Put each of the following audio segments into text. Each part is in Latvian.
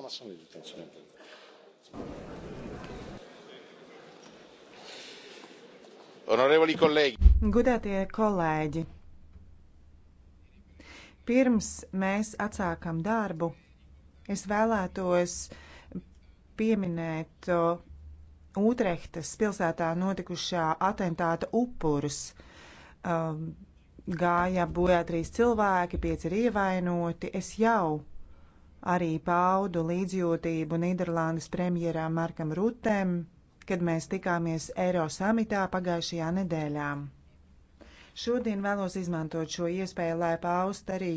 no ma sono le detenzioni onorevoli colleghi godātie kolēģi pirms mēs atsākam darbu es vēlētos pieminēt Utrehtas pilsētā notikušā atentāta upurus. Um, gāja bojā trīs cilvēki, pieci ir ievainoti. Es jau Arī paudu līdzjūtību Nīderlandes premjerām Markam Rutēm, kad mēs tikāmies Eiro samitā pagājušajā nedēļā. Šodien vēlos izmantot šo iespēju, lai paust arī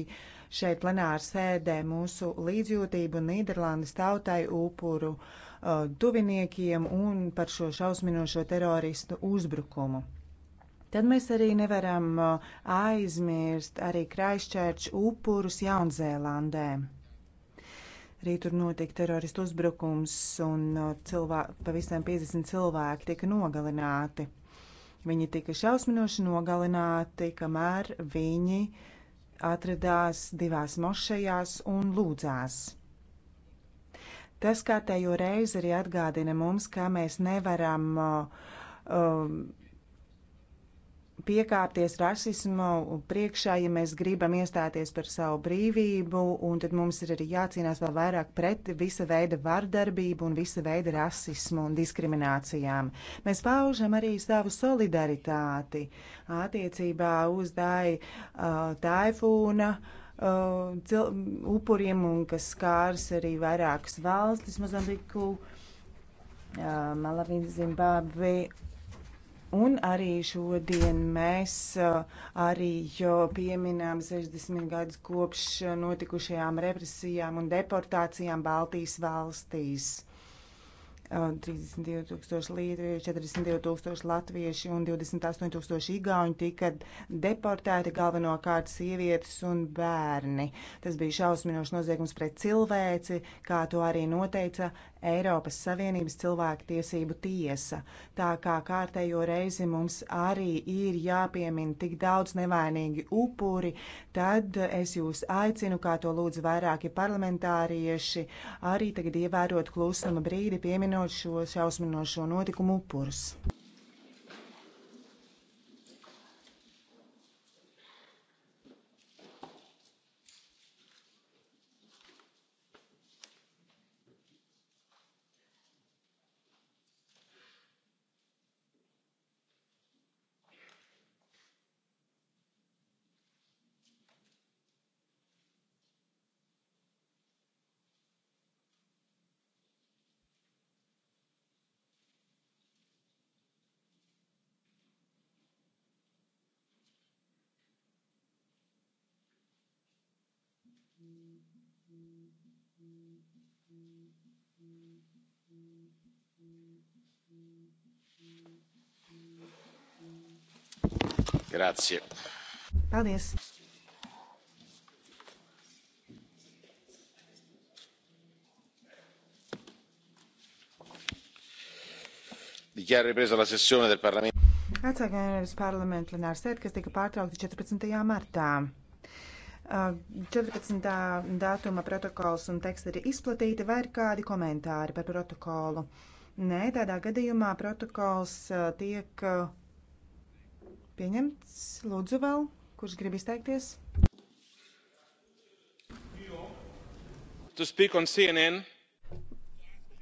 šeit plenāra sēdē mūsu līdzjūtību Nīderlandes tautai upuru uh, tuviniekiem un par šo šausminošo teroristu uzbrukumu tad mēs arī nevaram uh, aizmirst arī Kraisčērču upurus Jaunzēlandē. Arī tur notika teroristu uzbrukums un uh, cilvē, pavisam 50 cilvēki tika nogalināti. Viņi tika šausminoši nogalināti, kamēr viņi atradās divās mošajās un lūdzās. Tas kārtējo reizi arī atgādina mums, ka mēs nevaram uh, um, piekāpties rasismu priekšā, ja mēs gribam iestāties par savu brīvību, un tad mums ir arī jācīnās vēl vairāk pret visa veida vardarbību un visa veida rasismu un diskriminācijām. Mēs paužam arī savu solidaritāti attiecībā uz dai uh, taifūna. Uh, cil, upuriem, un kas skārs arī vairākas valstis, Mozambiku, uh, Malavi, Zimbabvi Un arī šodien mēs uh, arī pieminām 60 gadus kopš notikušajām represijām un deportācijām Baltijas valstīs. 32 uh, tūkstoši lietuvieši, 42 tūkstoši latvieši un 28 tūkstoši igauņi tika deportēti galvenokārt sievietes un bērni. Tas bija šausminošs noziegums pret cilvēci, kā to arī noteica Eiropas Savienības cilvēktiesību tiesa. Tā kā kārtējo reizi mums arī ir jāpiemina tik daudz nevainīgi upuri, tad es jūs aicinu, kā to lūdzu vairāki parlamentārieši, arī tagad ievērot klusuma brīdi pieminot šo šausminošo notikumu upurus. Grazie. Paldies. Dichiaro ripresa la sessione del Parlamento. Atsākām Eiropas parlamenta plenāra sēde, kas tika pārtraukta 14. martā. 14. datuma protokols un teksts ir izplatīti, vai ir kādi komentāri par protokolu? Nē, tādā gadījumā protokols tiek pieņemts. Lūdzu vēl, kurš grib izteikties?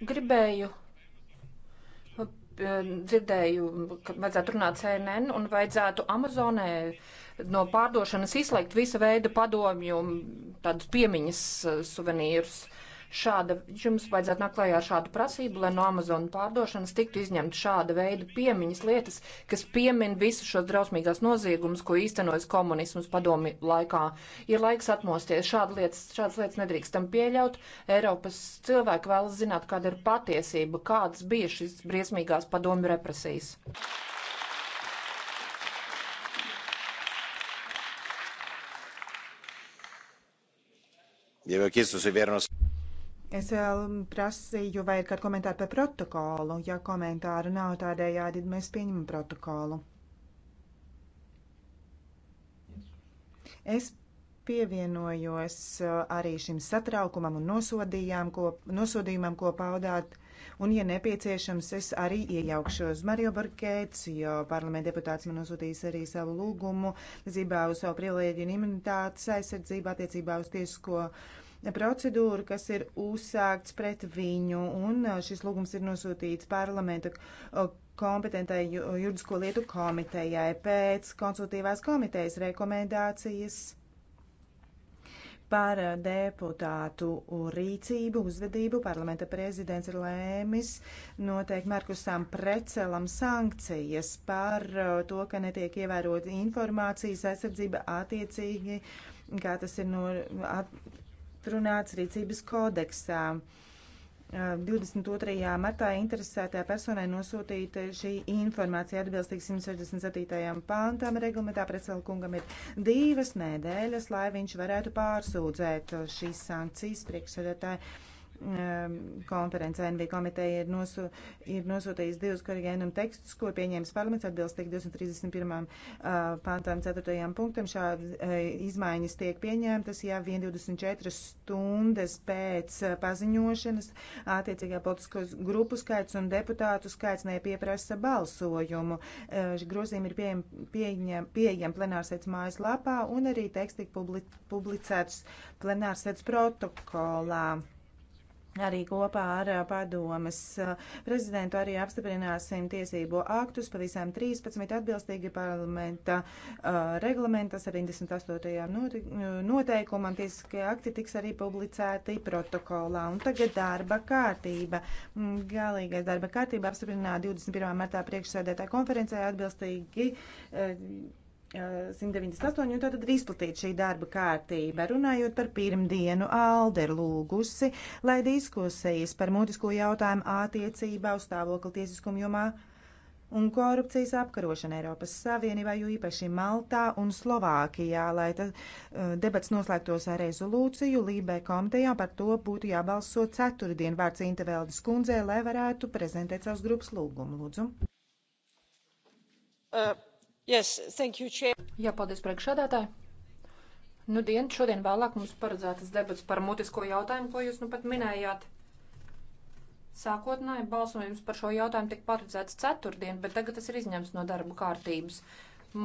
Gribēju dzirdēju, ka vajadzētu runāt CNN un vajadzētu Amazonē no pārdošanas izslēgt visa veida padomju tādus piemiņas eh, suvenīrus. Šāda, jums vajadzētu nākt klajā ar šādu prasību, lai no Amazon pārdošanas tiktu izņemta šāda veida piemiņas lietas, kas piemin visus šos drausmīgās noziegumus, ko īstenojas komunisms padomi laikā. Ir laiks atmosties. Šāda lietas, šādas lietas nedrīkstam pieļaut. Eiropas cilvēki vēlas zināt, kāda ir patiesība, kādas bija šīs briesmīgās padomi represijas. Es vēl prasīju, vai ir kādi komentāri par protokolu. Ja komentāru nav tādējādi, mēs pieņemam protokolu. Es pievienojos uh, arī šim satraukumam un nosodījumam, ko, nosodījumam, ko paudāt un, ja nepieciešams, es arī iejaukšos. Mario Borkēcijo parlamenta deputāts man nosūtīs arī savu lūgumu zībā uz savu privilēģiju un imunitātes aizsardzību attiecībā uz tiesisko procedūru, kas ir uzsākts pret viņu, un uh, šis lūgums ir nosūtīts parlamenta uh, kompetentai juridisko lietu komitejai pēc konsultīvās komitejas rekomendācijas par eh, deputātu rīcību, uzvedību. Parlamenta prezidents ir lēmis noteikt Markusam Precelam sankcijas par eh, to, ka netiek ievērot informācijas aizsardzība attiecīgi, kā tas ir no atrunāts rīcības kodeksā. Uh, 22. martā interesētajā personai nosūtīta šī informācija atbilstīgi 167. pāntām reglamentā. Pretselkungam ir divas nedēļas, lai viņš varētu pārsūdzēt šīs sankcijas priekšsēdētāji Ehm, konferences NV komiteja ir, nosu, ir nosūtījis divus korrigēnumu tekstus, ko pieņēmis parlaments atbilstīgi 231. pantam 4. punktam. Šādi izmaiņas tiek pieņēmtas, ja vien 24 stundas pēc paziņošanas attiecīgā politisko grupu skaits un deputātu skaits nepieprasa balsojumu. Grozījumi ir pieejami pieņem, pieejam plenārsēdz mājas lapā un arī teksti tika publicēts plenārsēdz protokolā. Arī kopā ar padomas prezidentu arī apstiprināsim tiesību aktus pavisam 13 atbilstīgi parlamenta uh, reglamentas 78. noteikumam. Tiesiskie akti tiks arī publicēti protokolā. Un tagad darba kārtība. Mm, galīgais darba kārtība apstiprināta 21. martā priekšsēdētāja konferencē atbilstīgi. Uh, 198, un tātad ir izplatīta šī darba kārtība. Runājot par pirmdienu, Alde ir lūgusi, lai diskusijas par mutisko jautājumu attiecībā uz stāvokli tiesiskumu jomā un korupcijas apkarošana Eiropas Savienībā, jo īpaši Maltā un Slovākijā, lai tad uh, debats noslēgtos ar rezolūciju Lībē komitejā par to būtu jābalso ceturtdien vārds Inteveldes kundzē, lai varētu prezentēt savus grupas lūgumu. Lūdzu. Uh. Yes, thank you, Chair. Jā, paldies priekšādātāji. Nu, dien, šodien vēlāk mums paredzētas debats par mutisko jautājumu, ko jūs nu pat minējāt. Sākotnēji balsojums par šo jautājumu tika paredzēts ceturtdien, bet tagad tas ir izņemts no darba kārtības.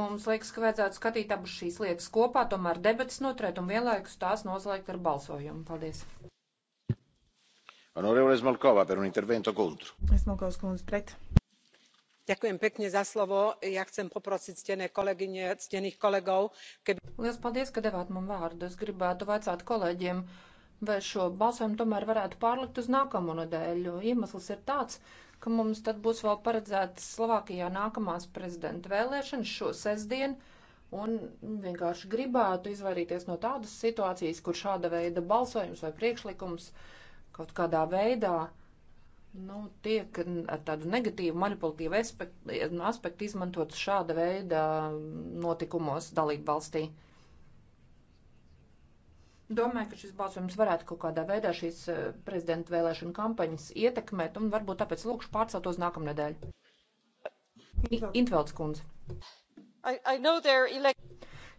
Mums liekas, ka vajadzētu skatīt abas šīs lietas kopā, tomēr debatas noturēt un vienlaikus tās noslēgt ar balsojumu. Paldies. Honorevole Smolkova par un intervento kontru. Smolkovs kundze pret ja chcem poprosiť ctené kolegyne ctených kolegov keby. liels paldies ka devāt man vārdu. es gribētu vaicāt kolēģiem vai šo balsojumu tomēr varētu pārlikt uz nākamo nedēļu jo iemesls ir tāds ka mums tad būs vēl paredzētas Slovākijā nākamās prezidenta vēlēšanas šo sestdienu. Un vienkārši gribētu izvairīties no tādas situācijas, kur šāda veida balsojums vai priekšlikums kaut kādā veidā uh, nu, tiek ar tādu negatīvu, manipulatīvu aspektu, aspektu izmantot šāda veida notikumos dalību valstī. Domāju, ka šis balsojums varētu kaut kādā veidā šīs eh, prezidenta vēlēšana kampaņas ietekmēt, un varbūt tāpēc lūkšu pārcelt uz nākamnedēļ. Intvelds kundze. I, I elect...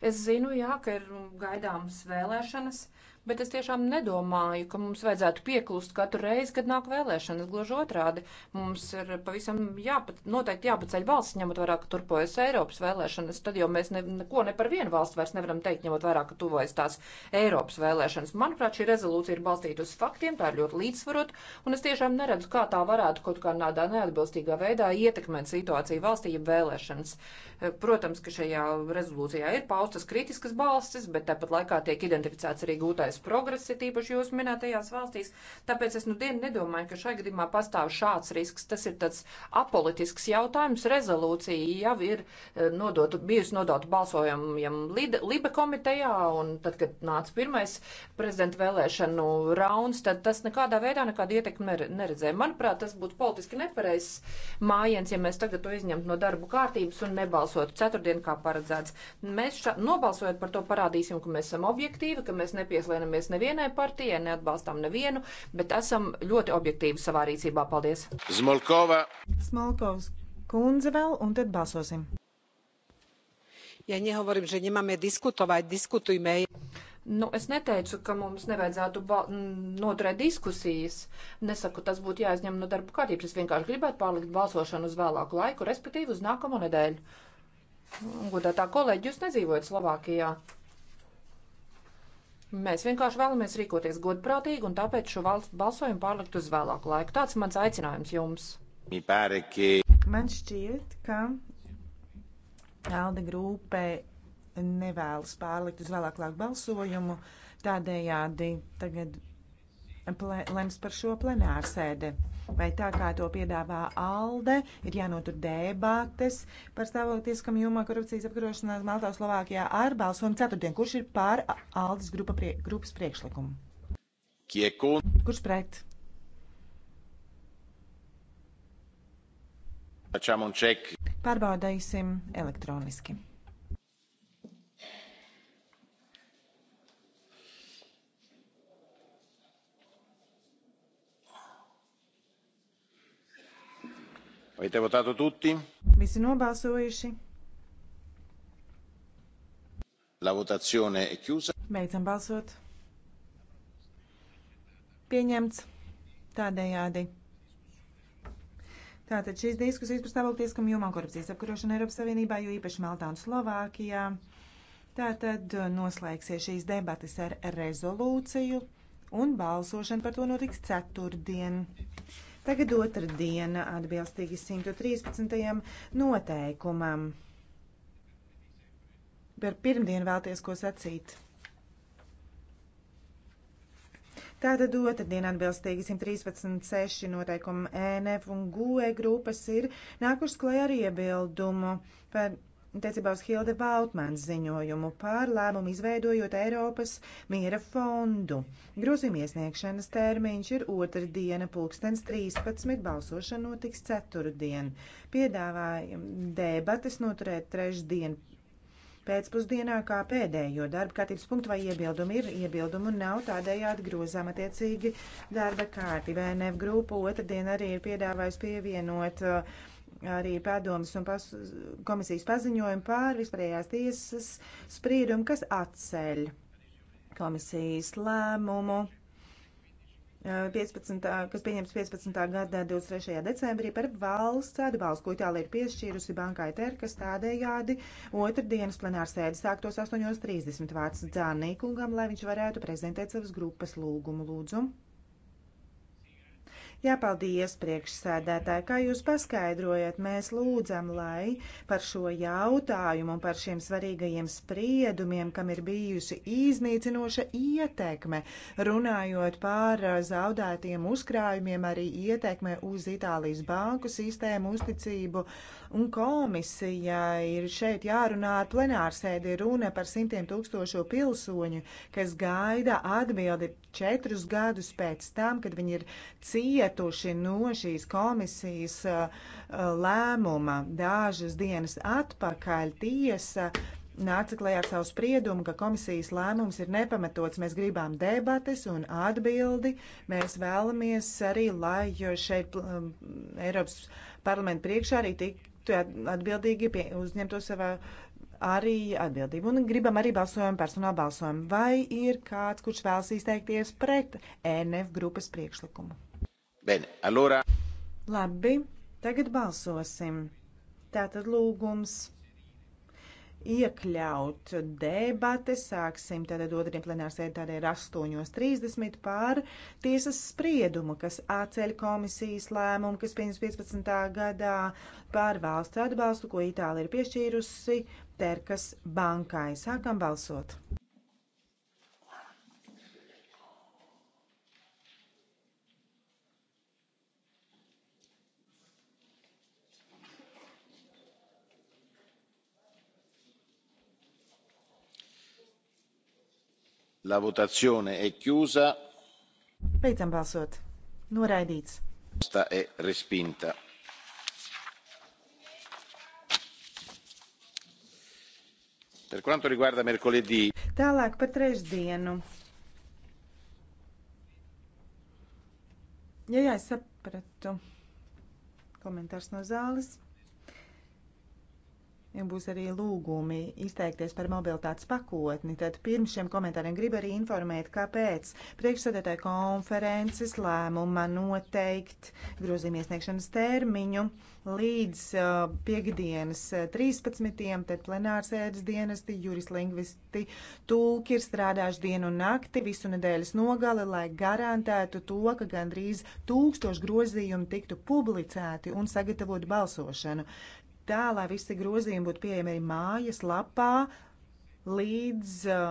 Es zinu, jā, ka ir gaidāmas vēlēšanas, bet es tiešām nedomāju, ka mums vajadzētu pieklust katru reizi, kad nāk vēlēšanas. Gluži otrādi, mums ir pavisam jāpat, noteikti jāpaceļ valsts, ņemot vērā, ka turpojas Eiropas vēlēšanas. Tad jau mēs ne, neko ne par vienu valstu vairs nevaram teikt, ņemot vērā, ka tuvojas tās Eiropas vēlēšanas. Manuprāt, šī rezolūcija ir balstīta uz faktiem, tā ir ļoti līdzsvarot, un es tiešām neredzu, kā tā varētu kaut kādā neatbilstīgā veidā ietekmēt situāciju valstī, ja vēlēšanas. Protams, ka šajā rezolūcijā ir paustas kritiskas balstis, bet tāpat laikā tiek identificēts arī gūtais liels progress, ir tīpaši jūs minētajās valstīs. Tāpēc es nu dienu nedomāju, ka šai gadījumā pastāv šāds risks. Tas ir tāds apolitisks jautājums. Rezolūcija jau ir e, nodota, bijusi nodota balsojumiem Libe komitejā, un tad, kad nāca pirmais prezidenta vēlēšanu rauns, tad tas nekādā veidā nekādu ietekmi neredzēja. Manuprāt, tas būtu politiski nepareizs mājiens, ja mēs tagad to izņemtu no darbu kārtības un nebalsotu ceturtdien kā paredzēts. Mēs šā, nobalsojot par to parādīsim, ka mēs esam objektīvi, ka mēs nepieslēnam nepievienojamies nevienai partijai, neatbalstām nevienu, bet esam ļoti objektīvi savā rīcībā. Paldies! Smolkova! Smolkovs kundze vēl, un tad balsosim. Ja nehovorím, že nemáme diskutovať, diskutujme. Nu, es neteicu, ka mums nevajadzētu noturēt diskusijas. Nesaku, tas būtu jāizņem no darba kārtības. Es vienkārši gribētu pārlikt balsošanu uz vēlāku laiku, respektīvi uz nākamo nedēļu. Godātā kolēģi, jūs nedzīvojat Slovākijā. Mēs vienkārši vēlamies rīkoties godprātīgi un tāpēc šo valstu balsojumu pārlikt uz vēlāku laiku. Tāds mans aicinājums jums. Man šķiet, ka Alde grupē nevēlas pārlikt uz vēlāku laiku balsojumu, tādējādi tagad lems par šo plenārsēdi vai tā kā to piedāvā ALDE, ir jānotur debates par stāvotieskam jomā korupcijas apkarošanās Maltā, Slovākijā ar balsojumu ceturtdien. Kurš ir pār ALDES grupa prie, grupas priekšlikumu? Kieku. Kurš pret? Pārbaudīsim elektroniski. Avete votato tutti? Visi nobalsojuši. La votazione è chiusa. Beidzam balsot. Pieņemts. Tādējādi. Tātad šīs diskusijas par stāvokli tieskamjumā korupcijas apkarošana Eiropas Savienībā, jo īpaši Maltā un Slovākijā. Tātad uh, noslēgsies šīs debatas ar rezolūciju un balsošana par to notiks ceturtdien. Tagad otra diena atbilstīgi 113. noteikumam. Par pirmdienu vēlties ko sacīt. Tātad otrdien atbilstīgi 113.6 noteikumu ENF un GUE grupas ir nākušas klajā ar iebildumu par attiecībā uz Hilde Valtmans ziņojumu par lēmumu izveidojot Eiropas miera fondu. Grozījuma iesniegšanas termiņš ir otrdiena, pulkstens 13, balsošana notiks ceturtdien. Piedāvāja debates noturēt trešdien pēcpusdienā kā pēdējo darba kārtības punktu vai iebildumu ir iebildumu un nav tādējādi grozām attiecīgi darba kārtība. VNF grupa otrdien arī ir piedāvājusi pievienot uh, arī padomas un pas, komisijas paziņojumu pār vispārējās tiesas spriedumu, kas atceļ komisijas lēmumu. 15, kas pieņems 15. gada 23. decembrī par valsts atbalstu, ko Itālija ir piešķīrusi bankai TER, kas tādējādi otrdienas plenārsēdi sāktos 8.30 vārds Dzānīkungam, lai viņš varētu prezentēt savas grupas lūgumu lūdzumu. Jā, paldies, priekšsēdētāji. Kā jūs paskaidrojat, mēs lūdzam, lai par šo jautājumu un par šiem svarīgajiem spriedumiem, kam ir bijusi iznīcinoša ietekme, runājot par zaudētiem uzkrājumiem, arī ietekme uz Itālijas banku sistēmu uzticību un komisija ir šeit jārunā ar plenārsēdi runa par simtiem tūkstošo pilsoņu, kas gaida atbildi četrus gadus pēc tam, kad viņi ir cietuši no šīs komisijas uh, uh, lēmuma dažas dienas atpakaļ tiesa nāca klajā ar savu spriedumu, ka komisijas lēmums ir nepamatots. Mēs gribām debates un atbildi. Mēs vēlamies arī, lai šeit um, Eiropas parlamenta priekšā arī tik, tu atbildīgi pie, uzņemto savā arī atbildību. Un gribam arī balsojumu, personāla balsojumu. Vai ir kāds, kurš vēlas izteikties pret ENF grupas priekšlikumu? Bene, allora. Labi, tagad balsosim. Tātad lūgums iekļaut debate. Sāksim tātad otriem plenārsēdē tādēļ ir 8.30 pār tiesas spriedumu, kas atceļ komisijas lēmumu, kas pieņems 15. gadā pār valsts atbalstu, ko Itālija ir piešķīrusi Terkas bankai. Sākam balsot! La votazione è chiusa. Beidzam balsot. Noraidīts. Sta è respinta. Per quanto riguarda mercoledì. Tālāk par trešdienu. Ja jā, es sapratu. Komentārs no zāles būs arī lūgumi izteikties par mobilitātes pakotni. Tad pirms šiem komentāriem gribu arī informēt, kāpēc priekšsēdētāja konferences lēmuma noteikt grozījuma iesniegšanas termiņu līdz uh, piekdienas 13. Uh, tad plenārsēdes dienesti, jurislingvisti, tulki ir strādājuši dienu un nakti visu nedēļas nogali, lai garantētu to, ka gandrīz tūkstoši grozījumu tiktu publicēti un sagatavot balsošanu tā, lai visi grozījumi būtu pieejami arī mājas lapā līdz uh,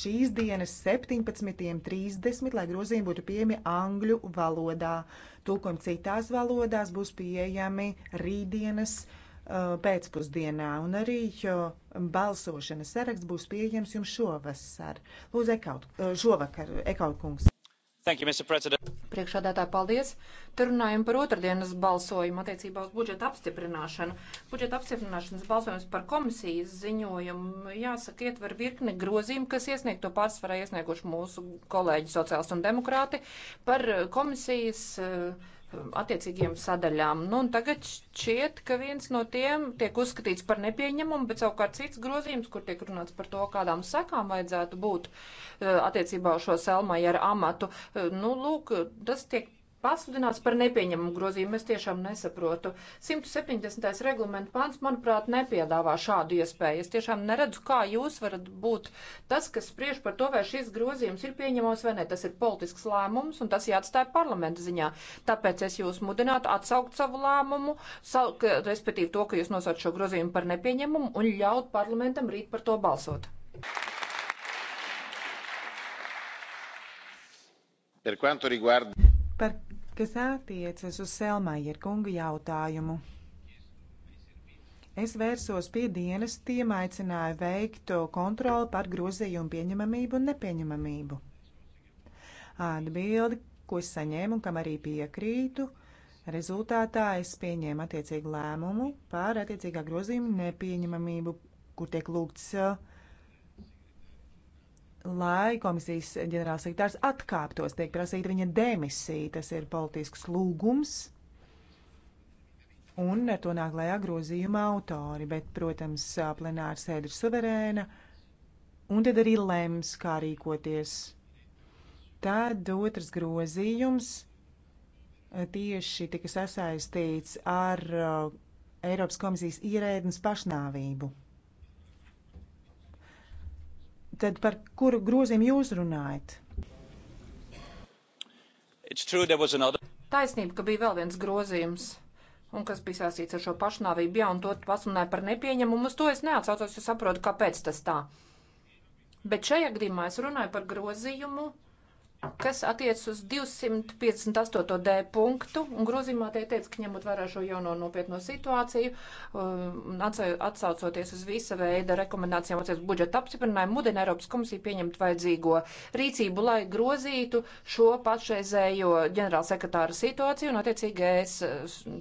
šīs dienas 17.30, lai grozījumi būtu pieejami angļu valodā. Tūkojumi citās valodās būs pieejami rītdienas uh, pēcpusdienā, un arī balsošanas saraksts būs pieejams jums šovasar. Lūdzu, ekaut, uh, šovakar, Ekaut kungs. Priekšādātāji, paldies! Te runājam par otrdienas balsojumu attiecībā uz budžeta apstiprināšanu. Budžeta apstiprināšanas balsojums par komisijas ziņojumu, jāsaka, ietver virkni grozījumu, kas iesniegto pārsvarā iesnieguši mūsu kolēģi sociālisti un demokrāti par eh, komisijas uh, attiecīgiem sadaļām. Nu, un tagad šķiet, ka viens no tiem tiek uzskatīts par nepieņemumu, bet savukārt cits grozījums, kur tiek runāts par to, kādām sekām vajadzētu būt eh, attiecībā uz šo Selmai ar amatu, eh, nu, lūk, tas tiek pasludināts par nepieņemumu grozījumu. Es tiešām nesaprotu. 170. regulamentu pāns, manuprāt, nepiedāvā šādu iespēju. Es tiešām neredzu, kā jūs varat būt tas, kas spriež par to, vai šis grozījums ir pieņemams vai nē. Tas ir politisks lēmums un tas jāatstāja parlamenta ziņā. Tāpēc es jūs mudinātu atsaukt savu lēmumu, sauk, respektīvi to, ka jūs nosaucat šo grozījumu par nepieņemumu un ļaut parlamentam rīt par to balsot. Per quanto riguarda par, kas attiecas uz Selmajer kunga jautājumu. Es vērsos pie dienestiem, aicināju veikt kontroli par grozījumu pieņemamību un nepieņemamību. Atbildi, ko es saņēmu un kam arī piekrītu, rezultātā es pieņēmu attiecīgu lēmumu par attiecīgā grozījuma nepieņemamību, kur tiek lūgts uh, lai komisijas ģenerālsekretārs atkāptos, tiek prasīta viņa demisija. Tas ir politisks lūgums, un ar to nāk lējā grozījuma autori, bet, protams, plenāra sēde ir suverēna, un tad arī lems, kā rīkoties. Tad otrs grozījums tieši tika sasaistīts ar uh, Eiropas komisijas ierēdnes pašnāvību tad par kuru grozījumu jūs runājat? True, another... Taisnība, ka bija vēl viens grozījums, un kas bija saistīts ar šo pašnāvību, jā, un to pasunāja par nepieņemumu, uz to es neatsaucos, jo saprotu, kāpēc tas tā. Bet šajā gadījumā es runāju par grozījumu, uh, kas attiec uz 258. D punktu, un grozījumā te teica, ka ņemot vērā šo jauno nopietno situāciju, um, atsaucoties uz visa veida rekomendācijām attiec budžeta apstiprinājumu, mudina Eiropas komisiju pieņemt vajadzīgo rīcību, lai grozītu šo pašreizējo ģenerālsekretāra situāciju un attiecīgi ES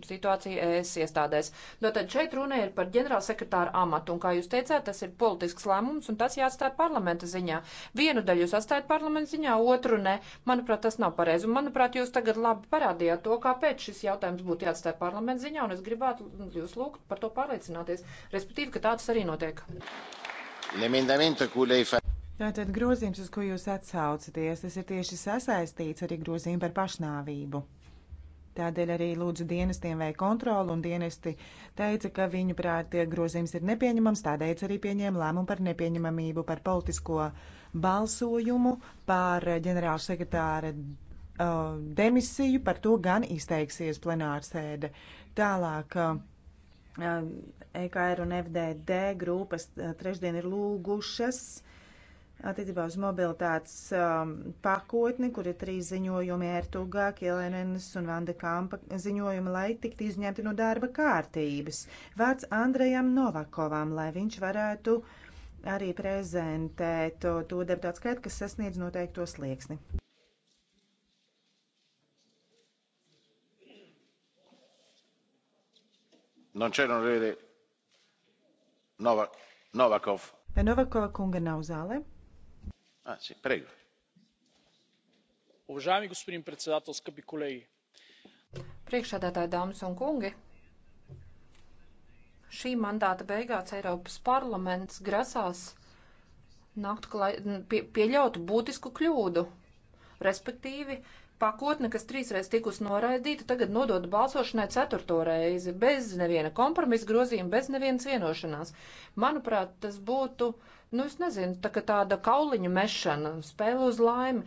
situāciju ES iestādēs. No tad šeit runa ir par ģenerālsekretāra amatu, un kā jūs teicāt, tas ir politisks lēmums, un tas jāatstāja parlamenta ziņā. Vienu daļu jūs atstājat parlamenta ziņā, otru ne nē. Manuprāt, tas nav pareizi. Un, manuprāt, jūs tagad labi parādījāt to, kāpēc šis jautājums būtu jāatstāj parlamentu ziņā, un es gribētu jūs lūgt par to pārliecināties, respektīvi, ka tāds arī notiek. Tātad grozījums, uz ko jūs atsaucaties, tas ir tieši sasaistīts arī grozījumu par pašnāvību. Tādēļ arī lūdzu dienestiem vai kontroli, un dienesti teica, ka viņu prāt grozījums ir nepieņemams, tādēļ arī pieņēma lēmumu par nepieņemamību, par politisko uh, balsojumu par ģenerāla sekretāra uh, demisiju. Par to gan izteiksies plenārsēde. Tālāk. Uh, uh EKR un FDD grupas uh, trešdien ir lūgušas attiecībā uz mobilitātes um, pakotni, kur ir trīs ziņojumi Ertugā, Kielenenes un Vanda Kampa ziņojumi, lai tiktu izņemti no darba kārtības. Vārds Andrejam Novakovam, lai viņš varētu uh, arī prezentēt to, to deputātu skaitu, kas sasniedz noteikto slieksni. Non c'è l'onorevole Novak, Novakov. Novakova kunga nav zālē. Ah, sì, prego. Уважаеми господин председател, скъпи колеги! Приекшадата, дамы и господа, šī mandāta beigās Eiropas parlaments grasās nākt klai, pie, pieļaut būtisku kļūdu. Respektīvi, pakotne, kas trīsreiz tikus noraidīta, tagad nodot balsošanai ceturto reizi, bez neviena kompromisa grozījuma, bez nevienas vienošanās. Manuprāt, tas būtu, nu es nezinu, tā kā tāda kauliņu mešana, spēle uz laimi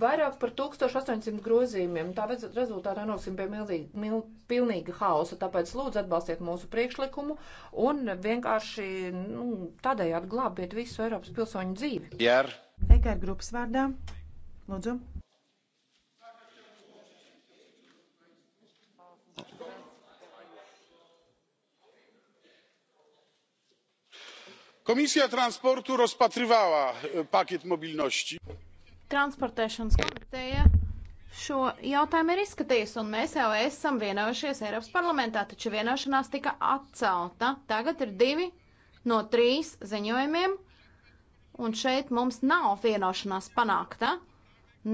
vairāk par 1800 grozījumiem. Tā rezultātā nonāksim pie milzīga, mil, pilnīga hausa, tāpēc lūdzu atbalstiet mūsu priekšlikumu un vienkārši nu, tādējādi glābiet visu Eiropas pilsoņu dzīvi. Jēr. EKR grupas vārdā. Lūdzu. Komisja Transportu rozpatrywała e, pakiet mobilności. Transportēšanas komiteja šo jautājumu ir izskatījis, un mēs jau esam vienojušies Eiropas parlamentā, taču vienošanās tika atcelta. Tagad ir divi no trīs ziņojumiem, un šeit mums nav vienošanās panākta.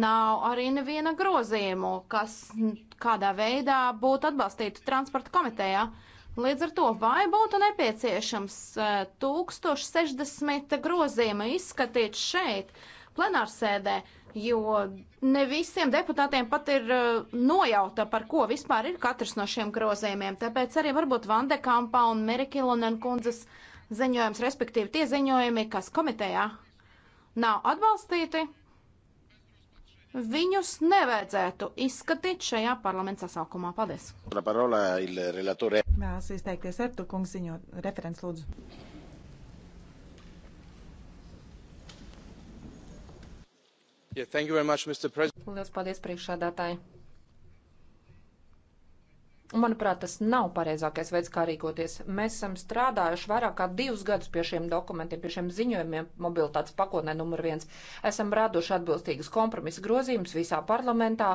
Nav arī neviena grozījumu, kas kādā veidā būtu atbalstītu transporta komitejā. Līdz ar to, vai būtu nepieciešams 1060 eh, grozījumu izskatīt šeit, plenārsēdē, jo ne visiem deputātiem pat ir eh, nojauta, par ko vispār ir katrs no šiem grozījumiem. Tāpēc arī varbūt Vandekampa un Merikilonen kundzes ziņojums, respektīvi tie ziņojumi, kas komitejā nav atbalstīti, Viņus nevajadzētu izskatīt šajā parlamenta sasaukumā. Paldies! Vēlas izteikties Ertu kungs ziņot referents lūdzu. Yeah, much, Lielas paldies priekšādātāji. Manuprāt, tas nav pareizākais veids, kā rīkoties. Mēs esam strādājuši vairāk kā divus gadus pie šiem dokumentiem, pie šiem ziņojumiem mobilitātes pakotnē numur viens. Esam raduši atbilstīgas kompromisa grozījumus visā parlamentā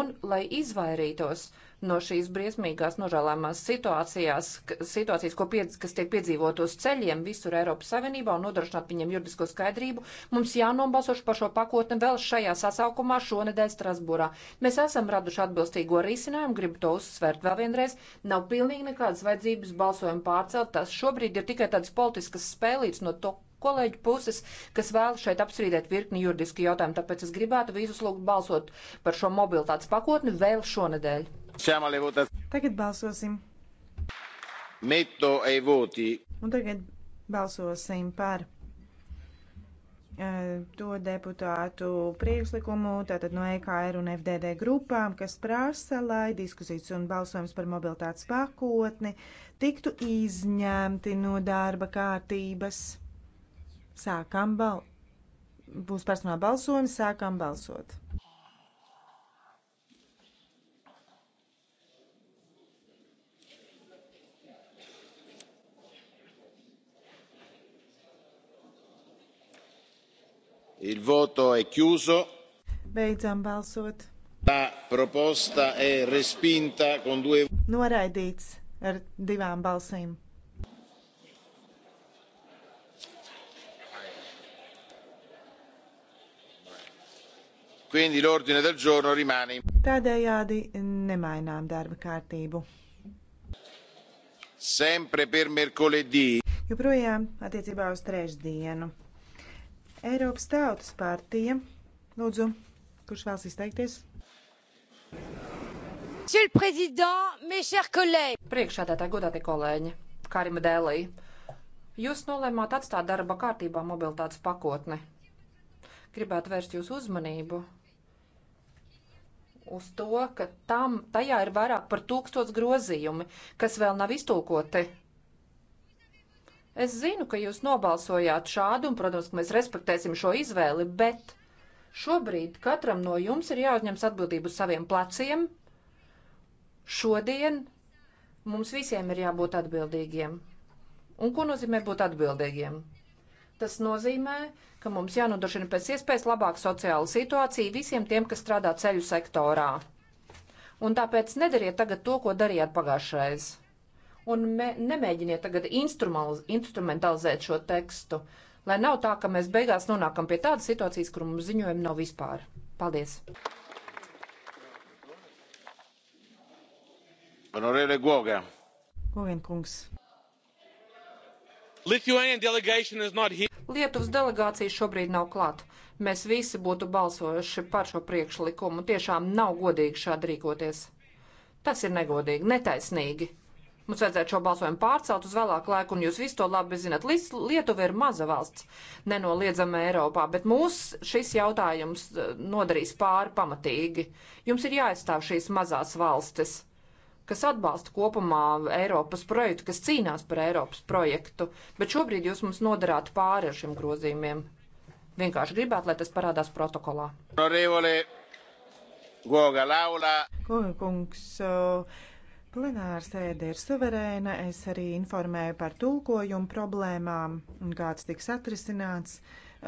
un, lai izvairītos uh, no šīs briesmīgās nožēlāmās situācijās, situācijas, ko piedz, kas tiek piedzīvot uz ceļiem visur Eiropas Savienībā un nodrošināt viņiem juridisko skaidrību, mums jānobalsoši par šo pakotni vēl šajā sasaukumā šonedēļ Strasbūrā. Mēs esam raduši atbilstīgo risinājumu, gribu to uzsvērt vēl vienreiz. Nav pilnīgi nekādas vajadzības balsojumu pārcelt, tas šobrīd ir tikai tāds politisks spēlīts no to, kolēģu puses, kas vēl šeit apstrīdēt virkni juridiski jautājumi. Tāpēc es gribētu visus lūgt balsot par šo mobilitātes pakotni vēl šonadēļ. Tagad balsosim. Metto ai voti. Un tagad balsosim par eh, to deputātu priekšlikumu, tātad no EKR un FDD grupām, kas prasa, lai diskusijas un balsojums par mobilitātes pakotni tiktu izņemti no darba kārtības. Sākam bal... Būs personāla balsojums, sākam balsot. il voto è chiuso. beidzam balsot. la proposta è respinta con due. noraidīts ar divām balsīm. quindi l'ordine del giorno rimane. Tādējādi nemainām darba kārtību. Sempre per mercoledì. Joprojām attiecībā uz trešdienu. Eiropas Tautas partija. Lūdzu, kurš vēlas izteikties? Monsieur le Président, mes chers collègues! Priekšādātāji, godātie kolēģi, Karima Dēlī, jūs nolēmāt atstāt darba kārtībā mobilitātes pakotni. Gribētu vērst jūsu uzmanību uz to, ka tam, tajā ir vairāk par tūkstots grozījumi, kas vēl nav iztūkoti Es zinu, ka jūs nobalsojāt šādu, un, protams, ka mēs respektēsim šo izvēli, bet šobrīd katram no jums ir jāuzņems atbildību uz saviem pleciem. Šodien mums visiem ir jābūt atbildīgiem. Un ko nozīmē būt atbildīgiem? Tas nozīmē, ka mums jānodrošina pēc iespējas labāka sociāla situācija visiem tiem, kas strādā ceļu sektorā. Un tāpēc nedariet tagad to, ko darījāt pagājušajā reizē un me, nemēģiniet tagad instrumentalizēt šo tekstu, lai nav tā, ka mēs beigās nonākam pie tādas situācijas, kur mums ziņojumi nav vispār. Paldies! Honorēle Goga. Gogen kungs. Lithuanian delegation is not here. Lietuvas delegācija šobrīd nav klāt. Mēs visi būtu balsojuši par šo priekšlikumu. Tiešām nav godīgi šādi rīkoties. Tas ir negodīgi, netaisnīgi. Mums vajadzētu šo balsojumu pārcelt uz vēlāku laiku, un jūs visu to labi zinat. Lietuva ir maza valsts, nenoliedzama Eiropā, bet mūs šis jautājums eh, nodarīs pāri pamatīgi. Jums ir jāaizstāv šīs mazās valstis kas atbalsta kopumā Eiropas projektu, kas cīnās par Eiropas projektu, bet šobrīd jūs mums nodarāt pāri ar šiem grozījumiem. Vienkārši gribētu, lai tas parādās protokolā. Goga kungs, Plenāra sēde ir suverēna. Es arī informēju par tulkojumu problēmām un kāds tiks atrisināts.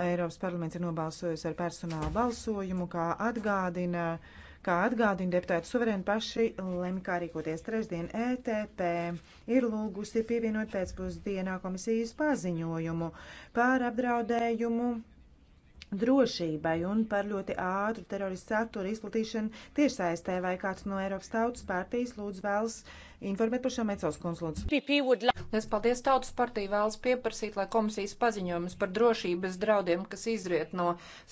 Eiropas parlaments ir nobalsojis ar personālu balsojumu, kā atgādina, kā atgādina deputāti suverēni paši lemj, kā rīkoties trešdien. ETP ir lūgusi pievienot pēcpusdienā komisijas paziņojumu par apdraudējumu drošībai un par ļoti ātru teroristu satura izplatīšanu tiešsaistē, vai kāds no Eiropas tautas partijas lūdz vēlas informēt par šiem Ecels konsulants. Es paldies Tautas partiju vēlas pieprasīt, lai komisijas paziņojums par drošības draudiem, kas izriet no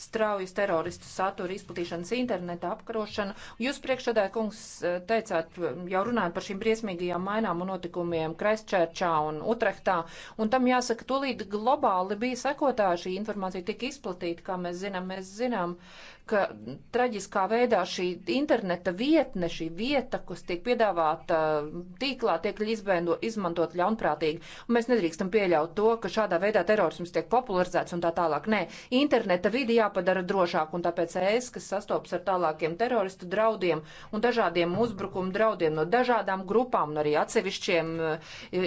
straujas teroristu satura izplatīšanas interneta apkarošana. Jūs priekšādā kungs eh, teicāt, jau runājot par šīm briesmīgajām mainām un notikumiem Krestčērčā un Utrehtā, un tam jāsaka, tūlīt globāli bija sekotāji šī informācija tika izplatīta, kā mēs zinām, mēs zinām. Uh, ka traģiskā veidā šī interneta vietne, šī vieta, kas tiek piedāvāta tīklā, tiek izbēndo, izmantot ļaunprātīgi. Un mēs nedrīkstam pieļaut to, ka šādā veidā terorisms tiek popularizēts un tā tālāk. Nē, interneta vidi jāpadara drošāk, un tāpēc es, kas sastopas ar tālākiem teroristu draudiem un dažādiem uzbrukumu draudiem no dažādām grupām un arī atsevišķiem eh,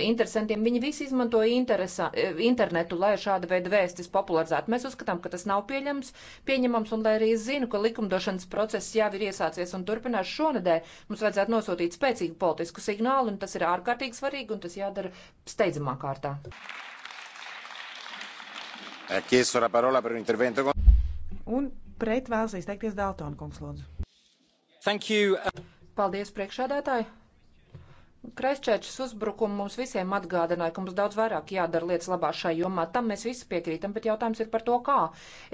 interesantiem, viņi visi izmanto interesa, eh, internetu, lai šāda veida vēstis popularizētu. Mēs uzskatām, ka tas nav pieņems, pieņemams un lai arī zinu, ka likumdošanas process jau ir iesācies un turpinās šonadēļ. Mums vajadzētu nosūtīt spēcīgu politisku signālu, un tas ir ārkārtīgi svarīgi, un tas jādara steidzamā kārtā. Un pret vēlas izteikties Daltona kungs, lūdzu. Paldies, priekšādātāji! Kreisčēčs uzbrukumu mums visiem atgādināja, ka mums daudz vairāk jādara lietas labā šai jomā. Tam mēs visi piekrītam, bet jautājums ir par to, kā.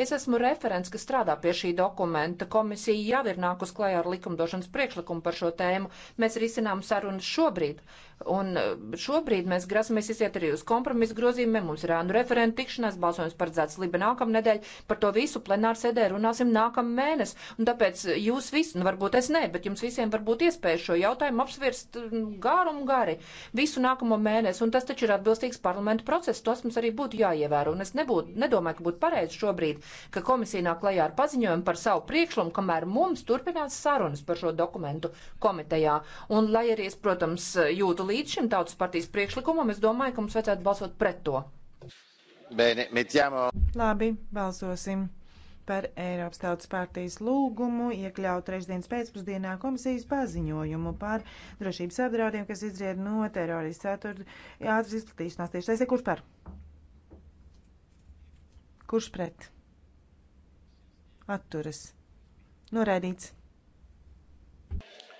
Es esmu referents, kas strādā pie šī dokumenta. Komisija jau ir nākus klajā ar likumdošanas priekšlikumu par šo tēmu. Mēs risinām sarunas šobrīd. Un eh, šobrīd mēs grasamies iziet arī uz kompromisu grozījumiem, mums ir ānu referenta tikšanās, balsojums paredzēts Liba nākamnedēļ, par to visu plenāru sēdē runāsim nākam mēnesi. Un tāpēc jūs visi, nu varbūt es ne, bet jums visiem varbūt iespēja šo jautājumu apsvērst mm, gāru un gari visu nākamo mēnesi. Un tas taču ir atbilstīgs parlamentu process, tos mums arī būtu jāievēro. Un es nebūtu, nedomāju, ka būtu pareizi šobrīd, ka komisija nāk klajā ar paziņojumu par savu priekšlumu, kamēr mums turpinās sarunas par šo dokumentu komitejā. Un lai arī es, protams, jūtu sekotu līdz šim tautas partijas priekšlikumam, es domāju, ka mums vajadzētu balsot pret to. Bene, mettiamo. Labi, balsosim par Eiropas Tautas partijas lūgumu iekļaut trešdienas pēcpusdienā komisijas paziņojumu par drošības apdraudiem, kas izried no teroristu ceturtu ātras izplatīšanās. Tieši taisē, kurš par? Kurš pret? Atturas. Noraidīts.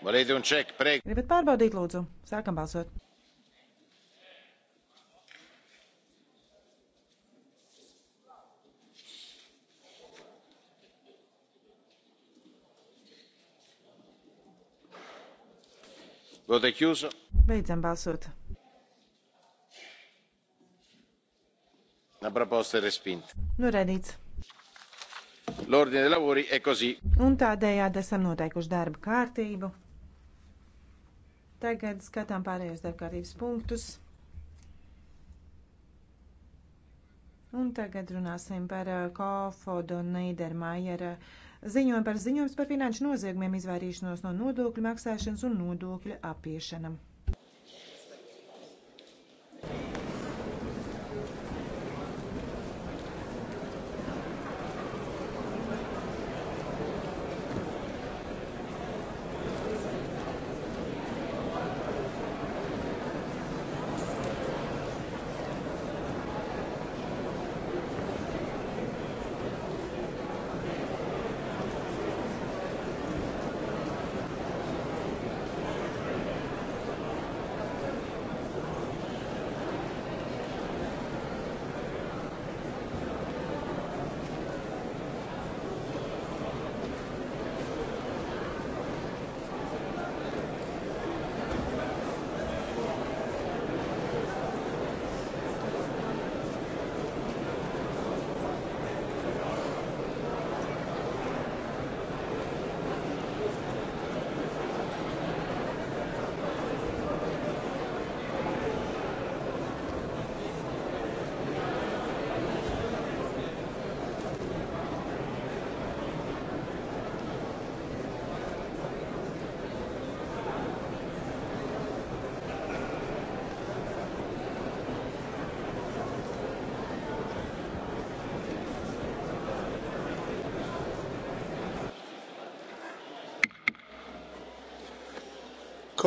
Gribat pārbaudīt, lūdzu? Sākam balsot. Beidzam balsot. La proposta è respinta. Noraidīts. L'ordine dei lavori è così. Un tādējādi esam noteikuši darba kārtību. Tagad skatām pārējos darbkārtības punktus. Un tagad runāsim par uh, Kofodu un Neidermājera ziņojumu par ziņojums par finanšu noziegumiem, izvairīšanos no nodokļu maksāšanas un nodokļu apiešanam.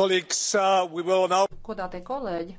Uh, Godātie kolēģi,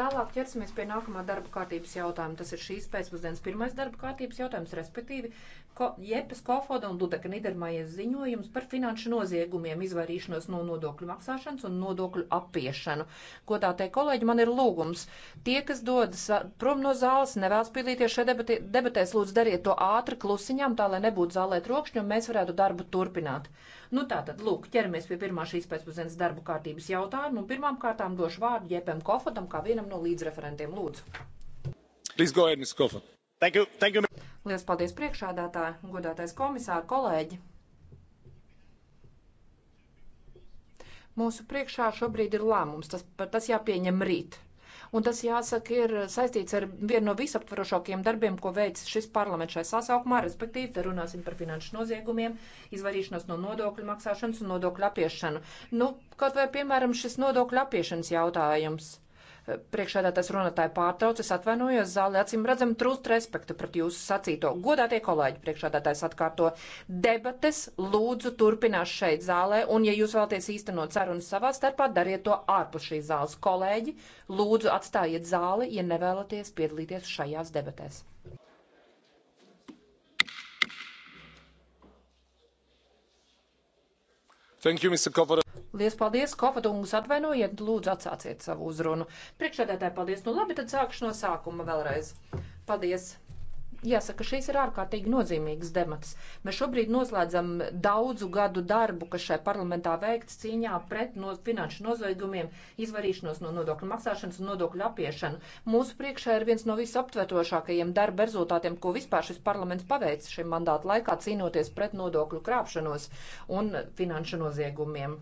tālāk ķersimies pie nākamā darba kārtības jautājuma. Tas ir šīs pēcpusdienas pirmais darba kārtības jautājums, respektīvi Ko, Jepes Kofoda un Dudeka Nidermajas ziņojums par finanšu noziegumiem, izvairīšanos no nodokļu maksāšanas un nodokļu apiešanu. Godātie kolēģi, man ir lūgums. Tie, kas dodas prom no zāles, nevēlas piedalīties šajā debatē, debatēs, lūdzu dariet to ātri klusiņām, tā lai nebūtu zālē trokšņi un mēs varētu darbu turpināt. Nu tātad, lūk, ķeramies pie pirmā šīs pēcpusdienas darbu kārtības jautājuma, un nu, pirmām kārtām došu vārdu Jepem Kofotam, kā vienam no līdzreferentiem. Lūdzu. Please go ahead, Ms. Kofa. Thank you, thank you. Lielas paldies priekšādātāji, godātais komisāri, kolēģi. Mūsu priekšā šobrīd ir lēmums, tas, tas jāpieņem rīt un tas, jāsaka, ir saistīts ar vienu no visaptvarošākajiem darbiem, ko veic šis parlaments šai sasaukumā, respektīvi, te runāsim par finanšu noziegumiem, izvairīšanos no nodokļu maksāšanas un nodokļu apiešanu. Nu, kaut vai, piemēram, šis nodokļu apiešanas jautājums. Priekšādātais runātāja pārtraucis, atvainojos zāli, acīm redzam trūst respektu pret jūsu sacīto. Godātie kolēģi, priekšādātājs atkārto, debates lūdzu turpinās šeit zālē, un ja jūs vēlaties īstenot sarunas savā starpā, dariet to ārpus šīs zāles. Kolēģi, lūdzu atstājiet zāli, ja nevēlaties piedalīties šajās debatēs. You, Lies paldies, Kofatungs, atvainojiet, lūdzu atsāciet savu uzrunu. Priekšādētāji, paldies. Nu labi, tad sākšu no sākuma vēlreiz. Paldies! Jāsaka, šīs ir ārkārtīgi nozīmīgas demats. Mēs šobrīd noslēdzam daudzu gadu darbu, kas šai parlamentā veikts cīņā pret no finanšu noziegumiem, izvarīšanos no nodokļu maksāšanas un nodokļu apiešanu. Mūsu priekšā ir viens no visaptvertošākajiem darba rezultātiem, ko vispār šis parlaments paveicis šim mandātu laikā cīnoties pret nodokļu krāpšanos un finanšu noziegumiem.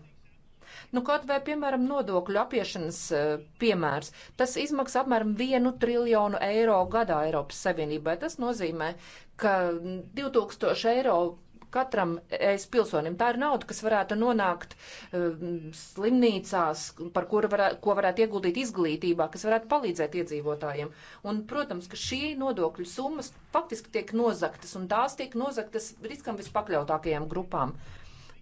Nu, kaut vai, piemēram, nodokļu apiešanas e, piemērs, tas izmaksā apmēram 1 triljonu eiro gadā Eiropas Savienībai. Tas nozīmē, ka 2000 eiro katram es pilsonim. Tā ir nauda, kas varētu nonākt uh, slimnīcās, par kuru varētu, ko varētu ieguldīt izglītībā, kas varētu palīdzēt iedzīvotājiem. Un, protams, ka šī nodokļu summas faktiski tiek nozaktas, un tās tiek nozaktas riskam vispakļautākajām grupām. Uh,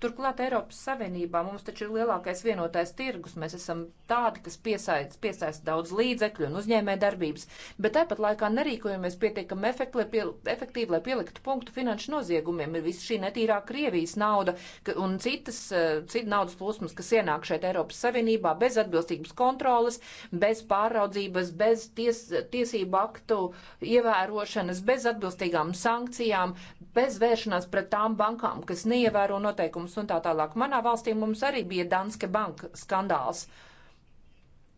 Turklāt Eiropas Savienībā mums taču ir lielākais vienotais tirgus. Mēs esam tādi, kas piesaista piesaist daudz līdzekļu un uzņēmē darbības, bet tāpat laikā nerīkojamies pietiekami efektīvi, lai pieliktu punktu finanšu noziegumiem. Ir visa šī netīrā Krievijas nauda un citas eh, cita naudas plūsmas, kas ienāk šeit Eiropas Savienībā bez atbilstības kontrolas, bez pāraudzības, bez ties, tiesību aktu ievērošanas, bez atbilstīgām sankcijām, bez vēršanās pret tām bankām, kas neievēro noteikumus un tā tālāk. Manā valstī mums arī bija Danske banka skandāls.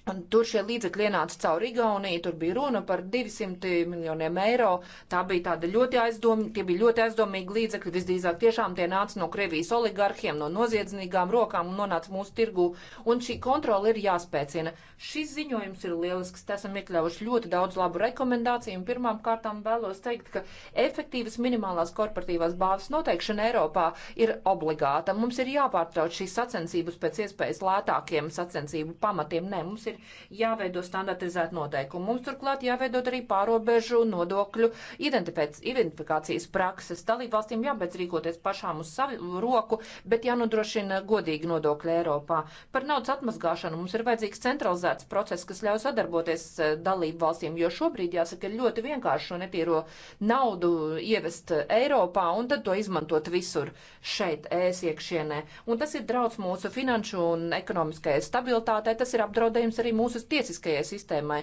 Un tur šie līdzekļi ienāca caur Igauniju, tur bija runa par 200 miljoniem eiro. Tā bija tāda ļoti aizdomīga, tie bija ļoti aizdomīgi līdzekļi, visdrīzāk tiešām tie nāca no Krievijas oligarhiem, no noziedzīgām rokām un nonāca mūsu tirgū. Un šī kontrola ir jāspēcina. Šis ziņojums ir lielisks, te esam iekļaujuši ļoti daudz labu rekomendāciju. Un pirmām kārtām vēlos teikt, ka efektīvas minimālās korporatīvās bāzes noteikšana Eiropā ir obligāta. Mums ir jāpārtrauc šīs sacensības pēc iespējas lētākiem sacensību pamatiem. Nē, mums ir ir jāveido standartizēta noteikuma. Mums turklāt jāveidot arī pārobežu nodokļu identifikācijas prakses. Dalību valstīm jābeidz rīkoties pašām uz savu roku, bet jānodrošina godīgi nodokļi Eiropā. Par naudas atmazgāšanu mums ir vajadzīgs centralizēts process, kas ļauj sadarboties eh, dalību valstīm, jo šobrīd jāsaka ļoti vienkārši šo netīro naudu ievest Eiropā un tad to izmantot visur šeit, ēs iekšienē. Un tas ir draudz mūsu finanšu un ekonomiskajai stabilitātei, tas ir apdraudējums arī arī mūsu tiesiskajai sistēmai.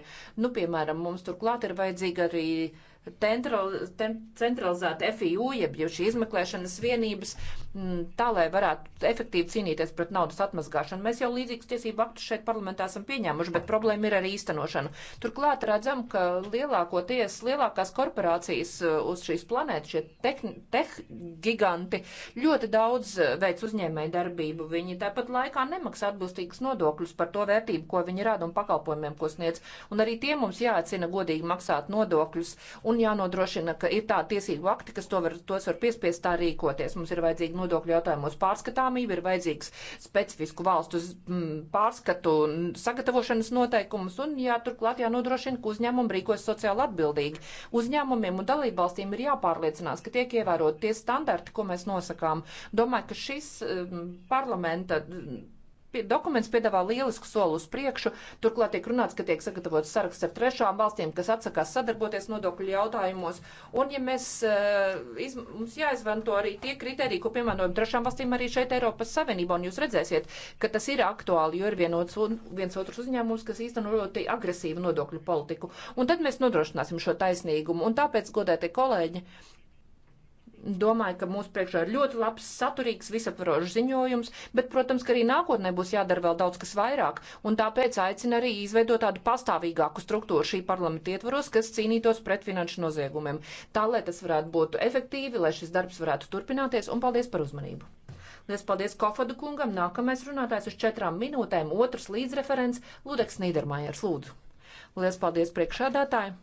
Nu, piemēram, mums turklāt ir vajadzīga arī centralizēta FIU, jeb šī izmeklēšanas vienības, Mm, tā, lai varētu efektīvi cīnīties pret naudas atmazgāšanu. Mēs jau līdzīgas tiesību aktus šeit parlamentā esam pieņēmuši, bet problēma ir arī īstenošana. Turklāt redzam, ka lielākoties lielākās korporācijas uh, uz šīs planētas, šie teh, teh giganti, ļoti daudz uh, veic uzņēmēju darbību. Viņi tāpat laikā nemaksā atbilstīgas nodokļus par to vērtību, ko viņi rada un pakalpojumiem, ko sniedz. Un arī tie mums jāatcina godīgi maksāt nodokļus un jānodrošina, ka ir tādi tiesību akti, kas to var, tos var piespiest tā rīkoties. Mums ir vajadzīgi nodokļu jautājumos pārskatāmība, ir vajadzīgs specifisku valstu mm, pārskatu un sagatavošanas noteikumus, un jā, turklāt jānodrošina, ka uzņēmumi rīkojas sociāli atbildīgi. Uzņēmumiem un dalībvalstīm ir jāpārliecinās, ka tiek ievērot tie standarti, ko mēs nosakām. Domāju, ka šis mm, parlamenta dokuments piedāvā lielisku soli uz priekšu. Turklāt tiek runāts, ka tiek sagatavots saraksts ar trešām valstīm, kas atsakās sadarboties nodokļu jautājumos. Un, ja mēs, eh, iz, mums jāizvanto arī tie kriteriji, ko piemērojam trešām valstīm arī šeit Eiropas Savienībā, un jūs redzēsiet, ka tas ir aktuāli, jo ir vienots, viens otrs uzņēmums, kas īsteno ļoti agresīvu nodokļu politiku. Un tad mēs nodrošināsim šo taisnīgumu. Un tāpēc, godētie kolēģi, uh, domāju, ka mūsu priekšā ir ļoti labs, saturīgs, visaptvarošs ziņojums, bet, protams, ka arī nākotnē būs jādara vēl daudz kas vairāk, un tāpēc aicinu arī izveidot tādu pastāvīgāku struktūru šī parlamenta ietvaros, kas cīnītos pret finanšu noziegumiem. Tā, lai tas varētu būt efektīvi, lai šis darbs varētu turpināties, un paldies par uzmanību. Lies paldies Kofadu kungam, nākamais runātājs uz četrām minūtēm, otrs līdzreferents Ludeks Nīdermājers lūdzu. Lies paldies priekšādātāji.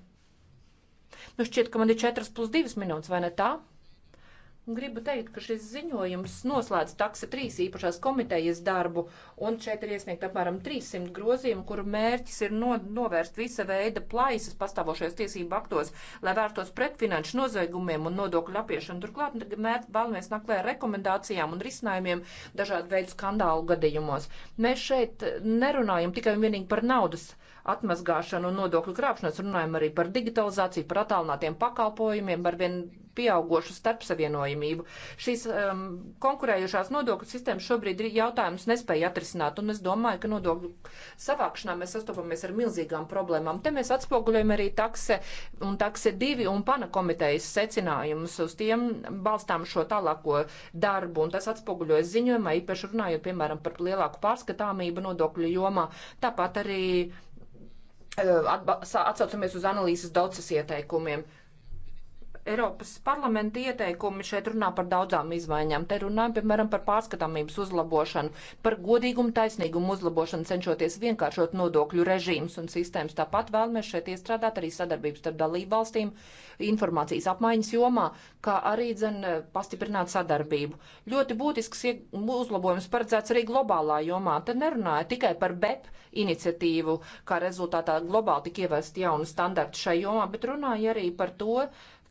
Nu šķiet, ka man ir četras plus divas minūtes, vai ne tā? Gribu teikt, ka šis ziņojums noslēdz taksa trīs īpašās komitejas darbu, un šeit ir iesniegt apmēram 300 grozījumu, kuru mērķis ir no, novērst visa veida plaisas pastāvošajos tiesību aktos, lai vērtos pret finanšu noziegumiem un nodokļu apiešanu. Turklāt mēs vēlamies nākt klāt rekomendācijām un risinājumiem dažādu veidu skandālu gadījumos. Mēs šeit nerunājam tikai un vienīgi par naudas atmazgāšanu un nodokļu krāpšanas, runājam arī par digitalizāciju, par attālinātiem pakalpojumiem, par vien pieaugošu starpsavienojumību. Šīs um, konkurējošās nodokļu sistēmas šobrīd ir jautājums nespēja atrisināt, un es domāju, ka nodokļu savākšanā mēs sastopamies ar milzīgām problēmām. Te mēs atspoguļojam arī takse un takse divi un pana komitejas secinājumus, uz tiem balstām šo tālāko darbu, un tas atspoguļojas ziņojumā, īpaši runājot, piemēram, par lielāku pārskatāmību nodokļu jomā. Tāpat arī uh, atba, atsaucamies uz analīzes daudzas ieteikumiem. Uh, Eiropas parlamenta ieteikumi šeit runā par daudzām izmaiņām. Te runājam, piemēram, par pārskatāmības uzlabošanu, par godīgumu taisnīgumu uzlabošanu, cenšoties vienkāršot nodokļu režīmus un sistēmas. Tāpat vēlamies šeit iestrādāt arī sadarbības starp dalību valstīm informācijas apmaiņas jomā, kā arī dzen pastiprināt sadarbību. Ļoti būtisks uzlabojums paredzēts arī globālā jomā. Te nerunāja tikai par BEP iniciatīvu, kā rezultātā globāli tik ievest jaunu standartu šai jomā, bet runāja arī par to,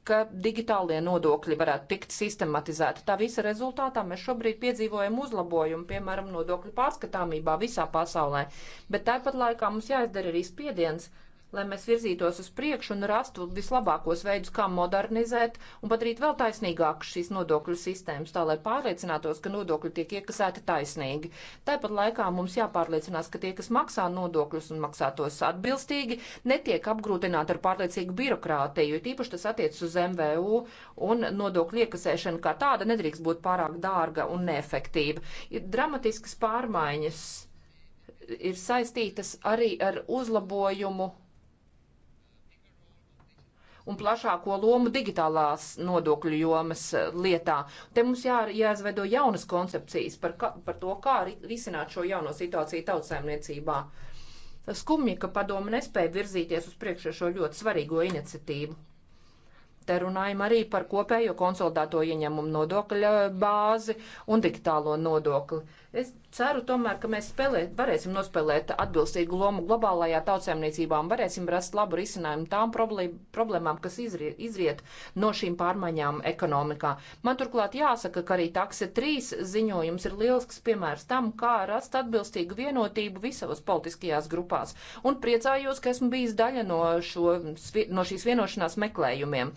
ka digitālie nodokļi varētu tikt sistematizēti. Tā visa rezultātā mēs šobrīd piedzīvojam uzlabojumu, piemēram, nodokļu pārskatāmībā visā pasaulē, bet tāpat laikā mums jāizdara arī spiediens, lai mēs virzītos uz priekšu un rastu vislabākos veidus, kā modernizēt un padarīt vēl taisnīgākas šīs nodokļu sistēmas, tā lai pārliecinātos, ka nodokļi tiek iekasēti taisnīgi. Tāpat laikā mums jāpārliecinās, ka tie, kas maksā nodokļus un maksā tos atbilstīgi, netiek apgrūtināti ar pārliecīgu birokrātiju, tīpaši tas attiecas uz MVU un nodokļu iekasēšana kā tāda nedrīkst būt pārāk dārga un neefektīva. Ir dramatiskas pārmaiņas ir saistītas arī ar uzlabojumu un plašāko lomu digitālās nodokļu jomas eh, lietā. Te mums jā, jāizveido jaunas koncepcijas par, ka, par to, kā risināt šo jauno situāciju tautsēmniecībā. Skumji, ka padoma nespēja virzīties uz priekšu šo ļoti svarīgo iniciatīvu. Te runājam arī par kopējo konsolidēto ieņemumu nodokļa eh, bāzi un digitālo nodokli. Es ceru tomēr, ka mēs spēlēt, varēsim nospēlēt atbilstīgu lomu globālajā tautsēmniecībā un varēsim rast labu risinājumu tām problēmām, kas izriet, izriet no šīm pārmaiņām ekonomikā. Man turklāt jāsaka, ka arī takse 3 ziņojums ir lielisks piemērs tam, kā rast atbilstīgu vienotību visos politiskajās grupās. Un priecājos, ka esmu bijis daļa no, šo, no šīs vienošanās meklējumiem.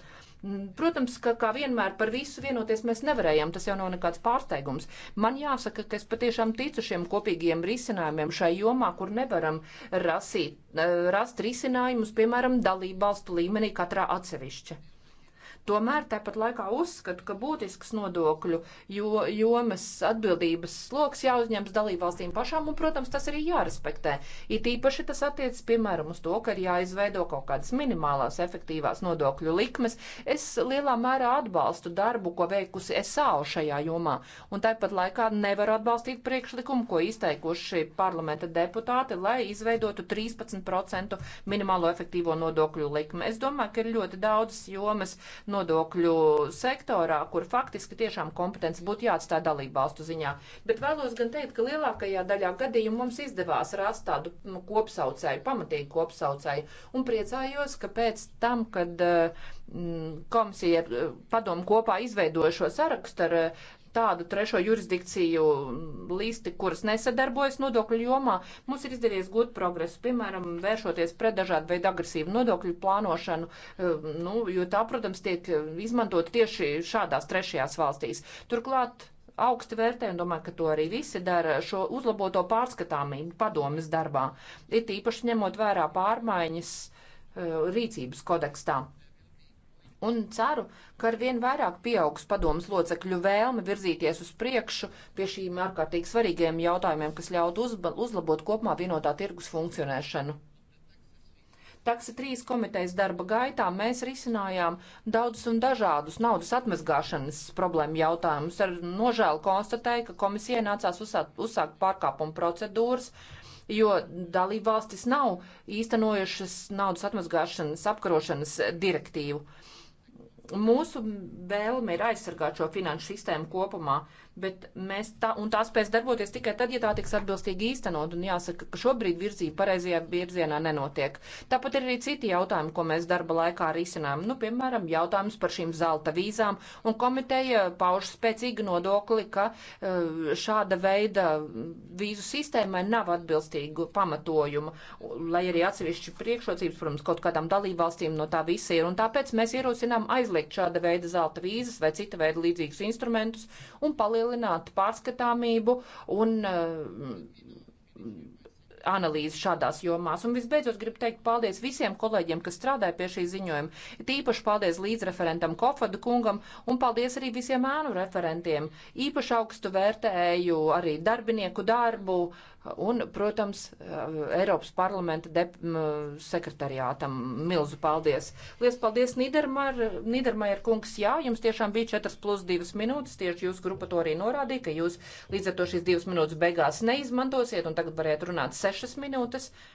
Protams, ka kā vienmēr par visu vienoties mēs nevarējām, tas jau nav nekāds pārsteigums. Man jāsaka, ka es patiešām ticu šiem kopīgiem risinājumiem šai jomā, kur nevaram rasīt, rast risinājumus, piemēram, dalību valstu līmenī katrā atsevišķi. Tomēr tāpat laikā uzskatu, ka būtisks nodokļu jo, jomas atbildības sloks jāuzņems dalībvalstīm pašām, un, protams, tas arī jārespektē. It īpaši tas attiecas, piemēram, uz to, ka ir jāizveido kaut kādas minimālās efektīvās nodokļu likmes. Es lielā mērā atbalstu darbu, ko veikusi SAO šajā jomā, un tāpat laikā nevaru atbalstīt priekšlikumu, ko izteikuši parlamenta deputāti, lai izveidotu 13% minimālo efektīvo nodokļu likmi. Es domāju, ka ir ļoti daudzas jomas nodokļu sektorā, kur faktiski tiešām kompetence būtu jāatstāj dalību valstu ziņā. Bet vēlos gan teikt, ka lielākajā daļā gadījumu mums izdevās rast tādu nu, kopsaucēju, pamatīgu kopsaucēju, un priecājos, ka pēc tam, kad eh, komisija eh, padomu kopā izveidoja šo sarakstu ar eh, tādu trešo jurisdikciju līsti, kuras nesadarbojas nodokļu jomā, mums ir izdevies gūt progresu, piemēram, vēršoties pret dažādu veidu agresīvu nodokļu plānošanu, eh, nu, jo tā, protams, tiek izmantot tieši šādās trešajās valstīs. Turklāt augsti vērtē un domāju, ka to arī visi dara šo uzlaboto pārskatāmību padomas darbā, it īpaši ņemot vērā pārmaiņas eh, rīcības kodekstā un ceru, ka ar vien vairāk pieaugs padomas locekļu vēlme virzīties uz priekšu pie šīm ārkārtīgi svarīgiem jautājumiem, kas ļautu uzlabot kopumā vienotā tirgus funkcionēšanu. Taksi 3 komitejas darba gaitā mēs risinājām daudzus un dažādus naudas atmazgāšanas problēmu jautājumus. Ar nožēlu konstatēju, ka komisijai nācās uzsākt, uzsākt pārkāpumu procedūras, jo dalībvalstis nav īstenojušas naudas atmazgāšanas apkarošanas direktīvu. Uh, Mūsu vēlme ir aizsargāt šo finanšu sistēmu kopumā bet mēs tā, un tā spēs darboties tikai tad, ja tā tiks atbilstīgi īstenot, un jāsaka, ka šobrīd virzība pareizajā virzienā nenotiek. Tāpat ir arī citi jautājumi, ko mēs darba laikā risinām, nu, piemēram, jautājums par šīm zelta vīzām, un komiteja pauž spēcīgu nodokli, ka eh, šāda veida vīzu sistēmai nav atbilstīgu pamatojumu, lai arī atsevišķi priekšrocības, protams, kaut kādām dalībvalstīm no tā visa ir, un tāpēc mēs ierosinām aizliegt šāda veida zelta vīzas vai cita veida līdzīgus instrumentus un palielināt palielinātu pārskatāmību un eh, analīzi šādās jomās. Un visbeidzot, gribu teikt paldies visiem kolēģiem, kas strādāja pie šī ziņojuma. Tīpaši paldies līdzreferentam Kofadu kungam un paldies arī visiem ēnu referentiem. Īpaši augstu vērtēju arī darbinieku darbu, uh, Un, protams, eh, Eiropas parlamenta dep, sekretariātam milzu paldies. Lielas paldies, Nīdermajer kungs. Jā, jums tiešām bija 4 plus 2 minūtes. Tieši jūsu grupa to arī norādīja, ka jūs līdz ar to šīs 2 minūtes beigās neizmantosiet un tagad varētu runāt 6 minūtes. Uh,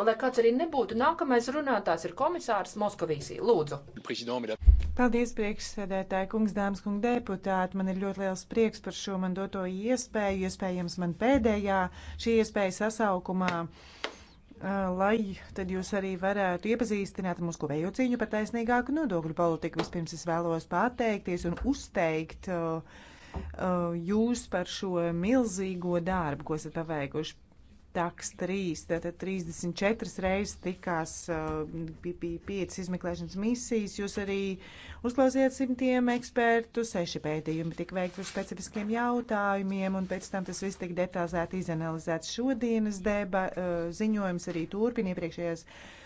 Un, lai kāds arī nebūtu, nākamais runātājs ir komisārs Moskovīsī. Lūdzu. Paldies, priekšsēdētāji, kungs, dāmas, kungi deputāti. Man ir ļoti liels prieks par šo man doto iespēju, iespējams man pēdējā šī iespēja sasaukumā. Lai tad jūs arī varētu iepazīstināt mūsu kopējo cīņu par taisnīgāku nodokļu politiku, vispirms es vēlos pateikties un uzteikt uh, jūs par šo milzīgo darbu, ko esat paveikuši Taks 3, tātad 34 reizes tikās bija uh, 5 izmeklēšanas misijas, jūs arī uzklausījāt simtiem ekspertu, seši pētījumi tika veikti uz specifiskiem jautājumiem, un pēc tam tas viss tika detalizēti izanalizēts šodienas deba, uh, ziņojums arī turpina iepriekšējās. Ja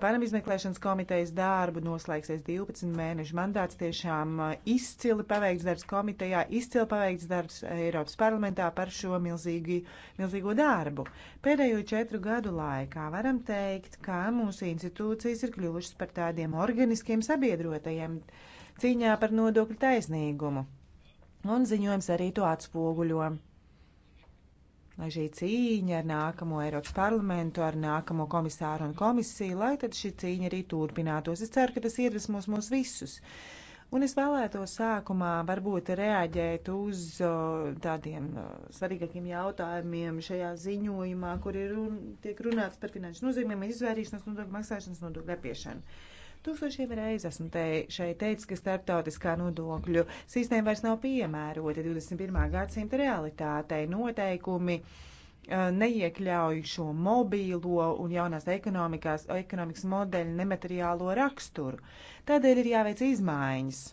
Pēram izmeklēšanas komitejas darbu noslēgsies 12 mēnešu mandāts. Tiešām izcili paveikts darbs komitejā, izcili paveikts darbs Eiropas parlamentā par šo milzīgi, milzīgo darbu. Pēdējo četru gadu laikā varam teikt, ka mūsu institūcijas ir kļuvušas par tādiem organiskiem sabiedrotajiem cīņā par nodokļu taisnīgumu. Un ziņojums arī to atspoguļo lai šī cīņa ar nākamo Eiropas parlamentu, ar nākamo komisāru un komisiju, lai tad šī cīņa arī turpinātos. Es ceru, ka tas iedvesmos mūs visus. Un es vēlētos sākumā varbūt reaģēt uz tādiem svarīgākiem jautājumiem šajā ziņojumā, kur ir un, tiek runāts par finanšu nozīmēm, izvairīšanos nodokļu maksāšanas nodokļu apiešanu. Tūkstošiem reiz esmu te, šeit teicis, ka starptautiskā nodokļu sistēma vairs nav piemērota 21. gadsimta realitātei noteikumi eh, neiekļauj šo mobīlo un jaunās ekonomikas modeļu nemateriālo raksturu. Tādēļ ir jāveic izmaiņas.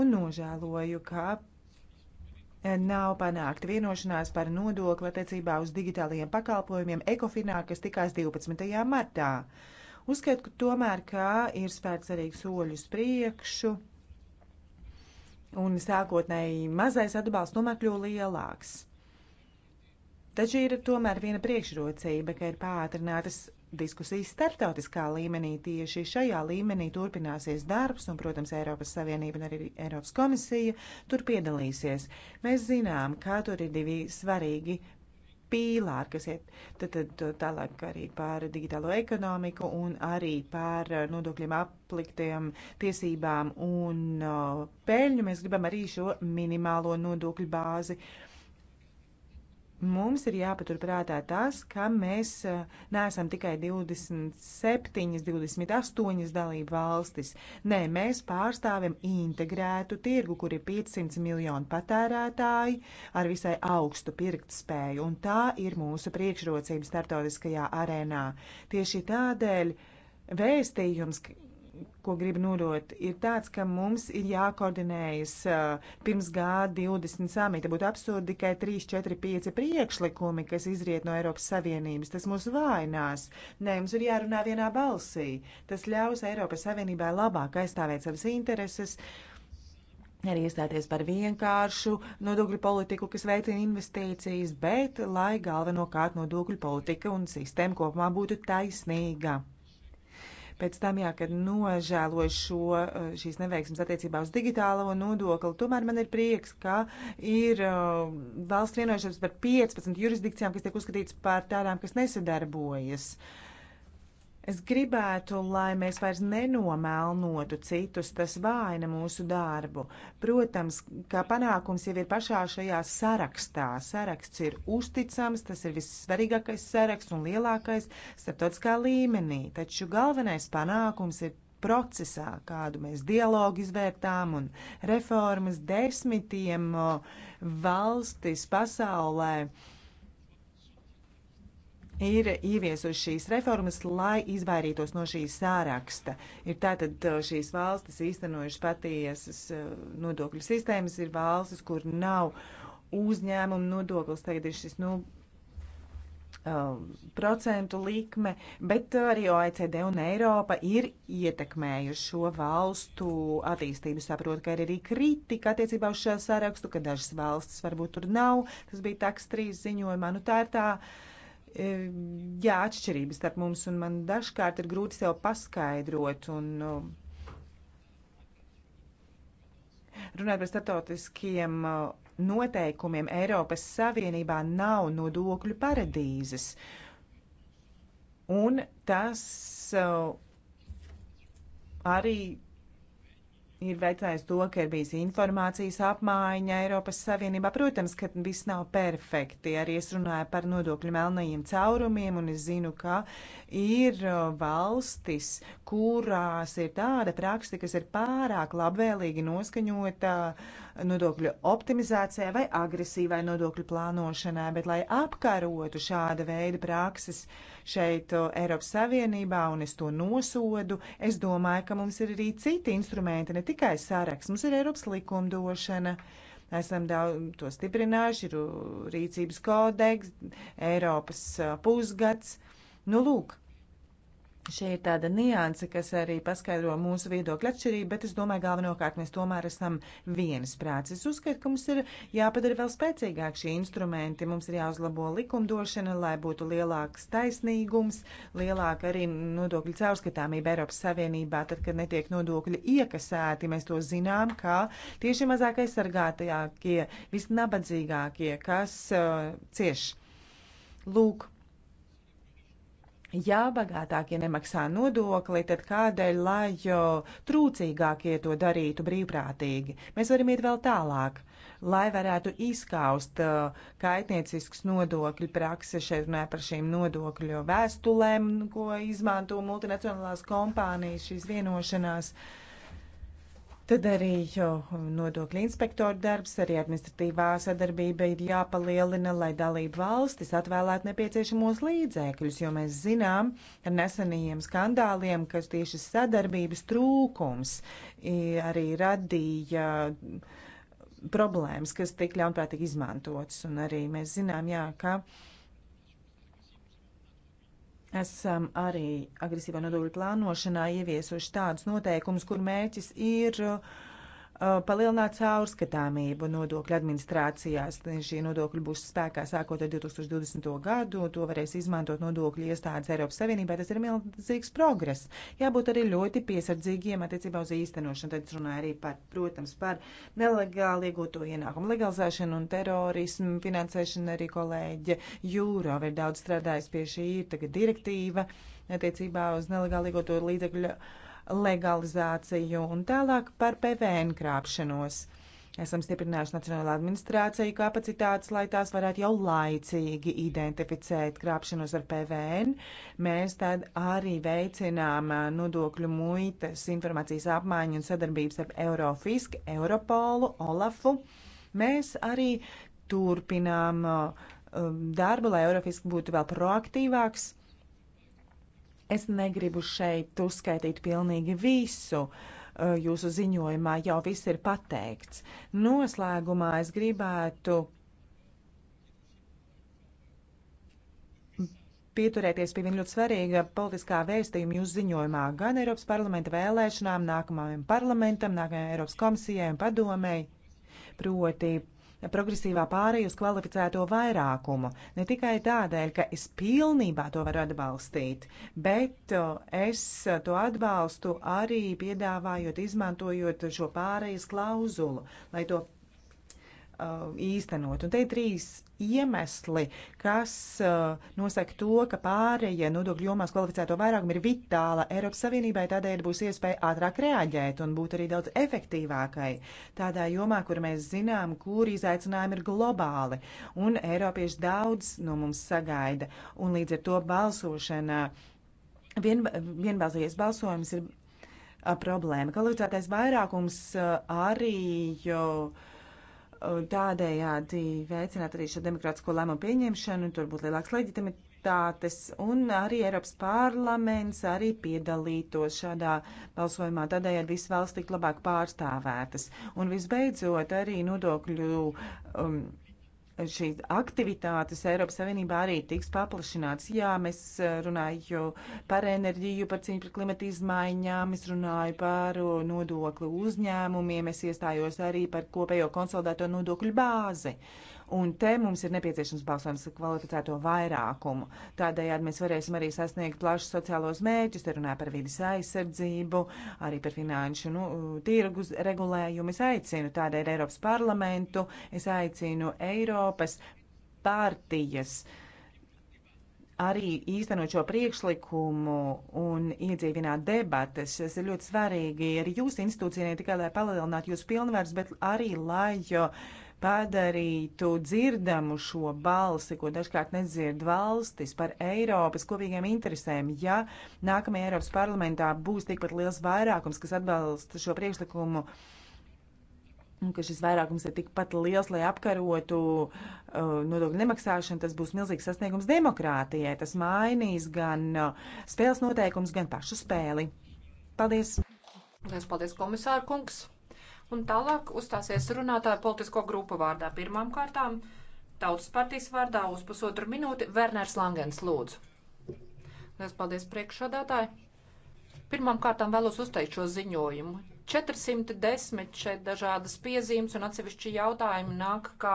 Un nožēloju, ka eh, nav panākta vienošanās par nodokli attiecībā uz digitālajiem pakalpojumiem Ekofinā, kas tikās 12. martā. Uh, Uzskatu, ka tomēr, ka ir spērts arī soļus priekšu, un sākotnēji mazais atbalsts tomēr kļūst lielāks. Taču ir tomēr viena priekšrocība, ka ir pātrinātas diskusijas starptautiskā līmenī. Tieši šajā līmenī turpināsies darbs, un, protams, Eiropas Savienība un arī Eiropas komisija tur piedalīsies. Mēs zinām, kā tur ir divi svarīgi pīlāri, kas iet tad, tad, tālāk arī par digitālo ekonomiku un arī par uh, nodokļiem apliktiem tiesībām un uh, peļņu. Mēs gribam arī šo minimālo nodokļu bāzi uh, mums ir jāpaturprātā tas, ka mēs eh, neesam tikai 27, 28 dalību valstis. Nē, mēs pārstāvjam integrētu tirgu, kur ir 500 miljoni patērētāji ar visai augstu pirkt spēju, un tā ir mūsu priekšrocība starptautiskajā arēnā. Tieši tādēļ vēstījums, ko gribu norot, ir tāds, ka mums ir jākoordinējas pirms G20 samita. Būtu absurdi tikai 3, 4, 5 priekšlikumi, kas izriet no Eiropas Savienības. Tas mūs vājinās. Nē, mums ir jārunā vienā balsī. Tas ļaus Eiropas Savienībai labāk aizstāvēt savas intereses arī iestāties par vienkāršu nodokļu politiku, kas veicina investīcijas, bet lai galvenokārt nodokļu politika un sistēma kopumā būtu taisnīga. Pēc tam, jā, kad nožēloju šo, eh, šīs neveiksmes attiecībā uz digitālo nodokli, tomēr man ir prieks, ka ir eh, valsts vienošanās par 15 jurisdikcijām, kas tiek uzskatīts par tādām, kas nesadarbojas. Uh, Es gribētu, lai mēs vairs nenomēlnotu citus, tas vaina mūsu darbu. Protams, kā panākums jau ir pašā šajā sarakstā. Saraksts ir uzticams, tas ir vissvarīgākais saraksts un lielākais starptautiskā līmenī. Taču galvenais panākums ir procesā, kādu mēs dialogu izvērtām un reformas desmitiem valstis pasaulē ir ieviesuši šīs reformas, lai izvairītos no šīs sāraksta. Ir tātad uh, šīs valstis īstenojušas patiesas uh, nodokļu sistēmas, ir valstis, kur nav uzņēmumu nodoklis, tagad ir šis nu, um, procentu likme, bet uh, arī OECD un Eiropa ir ietekmējuši šo valstu attīstību. Saprotu, ka ir arī kritika attiecībā uz šo sarakstu, ka dažas valstis varbūt tur nav. Tas bija taks trīs ziņojumā. Nu, tā ir tā. Uh, E, jā, atšķirības starp mums, un man dažkārt ir grūti sev paskaidrot. Un, nu, Runājot par startautiskiem e, noteikumiem, Eiropas Savienībā nav nodokļu paradīzes. Un tas e, arī ir vērtējis to, ka ir bijis informācijas apmaiņa Eiropas Savienībā. Protams, ka viss nav perfekti. Arī es runāju par nodokļu melnajiem caurumiem, un es zinu, ka ir valstis, kurās ir tāda praksa, kas ir pārāk labvēlīgi noskaņota. Uh, nodokļu optimizācijai vai agresīvai nodokļu plānošanai, bet lai apkarotu šāda veida prakses šeit Eiropas Savienībā, un es to nosodu, es domāju, ka mums ir arī citi instrumenti, ne tikai saraksts, mums ir Eiropas likumdošana. Esam daudz to stiprinājuši, ir rīcības kodeks, Eiropas pusgads. Nu, lūk, Šī ir tāda nianse, kas arī paskaidro mūsu viedokļu atšķirību, bet es domāju, galvenokārt mēs tomēr esam vienas prāts. Es uzskatu, ka mums ir jāpadara vēl spēcīgāk šie instrumenti, mums ir jāuzlabo likumdošana, lai būtu lielāks taisnīgums, lielāka arī nodokļu caurskatāmība Eiropas Savienībā, tad, kad netiek nodokļi iekasēti, mēs to zinām, kā tieši mazāk aizsargātajākie, visnabadzīgākie, kas uh, cieš. Lūk, Ja bagātākie nemaksā nodokli, tad kādēļ lai trūcīgākie to darītu brīvprātīgi? Mēs varam iet vēl tālāk, lai varētu izskaust uh, kaitniecisks nodokļu prakses. Šeit runāja par šīm nodokļu vēstulēm, ko izmanto multinacionālās kompānijas, šīs vienošanās. Uh, Tad arī nodokļu inspektoru darbs, arī administratīvā sadarbība ir jāpalielina, lai dalību valstis atvēlētu nepieciešamos līdzēkļus, jo mēs zinām ar nesenajiem skandāliem, ka tieši sadarbības trūkums arī radīja problēmas, kas tik ļaunprātīgi izmantotas. Un arī mēs zinām, jā, ka Esam arī agresīvā nodokļu plānošanā ieviesuši tādus noteikumus, kur mērķis ir uh, Uh, palielināt caurskatāmību nodokļu administrācijās. Šie nodokļi būs spēkā sākot ar 2020. gadu, un to varēs izmantot nodokļu iestādes Eiropas Savienībā. Tas ir milzīgs progress. Jābūt arī ļoti piesardzīgiem attiecībā uz īstenošanu. Tad runāja arī par, protams, par nelegāli iegūto ienākumu legalizēšanu un terorismu finansēšanu. Arī kolēģe Jūro ir daudz strādājis pie šī, ir tagad direktīva attiecībā uz nelegāli iegūto līdzekļu legalizāciju un tālāk par PVN krāpšanos. Esam stiprinājuši Nacionālā administrāciju kapacitātes, lai tās varētu jau laicīgi identificēt krāpšanos ar PVN. Mēs tad arī veicinām nodokļu muitas informācijas apmaiņu un sadarbības ar Eurofisk, Europolu, Olafu. Mēs arī turpinām darbu, lai Eurofisk būtu vēl proaktīvāks Es negribu šeit uzskaitīt pilnīgi visu. Uh, jūsu ziņojumā jau viss ir pateikts. Noslēgumā es gribētu pieturēties pie viena ļoti svarīga politiskā vēstījuma jūsu ziņojumā gan Eiropas parlamenta vēlēšanām, nākamajam parlamentam, nākamajai Eiropas komisijai un padomēji, proti progresīvā pārēja uz kvalificēto vairākumu. Ne tikai tādēļ, ka es pilnībā to varu atbalstīt, bet es to atbalstu arī piedāvājot, izmantojot šo pārējas klauzulu, lai to Uh, īstenot. Un te ir trīs iemesli, kas uh, nosaka to, ka pārējie nodokļu jomās kvalificēto vairākumu ir vitāla Eiropas Savienībai, tādēļ būs iespēja ātrāk reaģēt un būt arī daudz efektīvākai tādā jomā, kur mēs zinām, kur izaicinājumi ir globāli, un Eiropieši daudz no mums sagaida, un līdz ar to balsošana, vien, vienbalsījies balsojums ir uh, problēma. Kvalificētais vairākums uh, arī jau Uh, tādējādi veicināt arī šo demokrātisko lēmumu pieņemšanu, tur būtu lielāks leģitimitātes, un arī Eiropas parlaments arī piedalītos šādā balsojumā, tādējādi visas valsts tiktu labāk pārstāvētas. Un visbeidzot, arī nodokļu um, šīs aktivitātes Eiropas Savienībā arī tiks paplašināts. Jā, mēs eh, runāju par enerģiju, par cīņu pret klimata izmaiņām, es runāju par nodokli uzņēmumiem, es iestājos arī par kopējo konsolidēto nodokļu bāzi. Uh, Un te mums ir nepieciešams balsojums ar kvalificēto vairākumu. Tādējādi mēs varēsim arī sasniegt plašus sociālos mērķus, te runā par vidas aizsardzību, arī par finanšu nu, tirgus regulējumu. Es aicinu tādēļ Eiropas parlamentu, es aicinu Eiropas partijas arī īstenot šo priekšlikumu un iedzīvināt debates. Tas ir ļoti svarīgi arī jūsu institūcijai, ne tikai lai palielinātu jūsu pilnvērts, bet arī lai padarītu dzirdamu šo balsi, ko dažkārt nedzird valstis par Eiropas kopīgiem interesēm. Ja nākamajā Eiropas parlamentā būs tikpat liels vairākums, kas atbalsta šo priekšlikumu, un ka šis vairākums ir tikpat liels, lai apkarotu uh, nodokļu nemaksāšanu, tas būs milzīgs sasniegums demokrātijai. Tas mainīs gan uh, spēles noteikums, gan pašu spēli. Paldies! Paldies, paldies komisāra kungs! un tālāk uzstāsies runātāja politisko grupu vārdā. Pirmām kārtām Tautas partijas vārdā uz pusotru minūti Werners Langens lūdzu. Lielas paldies priekšsādātāji. Pirmām kārtām vēlos uzteikt šo ziņojumu. 410 šeit dažādas piezīmes un atsevišķi jautājumi nāk kā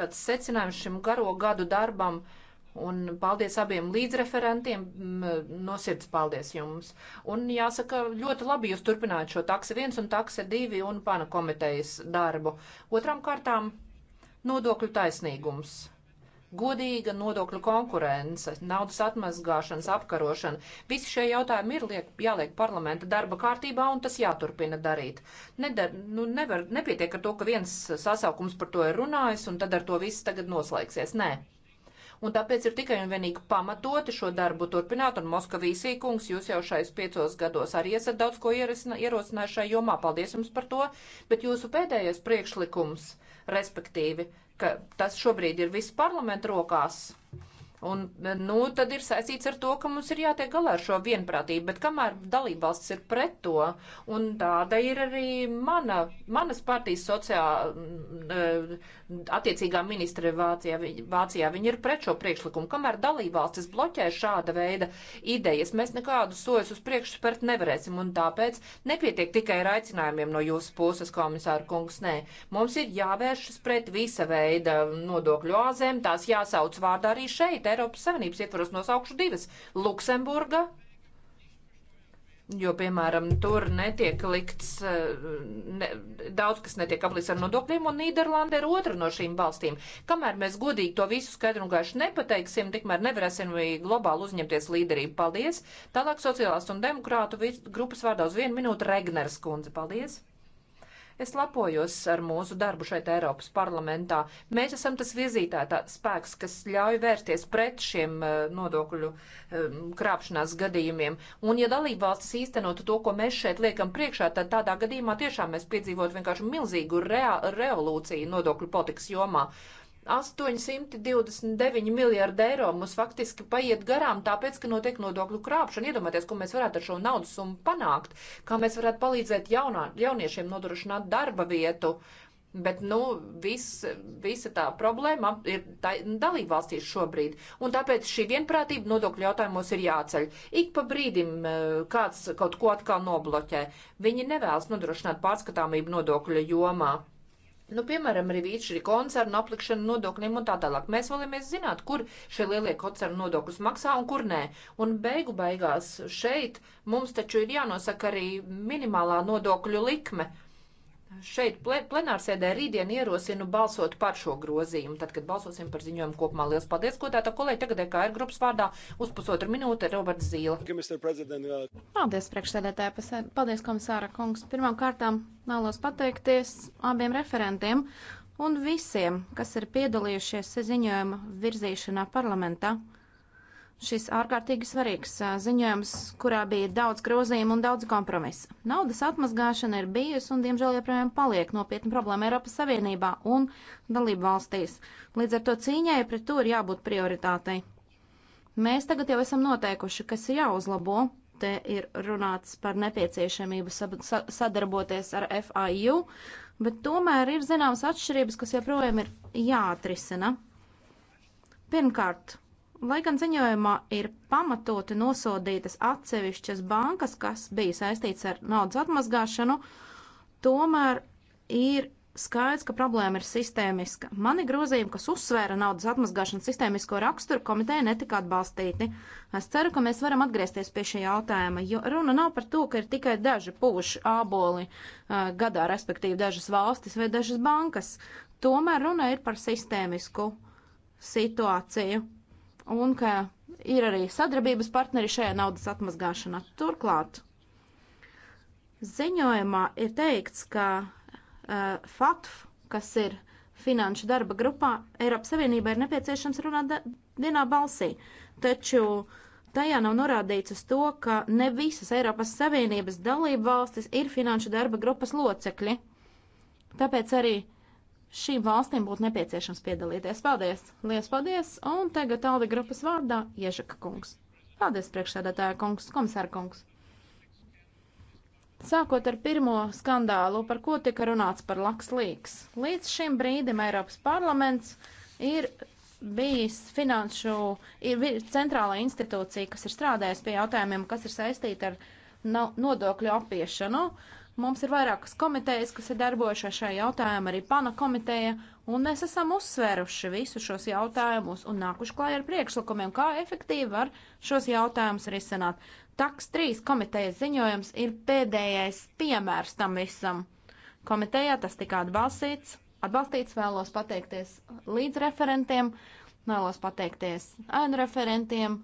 tāds secinājums šim garo gadu darbam. Uh, Un paldies abiem līdzreferentiem, no sirds paldies jums. Un jāsaka, ļoti labi jūs turpināt šo takse viens un takse divi un pana komitejas darbu. Otram kārtām nodokļu taisnīgums. Godīga nodokļu konkurence, naudas atmazgāšanas apkarošana. Visi šie jautājumi ir liek, jāliek parlamenta darba kārtībā, un tas jāturpina darīt. Nedar, nu, nevar, nepietiek ar to, ka viens sasaukums par to ir runājis, un tad ar to viss tagad noslēgsies. Nē un tāpēc ir tikai un vienīgi pamatoti šo darbu turpināt, un Moskavīs īkungs, jūs jau šais piecos gados arī esat daudz ko ierosinājuši šai jomā, paldies jums par to, bet jūsu pēdējais priekšlikums, respektīvi, ka tas šobrīd ir viss parlamentu rokās, Un, nu, tad ir saistīts ar to, ka mums ir jātiek galā ar šo vienprātību, bet kamēr dalībvalstis ir pret to, un tāda ir arī mana, manas partijas sociāla mm, eh, attiecīgā ministre Vācijā, Vācijā, viņi ir pret šo priekšlikumu, kamēr dalībvalstis bloķē šāda veida idejas, mēs nekādu sojas uz priekšu spērt nevarēsim, un tāpēc nepietiek tikai ar aicinājumiem no jūsu puses, komisāra kungs, nē, mums ir jāvēršas pret visa veida nodokļu āzēm, tās jāsauc vārdā arī šeit šeit Eiropas Savienības ietvaros nosaukšu divas - Luksemburga Jo, piemēram, tur netiek likts, eh, ne, daudz kas netiek aplikts ar nodokļiem, un Nīderlanda ir otra no šīm valstīm. Kamēr mēs godīgi to visu skaidru un gaišu nepateiksim, tikmēr nevarēsim globāli uzņemties līderību. Paldies! Tālāk sociālās un demokrātu grupas vārdā uz vienu minūtu Regneras kundze. Paldies! Es lepojos ar mūsu darbu šeit Eiropas parlamentā. Mēs esam tas virzītātā spēks, kas ļauj vērsties pret šiem eh, nodokļu eh, krāpšanās gadījumiem. Un ja dalībvalstis īstenotu to, ko mēs šeit liekam priekšā, tad tādā gadījumā tiešām mēs piedzīvotu vienkārši milzīgu rea revolūciju nodokļu politikas jomā. 829 miljārdi eiro mums faktiski paiet garām, tāpēc, ka notiek nodokļu krāpšana. Iedomājieties, ko mēs varētu ar šo naudas summu panākt, kā mēs varētu palīdzēt jaunā, jauniešiem nodrošināt darba vietu. Bet, nu, vis, visa tā problēma ir dalībvalstīs šobrīd, un tāpēc šī vienprātība nodokļu jautājumos ir jāceļ. Ik pa brīdim eh, kāds kaut ko atkal nobloķē. Viņi nevēlas nodrošināt pārskatāmību nodokļu jomā. Nu, piemēram, arī vīri šī koncernu aplikšana nodokļiem un tā tālāk. Mēs vēlamies zināt, kur šie lielie koncernu nodokļus maksā un kur nē. Un beigu beigās šeit mums taču ir jānosaka arī minimālā nodokļu likme. Šeit plenārsēdē rītdien ierosinu balsot par šo grozījumu, tad, kad balsosim par ziņojumu kopumā. Lielas paldies, ko tā tā kolēģi tagad EKR grupas vārdā uz pusotru minūti Roberts Zīle. Paldies, priekšsēdētāja, paldies, komisāra kungs. Pirmām kārtām vēlos pateikties abiem referentiem un visiem, kas ir piedalījušies ziņojuma virzīšanā parlamentā šis ārkārtīgi svarīgs ziņojums, kurā bija daudz grozījumu un daudz kompromisa. Naudas atmazgāšana ir bijusi un, diemžēl, joprojām paliek nopietna problēma Eiropas Savienībā un dalību valstīs. Līdz ar to cīņai pret to ir jābūt prioritātei. Mēs tagad jau esam noteikuši, kas ir jāuzlabo. Te ir runāts par nepieciešamību sadarboties ar FIU, bet tomēr ir zināmas atšķirības, kas joprojām ir jāatrisina. Pirmkārt, Lai gan ziņojumā ir pamatoti nosodītas atsevišķas bankas, kas bija saistīts ar naudas atmazgāšanu, tomēr ir skaidrs, ka problēma ir sistēmiska. Mani grozījumi, kas uzsvēra naudas atmazgāšanas sistēmisko raksturu, komiteja netika atbalstīti. Es ceru, ka mēs varam atgriezties pie šī jautājuma, jo runa nav par to, ka ir tikai daži puši āboli uh, eh, gadā, respektīvi dažas valstis vai dažas bankas. Tomēr runa ir par sistēmisku situāciju un ka ir arī sadarbības partneri šajā naudas atmazgāšanā. Turklāt ziņojumā ir teikts, ka uh, eh, FATF, kas ir finanšu darba grupā, Eiropas Savienībā ir nepieciešams runāt vienā balsī, taču tajā nav norādīts uz to, ka ne visas Eiropas Savienības dalība valstis ir finanšu darba grupas locekļi. Tāpēc arī uh, šīm valstīm būtu nepieciešams piedalīties. Paldies! Lielas paldies! Un tagad Alde grupas vārdā Iežaka kungs. Paldies, priekšsēdētāja kungs, komisāra kungs! Sākot ar pirmo skandālu, par ko tika runāts par Lakslīks. Līdz šim brīdim Eiropas parlaments ir bijis finanšu, ir centrālā institūcija, kas ir strādājusi pie jautājumiem, kas ir saistīti ar nodokļu apiešanu. Mums ir vairākas komitejas, kas ir darbojušās šajā jautājumā, arī pana komiteja, un mēs esam uzsvēruši visus šos jautājumus un nākuši klāj ar priekšlikumiem, kā efektīvi var šos jautājumus risināt. Taks 3 komitejas ziņojums ir pēdējais piemērs tam visam. Komitejā tas tika atbalstīts, atbalstīts vēlos pateikties līdzreferentiem, vēlos pateikties ēnu referentiem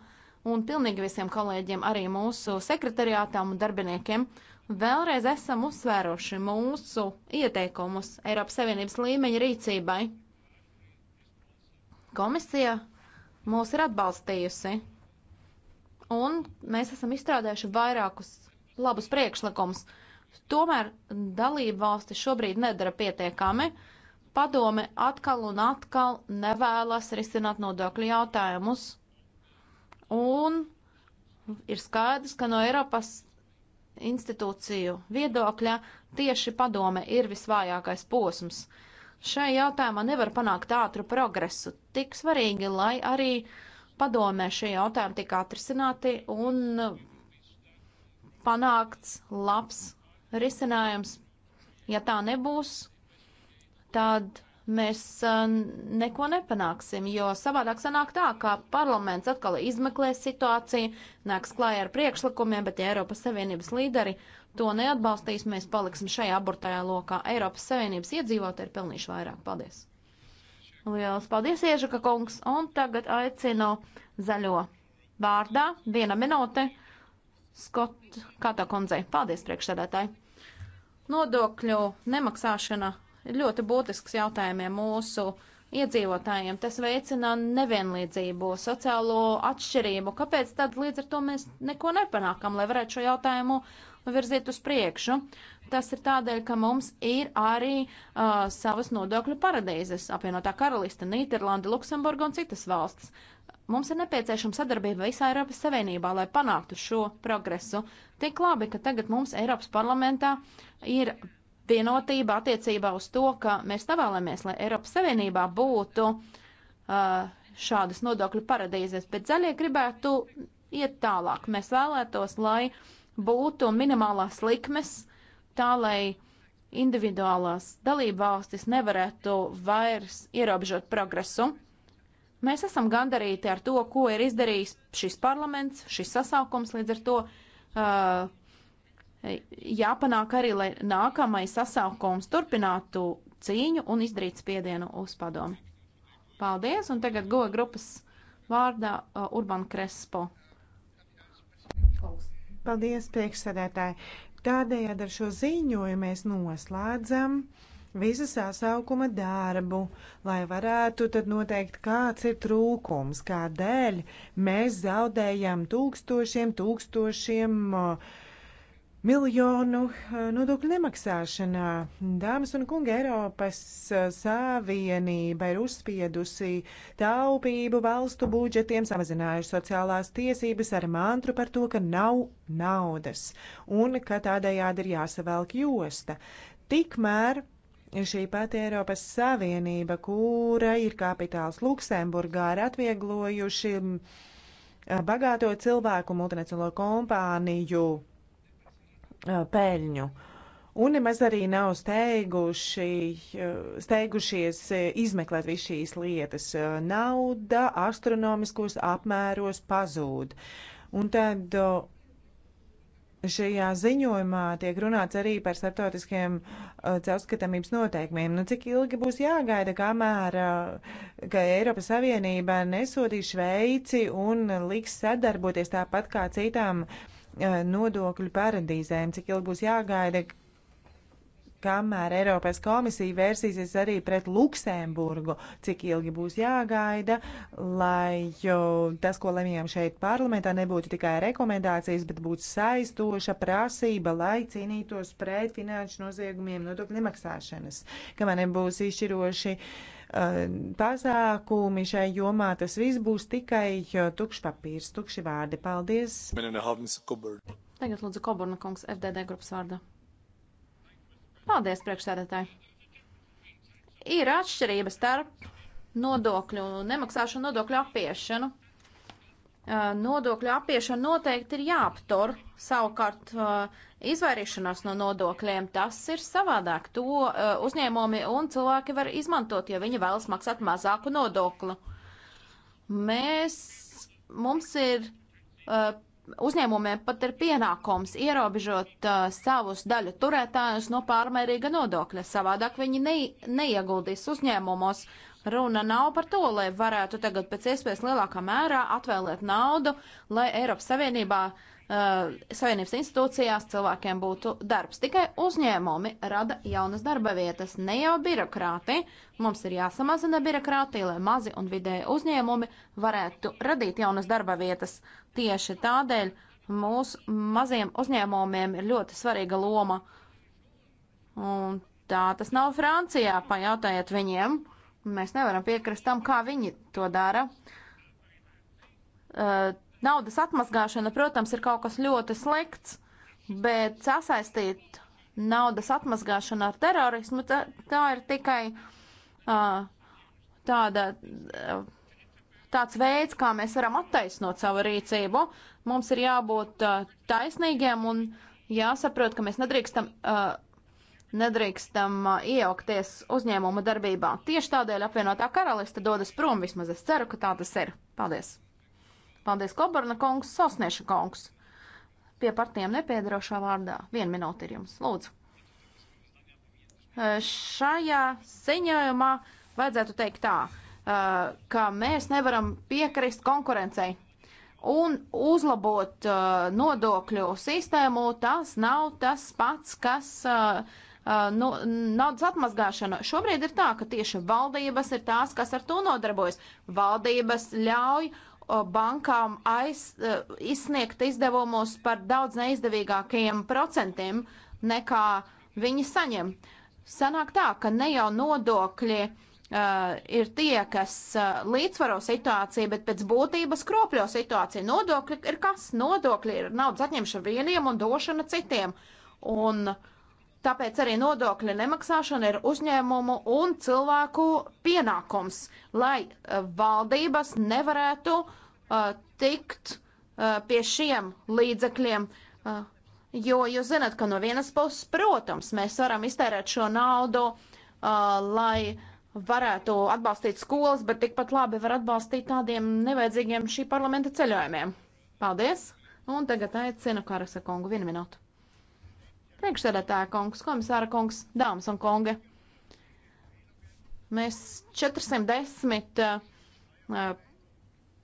un pilnīgi visiem kolēģiem, arī mūsu sekretariātām un darbiniekiem. Vēlreiz esam uzsvēruši mūsu ieteikumus Eiropas Savienības līmeņa rīcībai. Komisija mūs ir atbalstījusi, un mēs esam izstrādājuši vairākus labus priekšlikumus. Tomēr dalību valsti šobrīd nedara pietiekami. Padome atkal un atkal nevēlas risināt nodokļu jautājumus. Un ir skaidrs, ka no Eiropas institūciju viedokļa tieši padome ir visvājākais posms. Šai jautājumā nevar panākt ātru progresu. Tik svarīgi, lai arī padomē šie jautājumi tiek atrisināti un panākts labs risinājums. Ja tā nebūs, tad mēs neko nepanāksim, jo savādāk sanāk tā, ka parlaments atkal izmeklēs situāciju, nāks klājā ar priekšlikumiem, bet ja Eiropas Savienības līderi to neatbalstīs, mēs paliksim šajā abortajā lokā. Eiropas Savienības iedzīvotāji ir pelnījuši vairāk. Paldies! Lielas paldies, Iežaka kungs, un tagad aicinu zaļo vārdā viena minūte Skot Kata kundzei. Paldies, priekšsēdētāji! Nodokļu nemaksāšana ļoti būtisks jautājumiem mūsu iedzīvotājiem. Tas veicina nevienlīdzību, sociālo atšķirību. Kāpēc tad līdz ar to mēs neko nepanākam, lai varētu šo jautājumu virzīt uz priekšu? Tas ir tādēļ, ka mums ir arī uh, savas nodokļu paradīzes - apvienotā karaliste, Nīderlanda, Luksemburga un citas valsts. Mums ir nepieciešama sadarbība visā Eiropas Savienībā, lai panāktu šo progresu. Tik labi, ka tagad mums Eiropas parlamentā ir vienotība attiecībā uz to, ka mēs nevēlamies, lai Eiropas Savienībā būtu uh, šādas nodokļu paradīzes, bet zaļie gribētu iet tālāk. Mēs vēlētos, lai būtu minimālās likmes, tā lai individuālās dalība valstis nevarētu vairs ierobežot progresu. Mēs esam gandarīti ar to, ko ir izdarījis šis parlaments, šis sasaukums, līdz ar to uh, jāpanāk arī, lai nākamais sasaukums turpinātu cīņu un izdarītu spiedienu uz padomi. Paldies, un tagad goja grupas vārdā uh, Urban Krespo. Paldies, priekšsēdētāji. Tādējādi ar šo ziņojumu mēs noslēdzam visu sasaukuma darbu, lai varētu tad noteikt, kāds ir trūkums, kādēļ mēs zaudējam tūkstošiem, tūkstošiem uh, miljonu eh, nodokļu nemaksāšanā. Dāmas un kungi, Eiropas eh, Savienība ir uzspiedusi taupību valstu budžetiem, samazinājuši sociālās tiesības ar mantru par to, ka nav naudas un ka tādējādi ir jāsavelk josta. Tikmēr šī pati Eiropas Savienība, kura ir kapitāls Luksemburgā, ir atvieglojuši mm, eh, bagāto cilvēku multinacionālo kompāniju pēļņu. Un nemaz arī nav steiguši, steigušies izmeklēt visu šīs lietas. Nauda astronomiskos apmēros pazūd. Un tad šajā ziņojumā tiek runāts arī par starptautiskiem uh, caurskatāmības noteikumiem. Nu, cik ilgi būs jāgaida, kamēr uh, ka Eiropas Savienība nesodīs Šveici un liks sadarboties tāpat kā citām uh, Eh, nodokļu paradīzēm, cik ilgi būs jāgaida, kamēr Eiropas komisija vērsīsies arī pret Luksemburgu, cik ilgi būs jāgaida, lai tas, ko lemjām šeit parlamentā, nebūtu tikai rekomendācijas, bet būtu saistoša prasība, lai cīnītos pret finanšu noziegumiem nodokļu nemaksāšanas, kamēr nebūs izšķiroši uh, Eh, pasākumi šai jomā, tas viss būs tikai tukšs papīrs, tukši vārdi. Paldies! Tagad lūdzu Koburna kungs FDD grupas vārda. Paldies, priekšsēdētāji! Ir atšķirība starp nodokļu nemaksāšanu, nodokļu apiešanu. Eh, nodokļu apiešana noteikti ir jāaptur. Savukārt, eh, izvairīšanās no nodokļiem tas ir savādāk. To eh, uzņēmumi un cilvēki var izmantot, ja viņi vēlas maksāt mazāku nodoklu. Mēs, mums ir uzņēmumiem pat ir pienākums ierobežot savus daļu turētājus no pārmērīga nodokļa. Savādāk viņi ne, neieguldīs uzņēmumos Runa nav par to, lai varētu tagad pēc iespējas lielākā mērā atvēlēt naudu, lai Eiropas Savienībā, uh, Savienības institūcijās cilvēkiem būtu darbs. Tikai uzņēmumi rada jaunas darba vietas, ne jau birokrāti. Mums ir jāsamazina birokrātija, lai mazi un vidēji uzņēmumi varētu radīt jaunas darba vietas. Tieši tādēļ mūsu maziem uzņēmumiem ir ļoti svarīga loma. Un tā tas nav Francijā, pajautājiet viņiem. Mēs nevaram piekrist tam, kā viņi to dara. Uh, naudas atmazgāšana, protams, ir kaut kas ļoti slikts, bet sasaistīt naudas atmazgāšanu ar terorismu, tā, tā ir tikai uh, tāda uh, tāds veids, kā mēs varam attaisnot savu rīcību. Mums ir jābūt uh, taisnīgiem un jāsaprot, ka mēs nedrīkstam uh, nedrīkstam iejaukties uzņēmuma darbībā. Tieši tādēļ apvienotā karaliste dodas prom, vismaz es ceru, ka tā tas ir. Paldies! Paldies, Koborna kungs, Sosnieša kungs! Pie partijām nepiedarošā vārdā. Vienu minūti ir jums, lūdzu. Šajā ziņojumā vajadzētu teikt tā, ka mēs nevaram piekrist konkurencei un uzlabot uh, nodokļu sistēmu, tas nav tas pats, kas uh, Uh, nu, naudas atmazgāšanu. Šobrīd ir tā, ka tieši valdības ir tās, kas ar to nodarbojas. Valdības ļauj uh, bankām aiz, uh, izsniegt izdevumus par daudz neizdevīgākajiem procentiem nekā viņi saņem. Sanāk tā, ka ne jau nodokļi uh, ir tie, kas uh, līdzvaro situāciju, bet pēc būtības kropļo situāciju. Nodokļi ir kas? Nodokļi ir naudas atņemšana vieniem un došana citiem. Un uh, Tāpēc arī nodokļa nemaksāšana ir uzņēmumu un cilvēku pienākums, lai eh, valdības nevarētu uh, tikt uh, pie šiem līdzekļiem. Uh, jo jūs zināt, ka no vienas puses, protams, mēs varam iztērēt šo naudu, uh, lai varētu atbalstīt skolas, bet tikpat labi var atbalstīt tādiem nevajadzīgiem šī parlamenta ceļojumiem. Paldies! Un tagad aicinu Karasa kungu vienu minūtu. Priekšsēdētāja kungs, komisāra kungs, dāmas un kungi. Mēs 410 uh, uh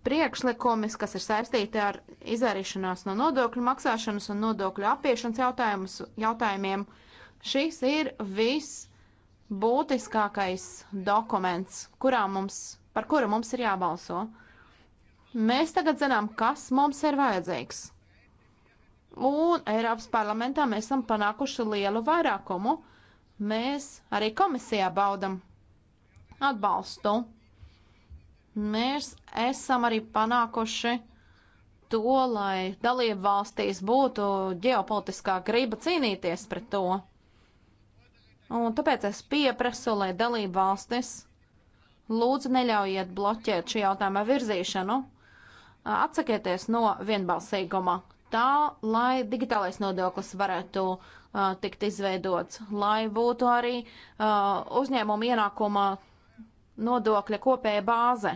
priekšlikumus, kas ir saistīti ar izvairīšanās no nodokļu maksāšanas un nodokļu apiešanas jautājumiem. Šis ir visbūtiskākais dokuments, kurā mums, par kuru mums ir jābalso. Mēs tagad zinām, kas mums ir vajadzīgs un Eiropas parlamentā mēs esam panākuši lielu vairākumu. Mēs arī komisijā baudam atbalstu. Mēs esam arī panākuši to, lai dalību valstīs būtu ģeopolitiskā griba cīnīties pret to. Un tāpēc es pieprasu, lai dalību valstis lūdzu neļaujiet bloķēt šī jautājuma virzīšanu. Atsakieties no vienbalsīguma tā, lai digitālais nodoklis varētu uh, tikt izveidots, lai būtu arī uh, uzņēmuma ienākuma nodokļa kopēja bāze,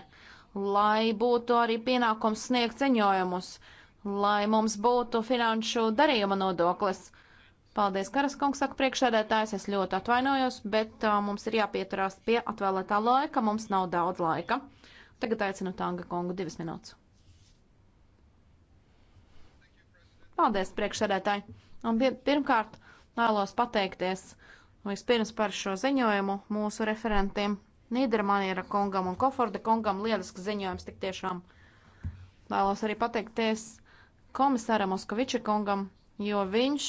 lai būtu arī pienākums sniegt ceņojumus, lai mums būtu finanšu darījuma nodoklis. Paldies, Karaskungs, saka priekšsēdētājs, es ļoti atvainojos, bet uh, mums ir jāpieturās pie atvēlētā laika, mums nav daudz laika. Tagad aicinu Tanga kungu divas minūtes. Paldies, priekšsēdētāji! Un pirmkārt vēlos pateikties vispirms par šo ziņojumu mūsu referentiem Nīdermaniera kungam un Koforda kungam. Lieliski ziņojums tik tiešām. Vēlos arī pateikties komisāram Moskoviča kungam, jo viņš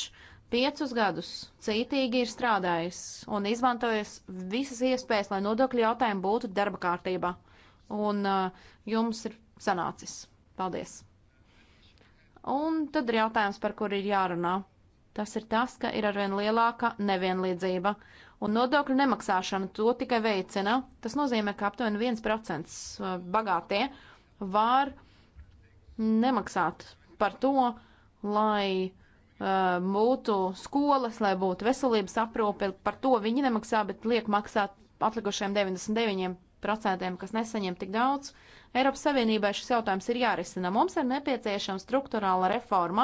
piecus gadus cītīgi ir strādājis un izmantojis visas iespējas, lai nodokļu jautājumi būtu darba kārtībā. Un uh, jums ir sanācis. Paldies! Un tad ir jautājums, par kur ir jārunā. Tas ir tas, ka ir arvien lielāka nevienlīdzība, un nodokļu nemaksāšana to tikai veicina. Tas nozīmē, ka aptuveni 1% uh, bagātie var nemaksāt par to, lai uh, būtu skolas, lai būtu veselības aprūpe. Par to viņi nemaksā, bet liek maksāt atlikušajiem 99%, kas nesaņem tik daudz, Eiropas Savienībai šis jautājums ir jārisina. Mums ir nepieciešama struktūrāla reforma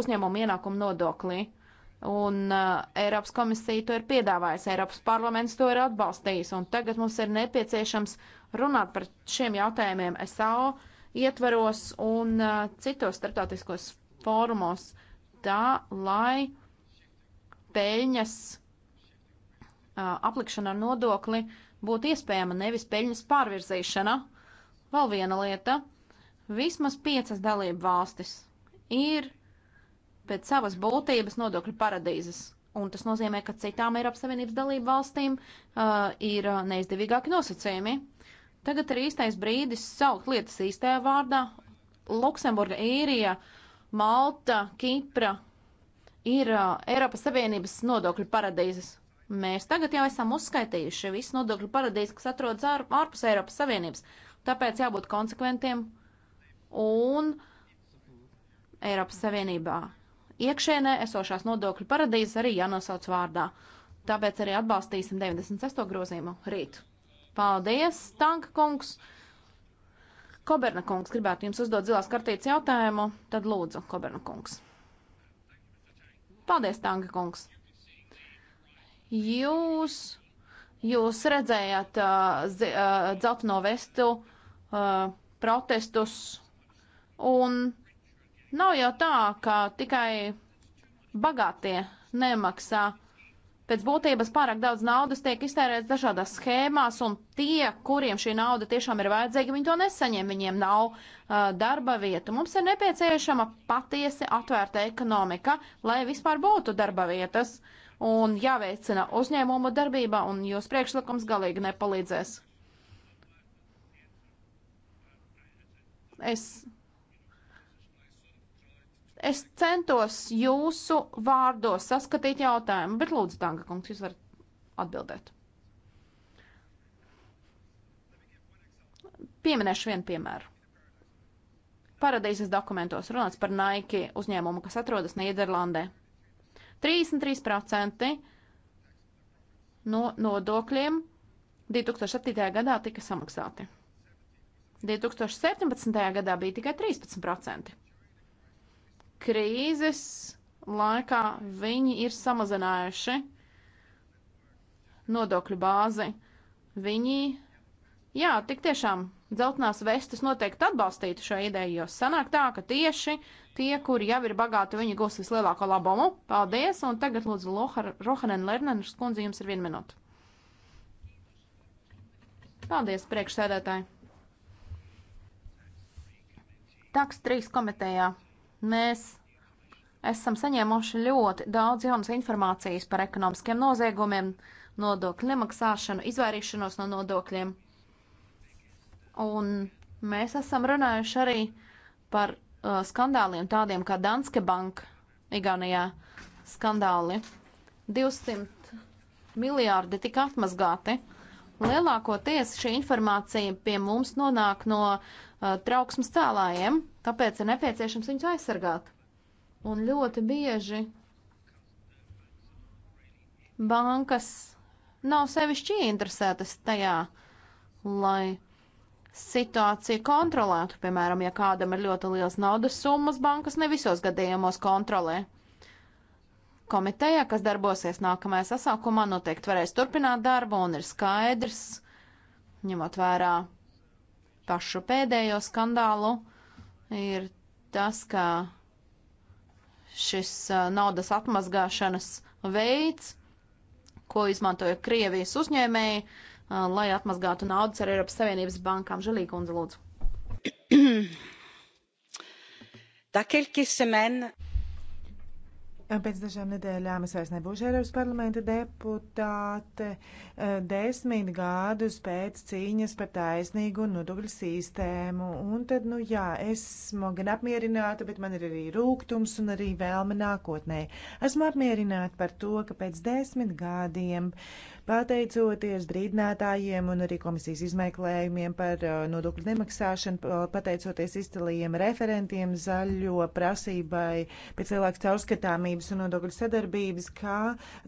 uzņēmumu ienākumu nodoklī. Un uh, Eiropas komisija to ir piedāvājusi, Eiropas parlaments to ir atbalstījis, un tagad mums ir nepieciešams runāt par šiem jautājumiem SAO ietvaros un uh, citos starptautiskos fórumos, tā lai peļņas uh, aplikšana ar nodokli būtu iespējama, nevis peļņas pārvirzīšana. Uh, Vēl viena lieta. Vismaz piecas dalību valstis ir pēc savas būtības nodokļu paradīzes. Un tas nozīmē, ka citām Eiropas Savienības dalību valstīm uh, ir uh, neizdevīgāki nosacījumi. Tagad ir īstais brīdis saukt lietas īstajā vārdā. Luksemburga, Īrija, Malta, Kipra ir uh, Eiropas Savienības nodokļu paradīzes. Mēs tagad jau esam uzskaitījuši visu nodokļu paradīzi, kas atrodas ārpus Eiropas Savienības. Tāpēc jābūt konsekventiem un Eiropas Savienībā iekšēnē esošās nodokļu paradīzes arī jānosauc vārdā. Tāpēc arī atbalstīsim 96. grozījumu rīt. Paldies, Tanka kungs! Koberna kungs gribētu jums uzdot zilās kartītes jautājumu, tad lūdzu, Koberna kungs. Paldies, Tanka kungs! Jūs, jūs redzējāt uh, zi, uh, dzelteno vestu uh, uh, protestus. Un nav jau tā, ka tikai bagātie nemaksā. Pēc būtības pārāk daudz naudas tiek iztērēts dažādās schēmās, un tie, kuriem šī nauda tiešām ir vajadzīga, viņi to nesaņem, viņiem nav uh, darba vietu. Mums ir nepieciešama patiesi atvērta ekonomika, lai vispār būtu darba vietas, un jāveicina uzņēmumu darbība, un jūs priekšlikums galīgi nepalīdzēs. Es, es centos jūsu vārdos saskatīt jautājumu, bet lūdzu, Tanga kungs, jūs varat atbildēt. Pieminēšu vienu piemēru. Paradīzes dokumentos runāts par Nike uzņēmumu, kas atrodas Nīderlandē. 33% no nodokļiem 2007. gadā tika samaksāti. 2017. gadā bija tikai 13%. Krīzes laikā viņi ir samazinājuši nodokļu bāzi. Viņi, jā, tik tiešām dzeltenās vestes noteikti atbalstītu šo ideju, jo sanāk tā, ka tieši tie, kuri jau ir bagāti, viņi gūs vislielāko labumu. Paldies, un tagad lūdzu Rohanen Lernenes kundze jums ir viena minūte. Paldies, priekšsēdētāji! Taks 3 komitejā mēs esam saņēmuši ļoti daudz jaunas informācijas par ekonomiskiem noziegumiem, nodokļu nemaksāšanu, izvairīšanos no nodokļiem. Un mēs esam runājuši arī par uh, skandāliem tādiem kā Danske Bank, Igaunijā skandāli. 200 miljārdi tika atmazgāti. Uh, Lielākoties šī informācija pie mums nonāk no uh, trauksmes cēlājiem, tāpēc ir nepieciešams viņus aizsargāt. Un ļoti bieži bankas nav sevišķi interesētas tajā, lai situāciju kontrolētu. Piemēram, ja kādam ir ļoti liels naudas summas, bankas ne visos gadījumos kontrolē komitejā, kas darbosies nākamajā sasaukumā, noteikti varēs turpināt darbu un ir skaidrs, ņemot vērā pašu pēdējo skandālu, ir tas, ka šis naudas atmazgāšanas veids, ko izmantoja Krievijas uzņēmēji, lai atmazgātu naudas ar Eiropas Savienības bankām. Žalīga kundze, lūdzu. Pēc dažām nedēļām es vairs nebūšu Eiropas parlamenta deputāte. Eh, desmit gadus pēc cīņas par taisnīgu nodokļu sistēmu. Un tad, nu jā, esmu gan apmierināta, bet man ir arī rūgtums un arī vēlme nākotnē. Esmu apmierināta par to, ka pēc desmit gadiem uh, Pateicoties brīdinātājiem un arī komisijas izmeklējumiem par uh, nodokļu nemaksāšanu, pateicoties izcilajiem referentiem zaļo prasībai pēc lielākas caurskatāmības un nodokļu sadarbības, kā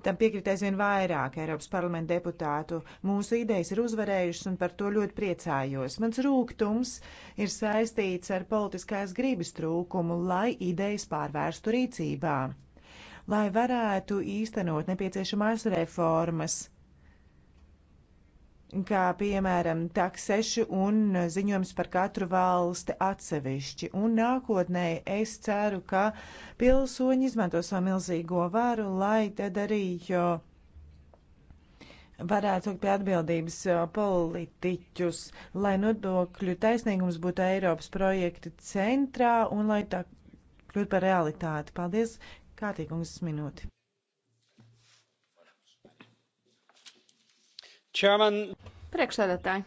tam piekritēs vien vairāk Eiropas parlamenta deputātu. Mūsu idejas ir uzvarējušas un par to ļoti priecājos. Mans rūgtums ir saistīts ar politiskās gribas trūkumu, lai idejas pārvērstu rīcībā. Lai varētu īstenot nepieciešamās reformas, kā piemēram takseši un ziņojums par katru valsti atsevišķi. Un nākotnē es ceru, ka pilsoņi izmanto savu milzīgo varu, lai tad arī jo varētu likt pie atbildības politiķus, lai nodokļu taisnīgums būtu Eiropas projekta centrā un lai tā kļūtu par realitāti. Paldies, Kātīgums, minūti. Chairman. Priekšsēdētāji.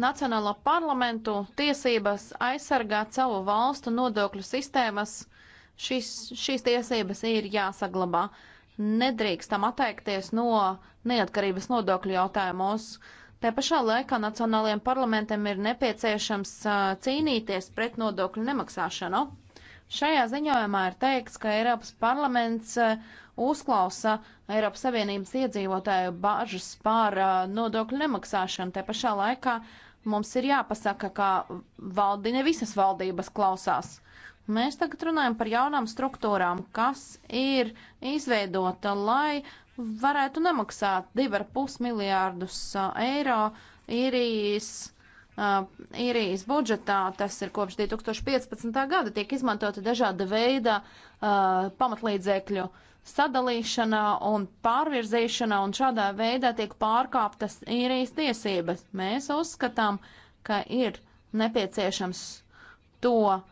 Nacionālo parlamentu tiesības aizsargāt savu valstu nodokļu sistēmas, šis, šīs tiesības ir jāsaglabā. Nedrīkstam atteikties no neatkarības nodokļu jautājumos. Tā pašā laikā nacionālajiem parlamentiem ir nepieciešams cīnīties pret nodokļu nemaksāšanu. Šajā ziņojumā ir teikts, ka Eiropas parlaments uzklausa Eiropas Savienības iedzīvotāju bāžas par uh, nodokļu nemaksāšanu. Te pašā laikā mums ir jāpasaka, ka valdi ne visas valdības klausās. Mēs tagad runājam par jaunām struktūrām, kas ir izveidota, lai varētu nemaksāt 2,5 miljārdus uh, eiro īrijas. Uh, īrijas budžetā, tas ir kopš 2015. gada, tiek izmantota dažāda veida uh, pamatlīdzekļu uh, sadalīšanā un pārvirzīšanā, un šādā veidā tiek pārkāptas īrijas tiesības. Mēs uzskatām, ka ir nepieciešams to uh,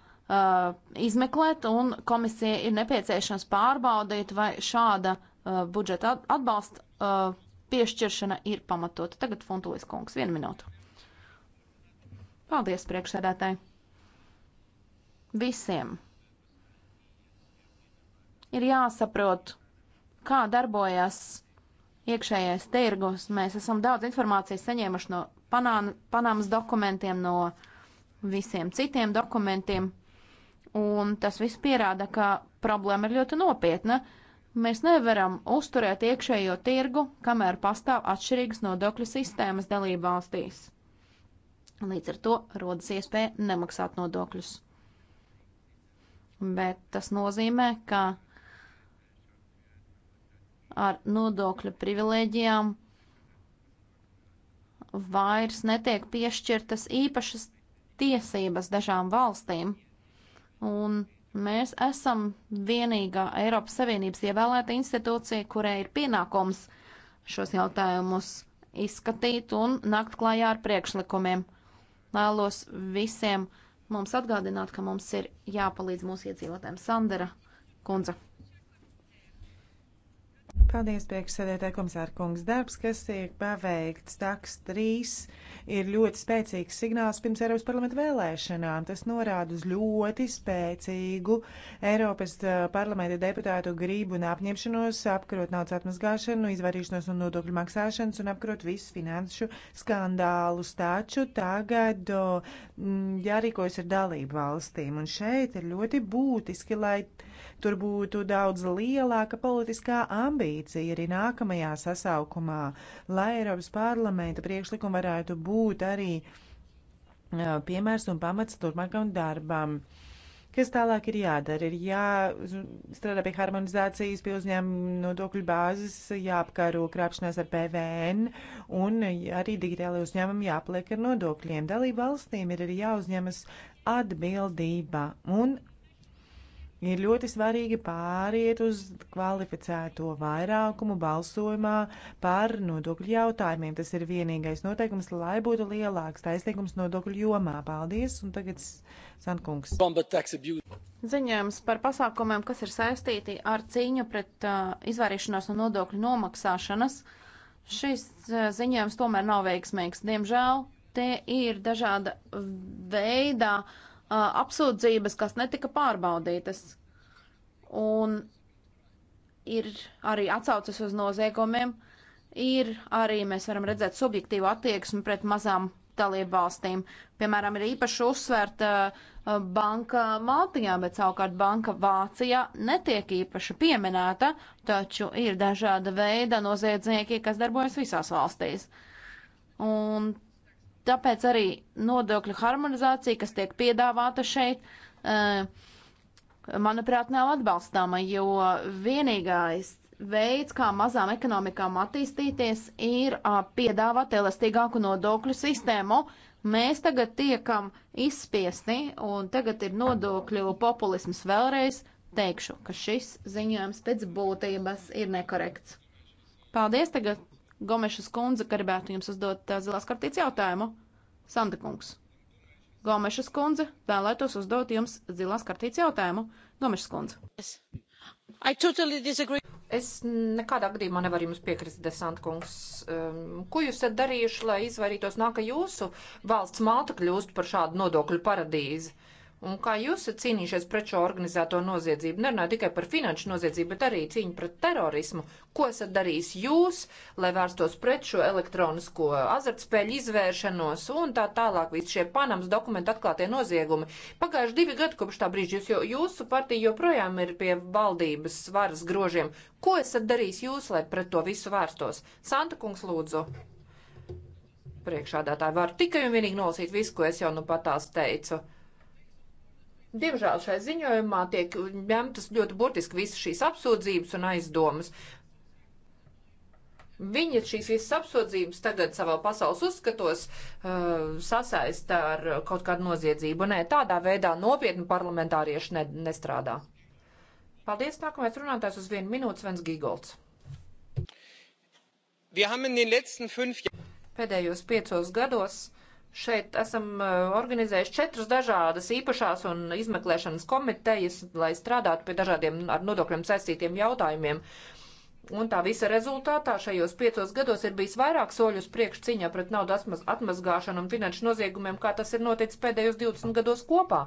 izmeklēt, un komisija ir nepieciešams pārbaudīt, vai šāda uh, budžeta atbalsta uh, piešķiršana ir pamatota. Tagad Funtulis kungs, vienu minūtu. Paldies priekšsēdētāji! Visiem! Ir jāsaprot, kā darbojas iekšējais tirgus. Mēs esam daudz informācijas saņēmuši no Panāna, Panāmas dokumentiem, no visiem citiem dokumentiem, un tas viss pierāda, ka problēma ir ļoti nopietna. Mēs nevaram uzturēt iekšējo tirgu, kamēr pastāv atšķirīgas nodokļu sistēmas dalību valstīs. Līdz ar to rodas iespēja nemaksāt nodokļus. Bet tas nozīmē, ka ar nodokļu privilēģijām vairs netiek piešķirtas īpašas tiesības dažām valstīm. Un mēs esam vienīgā Eiropas Savienības ievēlēta institūcija, kurai ir pienākums šos jautājumus izskatīt un nakt klājā ar priekšlikumiem. Vēlos visiem mums atgādināt, ka mums ir jāpalīdz mūsu iedzīvotājiem Sandra Kunze. Paldies, priekšsēdētāji komisāra kungs. Darbs, kas tiek paveikts TAX 3, ir ļoti spēcīgs signāls pirms Eiropas parlamenta vēlēšanām. Tas norāda uz ļoti spēcīgu Eiropas parlamenta deputātu gribu un apņemšanos apkarot naudas atmazgāšanu, izvairīšanos no nodokļu maksāšanas un apkarot visus finanšu skandālus. Taču tagad o, m, jārīkojas ar dalību valstīm. Un šeit ir ļoti būtiski, lai Tur būtu daudz lielāka politiskā ambīcija arī nākamajā sasaukumā, lai Eiropas parlamenta priekšlikumi varētu būt arī piemērs un pamats turpmākam darbam. Kas tālāk ir jādara? Ir jāstrādā pie harmonizācijas, pie uzņēmuma nodokļu bāzes, jāapkaro krāpšanās ar PVN un arī digitālai uzņēmumi jāpliek ar nodokļiem. Dalību valstīm ir arī jāuzņemas atbildība un Ir ļoti svarīgi pāriet uz kvalificēto vairākumu balsojumā par nodokļu jautājumiem. Tas ir vienīgais noteikums, lai būtu lielāks taisnīgums nodokļu jomā. Paldies, un tagad Sankungs. Ziņojums par pasākumiem, kas ir saistīti ar cīņu pret uh, izvairīšanos no nodokļu nomaksāšanas. Šis uh, ziņojums tomēr nav veiksmīgs. Diemžēl tie ir dažāda veidā. Uh, apsūdzības, kas netika pārbaudītas. Un ir arī atsaucas uz noziegumiem, ir arī mēs varam redzēt subjektīvu attieksmi pret mazām dalību valstīm. Piemēram, ir īpaši uzsvērta banka Maltijā, bet savukārt banka Vācijā netiek īpaši pieminēta, taču ir dažāda veida noziedznieki, kas darbojas visās valstīs. Un Tāpēc arī nodokļu harmonizācija, kas tiek piedāvāta šeit, e, manuprāt, nav atbalstāma, jo vienīgais veids, kā mazām ekonomikām attīstīties, ir piedāvāt elastīgāku nodokļu sistēmu. Mēs tagad tiekam izspiesti, un tagad ir nodokļu populisms vēlreiz. Teikšu, ka šis ziņojums pēc būtības ir nekorekts. Paldies, tagad Gomešas kundze, ka gribētu jums uzdot zilās kartītes jautājumu. Sanda kungs. Gomešas kundze vēlētos uzdot jums zilās kartītes jautājumu. Gomešas kundze. Yes. Totally disagree. es nekādā gadījumā nevaru jums piekrist, Desant kungs. Um, ko jūs esat darījuši, lai izvairītos nāk, ka jūsu valsts Malta kļūst par šādu nodokļu paradīzi? Uh, Un kā jūs esat cīnījušies pret šo organizēto noziedzību? Nerunāju tikai par finanšu noziedzību, bet arī cīņu pret terorismu. Ko esat darījis jūs, lai vērstos pret šo elektronisko azartspēļu izvēršanos un tā tālāk visi šie Panamas dokumentu atklātie noziegumi? Pagājuši divi gadi kopš tā brīža jūs, jo jūsu partija joprojām ir pie valdības varas grožiem. Ko esat darījis jūs, lai pret to visu vērstos? Santa kungs lūdzu priekšādātāji varu tikai un vienīgi nolasīt visu, ko es jau nu patās teicu. Diemžēl šai ziņojumā tiek ņemtas ļoti burtiski visas šīs apsūdzības un aizdomas. Viņa šīs visas apsūdzības tagad savā pasaules uzskatos uh, sasaista ar kaut kādu noziedzību. Nē, tādā veidā nopietni parlamentārieši ne, nestrādā. Paldies, nākamais runātājs uz vienu minūtu Svens Gigolds. Pēdējos piecos gados Šeit esam eh, organizējuši četras dažādas īpašās un izmeklēšanas komitejas, lai strādātu pie dažādiem ar nodokļiem saistītiem jautājumiem. Uh, Un tā visa rezultātā šajos piecos gados ir bijis vairāk soļus priekš cīņā pret naudu atmazgāšanu un finanšu noziegumiem, kā tas ir noticis pēdējos 20 gados kopā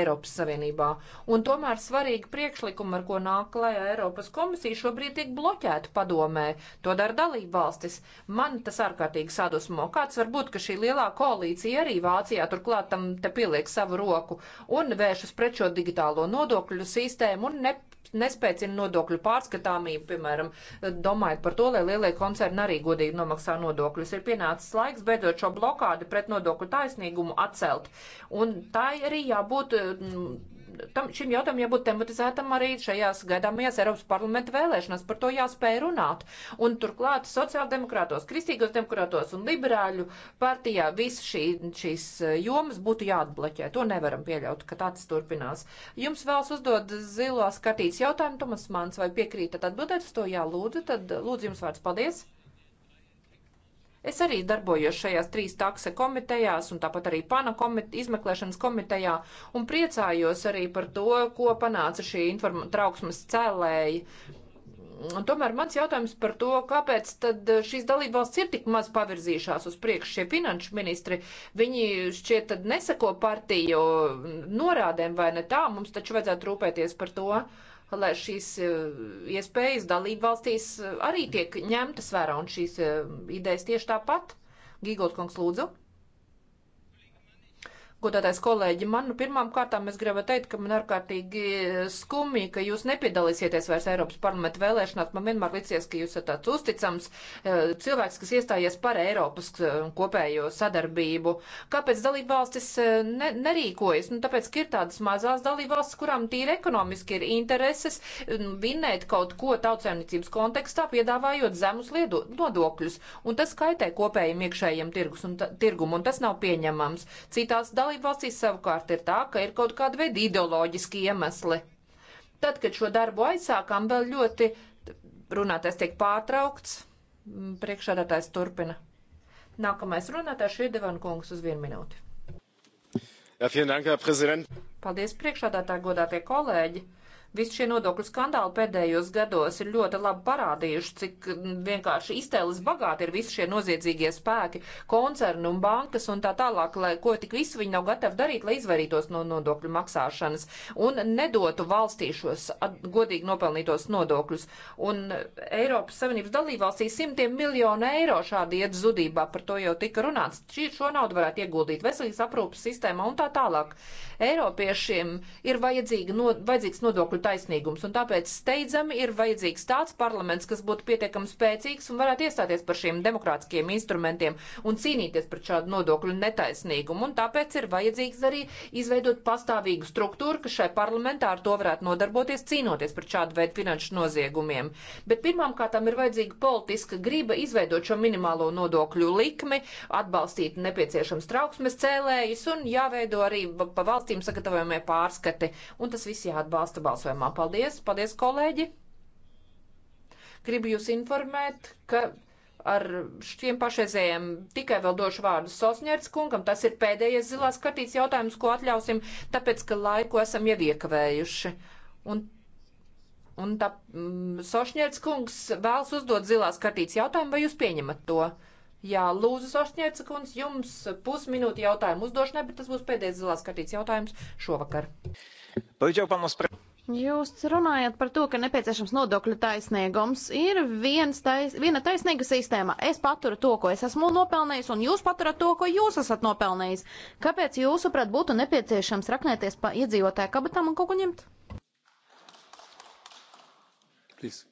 Eiropas Savienībā. Un tomēr svarīgi priekšlikumi, ar ko nāk klajā Eiropas komisija, šobrīd tiek bloķēti padomē. To dara dalību valstis. Man tas ārkārtīgi sadusmo. Kāds var būt, ka šī lielā koalīcija arī Vācijā turklāt tam te pieliek savu roku un vēršas pret šo digitālo nodokļu sistēmu un ne nespēcina nodokļu pārskatāmību, piemēram, domājot par to, lai lielie koncerni arī godīgi nomaksā nodokļus. Ir pienācis laiks beidzot šo blokādi pret nodokļu taisnīgumu atcelt. Un tā arī jābūt mm, tam, šim jautājumam jābūt tematizētam arī šajās gaidāmajās Eiropas parlamenta vēlēšanās. Par to jāspēj runāt. Un turklāt sociāldemokrātos, kristīgos demokrātos un liberāļu partijā visas šī, šīs jomas būtu jāatbloķē. To nevaram pieļaut, ka tāds turpinās. Jums vēls uzdod zilā skatīts jautājumu, Tomas Mans, vai piekrītat atbildēt uz to? Jā, lūdzu, tad lūdzu jums vārds. Paldies! Es arī darbojos šajās trīs takse komitejās un tāpat arī pana komite, izmeklēšanas komitejā un priecājos arī par to, ko panāca šī trauksmes cēlēji. Un tomēr mans jautājums par to, kāpēc tad šīs dalībvalsts ir tik maz pavirzījušās uz priekšu šie finanšu ministri, viņi šķiet tad neseko partiju norādēm vai ne tā, mums taču vajadzētu rūpēties par to. Uh, lai šīs eh, iespējas dalību valstīs eh, arī tiek ņemtas vērā un šīs eh, idejas tieši tāpat. Gīgold kungs lūdzu. Godātais kolēģi, man nu, pirmām kārtām es gribētu teikt, ka man ārkārtīgi skumji, ka jūs nepiedalīsieties vairs Eiropas parlamenta vēlēšanās. Man vienmēr licies, ka jūs esat tāds uzticams eh, cilvēks, kas iestājies par Eiropas eh, kopējo sadarbību. Kāpēc dalībvalstis eh, ne, nerīkojas? Nu, tāpēc, ka ir tādas mazās dalībvalstis, kurām tīri ekonomiski ir intereses mm, vinnēt kaut ko tautsēmniecības kontekstā, piedāvājot zemus liedu, nodokļus. Un tas kaitē kopējiem iekšējiem tirgus un, tirgumu, un tas nav pieņemams. Citās dalībvalstis dalību valstīs savukārt ir tā, ka ir kaut kāda veida ideoloģiski iemesli. Tad, kad šo darbu aizsākām, vēl ļoti runātais tiek pārtraukts, mm, priekšādātājs turpina. Nākamais runātājs ir Devana kungs uz vienu minūti. Ja, dank, Paldies priekšādātāji, godātie kolēģi! Visi šie nodokļu skandāli pēdējos gados ir ļoti labi parādījuši, cik vienkārši iztēles bagāti ir visi šie noziedzīgie spēki, koncerni un bankas un tā tālāk, lai ko tik visu viņi nav gatavi darīt, lai izvairītos no nodokļu maksāšanas un nedotu valstī šos godīgi nopelnītos nodokļus. Un Eiropas Savienības dalībvalstīs simtiem miljonu eiro šādi iet zudībā, par to jau tika runāts. Šī, šo naudu varētu ieguldīt veselības aprūpas sistēmā un tā tālāk. Eiropiešiem ir vajadzīga, no, vajadzīgs nodokļu notiktu taisnīgums, un tāpēc steidzami ir vajadzīgs tāds parlaments, kas būtu pietiekami spēcīgs un varētu iestāties par šiem demokrātiskiem instrumentiem un cīnīties par šādu nodokļu netaisnīgumu, un tāpēc ir vajadzīgs arī izveidot pastāvīgu struktūru, kas šai parlamentā ar to varētu nodarboties, cīnoties par šādu veidu finanšu noziegumiem. Bet pirmām kārtām ir vajadzīga politiska griba izveidot šo minimālo nodokļu likmi, atbalstīt nepieciešams trauksmes cēlējus un jāveido arī pa valstīm sagatavojamie pārskati, un tas viss jāatbalsta balsojumā balsojumā. Paldies, paldies, kolēģi! Gribu jūs informēt, ka ar šiem pašreizējiem tikai vēl došu vārdu Sosņērts kungam. Tas ir pēdējais zilās kartīts jautājums, ko atļausim, tāpēc, ka laiku esam jau iekavējuši. Un, un tā mm, Sosņērts kungs vēlas uzdot zilās kartīts jautājumu, vai jūs pieņemat to? Jā, lūdzu, Sosņērts kungs, jums pusminūti jautājumu uzdošanai, bet tas būs pēdējais zilās kartīts jautājums šovakar. Paģau, pamus, pre... Jūs runājat par to, ka nepieciešams nodokļu taisnīgums. Ir tais, viena taisnīga sistēma. Es paturu to, ko es esmu nopelnījis, un jūs paturat to, ko jūs esat nopelnījis. Kāpēc jūsuprāt būtu nepieciešams raknēties pa iedzīvotāju kabatām un kaut ko ņemt? Please.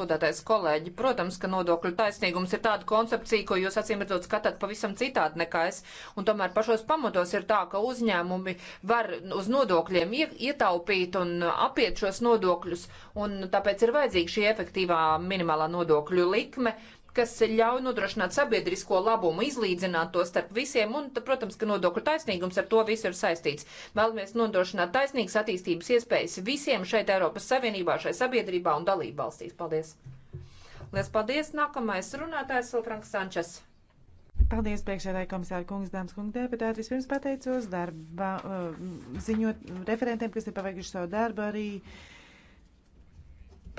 Godātais kolēģi, protams, ka nodokļu taisnīgums ir tāda koncepcija, ko jūs acīm redzot skatāt pavisam citādi nekā es, un tomēr pašos pamatos ir tā, ka uzņēmumi var uz nodokļiem ietaupīt un apiet šos nodokļus, un tāpēc ir vajadzīga šī efektīvā minimālā nodokļu likme, kas ļauj nodrošināt sabiedrisko labumu, izlīdzināt to starp visiem, un, tad, protams, ka nodokļu taisnīgums ar to visu ir saistīts. Vēlamies nodrošināt taisnīgas attīstības iespējas visiem šeit Eiropas Savienībā, šai sabiedrībā un dalību valstīs. Paldies! Lies paldies! Nākamais runātājs vēl Franks Sančes. Paldies, priekšsēdētāji komisāri, kungs, dāmas, kungi, deputāti. Vispirms pateicos darba uh, ziņot referentiem, kas ir paveikuši savu darbu arī. Uh,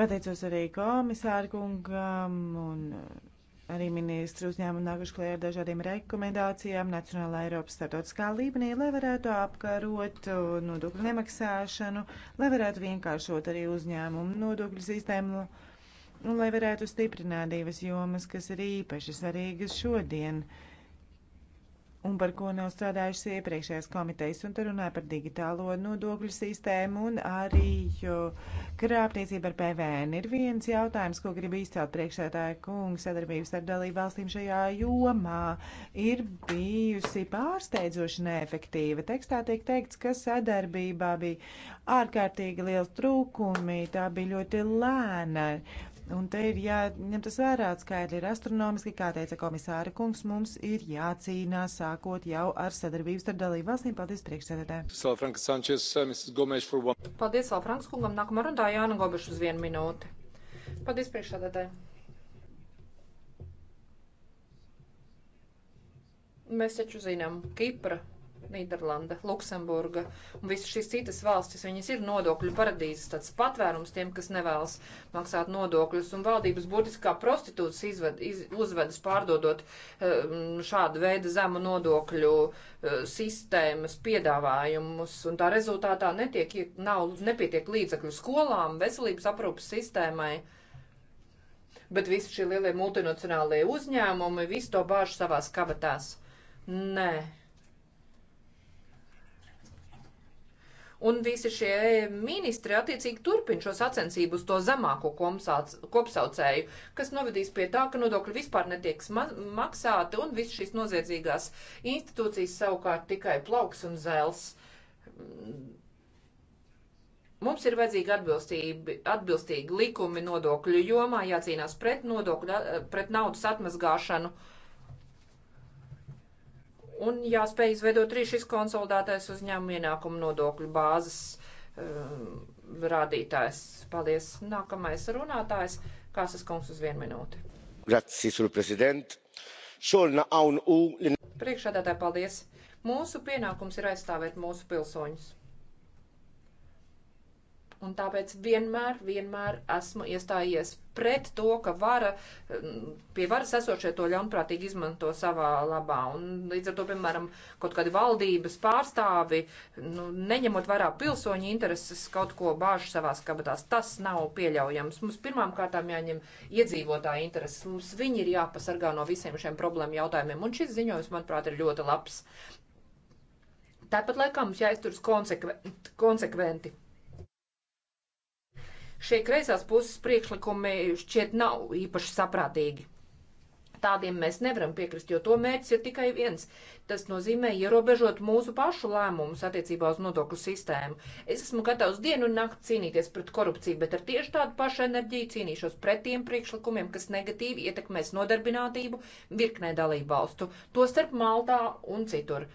Pateicos arī komisāru kungam un arī ministru uzņēmumu nākuši klajā ar dažādiem rekomendācijām nacionālā Eiropas starptautiskā līmenī, lai varētu apkarot nodokļu nemaksāšanu, lai varētu vienkāršot arī uzņēmumu nodokļu sistēmu un lai varētu stiprināt divas jomas, kas ir īpaši svarīgas šodien. Uh, un par ko nav strādājušas iepriekšējās komitejas, un te runāja par digitālo nodokļu sistēmu un arī krāpniecību ar PVN. Ir viens jautājums, ko grib izcelt priekšētāja kungs sadarbības ar dalību valstīm šajā jomā. Ir bijusi pārsteidzoši neefektīva. Tekstā tiek teikts, ka sadarbībā bija ārkārtīgi liels trūkumi, tā bija ļoti lēna. Un te ir jāņem tas vērā, skaidri ir astronomiski, kā teica komisāra kungs, mums ir jācīnās sākot jau ar sadarbības ar dalību valstīm. Paldies priekšsēdētē. Uh, Paldies vēl Franks kungam. Nākamā rundā Jāna Gobeša uz vienu minūti. Paldies priekšsēdētē. Mēs taču zinām, Kipra Nīderlanda, Luksemburga un visas šīs citas valstis, viņas ir nodokļu paradīzes, tāds patvērums tiem, kas nevēlas maksāt nodokļus, un valdības būtiski kā prostitūtas izved, iz, uzvedas pārdodot eh, šādu veidu zemu nodokļu eh, sistēmas piedāvājumus, un tā rezultātā netiek, nav, nepietiek līdzekļu skolām, veselības aprūpas sistēmai bet visi šie lielie multinacionālie uzņēmumi visu to bāž savās kabatās. Nē, un visi šie ministri attiecīgi turpina šo sacensību uz to zemāko kopsaucēju, kas novedīs pie tā, ka nodokļi vispār netiek maksāti, un visas šīs noziedzīgās institūcijas savukārt tikai plauks un zels. Mums ir vajadzīga atbilstīga likumi nodokļu jomā, jācīnās pret nodokļu, pret naudas atmazgāšanu. Uh, un jāspēj izveidot arī šis konsolidētais uzņēmuma ienākuma nodokļu bāzes um, rādītājs. Paldies. Nākamais runātājs - Kāsas kungs uz vienu minūti. Priekšādātāji, paldies. Mūsu pienākums ir aizstāvēt mūsu pilsoņus. Un tāpēc vienmēr, vienmēr esmu iestājies pret to, ka vara, pie varas esošie to ļaunprātīgi izmanto savā labā. Un līdz ar to, piemēram, kaut kādi valdības pārstāvi, nu, neņemot vērā pilsoņu intereses, kaut ko bāž savās kabatās. Tas nav pieļaujams. Mums pirmām kārtām jāņem iedzīvotāji intereses. Mums viņi ir jāpasargā no visiem šiem problēmu jautājumiem. Un šis ziņojums, manuprāt, ir ļoti labs. Tāpat laikā mums jāizturas konsekventi. konsekventi šie kreisās puses priekšlikumi šķiet nav īpaši saprātīgi. Tādiem mēs nevaram piekrist, jo to mērķis ir tikai viens. Tas nozīmē ierobežot mūsu pašu lēmumus attiecībā uz nodokļu sistēmu. Es esmu gatavs dienu un nakti cīnīties pret korupciju, bet ar tieši tādu pašu enerģiju cīnīšos pret tiem priekšlikumiem, kas negatīvi ietekmēs nodarbinātību virknē dalību valstu, tostarp Maltā un citur.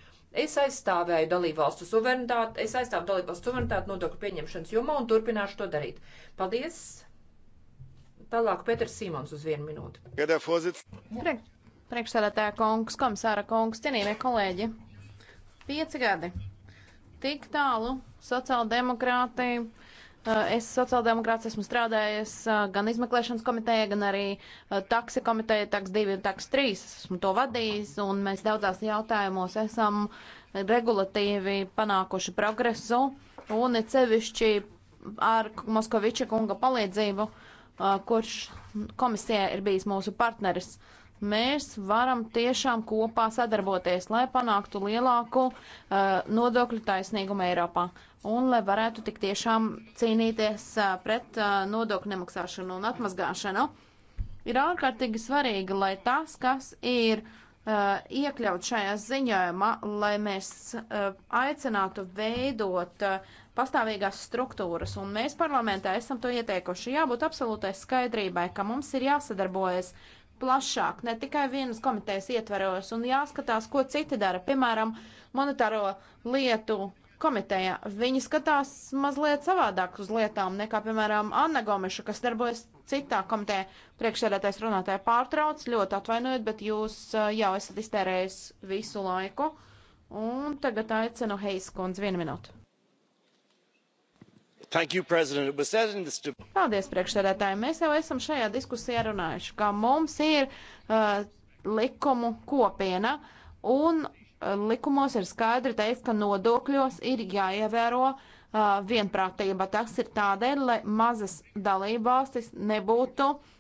Es aizstāvēju dalībvalstu suverenitāti, es aizstāvu dalībvalstu suverenitāti nodokļu pieņemšanas jomā un turpināšu to darīt. Paldies! Tālāk Pēters Simons uz vienu minūti. Gadā eh, fozits. Pre, priekšsēdētāja kungs, komisāra kungs, cienījamie kolēģi. Pieci gadi. Tik tālu sociāldemokrātija Uh, es sociāldemokrāts esmu strādājis uh, gan izmeklēšanas komitejā, gan arī uh, taksi komitejā, taks 2 un taks 3. Esmu to vadījis, un mēs daudzās jautājumos esam regulatīvi panākuši progresu, un cevišķi ar Moskoviča kunga palīdzību, kurš komisijā ir bijis mūsu partneris mēs varam tiešām kopā sadarboties, lai panāktu lielāku uh, nodokļu taisnīgumu Eiropā un lai varētu tik tiešām cīnīties uh, pret uh, nodokļu nemaksāšanu un atmazgāšanu. Ir ārkārtīgi svarīgi, lai tas, kas ir uh, iekļaut šajā ziņojumā, lai mēs uh, aicinātu veidot uh, pastāvīgās struktūras, un mēs parlamentā esam to ieteikuši. Jābūt absolūtai skaidrībai, ka mums ir jāsadarbojas uh, plašāk, ne tikai vienas komitejas ietveros, un jāskatās, ko citi dara. Piemēram, monetāro lietu komiteja. Viņi skatās mazliet savādāk uz lietām nekā, piemēram, Anna Gomeša, kas darbojas citā komitejā. Priekšsēdētais runātāja pārtrauc, ļoti atvainojiet, bet jūs uh, jau esat iztērējis visu laiku. Un tagad aicinu Heis kundzi vienu minūtu. Paldies, priekšsēdētāji. Mēs jau esam šajā diskusijā runājuši, ka mums ir uh, likumu kopiena un uh, likumos ir skaidri teikts, ka nodokļos ir jāievēro uh, vienprātība. Tas ir tādēļ, lai mazas dalībvalstis nebūtu uh,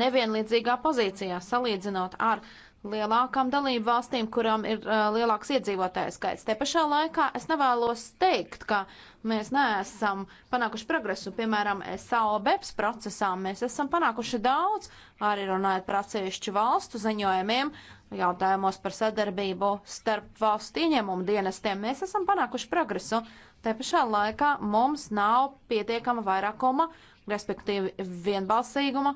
nevienlīdzīgā pozīcijā salīdzinot ar uh, lielākām dalību valstīm, kurām ir uh, lielāks iedzīvotājs skaits. Te pašā laikā es nevēlos teikt, ka mēs neesam panākuši progresu. Piemēram, SAO BEPS procesā mēs esam panākuši daudz, arī runājot par atsevišķu valstu ziņojumiem, jautājumos par sadarbību starp valstu ieņēmumu dienestiem. Mēs esam panākuši progresu. Te pašā laikā mums nav pietiekama vairākuma. Uh, respektīvi vienbalsīguma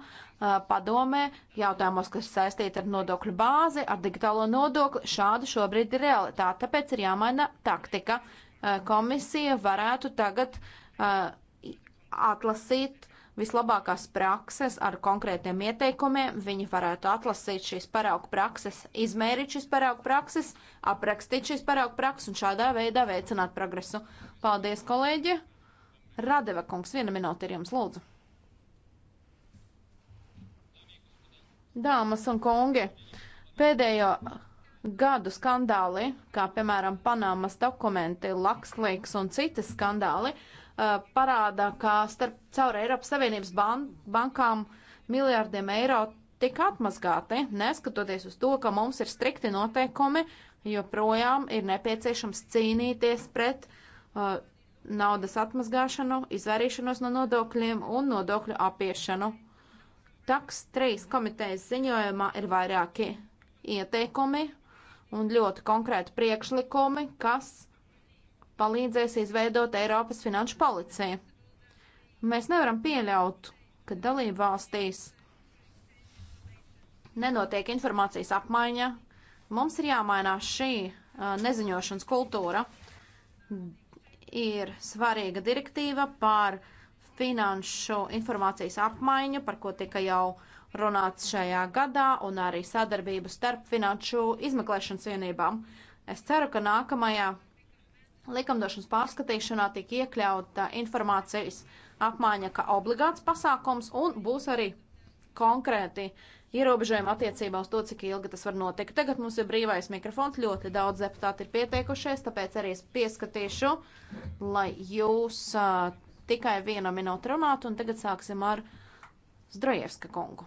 padomē jautājumos, kas saistīti ar nodokļu bāzi, ar digitālo nodokli. Šāda šobrīd ir realitāte, tāpēc ir jāmaina taktika. Komisija varētu tagad atlasīt vislabākās prakses ar konkrētiem ieteikumiem. Viņi varētu atlasīt šīs paraugu prakses, izmērīt šīs paraugu prakses, aprakstīt šīs paraugu prakses un šādā veidā veicināt progresu. Paldies, kolēģi! Radeva kungs, viena minūte ir jums lūdzu. Dāmas un kungi, pēdējo gadu skandāli, kā piemēram Panāmas dokumenti, Lakslīks un citi skandāli, uh, parāda, ka starp caur Eiropas Savienības ban bankām miljārdiem eiro tika atmazgāti, neskatoties uz to, ka mums ir strikti noteikumi, joprojām ir nepieciešams cīnīties pret uh, naudas atmazgāšanu, izvairīšanos no nodokļiem un nodokļu apiešanu. Taks 3 komitejas ziņojumā ir vairāki ieteikumi un ļoti konkrēti priekšlikumi, kas palīdzēs izveidot Eiropas finanšu policiju. Mēs nevaram pieļaut, ka dalību valstīs nenotiek informācijas apmaiņa. Mums ir jāmainās šī uh, neziņošanas kultūra ir svarīga direktīva par finanšu informācijas apmaiņu, par ko tika jau runāts šajā gadā, un arī sadarbību starp finanšu izmeklēšanas vienībām. Es ceru, ka nākamajā likumdošanas pārskatīšanā tiek iekļauta informācijas apmaiņa kā obligāts pasākums un būs arī konkrēti uh, ierobežojumu attiecībā uz to, cik ilgi tas var notikt. Tagad mums ir brīvais mikrofons, ļoti daudz deputāti ir pieteikušies, tāpēc arī es pieskatīšu, lai jūs uh, tikai vienu minūti runātu, un tagad sāksim ar Zdrojevska kungu.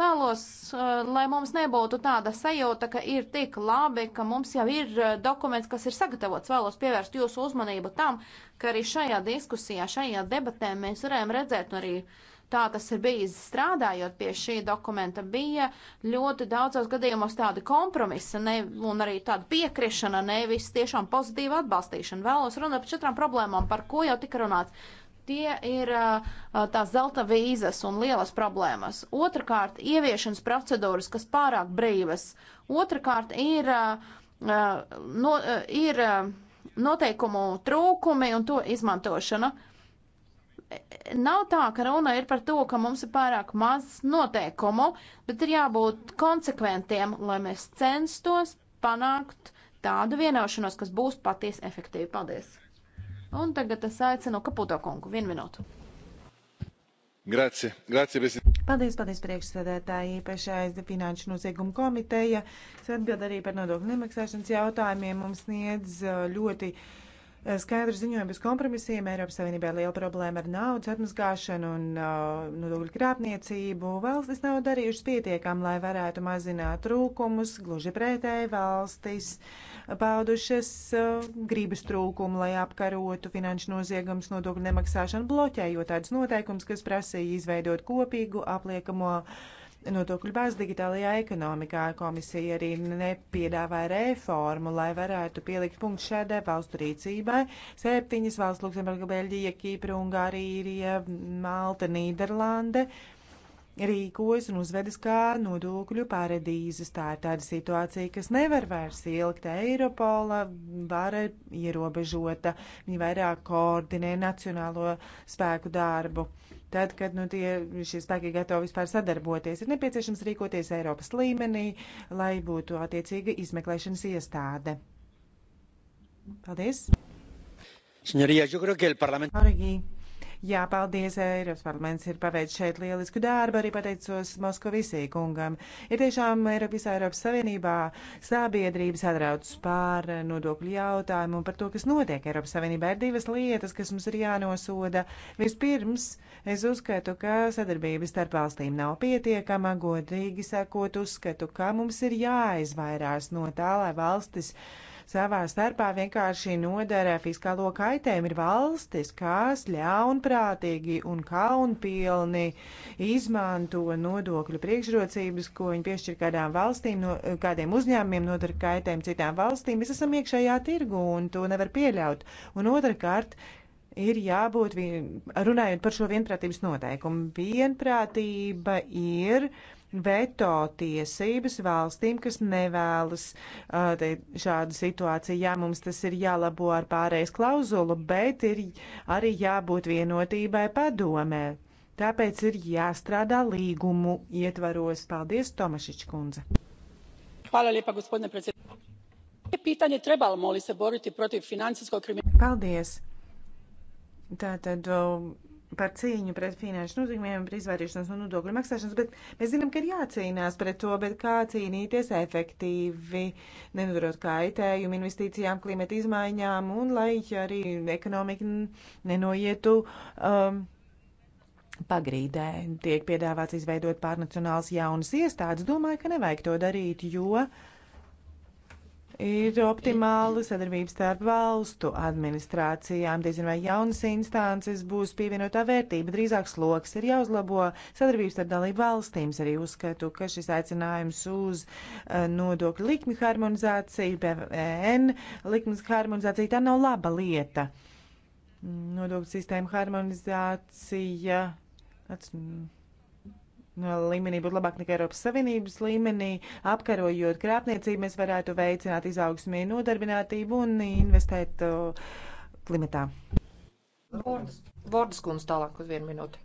Vēlos, uh, lai mums nebūtu tāda sajūta, ka ir tik labi, ka mums jau ir uh, dokuments, kas ir sagatavots. Vēlos pievērst jūsu uzmanību tam, ka arī šajā diskusijā, šajā debatē mēs varējām redzēt arī uh, tā tas ir bijis strādājot pie šī dokumenta, bija ļoti daudzos gadījumos tāda kompromisa ne, un arī tāda piekrišana, nevis tiešām pozitīva atbalstīšana. Vēlos runāt par četrām problēmām, par ko jau tika runāts. Tie ir tās zelta vīzas un lielas problēmas. Otrakārt, ieviešanas procedūras, kas pārāk brīvas. Otrakārt, ir, no, ir noteikumu trūkumi un to izmantošana. Uh, nav tā, ka runa ir par to, ka mums ir pārāk maz noteikumu, bet ir jābūt konsekventiem, lai mēs censtos panākt tādu vienošanos, kas būs patiesi efektīvi. Paldies! Un tagad es aicinu Kaputo kungu. Vienu minūtu. Grazie. Grazie, presidente. Paldies, paldies priekšsēdētāji, īpašais finanšu noziegumu komiteja. Es atbild arī par nodokļu nemaksāšanas jautājumiem. Mums sniedz uh, ļoti uh, skaidru ziņojumu bez kompromisiem. Eiropas Savienībā ir liela problēma ar naudas atmazgāšanu un uh, nodokļu krāpniecību. Valstis nav darījušas pietiekam, lai varētu mazināt trūkumus. Gluži pretēji valstis paudušas uh, gribas trūkumu, lai apkarotu finanšu noziegumus nodokļu nemaksāšanu, bloķējot tādus noteikumus, kas prasīja izveidot kopīgu apliekamo uh, nodokļu bāzi digitālajā ekonomikā. Komisija arī nepiedāvāja reformu, lai varētu pielikt punktu šādai valstu rīcībai. Septiņas valsts - Luksemburga, Beļģija, Kīpra, Ungārija, Irija, Malta, Nīderlande rīkojas un uzvedas kā nodokļu paradīzes. Tā ir tāda situācija, kas nevar vairs ilgt. Eiropola vara ierobežota, viņi vairāk koordinē nacionālo spēku darbu. Tad, kad nu, tie, šie spēki ir gatavi vispār sadarboties, ir nepieciešams rīkoties Eiropas līmenī, lai būtu attiecīga izmeklēšanas iestāde. Paldies! Señoría, yo creo que el Parlamento. Origi. Jā, paldies, Eiropas parlaments ir paveicis šeit lielisku darbu, arī pateicos Moskovisī kungam. Ir tiešām Eiropas, Eiropas Savienībā sabiedrība sadrauc pār nodokļu jautājumu un par to, kas notiek Eiropas Savienībā. Ir divas lietas, kas mums ir jānosoda. Vispirms. Uh, Es uzskatu, ka sadarbība starp valstīm nav pietiekama, godīgi sakot, uzskatu, ka mums ir jāizvairās no tā, lai valstis savā starpā vienkārši nodara fiskālo kaitējumu. Ir valstis, kas ļaunprātīgi un kaunpilni izmanto nodokļu priekšrocības, ko viņi piešķir kādām valstīm, no, kādiem uzņēmumiem, nodara kaitējumu citām valstīm. Mēs esam iekšējā tirgu un to nevar pieļaut. Un otrkārt, ir jābūt, vien, runājot par šo vienprātības noteikumu, vienprātība ir veto tiesības valstīm, kas nevēlas uh, te, šādu situāciju. Jā, mums tas ir jālabo ar pārējais klauzulu, bet ir arī jābūt vienotībai padomē. Tāpēc ir jāstrādā līgumu ietvaros. Paldies, Tomašič kundze. Hvala lijepa, gospodine predsjedniče. Pitanje trebamo li se boriti protiv financijskog kriminala? Paldies. Tātad par cīņu pret finanšu noziegumiem, par izvairīšanos no nodokļu maksāšanas, bet mēs zinām, ka ir jācīnās pret to, bet kā cīnīties efektīvi, nenodot kaitējumu investīcijām, klimata izmaiņām un lai arī ekonomika nenoietu. Um, Pagrīdē tiek piedāvāts izveidot pārnacionāls jaunas iestādes. Domāju, ka nevajag to darīt, jo uh, ir optimāla sadarbība starp valstu administrācijām. Diezin vai jaunas instances būs pievienotā vērtība, drīzāk sloks ir jāuzlabo sadarbības starp dalību valstīm. Es arī uzskatu, ka šis aicinājums uz eh, nodokļu likmi harmonizāciju, PVN likmes harmonizāciju, tā nav laba lieta. Nodokļu sistēma harmonizācija. That's līmenī būtu labāk nekā Eiropas Savienības līmenī. Apkarojot krāpniecību, mēs varētu veicināt izaugsmī, nodarbinātību un investēt uh, klimatā. Vordas kundze tālāk uz vienu minūti.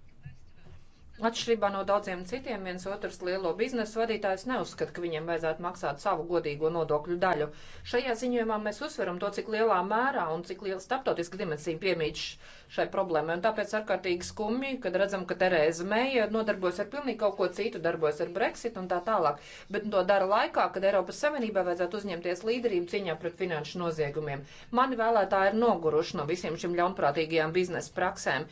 Atšķirībā no daudziem citiem, viens otrs lielo biznesu vadītājs neuzskata, ka viņiem vajadzētu maksāt savu godīgo nodokļu daļu. Šajā ziņojumā mēs uzsveram to, cik lielā mērā un cik liela starptautiska dimensija piemīč šai problēmai. Un tāpēc ārkārtīgi skumji, kad redzam, ka Tereza Meija nodarbojas ar pilnīgi kaut ko citu, darbojas ar Brexit un tā tālāk. Bet to dara laikā, kad Eiropas Savienībā vajadzētu uzņemties līderību cīņā pret finanšu noziegumiem. Mani vēlētāji ir noguruši no visiem šiem ļaunprātīgajām biznesa praksēm.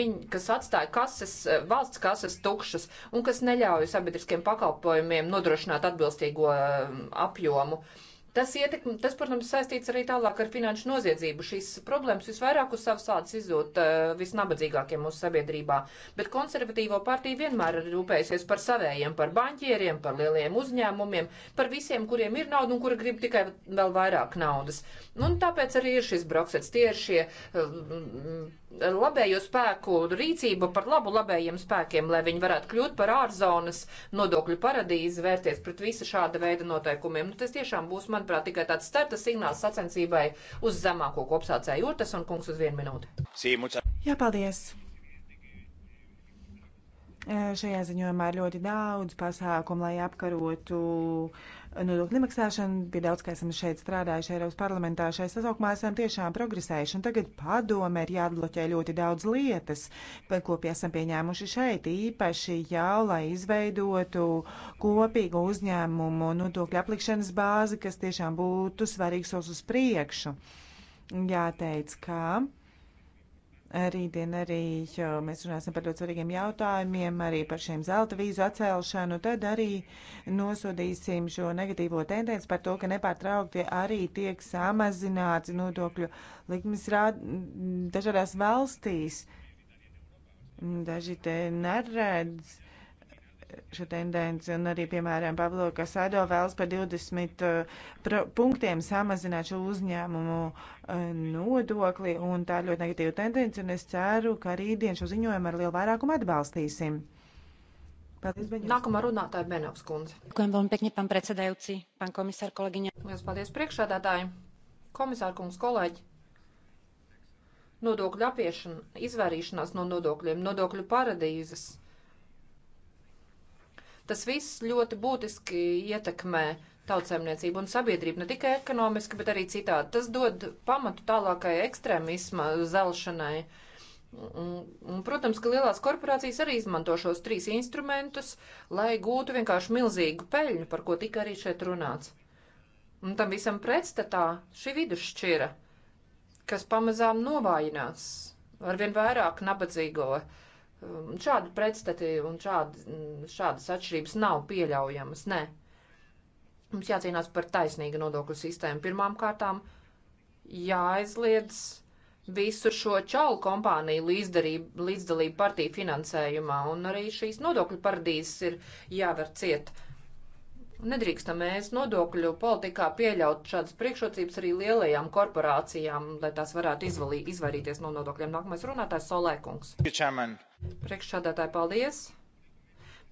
Viņi, kas atstāja kases, valsts kases tukšas un kas neļauj sabiedriskiem pakalpojumiem nodrošināt atbilstīgo eh, apjomu. Uh, Tas, ietekm, tas, protams, saistīts arī tālāk ar finanšu noziedzību. Šīs problēmas visvairāk uz savas ādas izzūt uh, eh, visnabadzīgākiem mūsu sabiedrībā, bet konservatīvo partija vienmēr ir rūpējusies par savējiem, par banķieriem, par lieliem uzņēmumiem, par visiem, kuriem ir nauda un kuri grib tikai vēl vairāk naudas. Un tāpēc arī ir šis broksets, tie ir šie uh, labējo spēku rīcība par labu labējiem spēkiem, lai viņi varētu kļūt par ārzonas nodokļu paradīzi, vērties pret visu šāda veida noteikumiem. Nu, tas tiešām būs, manuprāt, tikai tāds starta signāls sacensībai uz zemāko kopsācēju jūtas un kungs uz vienu minūti. Jā, paldies! Šajā ziņojumā ir ļoti daudz pasākumu, lai apkarotu uh, nodokļu nemaksāšanu. Bija daudz, ka esam šeit strādājuši Eiropas parlamentā šai sasaukumā, esam tiešām progresējuši. Un tagad padome ir jāatbloķē ļoti daudz lietas, ko pie esam pieņēmuši šeit, īpaši jau, lai izveidotu kopīgu uzņēmumu nodokļu aplikšanas bāzi, kas tiešām būtu svarīgs solis uz priekšu. Jāteic, ka. Kā... Rītdien arī mēs runāsim par ļoti svarīgiem jautājumiem, arī par šiem zelta vīzu atcelšanu. Tad arī nosodīsim šo negatīvo tendenci par to, ka nepārtraukti arī tiek samazināts nodokļu likmes dažādās valstīs. Daži te neredz šo tendenci, un arī, piemēram, Pablo Kasado vēlas par 20 uh, punktiem samazināt šo uzņēmumu uh, nodokli, un tā ir ļoti negatīva tendence, un es ceru, ka rītdien šo ziņojumu ar lielu vairākumu atbalstīsim. Paldies, Beņos. Nākamā runātāja Benovs kundze. Ďakujem veľmi pekne, pán predsedajúci, pán komisār, kolegyňa. Lielas paldies priekšādātāji, komisār kungs, kolēģi nodokļu apiešana, izvairīšanās no nodokļiem, nodokļu paradīzes Tas viss ļoti būtiski ietekmē tautsēmniecību un sabiedrību, ne tikai ekonomiski, bet arī citādi. Tas dod pamatu tālākai ekstrēmisma zelšanai. Un, protams, ka lielās korporācijas arī izmanto šos trīs instrumentus, lai gūtu vienkārši milzīgu peļņu, par ko tika arī šeit runāts. Un tam visam pretstatā šī vidusšķira, kas pamazām novājinās arvien vairāk nabadzīgo uh, Um, šādi pretstati un šādi, mm, šādas atšķirības nav pieļaujamas, nē. Mums jācīnās par taisnīgu nodokļu sistēmu. Pirmām kārtām jāaizliedz visu šo čaulu kompāniju līdzdalību partiju finansējumā, un arī šīs nodokļu paradīzes ir jāver ciet. Nedrīkstam mēs nodokļu politikā pieļaut šādas priekšrocības arī lielajām korporācijām, lai tās varētu izvalī, izvairīties no nodokļiem. Nākamais runātājs Solēkungs. Čemen. Priekšsādātāji, paldies!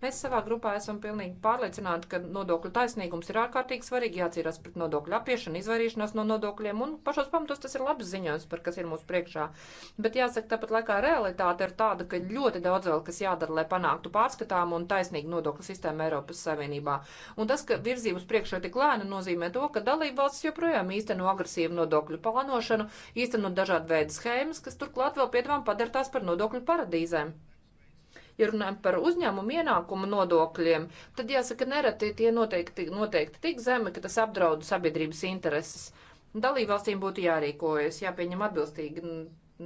Mēs savā grupā esam pilnīgi pārliecināti, ka nodokļu taisnīgums ir ārkārtīgi svarīgi, jācīnās pret nodokļu apiešanu, izvairīšanos no nodokļiem, un pašos pamatos tas ir labs ziņojums, par kas ir mūsu priekšā. Bet jāsaka, tāpat laikā realitāte ir tāda, ka ļoti daudz vēl kas jādara, lai panāktu pārskatāmu un taisnīgu nodokļu sistēmu Eiropas Savienībā. Un tas, ka virzības priekšā tik lēna, nozīmē to, ka dalība valsts joprojām īsteno agresīvu nodokļu plānošanu, īstenot dažādu veidu schēmas, kas turklāt vēl piedāvām padartās par nodokļu paradīzēm. Ja runājam par uzņēmumu ienākumu nodokļiem, tad jāsaka, nereti tie noteikti, noteikti tik zemi, ka tas apdraud sabiedrības intereses. Dalībvalstīm būtu jārīkojas, jāpieņem atbilstīgi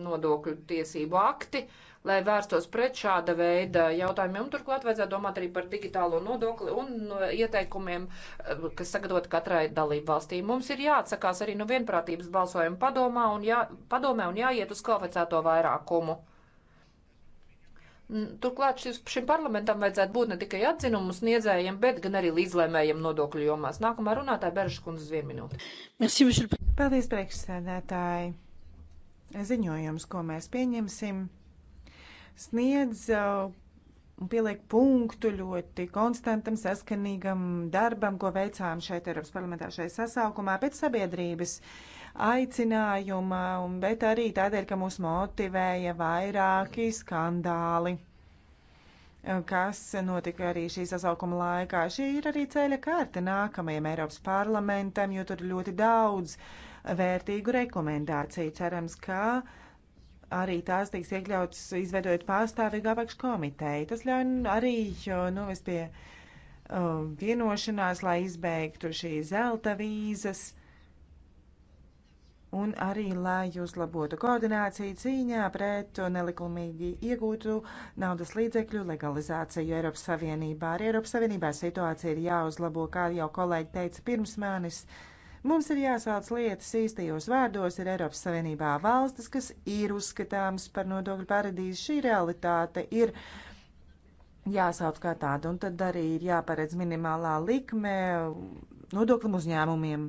nodokļu tiesību akti, lai vērstos pret šāda veida jautājumiem. Turklāt vajadzētu domāt arī par digitālo nodokli un uh, ieteikumiem, uh, kas sagatavot katrai dalību valstī. Mums ir jāatsakās arī no vienprātības balsojuma padomā un jā, padomē un jāiet uz kvalificēto vairākumu. Turklāt šis, šim parlamentam vajadzētu būt ne tikai atzinumu sniedzējiem, bet gan arī līdzlēmējiem nodokļu jomās. Nākamā runātāja Berža kundze uz vienu minūti. Paldies, priekšsēdētāji. Ziņojums, ko mēs pieņemsim, sniedz uh, un pieliek punktu ļoti konstantam, saskanīgam darbam, ko veicām šeit Eiropas parlamentā šajā sasaukumā pēc sabiedrības. Uh, aicinājuma, bet arī tādēļ, ka mūs motivēja vairāki skandāli eh, kas notika arī šī sasaukuma laikā. Šī ir arī ceļa kārta nākamajam Eiropas parlamentam, jo tur ir ļoti daudz vērtīgu rekomendāciju. Cerams, ka arī tās tiks iekļautas, izveidojot pārstāvīgu apakškomiteju. Tas ļauj arī novest pie uh, vienošanās, lai izbeigtu šī zelta vīzas. Uh, un arī, lai uzlabotu koordināciju cīņā pret nelikumīgi iegūtu naudas līdzekļu legalizāciju Eiropas Savienībā. Ar Eiropas Savienībā situācija ir jāuzlabo, kā jau kolēģi teica pirms manis. Mums ir jāsauc lietas īstajos vārdos, ir Eiropas Savienībā valstis, kas ir uzskatāms par nodokļu paradīzi. Šī realitāte ir jāsauc kā tāda, un tad arī ir jāparedz minimālā likme nodoklim uzņēmumiem.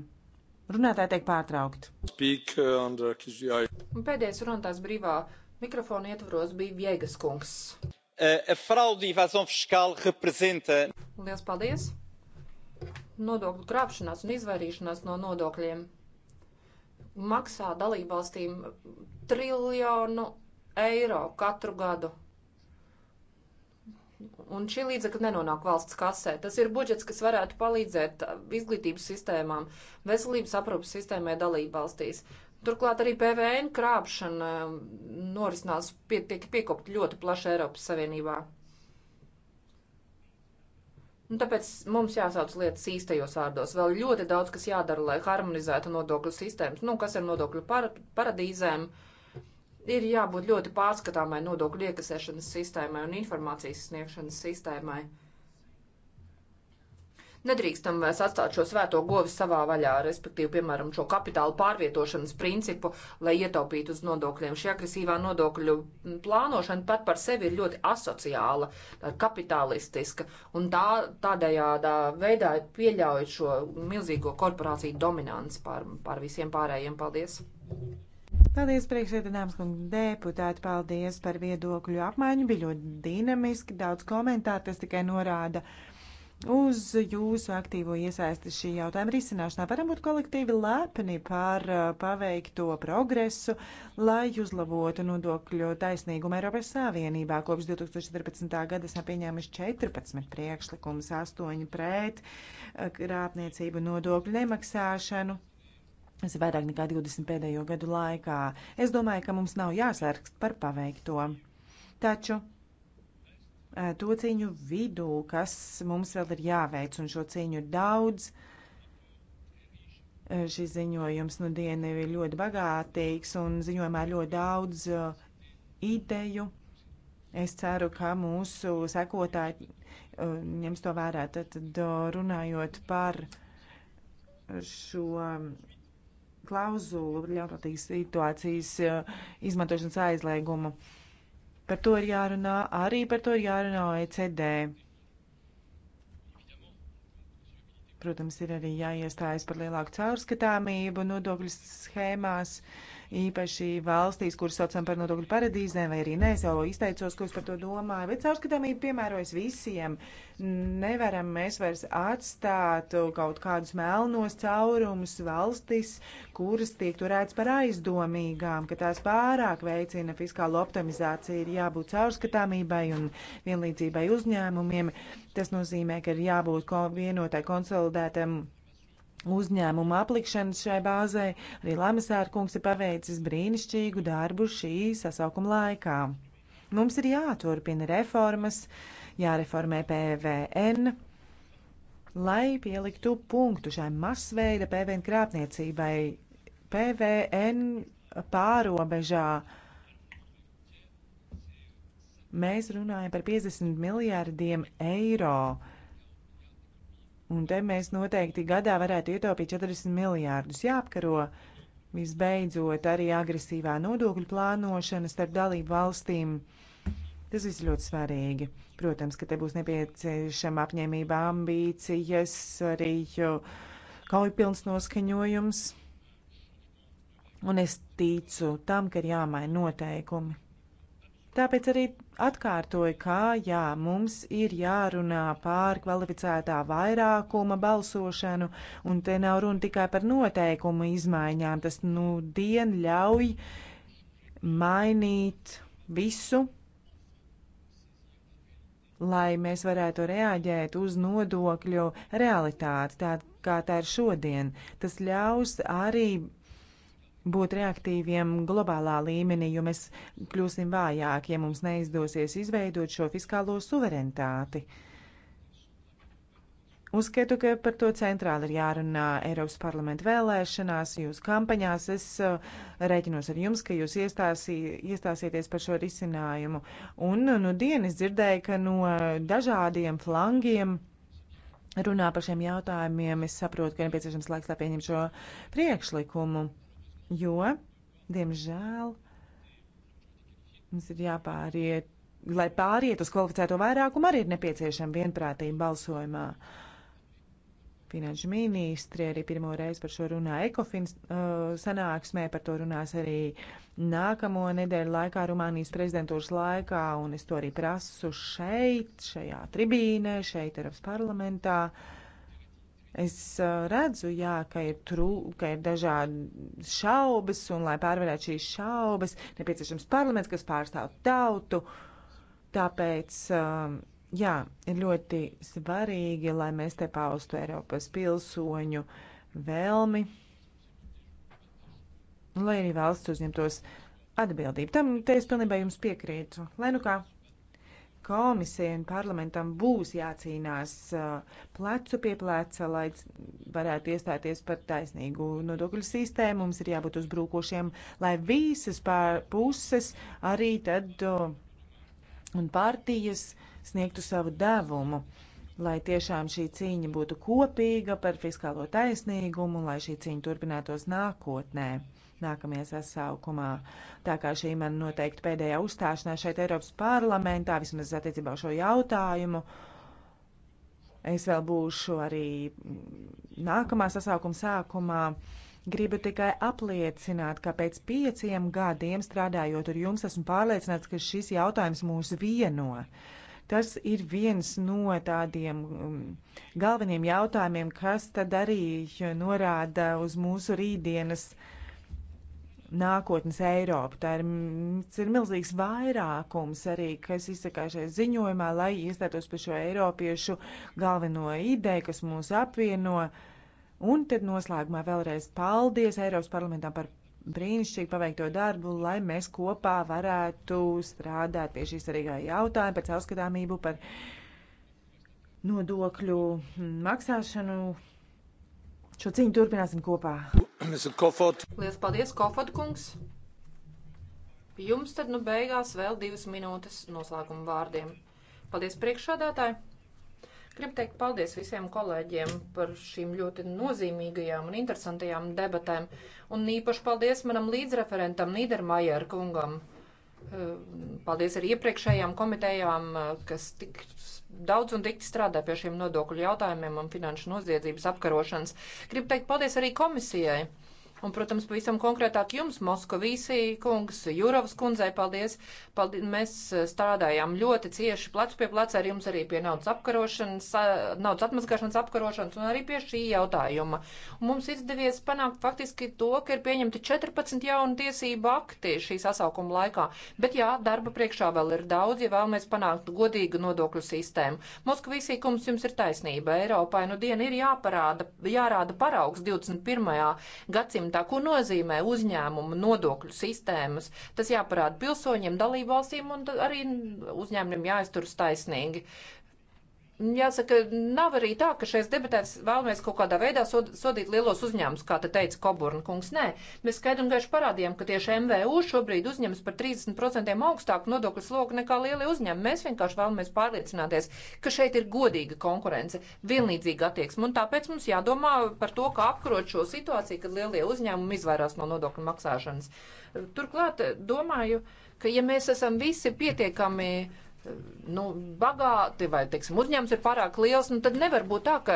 Runātāji tiek pārtraukti. Pēdējais runātājs brīvā mikrofona ietvaros bija Viegas kungs. Eh, eh, Lielas paldies! Nodokļu krāpšanās un izvairīšanās no nodokļiem maksā dalībvalstīm triljonu eiro katru gadu un šī līdzekļa nenonāk valsts kasē. Tas ir budžets, kas varētu palīdzēt uh, izglītības sistēmām, veselības aprūpas sistēmai dalību valstīs. Turklāt arī PVN krāpšana um, norisinās pie, tiek piekopta ļoti plaši Eiropas Savienībā. Un tāpēc mums jāsauc lietas īstajos vārdos. Vēl ļoti daudz, kas jādara, lai harmonizētu nodokļu sistēmas, nu, kas ir nodokļu par, paradīzēm. Uh, ir jābūt ļoti pārskatāmai nodokļu iekasēšanas sistēmai un informācijas sniegšanas sistēmai. Nedrīkstam vairs atstāt šo svēto govi savā vaļā, respektīvi, piemēram, šo kapitālu pārvietošanas principu, lai ietaupītu uz nodokļiem. Šī agresīvā nodokļu plānošana pat par sevi ir ļoti asociāla, kapitalistiska, un tā, tādējādā veidā pieļauj šo milzīgo korporāciju dominanci pār, pār visiem pārējiem. Paldies! Thank you. Paldies, priekšsēdināms kungi deputāti, paldies par viedokļu apmaiņu. Bija ļoti dinamiski, daudz komentāru, tas tikai norāda uz jūsu aktīvo iesaisti šī jautājuma risināšanā. Varam būt kolektīvi lepni par uh, paveikto progresu, lai uzlabotu nodokļu taisnīgumu Eiropas Savienībā. Kopš 2014. gada esam pieņēmuši 14 priekšlikumus, 8 pret uh, krāpniecību nodokļu nemaksāšanu Es vairāk nekā 20 pēdējo gadu laikā. Es domāju, ka mums nav jāsērgs par paveikto. Taču to cīņu vidū, kas mums vēl ir jāveic, un šo cīņu ir daudz, šis ziņojums nu diena ir ļoti bagātīgs un ziņojumā ļoti daudz ideju. Es ceru, ka mūsu sekotāji ņems to vērā. Tad runājot par šo klauzulu ļaunprātīgas situācijas eh, izmantošanas aizliegumu. Par to ir jārunā, arī par to ir jārunā OECD. Protams, ir arī jāiestājas par lielāku caurskatāmību nodokļu schēmās. Uh, īpaši valstīs, kuras saucam par nodokļu paradīzēm, vai arī nē, es jau izteicos, ko es par to domāju, bet caurskatāmība piemērojas visiem. Nevaram mēs vairs atstāt kaut kādus melnos caurumus valstis, kuras tiek turētas par aizdomīgām, ka tās pārāk veicina fiskālo optimizāciju, ir jābūt caurskatāmībai un vienlīdzībai uzņēmumiem. Tas nozīmē, ka ir jābūt vienotai konsolidētam uzņēmuma aplikšanas šai bāzē. Arī Lamesāra kungs ir paveicis brīnišķīgu darbu šī sasaukuma laikā. Mums ir jāturpina reformas, jāreformē PVN, lai pieliktu punktu šai masveida PVN krāpniecībai. PVN pārobežā mēs runājam par 50 miljārdiem eiro Un te mēs noteikti gadā varētu ietaupīt 40 miljārdus. Jāapkaro visbeidzot arī agresīvā nodokļu plānošana starp dalību valstīm. Tas viss ļoti svarīgi. Protams, ka te būs nepieciešama apņēmība, ambīcijas, arī kaujpilns noskaņojums. Un es ticu tam, ka ir jāmaina noteikumi. Tāpēc arī atkārtoju, ka jā, mums ir jārunā pār kvalificētā vairākuma balsošanu, un te nav runa tikai par noteikumu izmaiņām. Tas nu dien ļauj mainīt visu, lai mēs varētu reaģēt uz nodokļu realitāti, tā kā tā ir šodien. Tas ļaus arī būt reaktīviem globālā līmenī, jo mēs kļūsim vājāki, ja mums neizdosies izveidot šo fiskālo suverenitāti. Uzskatu, ka par to centrāli ir jārunā Eiropas parlamenta vēlēšanās, jūsu kampaņās. Es uh, rēķinos ar jums, ka jūs iestāsī, iestāsieties par šo risinājumu. Un uh, nu, dienas dzirdēju, ka no uh, dažādiem flangiem runā par šiem jautājumiem. Es saprotu, ka nepieciešams laiks, lai pieņem šo priekšlikumu jo, diemžēl, mums ir jāpāriet, lai pāriet uz kvalificēto vairākumu, arī ir nepieciešama vienprātība balsojumā. Finanšu ministri arī pirmo reizi par šo runā Ekofins uh, sanāksmē, par to runās arī nākamo nedēļu laikā Rumānijas prezidentūras laikā, un es to arī prasu šeit, šajā tribīnē, šeit Eiropas parlamentā. Uh, Es redzu, jā, ka ir, trū, ka ir dažādi šaubas, un lai pārvarētu šīs šaubas, nepieciešams parlaments, kas pārstāv tautu. Tāpēc. Um, jā, ir ļoti svarīgi, lai mēs te paustu Eiropas pilsoņu vēlmi, lai arī valsts uzņemtos atbildību. Tam te es pilnībā jums piekrītu. Lai nu kā komisija un parlamentam būs jācīnās uh, plecu pie pleca, lai varētu iestāties par taisnīgu nodokļu sistēmu. Mums ir jābūt uzbrūkošiem, lai visas puses arī tad uh, un partijas sniegtu savu devumu. Lai tiešām šī cīņa būtu kopīga par fiskālo taisnīgumu un lai šī cīņa turpinātos nākotnē nākamajā sasaukumā. Tā kā šī man noteikti pēdējā uzstāšanās šeit Eiropas parlamentā, vismaz attiecībā uz šo jautājumu, es vēl būšu arī nākamā sasaukuma sākumā. Gribu tikai apliecināt, ka pēc pieciem gadiem strādājot ar jums, esmu pārliecināts, ka šis jautājums mūs vieno. Tas ir viens no tādiem um, galveniem jautājumiem, kas tad arī norāda uz mūsu rītdienas uh, nākotnes Eiropu. Tā ir, ir milzīgs vairākums arī, kas izsakā šajā ziņojumā, lai iestātos par šo Eiropiešu galveno ideju, kas mūs apvieno. Un tad noslēgumā vēlreiz paldies Eiropas parlamentam par brīnišķīgi paveikto darbu, lai mēs kopā varētu strādāt pie šīs arī jautājuma par caurskatāmību, par nodokļu maksāšanu Šo cīņu turpināsim kopā. Lielas paldies, Kofod kungs! Jums tad nu beigās vēl divas minūtes noslēguma vārdiem. Paldies priekšādātāji! Gribu teikt paldies visiem kolēģiem par šīm ļoti nozīmīgajām un interesantajām debatēm, un īpaši paldies manam līdzreferentam Nīdermajer kungam Eh, paldies arī iepriekšējām komitejām, eh, kas tik daudz un dikti strādā pie šiem nodokļu jautājumiem un finanšu noziedzības apkarošanas. Gribu teikt paldies arī komisijai Un, protams, pavisam konkrētāk jums, Moskovīsī kungs, Jurovas kundzei, paldies. paldies. Mēs eh, strādājām ļoti cieši plecu pie pleca ar jums arī pie naudas apkarošanas, eh, naudas atmazgāšanas apkarošanas un arī pie šī jautājuma. Un mums izdevies panākt faktiski to, ka ir pieņemti 14 jauni tiesību akti šī sasaukuma laikā. Bet jā, darba priekšā vēl ir daudz, ja vēlamies panākt godīgu nodokļu sistēmu. Moskovīsī kungs, jums ir taisnība. Eiropai nu diena ir jāparāda, jārāda paraugs 21. gadsimta gadsimtā. Ko nozīmē uzņēmumu nodokļu sistēmas? Tas jāparāda pilsoņiem, dalībvalstīm un arī uzņēmumiem jāizturas taisnīgi. Jāsaka, nav arī tā, ka šais debatēs vēlamies kaut kādā veidā sod, sodīt lielos uzņēmumus, kā te teica Koburna kungs. Nē, mēs skaidri un gaiši parādījām, ka tieši MVU šobrīd uzņemas par 30% augstāku nodokļu slogu nekā lielie uzņēmumi. Mēs vienkārši vēlamies pārliecināties, ka šeit ir godīga konkurence, vienlīdzīga attieksme. Un tāpēc mums jādomā par to, kā apkarot šo situāciju, kad lielie uzņēmumi izvairās no nodokļu maksāšanas. Turklāt domāju, ka ja mēs esam visi pietiekami nu, bagāti vai, teiksim, uzņēmums ir pārāk liels, nu, tad nevar būt tā, ka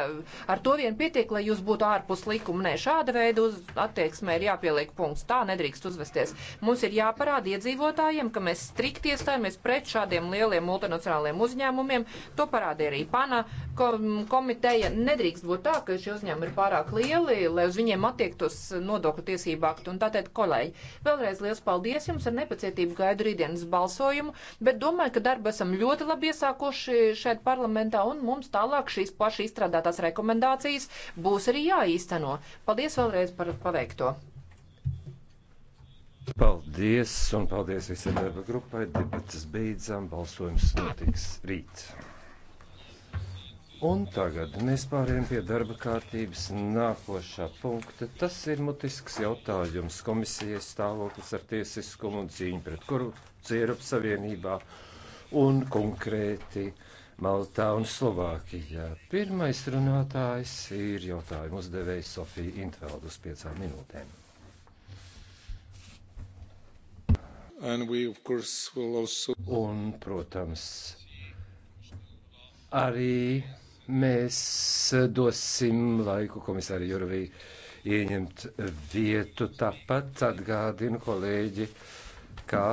ar to vien pietiek, lai jūs būtu ārpus likuma. Nē, šāda veida uz attieksmē ir jāpieliek punkts. Tā nedrīkst uzvesties. Mums ir jāparāda iedzīvotājiem, ka mēs strikti iestājamies pret šādiem lieliem multinacionāliem uzņēmumiem. To parādīja arī PANA komiteja. Nedrīkst būt tā, ka šie uzņēmumi ir pārāk lieli, lai uz viņiem attiektos nodokļu tiesību aktu. Un tātad, kolēģi, vēlreiz liels paldies jums ar nepacietību gaidu rītdienas balsojumu, bet domāju, ka darbas esam ļoti labi iesākuši šeit parlamentā, un mums tālāk šīs paši izstrādātās rekomendācijas būs arī jāīsteno. Paldies vēlreiz par paveikto. Paldies, un paldies visai darba grupai. Debates beidzām, balsojums notiks rīt. Un tagad mēs pārējām pie darba kārtības nākošā punkta. Tas ir mutisks jautājums komisijas stāvoklis ar tiesiskumu un cīņu pret korupciju Eiropas Savienībā un konkrēti Maltā un Slovākijā. Pirmais runātājs ir jautājumu uzdevējs Sofija Intveld uz piecām minūtēm. We, course, also... Un, protams, arī mēs dosim laiku komisāri Juravī ieņemt vietu. Tāpat atgādinu kolēģi, ka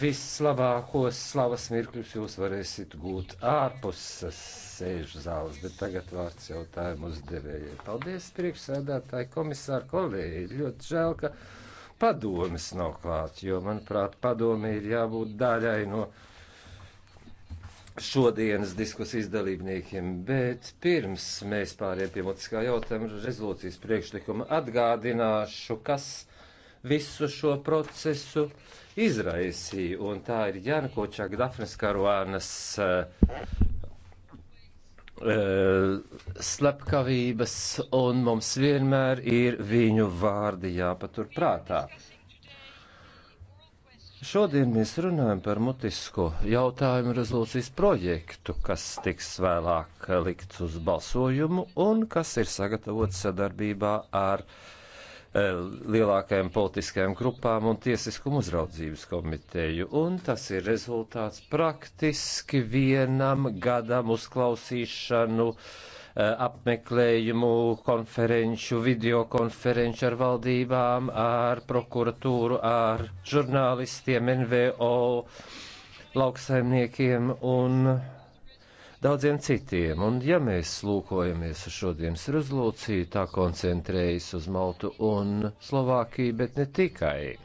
vislabākos slavas mirkļus jūs varēsiet gūt ārpus sēžu zāles, bet tagad vārds jautājumu uzdevējai. Paldies, priekšsēdētāji, komisāri, kolēģi. Ļoti žēl, ka padomis nav klāt, jo, manuprāt, padomi ir jābūt daļai no šodienas diskusijas dalībniekiem, bet pirms mēs pāriem pie motiskā jautājuma rezolūcijas priekšlikuma atgādināšu, kas visu šo procesu izraisīja. Un tā ir Jāna Kočak, Dafnes Karuānas uh, slepkavības, un mums vienmēr ir viņu vārdi jāpatur prātā. Šodien mēs runājam par mutisko jautājumu rezolūcijas projektu, kas tiks vēlāk likts uz balsojumu un kas ir sagatavots sadarbībā ar uh, Eh, lielākajām politiskajām grupām un tiesiskumu uzraudzības komiteju. Un tas ir rezultāts praktiski vienam gadam uzklausīšanu, eh, apmeklējumu, konferenču, videokonferenču ar valdībām, ar prokuratūru, ar žurnālistiem, NVO, lauksaimniekiem un daudziem citiem. Un ja mēs lūkojamies uz šodienas rezolūciju, tā koncentrējas uz Maltu un Slovākiju, bet ne tikai.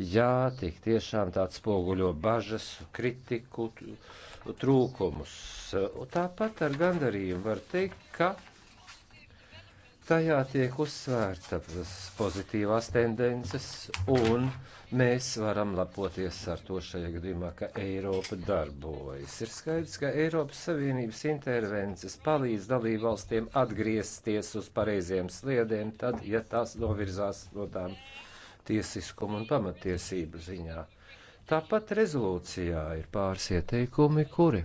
Jā, tik tiešām tāds spoguļo bažas, kritiku, trūkumus. Tāpat ar gandarījumu var teikt, ka tajā tiek uzsvērtas pozitīvās tendences un uh, mēs varam lepoties ar to šajā gadījumā, ka Eiropa darbojas. Ir skaidrs, ka Eiropas Savienības intervences palīdz dalībvalstiem atgriezties uz pareiziem sliediem, tad, ja tās novirzās no tām tiesiskuma un pamatiesību ziņā. Tāpat rezolūcijā ir pāris ieteikumi, kuri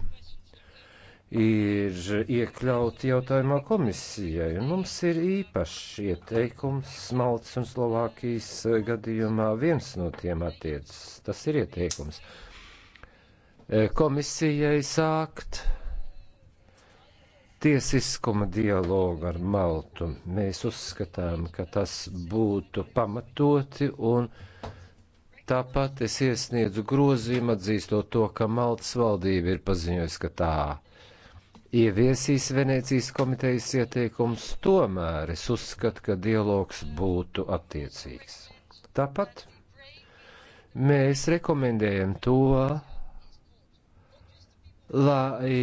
ir iekļauti jautājumā komisijai. Un mums ir īpašs ieteikums Maltas un Slovākijas gadījumā. Viens no tiem attiecas. Tas ir ieteikums e, komisijai sākt tiesiskuma dialogu ar Maltu. Mēs uzskatām, ka tas būtu pamatoti un tāpat es iesniedzu grozījumu atzīstot to, ka Maltas valdība ir paziņojusi, ka tā ieviesīs Venecijas komitejas ieteikums, tomēr es uzskatu, ka dialogs būtu attiecīgs. Tāpat mēs rekomendējam to, lai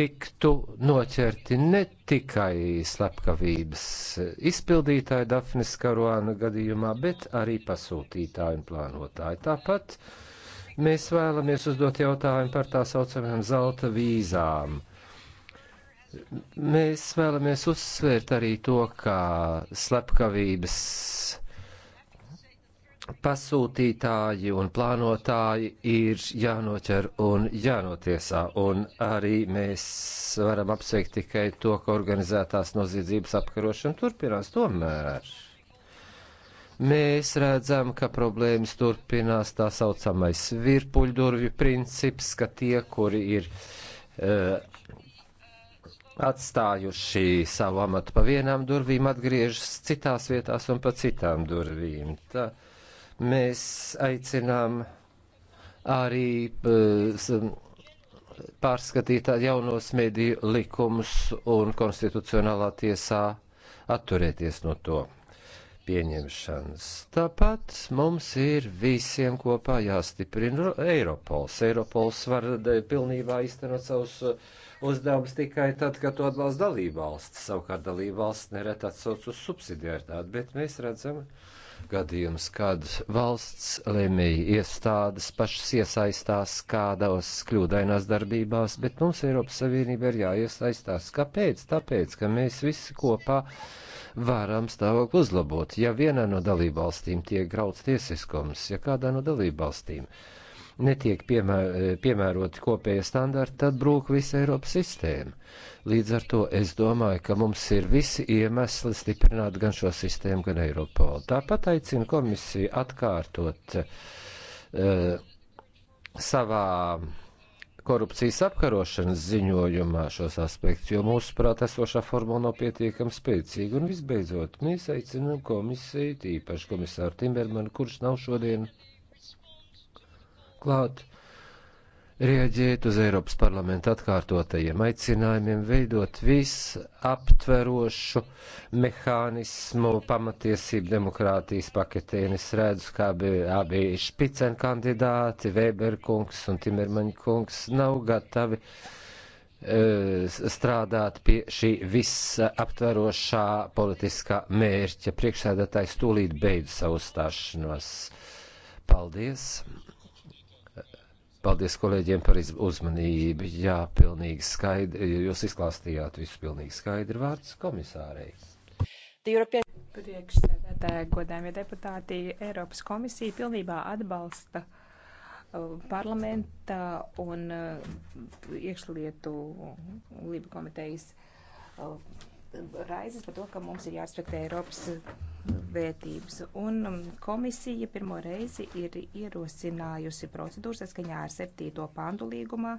tiktu noķerti ne tikai slepkavības izpildītāji Dafnes Karuāna gadījumā, bet arī pasūtītāji un plānotāji. Tāpat uh, Mēs vēlamies uzdot jautājumu par tā saucamajām zelta vīzām. Mēs vēlamies uzsvērt arī to, ka slepkavības pasūtītāji un plānotāji ir jānoķer un jānotiesā. Un arī mēs varam apsveikt tikai to, ka organizētās noziedzības apkarošana turpinās tomēr. Mēs redzam, ka problēmas turpinās tā saucamais virpuļdurvju princips, ka tie, kuri ir uh, atstājuši savu amatu pa vienām durvīm, atgriežas citās vietās un pa citām durvīm. Tā mēs aicinām arī eh, pārskatīt jaunos mediju likumus un konstitucionālā tiesā atturēties no to pieņemšanas. Tāpat mums ir visiem kopā jāstiprina Eiropols. Eiropols var eh, pilnībā iztenot savus eh, uzdevumus tikai tad, kad to atbalsta dalībvalsts. Savukārt dalībvalsts nereti atsauc uz subsidiaritāti, bet mēs redzam gadījums, kad valsts lemēja iestādes pašas iesaistās kādos kļūdainās darbībās, bet mums Eiropas Savienība ir jāiesaistās. Kāpēc? Tāpēc, ka mēs visi kopā varam stāvokli uzlabot. Ja vienā no dalībvalstīm tiek grauds tiesiskums, ja kādā no dalībvalstīm netiek piemēr, piemēroti kopējie standarti, tad brūk visa Eiropas sistēma. Līdz ar to es domāju, ka mums ir visi iemesli stiprināt gan šo sistēmu, gan Eiropolu. Tāpat aicinu komisiju atkārtot uh, savā uh, korupcijas apkarošanas ziņojumā šos aspektus, jo mūsu prāt esošā formula nav pietiekami spēcīga. Un visbeidzot, mēs aicinām komisiju, tīpaši komisāru Timermanu, kurš nav šodien klāt, rieģēt uz Eiropas parlamenta atkārtotajiem aicinājumiem, veidot visaptverošu mehānismu pamatiesību demokrātijas paketēni. Es redzu, kā bija abi špicen kandidāti, Weberkungs un Timermaņkungs, nav gatavi e, strādāt pie šī visaptverošā politiskā mērķa. Priekšsēdētājs tūlīt beidz savu stāšanos. Paldies! Paldies kolēģiem par uzmanību. Jā, pilnīgi skaidri. Jūs izklāstījāt visu pilnīgi skaidri vārds komisārei. European... Priekšsēdētāja, godājumie deputāti, Eiropas komisija pilnībā atbalsta uh, parlamenta un uh, iekšlietu Lība komitejas uh, raizes par to, ka mums ir jārespektē Eiropas eh, vērtības. Un um, komisija pirmo reizi ir ierosinājusi procedūru saskaņā ar 7. pandu līgumā,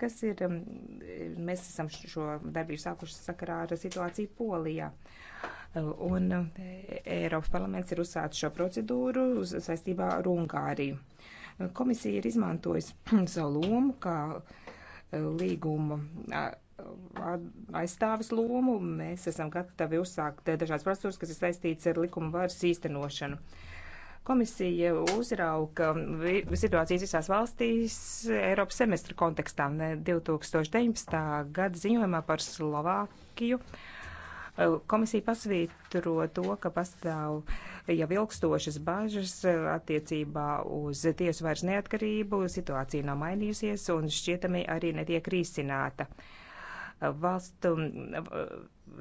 kas ir, um, mēs esam šo darbību sākuši sakarā ar situāciju Polijā. Eh, un eh, Eiropas parlaments ir uzsācis šo procedūru uz saistībā ar Ungāriju. Komisija ir izmantojusi savu lomu kā līguma aizstāvis lomu. Mēs esam gatavi uzsākt dažādas procedūras, kas ir saistītas ar likuma varas īstenošanu. Komisija uzrauga situācijas visās valstīs Eiropas semestra kontekstā. 2019. gada ziņojumā par Slovākiju eh, komisija pasvītro to, ka pastāv jau ilgstošas bažas attiecībā uz tiesu vairs neatkarību, situācija nav mainījusies un šķietami arī netiek risināta. Uh, valstu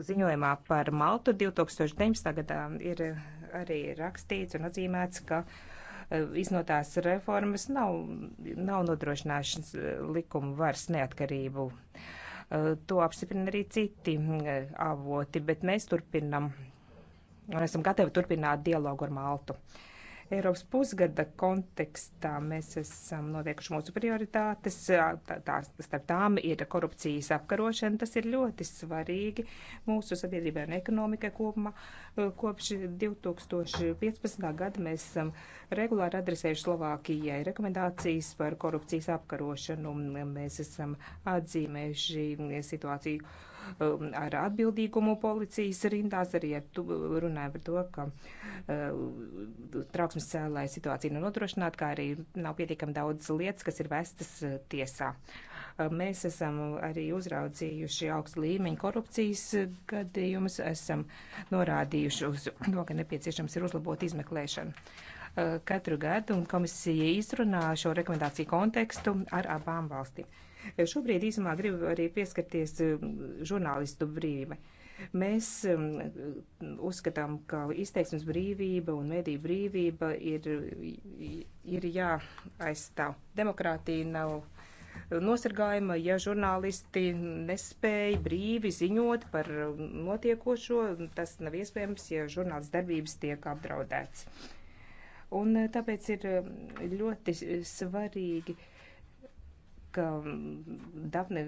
ziņojumā par Maltu 2019. gadā ir arī rakstīts un atzīmēts, ka e, iznotās reformas nav, nav nodrošināšanas likuma varas neatkarību. E, to apstiprina arī citi avoti, bet mēs turpinam un esam gatavi turpināt dialogu ar Maltu. Uh, Eiropas pusgada kontekstā mēs esam noteikuši mūsu prioritātes, tā, tā, starp tām ir korupcijas apkarošana, tas ir ļoti svarīgi mūsu sabiedrībai un ekonomikai kopumā. Kopš 2015. gada mēs esam regulāri adresējuši Slovākijai rekomendācijas par korupcijas apkarošanu, mēs esam atzīmējuši situāciju Um, ar atbildīgumu policijas rindās, arī runājam par to, ka uh, trauksmes cēlāja situācija nav nodrošināta, kā arī nav pietiekami daudz lietas, kas ir vestas uh, tiesā. Uh, mēs esam arī uzraudzījuši augstu līmeņu korupcijas gadījumus, esam norādījuši uz to, ka nepieciešams ir uzlabot izmeklēšanu katru gadu, un komisija izrunā šo rekomendāciju kontekstu ar abām valstīm. Šobrīd īsumā gribu arī pieskarties um, žurnālistu brīvībai. Mēs um, uzskatām, ka izteiksmes brīvība un mediju brīvība ir, ir jāaizstāv. Demokrātija nav nosargājama, ja žurnālisti nespēja brīvi ziņot par notiekošo. Tas nav iespējams, ja žurnāls darbības tiek apdraudēts. Un uh, tāpēc ir um, ļoti svarīgi uh, ka mm, Dafne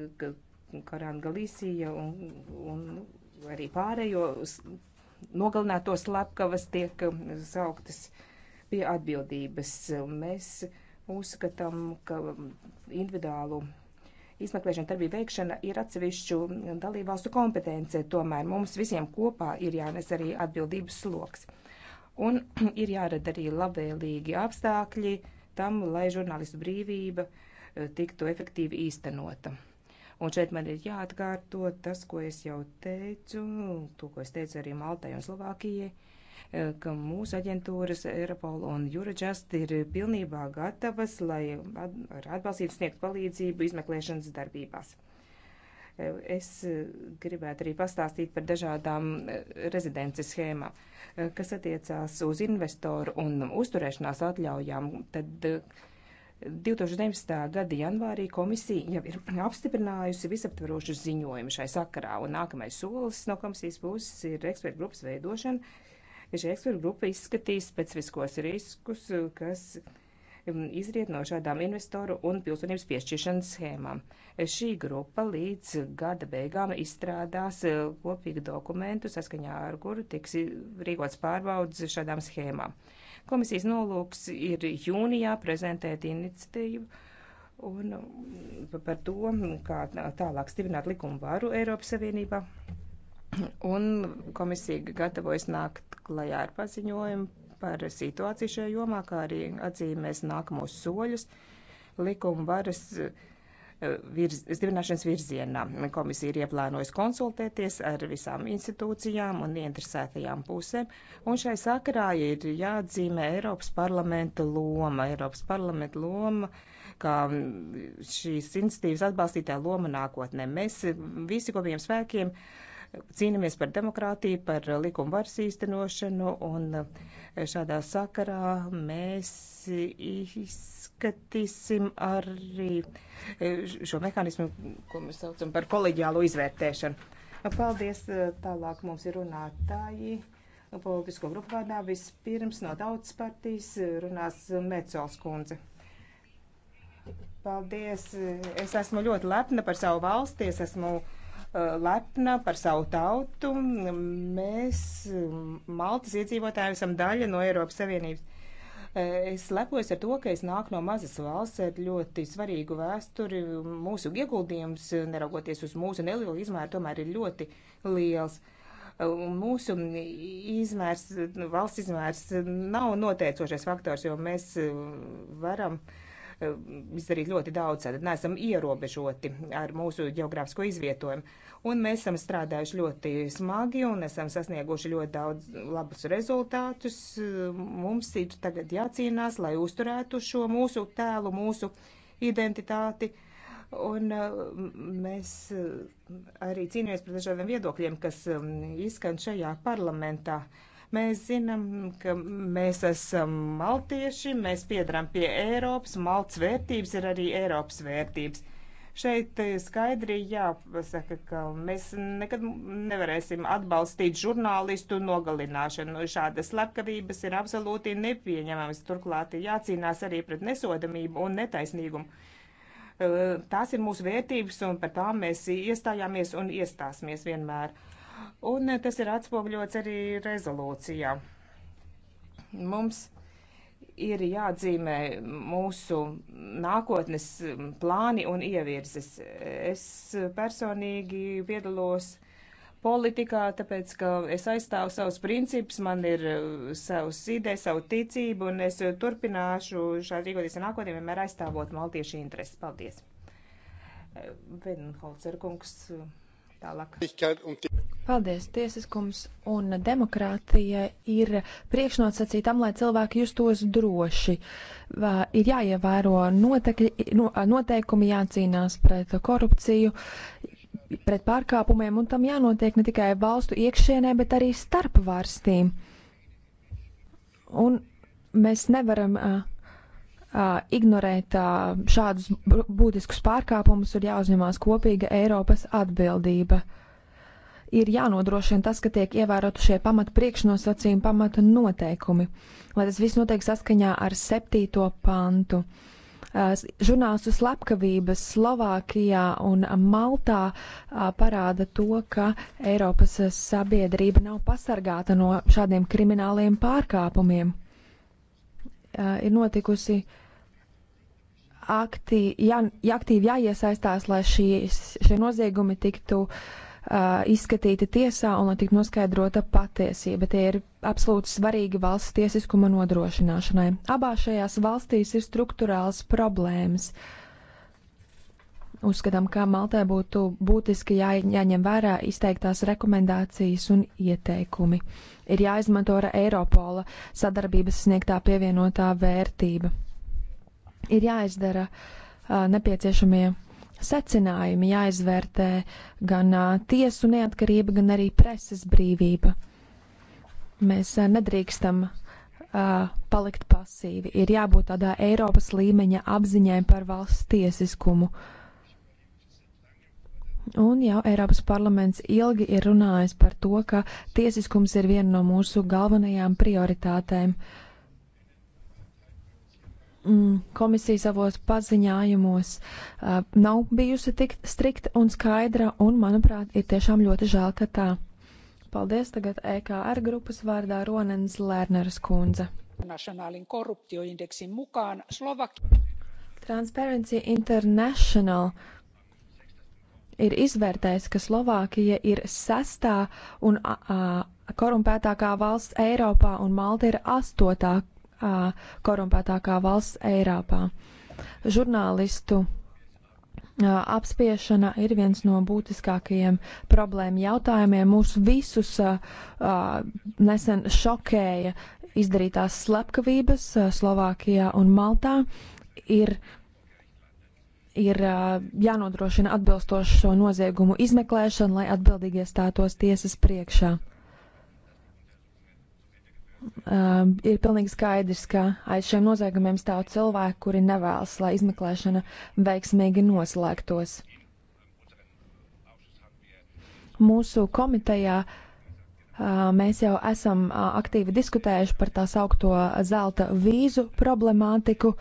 Korāna Galīsija un, un arī pārējo nogalināto slepkavas tiek mm, sauktas pie atbildības. Mēs uzskatām, ka mm, individuālu izmeklēšana darbība veikšana ir atsevišķu dalībvalstu kompetence, tomēr mums visiem kopā ir jānes arī atbildības sloks. Un ir jārada arī labvēlīgi apstākļi tam, lai žurnālistu brīvība uh, tiktu efektīvi īstenota. Un šeit man ir jāatkārto tas, ko es jau teicu, to, ko es teicu arī Maltai un Slovākijai, ka mūsu aģentūras Europol un Eurojust ir pilnībā gatavas, lai ar atbalstību sniegt palīdzību izmeklēšanas darbībās. Es gribētu arī pastāstīt par dažādām rezidences schēmām, kas attiecās uz investoru un uzturēšanās atļaujām. Tad, uh, 2019. gada janvārī komisija jau ir apstiprinājusi visaptverošu ziņojumu šai sakarā, un nākamais solis no komisijas puses ir ekspertu grupas veidošana. Šī ekspertu grupa izskatīs specifiskos riskus, kas mm, izriet no šādām investoru un pilsonības piešķiršanas schēmām. Šī grupa līdz gada beigām izstrādās eh, kopīgu dokumentu, saskaņā ar kuru tiks rīkots pārbaudas šādām schēmām. Komisijas nolūks ir jūnijā prezentēt iniciatīvu un um, par to, kā tālāk stiprināt likumu varu Eiropas Savienībā. Un komisija gatavojas nākt klajā ar paziņojumu par situāciju šajā jomā, kā arī atzīmēs nākamos soļus likumu varas uh, virz, stiprināšanas virzienā. Komisija ir ieplānojusi konsultēties ar visām institūcijām un interesētajām pusēm, un šai sakarā ir jāatzīmē Eiropas parlamenta loma. Eiropas parlamenta loma kā šīs institīvas atbalstītā loma nākotnē. Mēs visi kopiem spēkiem cīnāmies par demokrātiju, par likuma varas īstenošanu, un šādā sakarā mēs iz Izskatīsim arī e, šo mehānismu, ko mēs saucam par koleģiālo izvērtēšanu. Nu, paldies, e, tālāk mums ir runātāji. Nu, politisko grupu vārdā vispirms no tautas partijas runās Mecols kundze. Paldies, es esmu ļoti lepna par savu valsti, es esmu e, lepna par savu tautu. Mēs, Maltas iedzīvotāji, esam daļa no Eiropas Savienības. Es lepojos ar to, ka es nāku no mazas valsts ar ļoti svarīgu vēsturi. Mūsu ieguldījums, neraugoties uz mūsu nelielu izmēru, tomēr ir ļoti liels. Mūsu izmērs, valsts izmērs nav noteicošais faktors, jo mēs varam uh, izdarīt ļoti daudz, tad neesam ierobežoti ar mūsu geogrāfisko izvietojumu. Un mēs esam strādājuši ļoti smagi un esam sasnieguši ļoti daudz labus rezultātus. Mums ir tagad jācīnās, lai uzturētu šo mūsu tēlu, mūsu identitāti. Un mm, mēs mm, arī cīnījāmies par dažādiem viedokļiem, kas mm, izskan šajā parlamentā. Uh, Mēs zinām, ka mēs esam maltieši, mēs piedarām pie Eiropas, malts vērtības ir arī Eiropas vērtības. Šeit skaidri jāpasaka, ka mēs nekad nevarēsim atbalstīt žurnālistu nogalināšanu. Nu, šāda slepkavības ir absolūti nepieņemamas. Turklāt jācīnās arī pret nesodamību un netaisnīgumu. Tās ir mūsu vērtības un par tām mēs iestājāmies un iestāsimies vienmēr. Un eh, tas ir atspogļots arī rezolūcijā. Mums ir jāatzīmē mūsu nākotnes plāni un ievirzes. Es personīgi piedalos politikā, tāpēc, ka es aizstāvu savus principus, man ir eh, savs idejas, savu ticību, un es eh, turpināšu šādi rīkoties ar nākotnē, vienmēr aizstāvot maltiešu intereses. Paldies. Venholzer kungs tālāk. Paldies! Tiesiskums un demokrātija ir priekšnosacīja tam, lai cilvēki justos droši. Vā, ir jāievēro notekļi, no, noteikumi, jācīnās pret korupciju, pret pārkāpumiem, un tam jānotiek ne tikai valstu iekšienē, bet arī starp valstīm. Un mēs nevaram. Uh, Uh, ignorēt uh, šādus būtiskus pārkāpumus, ir jāuzņemās kopīga Eiropas atbildība. Uh, ir jānodrošina tas, ka tiek ievērot šie pamata priekšnosacījumi, pamata noteikumi, lai tas viss notiek saskaņā ar septīto pantu. Uh, žurnālistu slepkavības Slovākijā un Maltā uh, parāda to, ka Eiropas sabiedrība nav pasargāta no šādiem krimināliem pārkāpumiem. Uh, ir notikusi aktīvi, jā, aktīvi jāiesaistās, lai šī, šie noziegumi tiktu uh, Uh, izskatīti tiesā un lai tiktu noskaidrota patiesība. Tie ir absolūti svarīgi valsts tiesiskuma nodrošināšanai. Abās šajās valstīs ir struktūrāls problēmas. Uzskatām, ka Maltai būtu būtiski jā, jāņem vērā izteiktās rekomendācijas un ieteikumi. Ir jāizmanto ar Eiropola sadarbības sniegtā pievienotā vērtība. Ir jāizdara uh, nepieciešamie secinājumi, jāizvērtē gan tiesu neatkarība, gan arī preses brīvība. Mēs nedrīkstam palikt pasīvi. Ir jābūt tādā Eiropas līmeņa apziņai par valsts tiesiskumu. Un jau Eiropas parlaments ilgi ir runājis par to, ka tiesiskums ir viena no mūsu galvenajām prioritātēm. Uh, Mm, komisija savos paziņājumos uh, nav bijusi tik strikta un skaidra, un, manuprāt, ir tiešām ļoti žēl, ka tā. Paldies tagad EKR grupas vārdā Ronens Lērneras kundze. Transparency International ir izvērtējis, ka Slovākija ir sestā un a, a, korumpētākā valsts Eiropā un Malta ir astotā korumpētākā valsts Eiropā. Žurnālistu apspiešana ir viens no būtiskākajiem problēmu jautājumiem. Mūs visus nesen šokēja izdarītās slepkavības Slovākijā un Maltā. Ir ir jānodrošina atbilstošo noziegumu izmeklēšana, lai atbildīgie stātos tiesas priekšā. Uh, ir pilnīgi skaidrs, ka aiz šiem noziegumiem stāv cilvēki, kuri nevēlas, lai izmeklēšana veiksmīgi noslēgtos. Mūsu komitejā uh, mēs jau esam uh, aktīvi diskutējuši par tā saukto zelta vīzu problemātiku.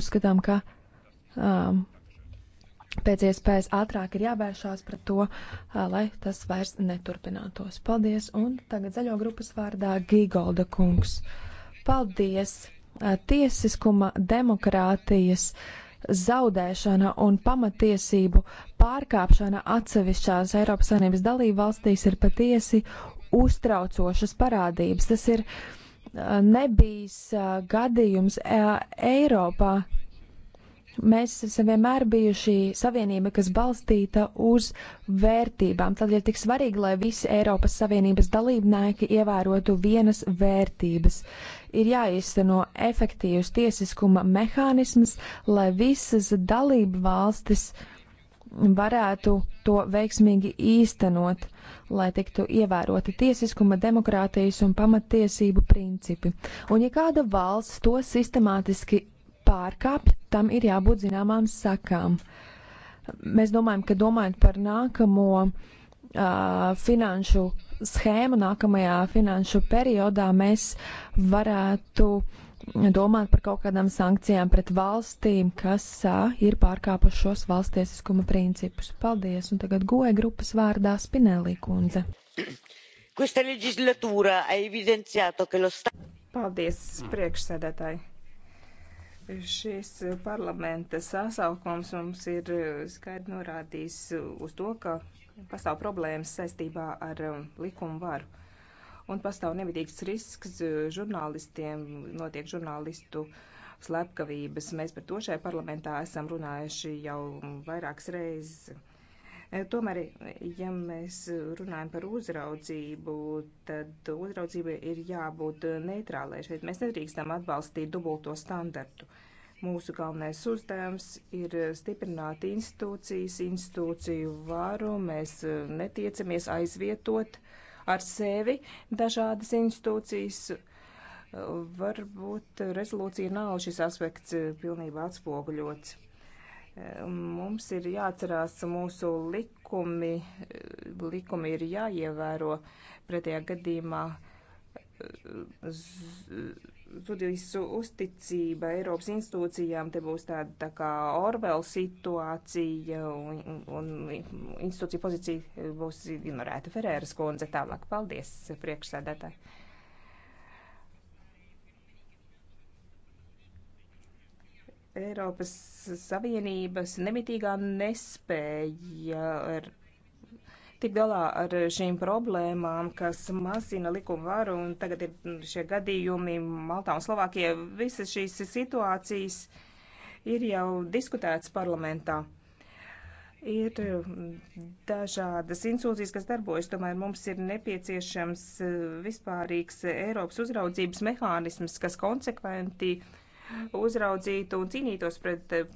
Uzskatām, ka um, pēc iespējas ātrāk ir jāvēršās pret to, lai tas vairs neturpinātos. Paldies! Un tagad zaļo grupas vārdā Gīgolda kungs. Paldies! Tiesiskuma, demokrātijas zaudēšana un pamatiesību pārkāpšana atsevišķās Eiropas Savienības dalību valstīs ir patiesi uztraucošas parādības. Tas ir nebijis gadījums Eiropā, Mēs esam vienmēr bijuši savienība, kas balstīta uz vērtībām. Tad ir tik svarīgi, lai visi Eiropas Savienības dalībnieki ievērotu vienas vērtības. Ir jāizteno efektīvs tiesiskuma mehānisms, lai visas dalība valstis varētu to veiksmīgi īstenot, lai tiktu ievēroti tiesiskuma, demokrātijas un pamatiesību principi. Un ja kāda valsts to sistemātiski pārkāpj, tam ir jābūt zināmām sakām. Mēs domājam, ka domājot par nākamo uh, finanšu schēmu, nākamajā finanšu periodā mēs varētu domāt par kaut kādām sankcijām pret valstīm, kas uh, ir pārkāpušos valsts tiesiskuma principus. Paldies, un tagad goja grupas vārdā Spinelli kundze. Paldies, priekšsēdētāji Šis parlamenta sasaukums mums ir e, skaidri norādījis uz to, ka pastāv problēmas saistībā ar e, likumu varu. Un pastāv nevidīgs risks e, žurnālistiem, notiek žurnālistu slepkavības. Mēs par to šajā parlamentā esam runājuši jau vairākas reizes. Eh, tomēr, ja mēs runājam par uzraudzību, tad uzraudzība ir jābūt neitrālai. Šeit mēs nedrīkstam atbalstīt dubulto standartu. Mūsu galvenais uzdevums ir stiprināt institūcijas, institūciju varu. Mēs eh, netiecamies aizvietot ar sevi dažādas institūcijas. Eh, varbūt rezolūcija nav šis aspekts pilnībā atspoguļots Mums ir jāatcerās mūsu likumi, likumi ir jāievēro pretējā gadījumā. Zudīs uzticība Eiropas institūcijām, te būs tāda tā kā Orwell situācija un, un institūcija pozīcija būs ignorēta. Ferēras kundze tālāk. Paldies, priekšsēdētāji. Eiropas Savienības nemitīgā nespēja tik galā ar šīm problēmām, kas mazina likuma varu, un tagad ir šie gadījumi Maltā un Slovākijā. Visas šīs situācijas ir jau diskutētas parlamentā. Ir dažādas institūcijas, kas darbojas, tomēr mums ir nepieciešams vispārīgs Eiropas uzraudzības mehānisms, kas konsekventi uh, uzraudzītu un cīnītos pret eh,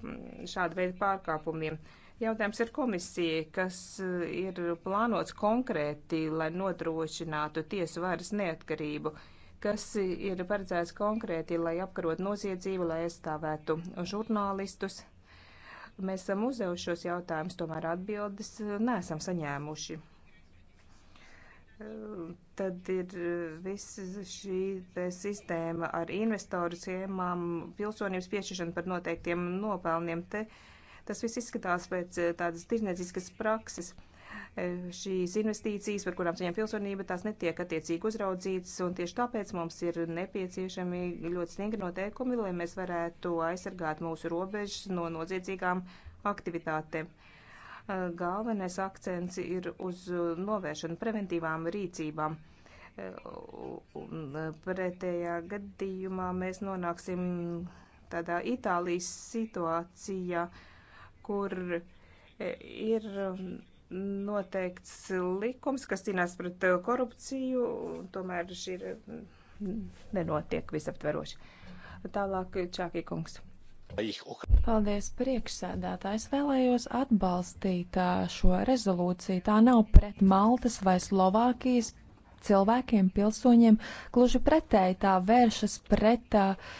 šādu veidu pārkāpumiem. Jautājums ir komisija, kas eh, ir plānots konkrēti, lai nodrošinātu tiesu varas neatkarību, kas ir paredzēts konkrēti, lai apkarot noziedzību, lai aizstāvētu žurnālistus. Mēs esam uzdevuši šos jautājumus, tomēr atbildes eh, neesam saņēmuši tad ir eh, visa šī eh, sistēma ar investoru schēmām, pilsonības piešķiršanu par noteiktiem nopelniem. Te, tas viss izskatās pēc eh, tādas tirdznieciskas prakses. Šīs investīcijas, par kurām saņem pilsonība, tās netiek attiecīgi uzraudzītas, un tieši tāpēc mums ir nepieciešami ļoti stingri noteikumi, lai mēs varētu aizsargāt mūsu robežas no noziedzīgām aktivitātēm. Uh, Eh, galvenais akcents ir uz eh, novēršanu preventīvām rīcībām. Eh, pretējā gadījumā mēs nonāksim tādā Itālijas situācijā, kur ir um, noteikts likums, kas cīnās pret korupciju, tomēr šī ir nenotiek visaptveroši. Tālāk Čākī kungs. Paldies, priekšsēdētājs. Vēlējos atbalstīt šo rezolūciju. Tā nav pret Maltas vai Slovākijas cilvēkiem, pilsoņiem. Gluži pretēji tā vēršas pret uh,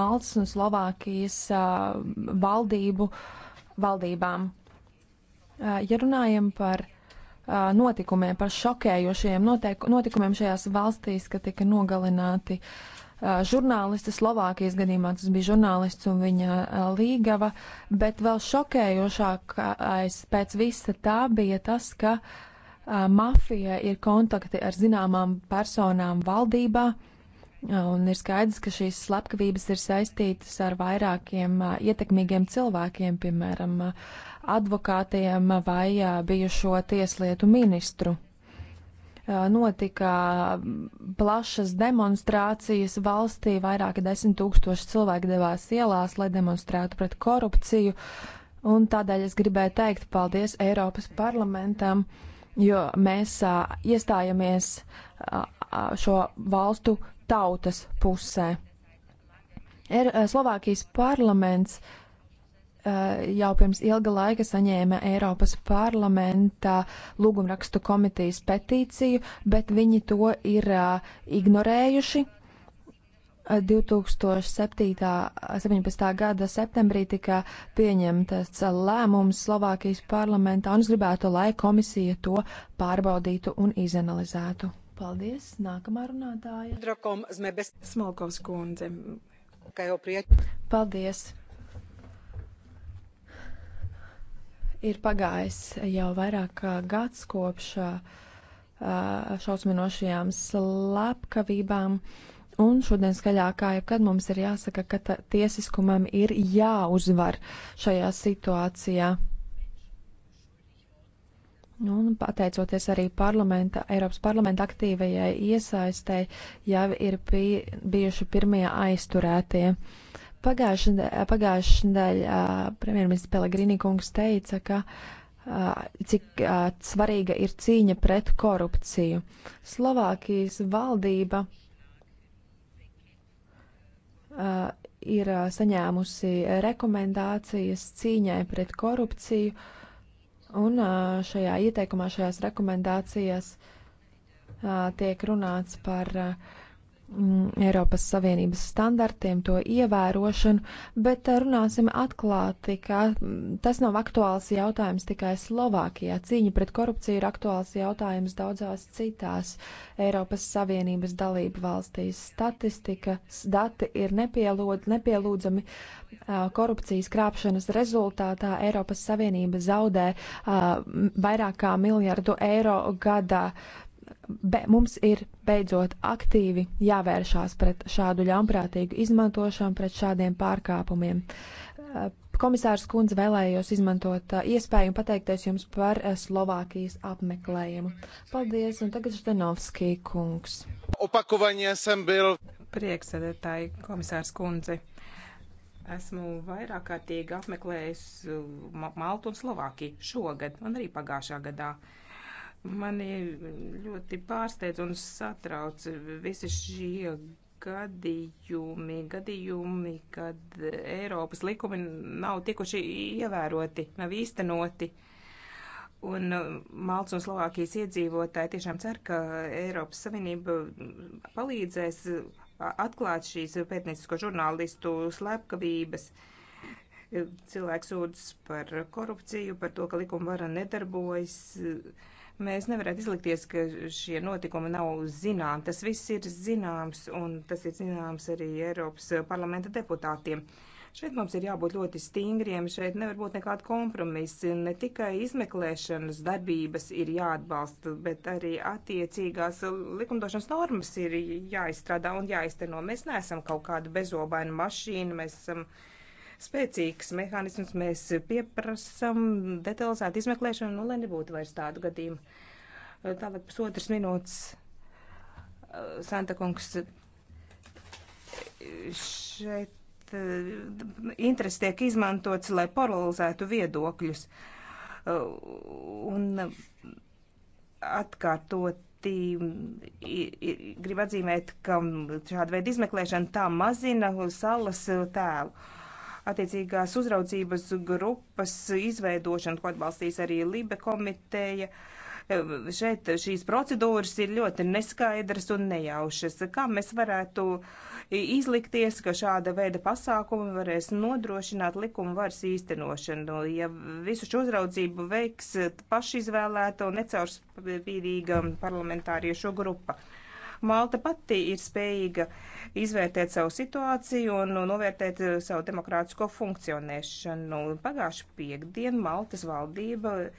Maltas un Slovākijas uh, valdību valdībām. Uh, ja runājam par notikumiem, par šokējošiem notikumiem šajās valstīs, ka tika nogalināti uh, Eh, žurnāliste Slovākijas gadījumā, tas bija žurnālists un viņa eh, līgava, bet vēl šokējošākais pēc visa tā bija tas, ka eh, mafija ir kontakti ar zināmām personām valdībā, un ir skaidrs, ka šīs slepkavības ir saistītas ar vairākiem ietekmīgiem cilvēkiem, piemēram, advokātiem vai bijušo tieslietu ministru notika plašas demonstrācijas valstī. Vairāki desmit tūkstoši cilvēki devās ielās, lai demonstrētu pret korupciju. Un tādēļ es gribēju teikt paldies Eiropas parlamentam, jo mēs a, iestājamies a, a, šo valstu tautas pusē. Ir er, Slovākijas parlaments uh, Eh, jau pirms ilga laika saņēma Eiropas parlamenta lūgumrakstu komitejas petīciju, bet viņi to ir eh, ignorējuši. 2017. Eh, gada septembrī tika pieņemtas lēmums Slovākijas parlamentā, un es gribētu, lai komisija to pārbaudītu un izanalizētu. Paldies! Nākamā runātāja. Smalkovs kundze. Paldies! Ir pagājis jau vairāk kā gads kopš šausminošajām slepkavībām, un šodien skaļākā jebkad mums ir jāsaka, ka tiesiskumam ir jāuzvar šajā situācijā. Un pateicoties arī parlamenta, Eiropas parlamenta aktīvajai iesaistē, jau ir bij, bijuši pirmie aizturētie. Uh, Pagājušajā eh, nedēļā eh, premjerministrs Pelegrini kungs teica, ka a, eh, cik a, svarīga ir cīņa pret korupciju. Slovākijas valdība a, ir saņēmusi rekomendācijas cīņai pret korupciju, un šajā ieteikumā, šajās rekomendācijās tiek runāts par uh, Mm, Eiropas Savienības standartiem, to ievērošanu, bet eh, runāsim atklāti, ka mm, tas nav aktuāls jautājums tikai Slovākijā. Cīņa pret korupciju ir aktuāls jautājums daudzās citās Eiropas Savienības dalību valstīs. Statistikas dati ir nepielūd, nepielūdzami. Eh, korupcijas krāpšanas rezultātā Eiropas Savienība zaudē eh, vairāk kā miljardu eiro gadā be, mums ir beidzot aktīvi jāvēršās pret šādu ļaunprātīgu izmantošanu, pret šādiem pārkāpumiem. Eh, komisārs Kundze vēlējos izmantot eh, iespēju un pateikties jums par eh, Slovākijas apmeklējumu. Paldies, un tagad Ždanovskī kungs. Opakovanie sem bil. Prieksēdētāji, komisārs Kundze. Esmu vairāk kārtīgi apmeklējis Maltu un Slovākiju šogad un arī pagājušā gadā. Uh, Mani ļoti pārsteidz un satrauc visi šie gadījumi, gadījumi, kad Eiropas likumi nav tikuši ievēroti, nav īstenoti. Un Malts un Slovākijas iedzīvotāji tiešām cer, ka Eiropas Savienība palīdzēs atklāt šīs pētniecisko žurnālistu slepkavības. Cilvēks sūdzas par korupciju, par to, ka likuma vara nedarbojas Mēs nevarētu izlikties, ka šie notikumi nav zinām. Tas viss ir zināms, un tas ir zināms arī Eiropas parlamenta deputātiem. Šeit mums ir jābūt ļoti stingriem, šeit nevar būt nekāda kompromisa. Ne tikai izmeklēšanas darbības ir jāatbalsta, bet arī attiecīgās likumdošanas normas ir jāizstrādā un jāizteno. Mēs neesam kaut kāda bezobaina mašīna, mēs esam. Um, spēcīgs mehānisms. Mēs pieprasam detalizētu izmeklēšanu, nu, lai nebūtu vairs tādu gadījumu. Tālāk pusotras minūtes. Eh, Santa kungs, šeit eh, interesi tiek izmantots, lai paralizētu viedokļus. Eh, un atkārtoti grib atzīmēt, ka šāda veida izmeklēšana tā mazina salas tēlu attiecīgās uzraudzības grupas izveidošanu, ko atbalstīs arī Libe komiteja. Šeit šīs procedūras ir ļoti neskaidras un nejaušas. Kā mēs varētu izlikties, ka šāda veida pasākumi varēs nodrošināt likuma varas īstenošanu, ja visu šo uzraudzību veiks pašizvēlēta un necaurspīdīga parlamentāriešu grupa? Malta pati ir spējīga izvērtēt savu situāciju un novērtēt eh, savu demokrātisko funkcionēšanu. Pagājuši piekdien Maltas valdība uh,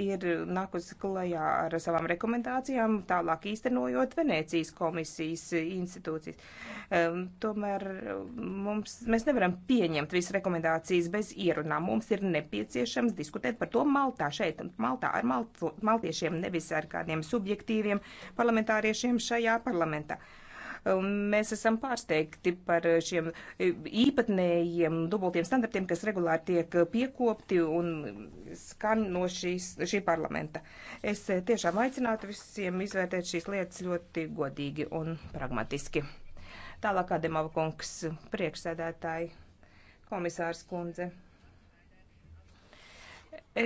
ir nākusi klajā ar savām rekomendācijām, tālāk īstenojot Venēcijas komisijas institūcijas. Um, tomēr mums, mēs nevaram pieņemt visas rekomendācijas bez ierunām. Mums ir nepieciešams diskutēt par to Maltā, šeit, Maltā, ar Malt, maltiešiem, nevis ar kādiem subjektīviem parlamentāriešiem šajā parlamentā. Uh, Um, mēs esam pārsteigti par šiem īpatnējiem dubultiem standartiem, kas regulāri tiek piekopti un skan no šīs, šī parlamenta. Es tiešām aicinātu visiem izvērtēt šīs lietas ļoti godīgi un pragmatiski. Tālāk Ademava kungs, priekšsēdētāji, komisārs kundze.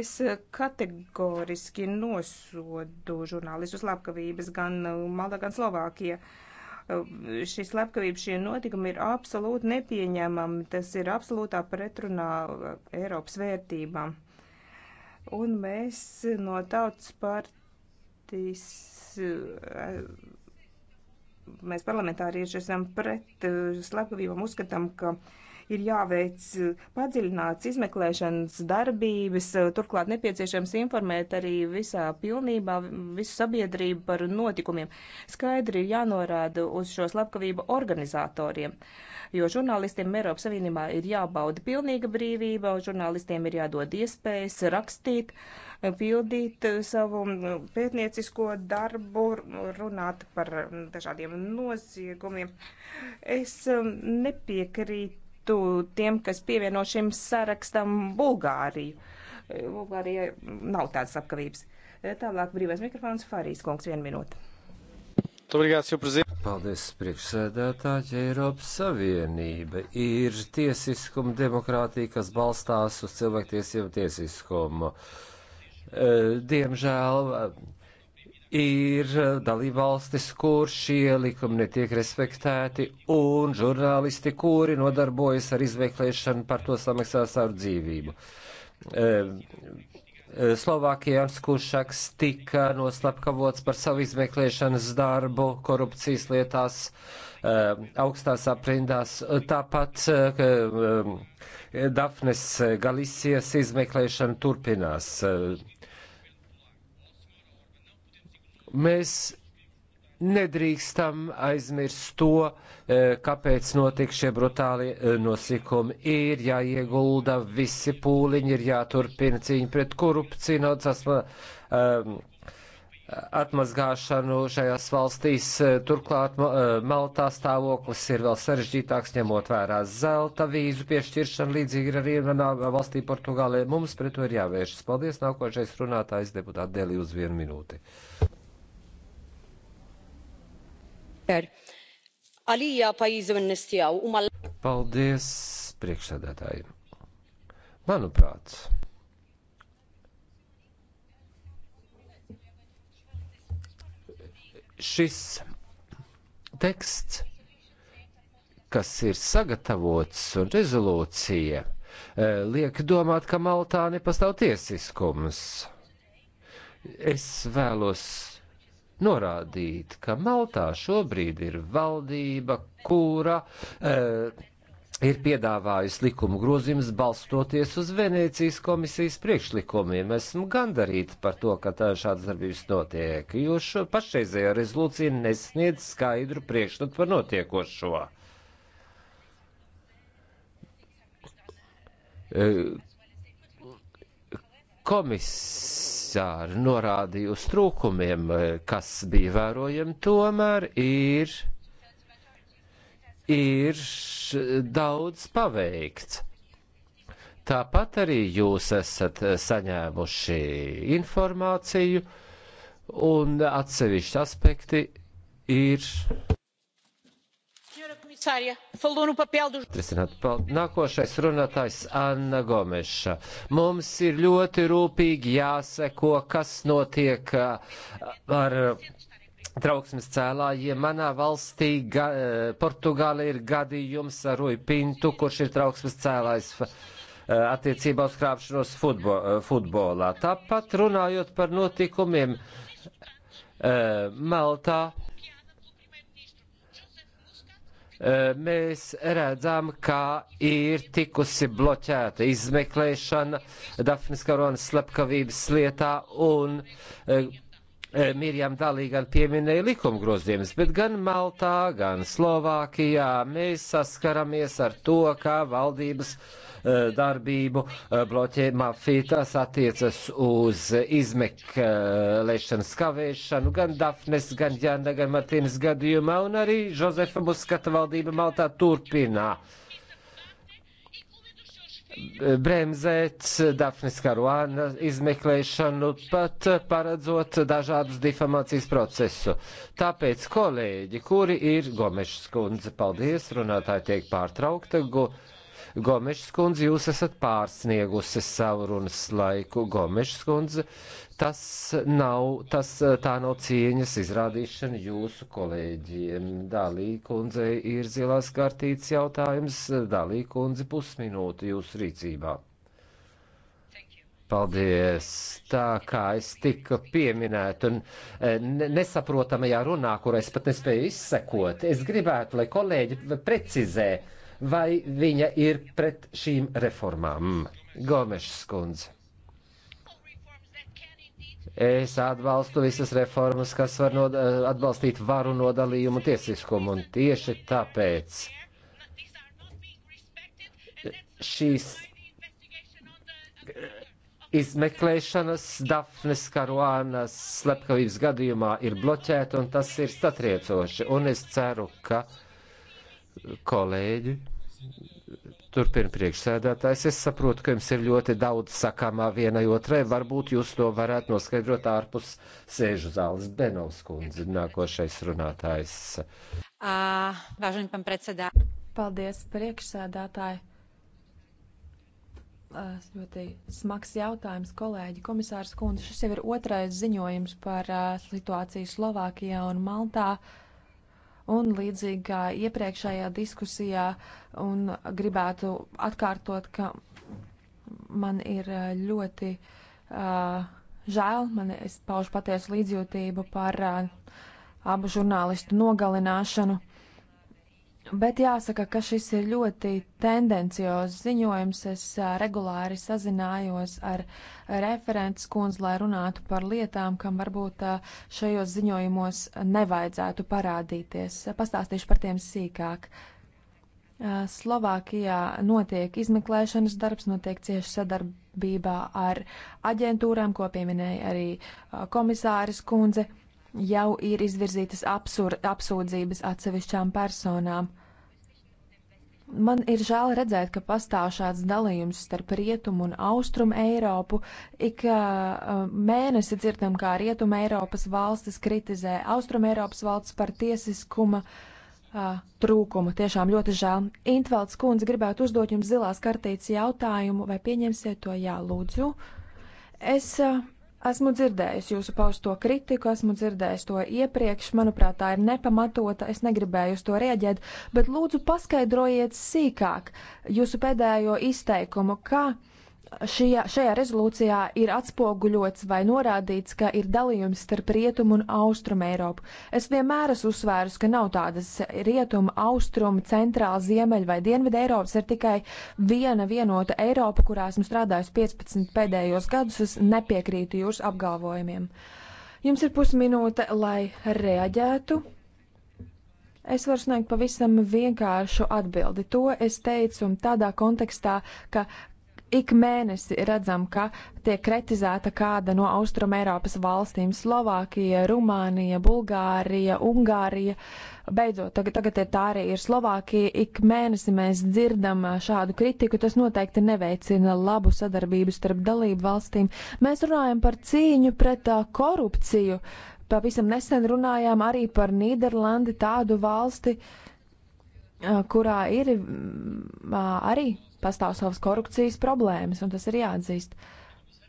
Es kategoriski nosodu žurnālistus slepkavības gan Maldā, gan Slovākijā. Uh, šī slepkavība, šie notikumi ir absolūti nepieņemami. Tas ir absolūtā pretrunā uh, Eiropas vērtībām. Un mēs no tautas partijas uh, mēs parlamentārieši esam pret uh, slepkavībām, uzskatām, ka ir jāveic eh, padziļināts izmeklēšanas darbības, eh, turklāt nepieciešams informēt arī visā pilnībā visu sabiedrību par notikumiem. Skaidri ir jānorāda uz šo slepkavību organizatoriem, jo žurnālistiem Eiropas Savienībā ir jābauda pilnīga brīvība, un žurnālistiem ir jādod iespējas rakstīt, pildīt eh, savu mm, pētniecisko darbu, runāt par mm, dažādiem noziegumiem. Es mm, nepiekrītu piekrītu tiem, kas pievieno šim sarakstam Bulgāriju. Bulgārija nav tādas apkavības. Tālāk brīvais mikrofons Farijas kungs, viena minūte. Paldies, priekšsēdētāji. Eiropas Savienība ir tiesiskuma demokrātija, kas balstās uz cilvēktiesību tiesiskumu. Eh, diemžēl ir eh, dalībvalstis, kur šie likumi netiek respektēti, un žurnālisti, kuri nodarbojas ar izmeklēšanu, par to samaksā savu dzīvību. Eh, eh, Slovākijans Kušaks tika noslapkavots par savu izmeklēšanas darbu korupcijas lietās augstās aprindās. Tāpat Dafnes Galisijas izmeklēšana turpinās. Mēs nedrīkstam aizmirst to, eh, kāpēc notika šie brutāli eh, nosikumi. Ir jāiegulda visi pūliņi, ir jāturpina cīņa pret korupciju, naudas ehm, atmazgāšanu šajās valstīs. Turklāt eh, Maltā stāvoklis ir vēl sarežģītāks, ņemot vērā zelta vīzu piešķiršanu. Līdzīgi ir arī manā valstī Portugālē. Mums pret to ir jāvēršas. Paldies, nākošais runātājs deputāti Deli uz vienu minūti. Paldies, priekšsēdētāji. Manuprāt, šis teksts, kas ir sagatavots un rezolūcija, eh, liek domāt, ka Maltā nepastāv tiesiskums. Es vēlos norādīt, ka Maltā šobrīd ir valdība, kura uh, ir piedāvājusi likumu grozījumus balstoties uz Venēcijas komisijas priekšlikumiem. Esmu gandarīti par to, ka tā šādas darbības notiek, jo šo pašreizējā rezolūcija nesniedz skaidru priekšstatu par notiekošo. E, komisāri norādīja uz trūkumiem, kas bija vērojami, tomēr ir, ir daudz paveikts. Tāpat arī jūs esat saņēmuši informāciju, un atsevišķi aspekti ir Nu nākošais runātājs Anna Gomeša. Mums ir ļoti rūpīgi jāseko, kas notiek eh, ar eh, trauksmes cēlājiem. Manā valstī ga, eh, Portugāla ir gadījums ar Rui Pintu, kurš ir trauksmes cēlājs attiecībā uz krāpšanos futbo, futbolā. Tāpat runājot par notikumiem Maltā mēs redzam, kā ir tikusi bloķēta izmeklēšana Dafnis Karonas slepkavības lietā un Eh, Mirjam Dalī gan pieminēja likumgrozījums, bet gan Maltā, gan Slovākijā mēs saskaramies ar to, kā valdības eh, darbību eh, bloķē mafija. Tas attiecas uz izmeklēšanas kavēšanu gan Dafnes, gan Ģanda, gan Martīnas gadījumā, un arī Žozefa Muskata valdība Maltā turpinā uh, bremzēt Dafnis Karuāna izmeklēšanu, pat paredzot dažādus difamācijas procesu. Tāpēc, kolēģi, kuri ir Gomešs kundze, paldies, runātāji tiek pārtraukta. Go, Gomešs kundze, jūs esat pārsniegusi savu runas laiku. Gomešs kundze, Tas nav, tas, tā nav cieņas izrādīšana jūsu kolēģiem. Dālī kundze ir zilās kartītes jautājums. Dālī kundze pusminūte jūsu rīcībā. Paldies! Tā kā es tika pieminēta un e, ne, nesaprotamajā runā, kur es pat nespēju izsekot, es gribētu, lai kolēģi precizē, vai viņa ir pret šīm reformām. Gomešs kundze. Es atbalstu visas reformas, kas var nod, eh, atbalstīt varu nodalījumu tiesiskumu, un tieši tāpēc šīs eh, izmeklēšanas Dafnes Karuānas slepkavības gadījumā ir bloķēta, un tas ir satriecoši, un es ceru, ka kolēģi Turpin priekšsēdētājs, es saprotu, ka jums ir ļoti daudz sakāmā vienai otrai, varbūt jūs to varētu noskaidrot ārpus sēžu zāles. Benovs kundze, nākošais runātājs. Uh, Vāžaņ, pan precedā. Paldies, priekšsēdētāji. Uh, ļoti smags jautājums, kolēģi, komisārs kundze. Šis jau ir otrais ziņojums par uh, situāciju Slovākijā un Maltā. Uh, un līdzīgi kā iepriekšējā diskusijā, un gribētu atkārtot, ka man ir uh, ļoti uh, žēl, man es paužu patiesu līdzjūtību par uh, abu žurnālistu nogalināšanu. Bet jāsaka, ka šis ir ļoti tendenciozs ziņojums. Es a, regulāri sazinājos ar referents kundzi, lai runātu par lietām, kam varbūt a, šajos ziņojumos nevajadzētu parādīties. Pastāstīšu par tiem sīkāk. A, Slovākijā notiek izmeklēšanas darbs, notiek cieši sadarbībā ar aģentūrām, ko pieminēja arī komisāris kundze. Uh, jau ir izvirzītas absur, apsūdzības atsevišķām personām. Man ir žēl redzēt, ka pastāv šāds dalījums starp rietumu un austrumu Eiropu. Ik uh, mēnesi dzirdam, kā rietuma Eiropas valstis kritizē austrumu Eiropas valsts par tiesiskuma uh, trūkumu. Tiešām ļoti žēl. Intvalds kundze gribētu uzdot jums zilās kartītes jautājumu, vai pieņemsiet to jā, lūdzu. Es uh, Esmu dzirdējis jūsu pausto kritiku, esmu dzirdējis to iepriekš, manuprāt, tā ir nepamatota, es negribēju uz to rēģēt, bet lūdzu paskaidrojiet sīkāk jūsu pēdējo izteikumu, kā uh, šajā, šajā rezolūcijā ir atspoguļots vai norādīts, ka ir dalījums starp rietumu un austrumu Eiropu. Es vienmēr esmu uzsvērus, ka nav tādas rietumu, austrumu, centrāla, ziemeļa vai dienvidu Eiropas. Ir tikai viena vienota Eiropa, kurā esmu strādājusi 15 pēdējos gadus. Es nepiekrītu jūsu apgalvojumiem. Jums ir pusminūte, lai reaģētu. Es varu sniegt pavisam vienkāršu atbildi. To es teicu tādā kontekstā, ka Ik mēnesi redzam, ka tiek kritizēta kāda no Austrumēropas valstīm - Slovākija, Rumānija, Bulgārija, Ungārija. Beidzot, tagad, tagad ir tā arī ir Slovākija. Ik mēnesi mēs dzirdam šādu kritiku. Tas noteikti neveicina labu sadarbību starp dalību valstīm. Mēs runājam par cīņu pret uh, korupciju. Pavisam nesen runājām arī par Nīderlandi, tādu valsti, uh, kurā ir mm, uh, arī pastāv savas korupcijas problēmas, un tas ir jāatzīst.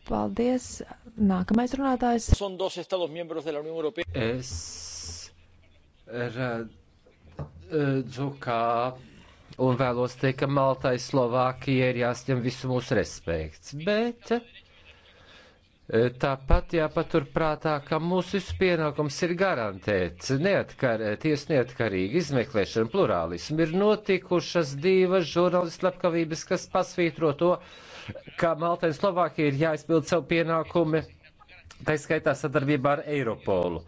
Paldies. Nākamais runātājs. Es redzu, kā un vēlos teikt, ka Maltai Slovākija ir jāsņem visu mūsu respekts, bet E, tāpat jāpaturprātā, ka mūsu pienākums ir garantēt neatkar, tiesu neatkarīgu izmeklēšanu plurālismu. Ir notikušas divas žurnālistu lepkavības, kas pasvītro to, ka Maltai un Slovākija ir jāizpild savu pienākumu, tā skaitā sadarbībā ar Eiropolu.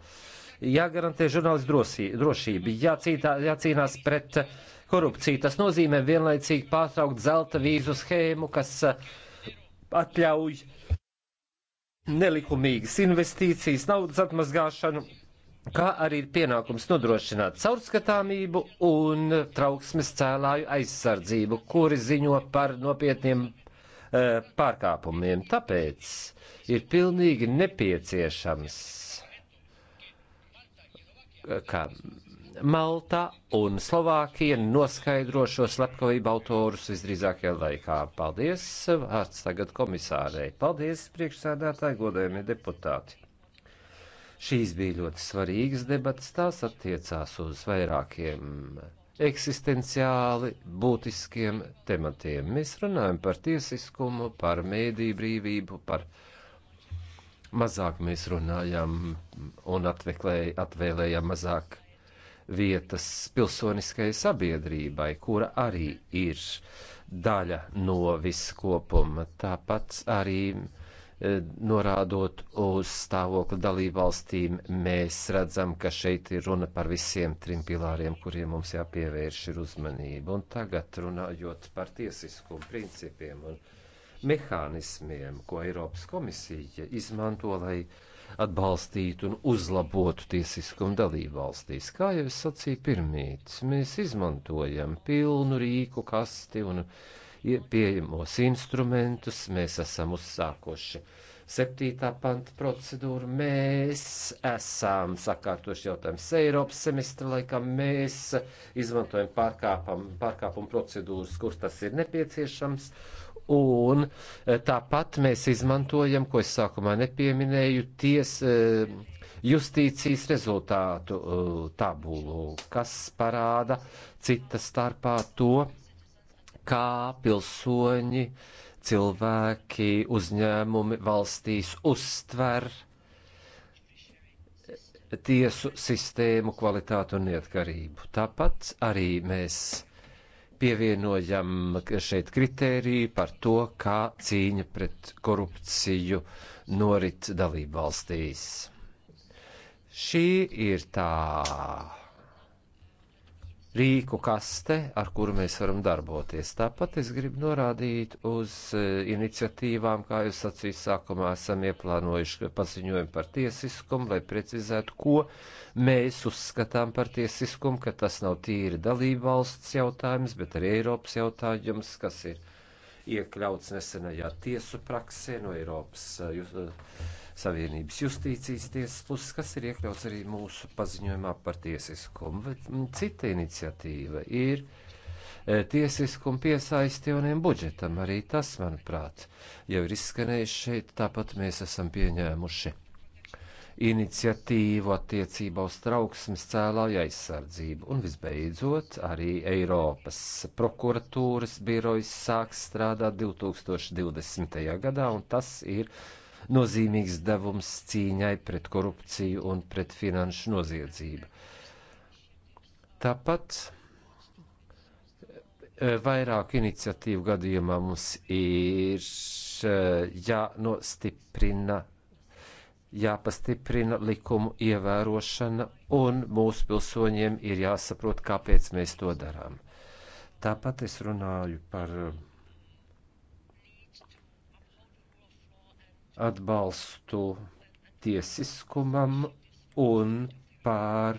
Jāgarantē žurnālistu drošība, jācītā, jācīnās pret korupciju. Tas nozīmē vienlaicīgi pārtraukt zelta vīzu schēmu, kas e, atļauj nelikumīgas investīcijas, naudas atmazgāšanu, kā arī ir pienākums nodrošināt caurskatāmību un trauksmes cēlāju aizsardzību, kuri ziņo par nopietniem uh, pārkāpumiem. Tāpēc ir pilnīgi nepieciešams, eh, ka Malta un Slovākija noskaidro šo slepkavību autorus visdrīzākajā laikā. Paldies, vārds tagad komisārei. Paldies, priekšsēdētāji, godējumie deputāti. Šīs bija ļoti svarīgas debatas, tās attiecās uz vairākiem eksistenciāli būtiskiem tematiem. Mēs runājam par tiesiskumu, par mēdīju brīvību, par mazāk mēs runājam un atveklēj, atvēlējam mazāk vietas pilsoniskai sabiedrībai, kura arī ir daļa no viskopuma. Tāpat arī e, norādot uz stāvokli dalībvalstīm, mēs redzam, ka šeit ir runa par visiem trim pilāriem, kuriem mums jāpievērš ir uzmanība. Un tagad runājot par tiesiskumu principiem un mehānismiem, ko Eiropas komisija izmanto, lai uh, atbalstītu un uzlabotu tiesiskumu dalību valstīs. Kā jau es sacīju pirmīt, mēs izmantojam pilnu rīku kasti un pieejamos instrumentus, mēs esam uzsākoši. Septītā panta procedūra. Mēs esam sakārtojuši jautājumus Eiropas semestra laikā. Mēs izmantojam pārkāpumu procedūras, kur tas ir nepieciešams. Uh, un eh, tāpat mēs izmantojam, ko es sākumā nepieminēju, ties, eh, justīcijas rezultātu eh, tabulu, kas parāda cita starpā to, kā pilsoņi, cilvēki, uzņēmumi valstīs uztver tiesu sistēmu kvalitātu un neatkarību. Tāpat arī mēs pievienojam šeit kritēriju par to, kā cīņa pret korupciju norit dalību valstīs. Šī ir tā rīku kaste, ar kuru mēs varam darboties. Tāpat es gribu norādīt uz e, iniciatīvām, kā jūs sacīju sākumā, esam ieplānojuši paziņojumu par tiesiskumu, lai precizētu, ko mēs uzskatām par tiesiskumu, ka tas nav tīri dalību valsts jautājums, bet arī Eiropas jautājums, kas ir iekļauts nesenajā tiesu praksē no Eiropas. E, jūs, e, Savienības justīcijas tiesas puses, kas ir iekļauts arī mūsu paziņojumā par tiesiskumu. Bet mm, cita iniciatīva ir e, tiesiskumu piesaistījoniem budžetam. Arī tas, manuprāt, jau ir izskanējis šeit, tāpat mēs esam pieņēmuši iniciatīvu attiecībā uz trauksmes cēlāju aizsardzību. Un visbeidzot, arī Eiropas prokuratūras birojs sāks strādāt 2020. gadā, un tas ir nozīmīgs devums cīņai pret korupciju un pret finanšu noziedzību. Tāpat e, vairāk iniciatīvu gadījumā mums ir e, jānostiprina, jāpastiprina likumu ievērošana, un mūsu pilsoņiem ir jāsaprot, kāpēc mēs to darām. Tāpat es runāju par atbalstu tiesiskumam un pār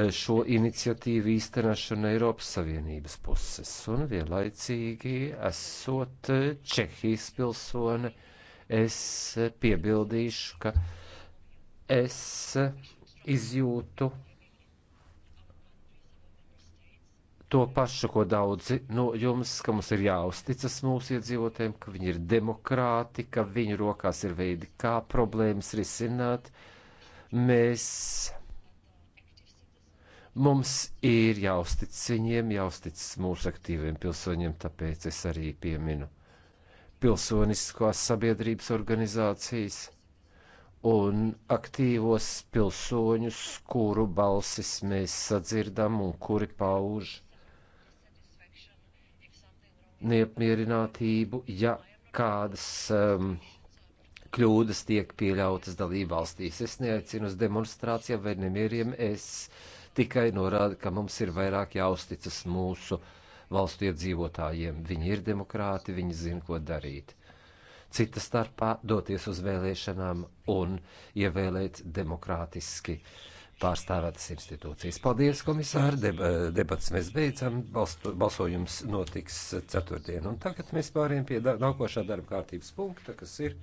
e, šo iniciatīvu īstenošanu Eiropas Savienības puses. Un vienlaicīgi esot e, Čehijas pilsone, es piebildīšu, ka es izjūtu to pašu, ko daudzi no jums, ka mums ir jāuzticas mūsu iedzīvotājiem, ka viņi ir demokrāti, ka viņu rokās ir veidi, kā problēmas risināt. Mēs, mums ir jāuzticas viņiem, jāuzticas mūsu aktīviem pilsoņiem, tāpēc es arī pieminu pilsoniskās sabiedrības organizācijas un aktīvos pilsoņus, kuru balsis mēs sadzirdam un kuri pauž neapmierinātību, ja kādas um, kļūdas tiek pieļautas dalībvalstīs. Es neaicinu uz demonstrācijām vai nemieriem, es tikai norādu, ka mums ir vairāk jāuzticas mūsu valstu iedzīvotājiem. Viņi ir demokrāti, viņi zina, ko darīt. Cita starpā doties uz vēlēšanām un ievēlēt demokrātiski uh, pārstāvētas institūcijas. Paldies, komisāri! Deb eh, debats mēs beidzam. Balstu, balsojums notiks ceturtdien. Un tagad mēs pāriem pie nākošā darba kārtības punkta, kas ir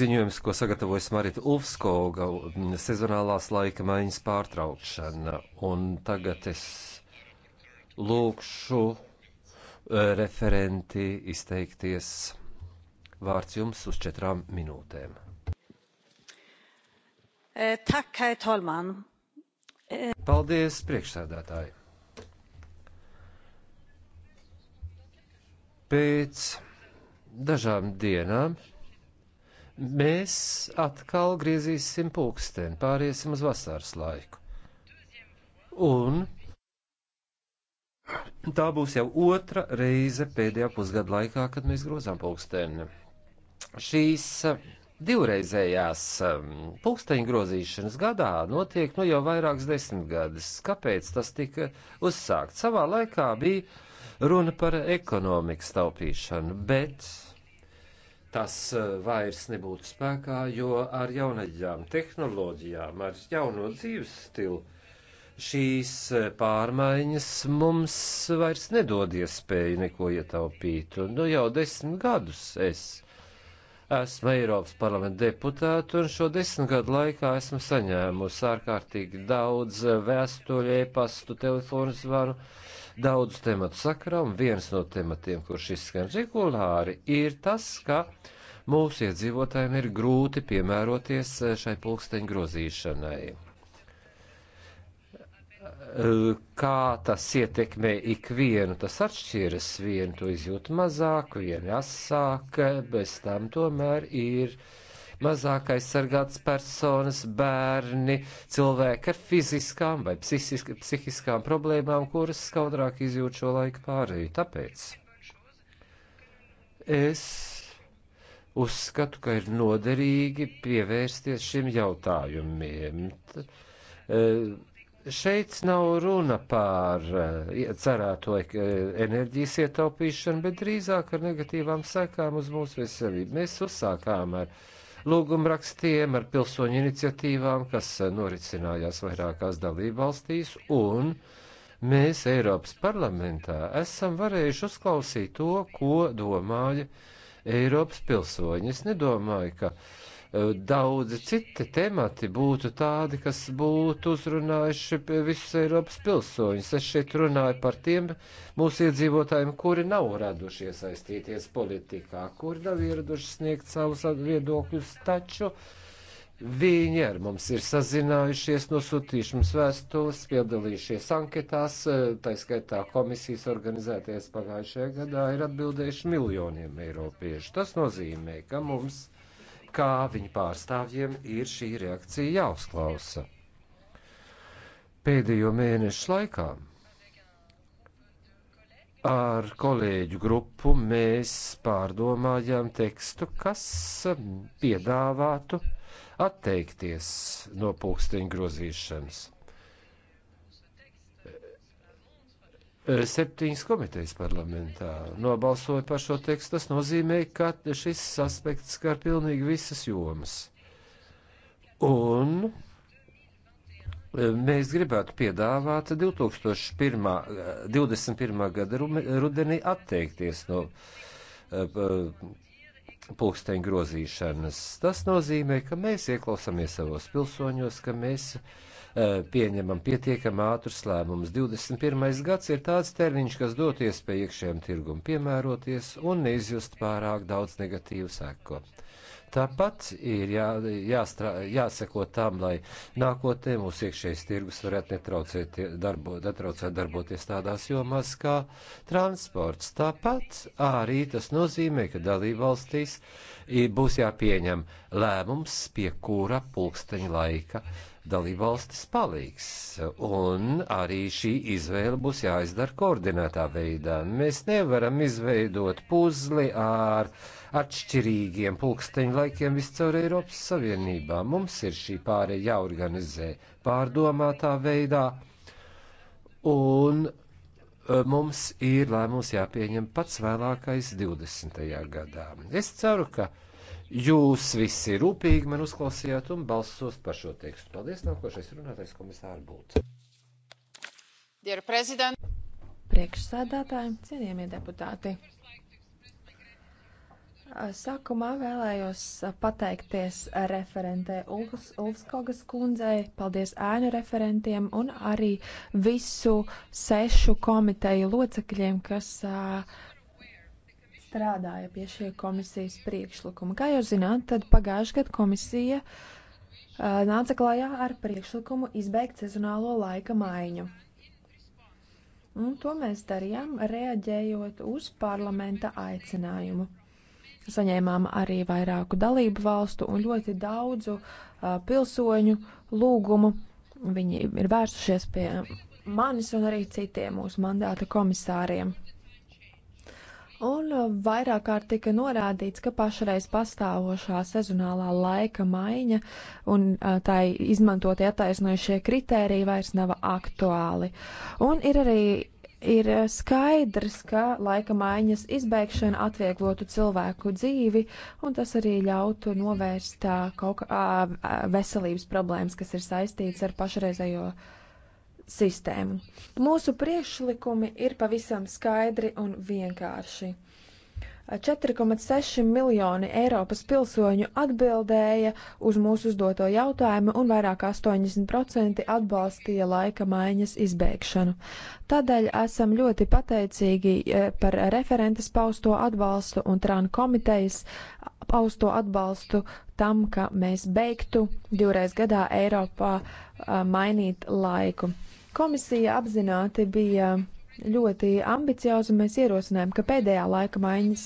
ziņojums, ko sagatavojas Marita Ulfskoga - sezonālās laika maiņas pārtraukšana. Un tagad es lūkšu eh, referenti izteikties. Vārds jums uz četrām minūtēm. Eh, herr talman! Paldies, priekšsēdētāji! Pēc dažām dienām mēs atkal griezīsim pulksteni, pāriesim uz vasaras laiku. Un tā būs jau otra reize pēdējā pusgada laikā, kad mēs grozām pulksteni. Šīs divreizējās um, pulksteņu grozīšanas gadā notiek nu jau vairākas desmitgades. Kāpēc tas tika uzsākt? Savā laikā bija runa par ekonomikas taupīšanu, bet tas uh, vairs nebūtu spēkā, jo ar jaunajām tehnoloģijām, ar jauno dzīves stilu šīs uh, pārmaiņas mums vairs nedod iespēju neko ietaupīt. Un nu jau desmit gadus es Esmu Eiropas parlamenta deputāta un šo desmit gadu laikā esmu saņēmusi ārkārtīgi daudz vēstuļu, e-pastu, telefonu zvanu, daudz tematu sakrā, un viens no tematiem, kurš izskan regulāri, ir tas, ka mūsu iedzīvotājiem ir grūti piemēroties šai pulksteņu grozīšanai kā tas ietekmē ikvienu, tas atšķiras, vienu to izjūt mazāk, vienu asāk, bez tam tomēr ir mazāk aizsargātas personas, bērni, cilvēki ar fiziskām vai psihiski, psihiskām problēmām, kuras skaudrāk izjūt šo laiku pārēju. Tāpēc es uzskatu, ka ir noderīgi pievērsties šim jautājumiem. T, e, Šeit nav runa par eh, cerēto eh, enerģijas ietaupīšanu, bet drīzāk ar negatīvām sekām uz mūsu veselību. Mēs uzsākām ar lūgumrakstiem, ar pilsoņu iniciatīvām, kas eh, norisinājās vairākās dalībvalstīs, un mēs Eiropas parlamentā esam varējuši uzklausīt to, ko domāja Eiropas pilsoņi. Es nedomāju, ka daudzi citi temati būtu tādi, kas būtu uzrunājuši visus Eiropas pilsoņus. Es šeit runāju par tiem mūsu iedzīvotājiem, kuri nav raduši iesaistīties politikā, kuri nav ieraduši sniegt savus viedokļus, taču Viņi ar mums ir sazinājušies, nosūtījuši mums vēstules, piedalījušies anketās, tā skaitā komisijas organizēties pagājušajā gadā, ir atbildējuši miljoniem eiropiešu. Tas nozīmē, ka mums kā viņa pārstāvjiem ir šī reakcija jāuzklausa. Pēdējo mēnešu laikā ar kolēģu grupu mēs pārdomājām tekstu, kas piedāvātu atteikties no pulksteņa grozīšanas. Eh, septiņas komitejas parlamentā nobalsoja par šo tekstu. Tas nozīmē, ka šis aspekts skar pilnīgi visas jomas. Un eh, mēs gribētu piedāvāt 2021. Eh, gada rudenī atteikties no pulksteņa grozīšanas. Tas nozīmē, ka mēs ieklausāmies savos pilsoņos, ka mēs uh, Eh, pieņemam pietiekam ātrus lēmumus. 21. gads ir tāds termiņš, kas dot iespēju iekšējiem tirgum piemēroties un neizjust pārāk daudz negatīvu sēko. Tāpat ir jā, jāstrā, jāseko tam, lai nākotnē mūsu iekšējais tirgus varētu netraucēt, darbo, netraucēt darboties tādās jomās kā transports. Tāpat arī tas nozīmē, ka dalībvalstīs būs jāpieņem lēmums, pie kura pulksteņa laika dalībvalstis paliks. Un arī šī izvēle būs jāizdara koordinētā veidā. Mēs nevaram izveidot puzli ar atšķirīgiem pulksteņu laikiem viscaur Eiropas Savienībā. Mums ir šī pārēja jāorganizē pārdomātā veidā. Un eh, mums ir lēmums jāpieņem pats vēlākais 20. gadā. Es ceru, ka Jūs visi rūpīgi man uzklausījāt un balsos par šo tekstu. Paldies, nākošais runātais komisāri Būts. Priekšsēdētāji, cienījamie deputāti. Sākumā vēlējos pateikties referentē Ulfskogas kundzei, paldies ēnu referentiem un arī visu sešu komiteju locekļiem, kas strādāja pie šī komisijas priekšlikuma. Kā jūs zināt, tad pagājušajā gadā komisija uh, nāca klajā ar priekšlikumu izbeigt sezonālo laika maiņu. Un to mēs darījām, reaģējot uz parlamenta aicinājumu. Saņēmām arī vairāku dalību valstu un ļoti daudzu uh, pilsoņu lūgumu. Viņi ir vērsušies pie manis un arī citiem mūsu mandāta komisāriem. Un vairāk kārt tika norādīts, ka pašreiz pastāvošā sezonālā laika maiņa un tā izmantotie attaisnojušie kritēriji vairs nav aktuāli. Un ir arī ir skaidrs, ka laika maiņas izbēgšana atvieglotu cilvēku dzīvi, un tas arī ļautu novērst kaut kā veselības problēmas, kas ir saistīts ar pašreizējo uh, sistēmu. Mūsu priekšlikumi ir pavisam skaidri un vienkārši. 4,6 miljoni Eiropas pilsoņu atbildēja uz mūsu uzdoto jautājumu un vairāk 80% atbalstīja laika maiņas izbēgšanu. Tādēļ esam ļoti pateicīgi eh, par referentes pausto atbalstu un trānu komitejas pausto atbalstu tam, ka mēs beigtu divreiz gadā Eiropā eh, mainīt laiku. Komisija apzināti bija ļoti ambiciozi. Mēs ierosinājām, ka pēdējā laika maiņas,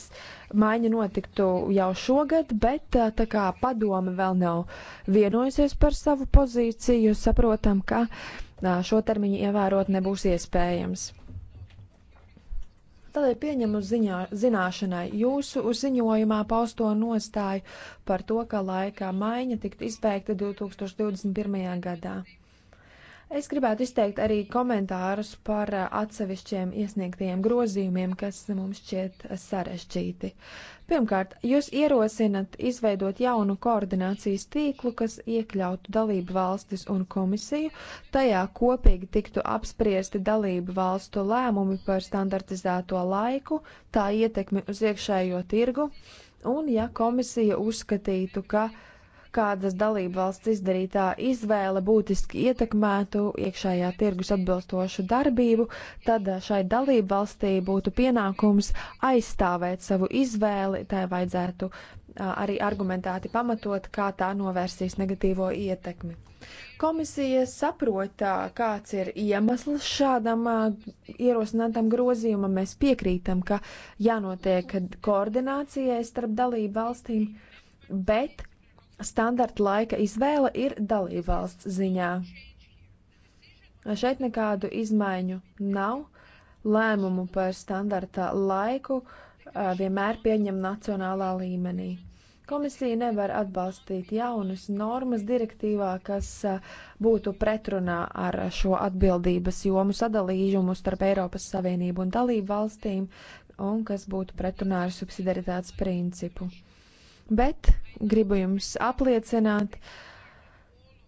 maiņa notiktu jau šogad, bet eh, tā kā padome vēl nav vienojusies par savu pozīciju, saprotam, ka eh, šo termiņu ievērot nebūs iespējams. Tādēļ pieņemu ziņā, zināšanai jūsu uzziņojumā pausto nostāju par to, ka laikā maiņa tiktu izbeigta 2021. gadā. Es gribētu izteikt arī komentārus par uh, atsevišķiem iesniegtajiem grozījumiem, kas mums šķiet sarežģīti. Pirmkārt, jūs ierosinat izveidot jaunu koordinācijas tīklu, kas iekļautu dalību valstis un komisiju. Tajā kopīgi tiktu apspriesti dalību valstu lēmumi par standartizēto laiku, tā ietekmi uz iekšējo tirgu, un ja komisija uzskatītu, ka uh, kādas dalība valsts izdarītā izvēle būtiski ietekmētu iekšējā tirgus atbilstošu darbību, tad šai dalība valstī būtu pienākums aizstāvēt savu izvēli, tai vajadzētu arī argumentēti pamatot, kā tā novērsīs negatīvo ietekmi. Komisija saprot, kāds ir iemesls šādam ierosinātam grozījumam. Mēs piekrītam, ka jānotiek koordinācijai starp dalību valstīm, bet standarta laika izvēle ir dalībvalsts ziņā. Šeit nekādu izmaiņu nav. Lēmumu par standarta laiku vienmēr pieņem nacionālā līmenī. Komisija nevar atbalstīt jaunas normas direktīvā, kas būtu pretrunā ar šo atbildības jomu sadalījumu starp Eiropas Savienību un dalību valstīm un kas būtu pretrunā ar subsidiaritātes principu bet gribu jums apliecināt,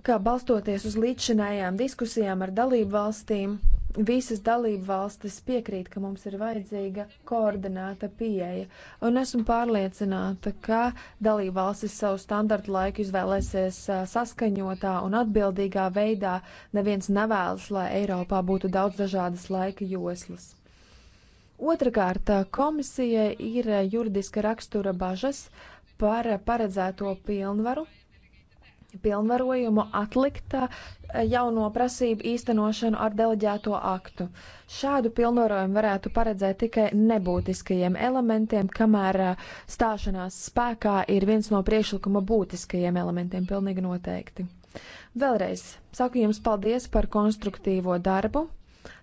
ka balstoties uz līdzšinējām diskusijām ar dalību valstīm, visas dalību valstis piekrīt, ka mums ir vajadzīga koordinēta pieeja, un esmu pārliecināta, ka dalību valstis savu standartu laiku izvēlēsies saskaņotā un atbildīgā veidā. Neviens nevēlas, lai Eiropā būtu daudz dažādas laika joslas. Otrakārt, komisijai ir juridiska rakstura bažas. Uh, par paredzēto pilnvaru, pilnvarojumu atlikt eh, jauno prasību īstenošanu ar deleģēto aktu. Šādu pilnvarojumu varētu paredzēt tikai nebūtiskajiem elementiem, kamēr eh, stāšanās spēkā ir viens no priekšlikuma būtiskajiem elementiem pilnīgi noteikti. Vēlreiz saku jums paldies par konstruktīvo darbu.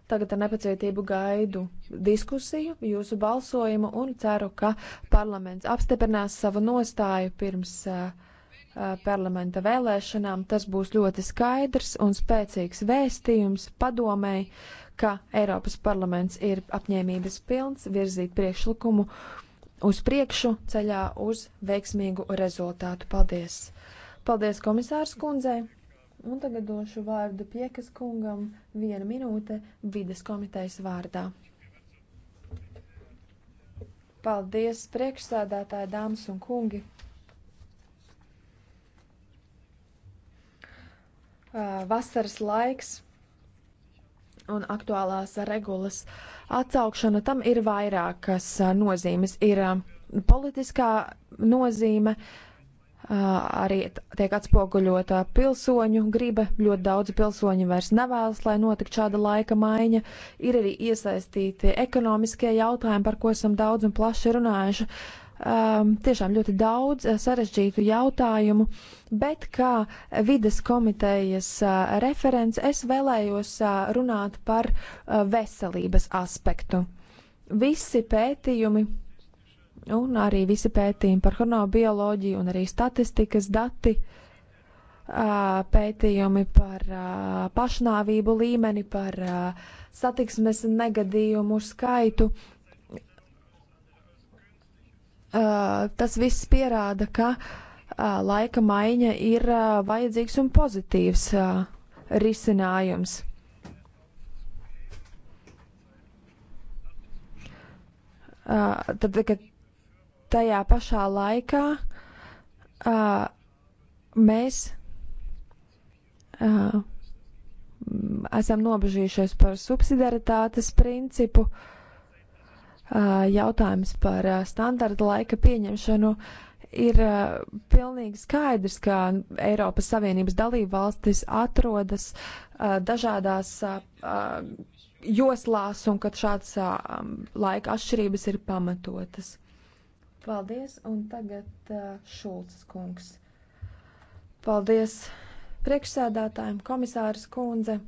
Tagad ar nepacietību gaidu diskusiju, jūsu balsojumu un ceru, ka parlaments apstiprinās savu nostāju pirms uh, parlamenta vēlēšanām. Tas būs ļoti skaidrs un spēcīgs vēstījums padomēji, ka Eiropas parlaments ir apņēmības pilns virzīt priekšlikumu uz priekšu ceļā uz veiksmīgu rezultātu. Paldies! Paldies komisārs kundzei! Un tagad došu vārdu Piekas kungam viena minūte vides komitejas vārdā. Paldies, priekšsādātāji, dāmas un kungi! Vasaras laiks un aktuālās regulas atsaukšana tam ir vairākas nozīmes. Ir politiskā nozīme, uh, arī tiek atspoguļota pilsoņu griba. Ļoti daudzi pilsoņi vairs nevēlas, lai notiktu šāda laika maiņa. Ir arī iesaistīti ekonomiskie jautājumi, par ko esam daudz un plaši runājuši. Um, tiešām ļoti daudz sarežģītu jautājumu, bet kā vides komitejas uh, referents es vēlējos uh, runāt par uh, veselības aspektu. Visi pētījumi Un arī visi pētījumi par hronobioloģiju un arī statistikas dati, pētījumi par pašnāvību līmeni, par satiksmes negadījumu skaitu. Tas viss pierāda, ka laika maiņa ir vajadzīgs un pozitīvs risinājums. tad, kad tajā pašā laikā uh, mēs uh, esam nobežījušies par subsidiaritātes principu, uh, jautājums par uh, standarta laika pieņemšanu. Ir uh, pilnīgi skaidrs, ka Eiropas Savienības dalība valstis atrodas uh, dažādās uh, uh, joslās un ka šāds uh, laika atšķirības ir pamatotas. Paldies, un tagad uh, Šulcs kungs. Paldies priekšsēdātājiem, komisāras kundze.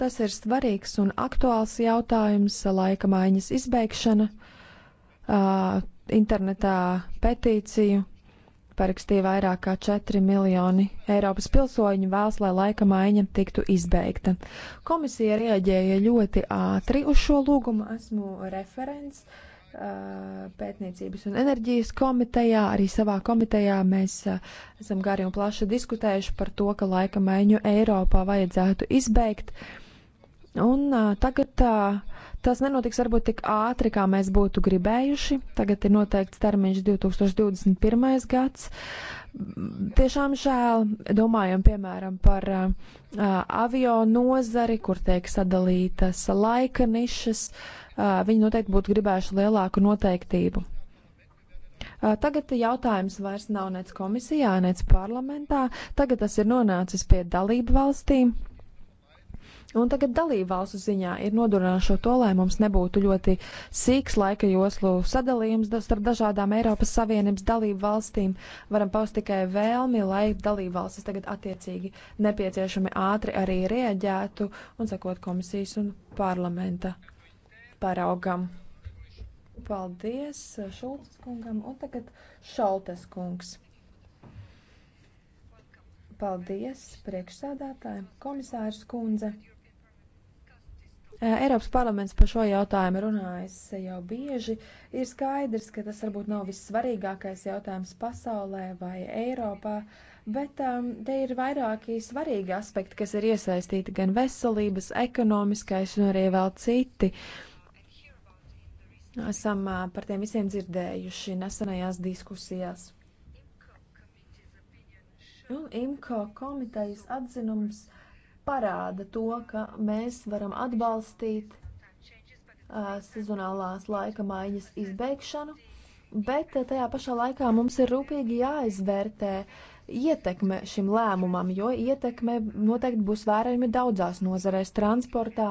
Tas ir svarīgs un aktuāls jautājums laika maiņas izbeigšana. Uh, internetā petīciju parakstīja vairāk kā 4 miljoni Eiropas pilsoņu vēlas, lai laika maiņa tiktu izbeigta. Komisija rieģēja ļoti ātri uz šo lūgumu, esmu referents. Uh, pētniecības un enerģijas komitejā, arī savā komitejā mēs esam gari un plaši diskutējuši par to, ka laika maiņu Eiropā vajadzētu izbeigt. Un tagad tas nenotiks varbūt tik ātri, kā mēs būtu gribējuši. Tagad ir noteikts termiņš 2021. gads. Tiešām žēl, domājam piemēram par avio nozari, kur tiek sadalītas laika nišas. Uh, viņi noteikti būtu gribējuši lielāku noteiktību. Tagad jautājums vairs nav nec komisijā, nec parlamentā. Tagad tas ir nonācis pie dalību valstīm. Un tagad dalību valstu ziņā ir nodrošināšo to, lai mums nebūtu ļoti sīks laika joslu sadalījums starp dažādām Eiropas Savienības dalību valstīm. Varam paust tikai vēlmi, lai dalību valstis tagad attiecīgi nepieciešami ātri arī rieģētu un sakot komisijas un parlamenta paraugam. Paldies eh, Šulces kungam un tagad Šaltes kungs. Paldies priekšsēdētājiem, komisārs kundze. Eh, Eiropas parlaments par šo jautājumu runājis jau bieži. Ir skaidrs, ka tas varbūt nav vissvarīgākais jautājums pasaulē vai Eiropā, bet um, te ir vairāki svarīgi aspekti, kas ir iesaistīti gan veselības, ekonomiskais un arī vēl citi. Uh, Esam par tiem visiem dzirdējuši nesenajās diskusijās. Un nu, IMCO komitejas atzinums parāda to, ka mēs varam atbalstīt uh, sezonālās laika maiņas izbeigšanu, bet tajā pašā laikā mums ir rūpīgi jāizvērtē ietekme šim lēmumam, jo ietekme noteikti būs vērojami daudzās nozarēs - transportā,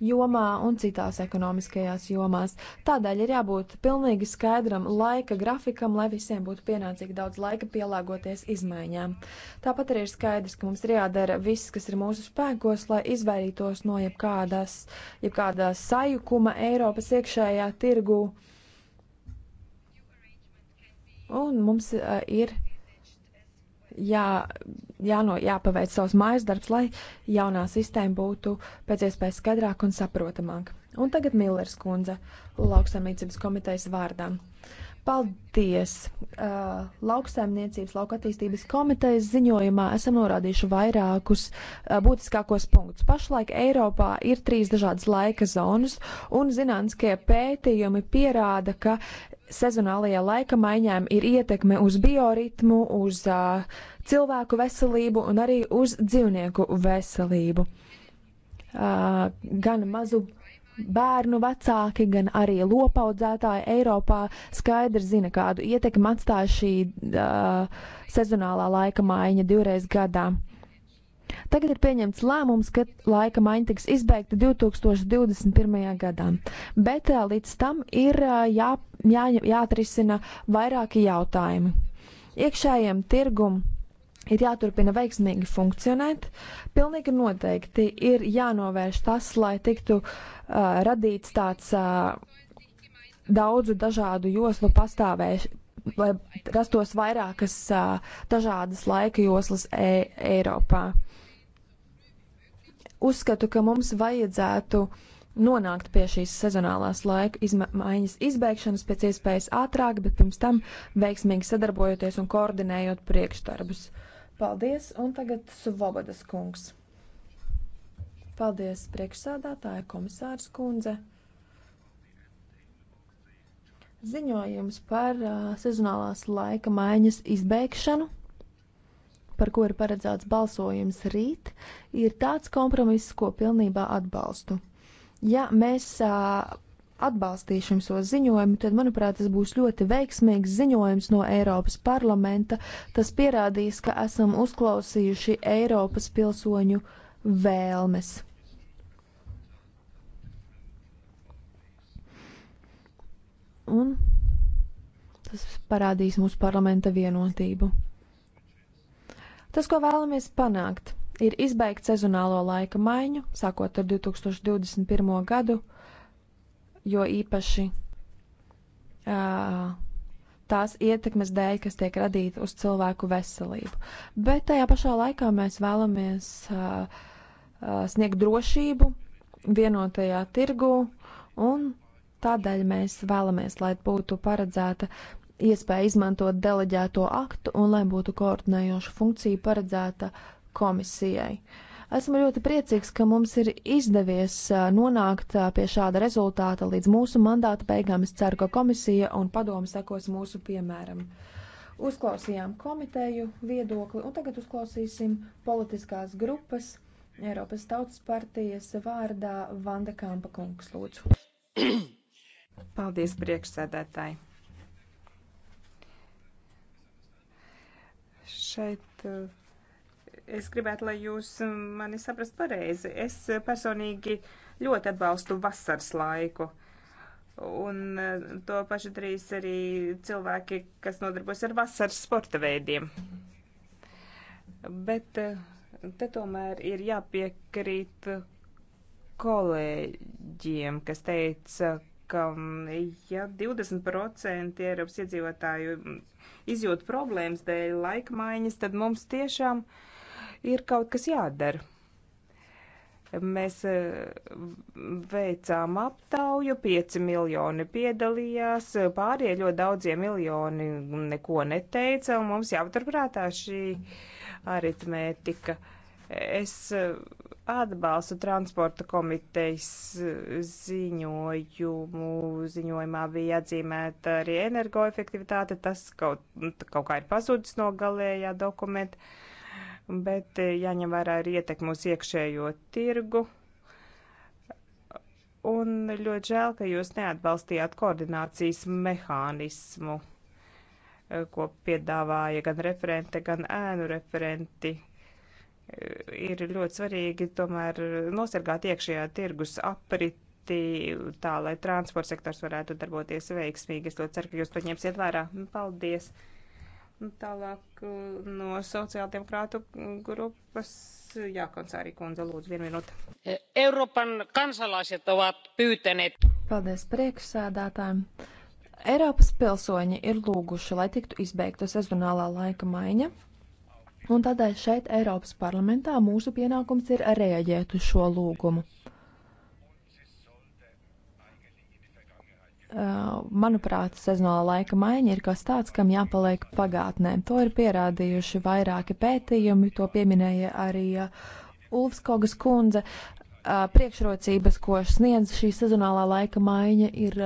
jomā un citās ekonomiskajās jomās. Tādēļ ir jābūt pilnīgi skaidram laika grafikam, lai visiem būtu pienācīgi daudz laika pielāgoties izmaiņām. Tāpat arī ir skaidrs, ka mums ir jādara viss, kas ir mūsu spēkos, lai izvairītos no jebkādas, jebkādas sajukuma Eiropas iekšējā tirgū. Un mums uh, ir jā, jāno, jāpaveic savs mājas darbs, lai jaunā sistēma būtu pēc iespējas skaidrāk un saprotamāk. Un tagad Millers kundze lauksaimniecības komitejas vārdā. Paldies! Uh, lauksaimniecības lauka attīstības komitejas ziņojumā esam norādījuši vairākus uh, būtiskākos punktus. Pašlaik Eiropā ir trīs dažādas laika zonas, un zinātniskie pētījumi pierāda, ka sezonālajā laika maiņām ir ietekme uz bioritmu, uz uh, cilvēku veselību un arī uz dzīvnieku veselību. Uh, gan mazu bērnu vecāki, gan arī lopaudzētāji Eiropā skaidri zina, kādu ietekmi atstāja šī uh, sezonālā laika maiņa divreiz gadā. Tagad ir pieņemts lēmums, ka laika maiņa tiks izbeigta 2021. gadā, bet līdz tam ir jā, jā, jāatrisina vairāki jautājumi. Iekšējiem tirgum ir jāturpina veiksmīgi funkcionēt. Pilnīgi noteikti ir jānovērš tas, lai tiktu uh, radīts tāds uh, daudzu dažādu joslu pastāvēšana. Lai rastos vairākas uh, dažādas laika joslas e Eiropā. Uh, uzskatu, ka mums vajadzētu nonākt pie šīs sezonālās laika izmaiņas izbēgšanas pēc iespējas ātrāk, bet pirms tam veiksmīgi sadarbojoties un koordinējot priekšdarbus. Paldies, un tagad Svobodas kungs. Paldies, priekšsādātāja komisārs kundze. Ziņojums par uh, sezonālās laika maiņas izbēgšanu par ko ir paredzēts balsojums rīt, ir tāds kompromiss, ko pilnībā atbalstu. Ja mēs uh, atbalstīsim šo ziņojumu, tad, manuprāt, tas būs ļoti veiksmīgs ziņojums no Eiropas parlamenta. Tas pierādīs, ka esam uzklausījuši Eiropas pilsoņu vēlmes. Un tas parādīs mūsu parlamenta vienotību. Tas, ko vēlamies panākt, ir izbeigt sezonālo laika maiņu, sākot ar 2021. gadu, jo īpaši uh, tās ietekmes dēļ, kas tiek radīta uz cilvēku veselību. Bet tajā pašā laikā mēs vēlamies uh, uh, sniegt drošību vienotajā tirgū un Tādēļ mēs vēlamies, lai būtu paredzēta iespēja izmantot deleģēto aktu un lai būtu koordinējoša funkcija paredzēta komisijai. Esmu ļoti priecīgs, ka mums ir izdevies nonākt pie šāda rezultāta līdz mūsu mandāta beigām. Es ceru, ka komisija un padomu sekos mūsu piemēram. Uzklausījām komiteju viedokli un tagad uzklausīsim politiskās grupas Eiropas Tautas partijas vārdā Vanda Kampa kungs lūdzu. Paldies priekšsēdētāji! Šeit eh, es gribētu, lai jūs mm, mani saprast pareizi. Es eh, personīgi ļoti atbalstu vasaras laiku. Un eh, to pašu darīs arī cilvēki, kas nodarbojas ar vasaras sporta veidiem. Bet te tomēr ir jāpiekrīt kolēģiem, kas teica, ka mm, ja 20% Eiropas iedzīvotāju mm, izjūt problēmas dēļ laikmaiņas, tad mums tiešām ir kaut kas jādara. Mēs e, veicām aptauju, 5 miljoni piedalījās, pārējie ļoti daudzie miljoni neko neteica, un mums jāpaturprātā šī aritmētika. Mm Es eh, atbalstu transporta komitejas eh, ziņojumu. Ziņojumā bija atzīmēta arī energoefektivitāte. Tas kaut, kaut kā ir pazudis no galējā dokumenta, bet eh, jāņem vērā arī ietekmi uz iekšējo tirgu. Un ļoti žēl, ka jūs neatbalstījāt koordinācijas mehānismu, ko piedāvāja gan referente, gan ēnu referenti ir ļoti svarīgi tomēr nosargāt iekšējā tirgus apriti, tā lai transporta sektors varētu darboties veiksmīgi. Es ļoti ceru, ka jūs to ņemsiet vērā. Paldies! Nu, tālāk uh, no sociāldemokrātu grupas Jākonsārī kundze, lūdzu, vienu minūti. E, Euroopan kansalaiset ovat pyytäneet. Paldies priekšsēdātājiem. Eiropas pilsoņi ir lūguši, lai tiktu izbeigta sezonālā laika maiņa Un tādēļ šeit, Eiropas parlamentā, mūsu pienākums ir reaģēt uz šo lūgumu. Manuprāt, sezonāla laika maiņa ir kas tāds, kam jāpaliek pagātnē. To ir pierādījuši vairāki pētījumi, to pieminēja arī Ulfs Kogas kundze. Priekšrocības, ko sniedz šī sezonālā laika maiņa, ir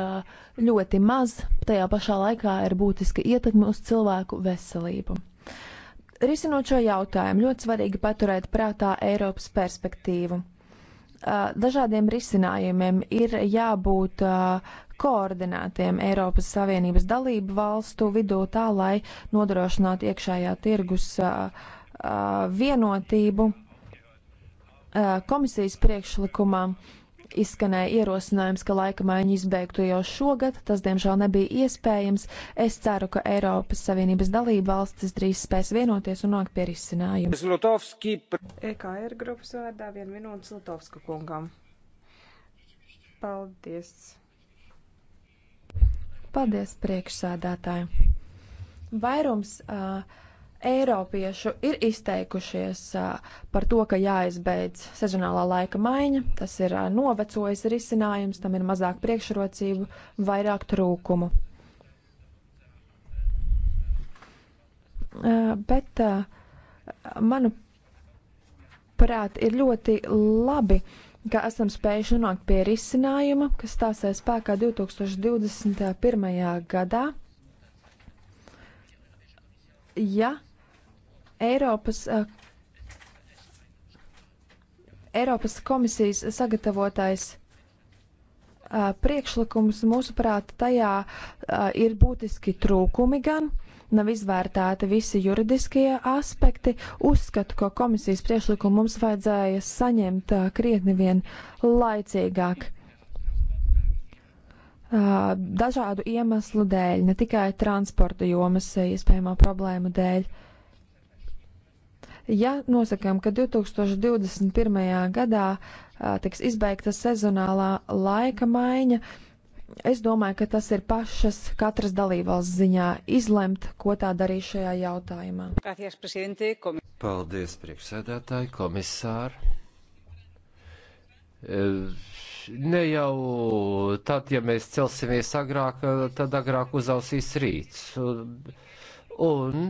ļoti maz, tajā pašā laikā ir būtiska ietekme uz cilvēku veselību. Risinot šo jautājumu, ļoti svarīgi paturēt prātā Eiropas perspektīvu. Dažādiem risinājumiem ir jābūt koordinētiem Eiropas Savienības dalību valstu vidū tā, lai nodrošinātu iekšējā tirgus vienotību komisijas priekšlikumā izskanēja ierosinājums, ka laika maiņa izbeigtu jau šogad. Tas, diemžēl, nebija iespējams. Es ceru, ka Eiropas Savienības dalība valstis drīz spēs vienoties un nākt pie risinājuma. Zlotovski. EKR e er grupas vārdā vien minūtes Zlotovska kungam. Paldies. Paldies, priekšsādātāji. Vairums. Uh, Eiropiešu ir izteikušies par to, ka jāizbeidz sezonālā laika maiņa. Tas ir novecojis risinājums, tam ir mazāk priekšrocību, vairāk trūkumu. Bet, manuprāt, ir ļoti labi, ka esam spējuši nonākt pie risinājuma, kas stāsies spēkā 2021. gadā. Ja Eiropas, eh, Eiropas komisijas sagatavotais eh, priekšlikums, mūsuprāt, tajā eh, ir būtiski trūkumi gan nav izvērtēti visi juridiskie aspekti. Uzskatu, ka komisijas priekšlikumu mums vajadzēja saņemt krietni vien laicīgāk. Dažādu iemeslu dēļ, ne tikai transporta jomas iespējamo problēmu dēļ. Uh, Ja nosakām, ka 2021. gadā tiks izbeigta sezonālā laika maiņa, es domāju, ka tas ir pašas katras dalībvalsts ziņā izlemt, ko tā darīs šajā jautājumā. Paldies, priekšsēdētāji, komisāri! Ne jau tad, ja mēs celsimies agrāk, tad agrāk uzausīs rīts. Un, un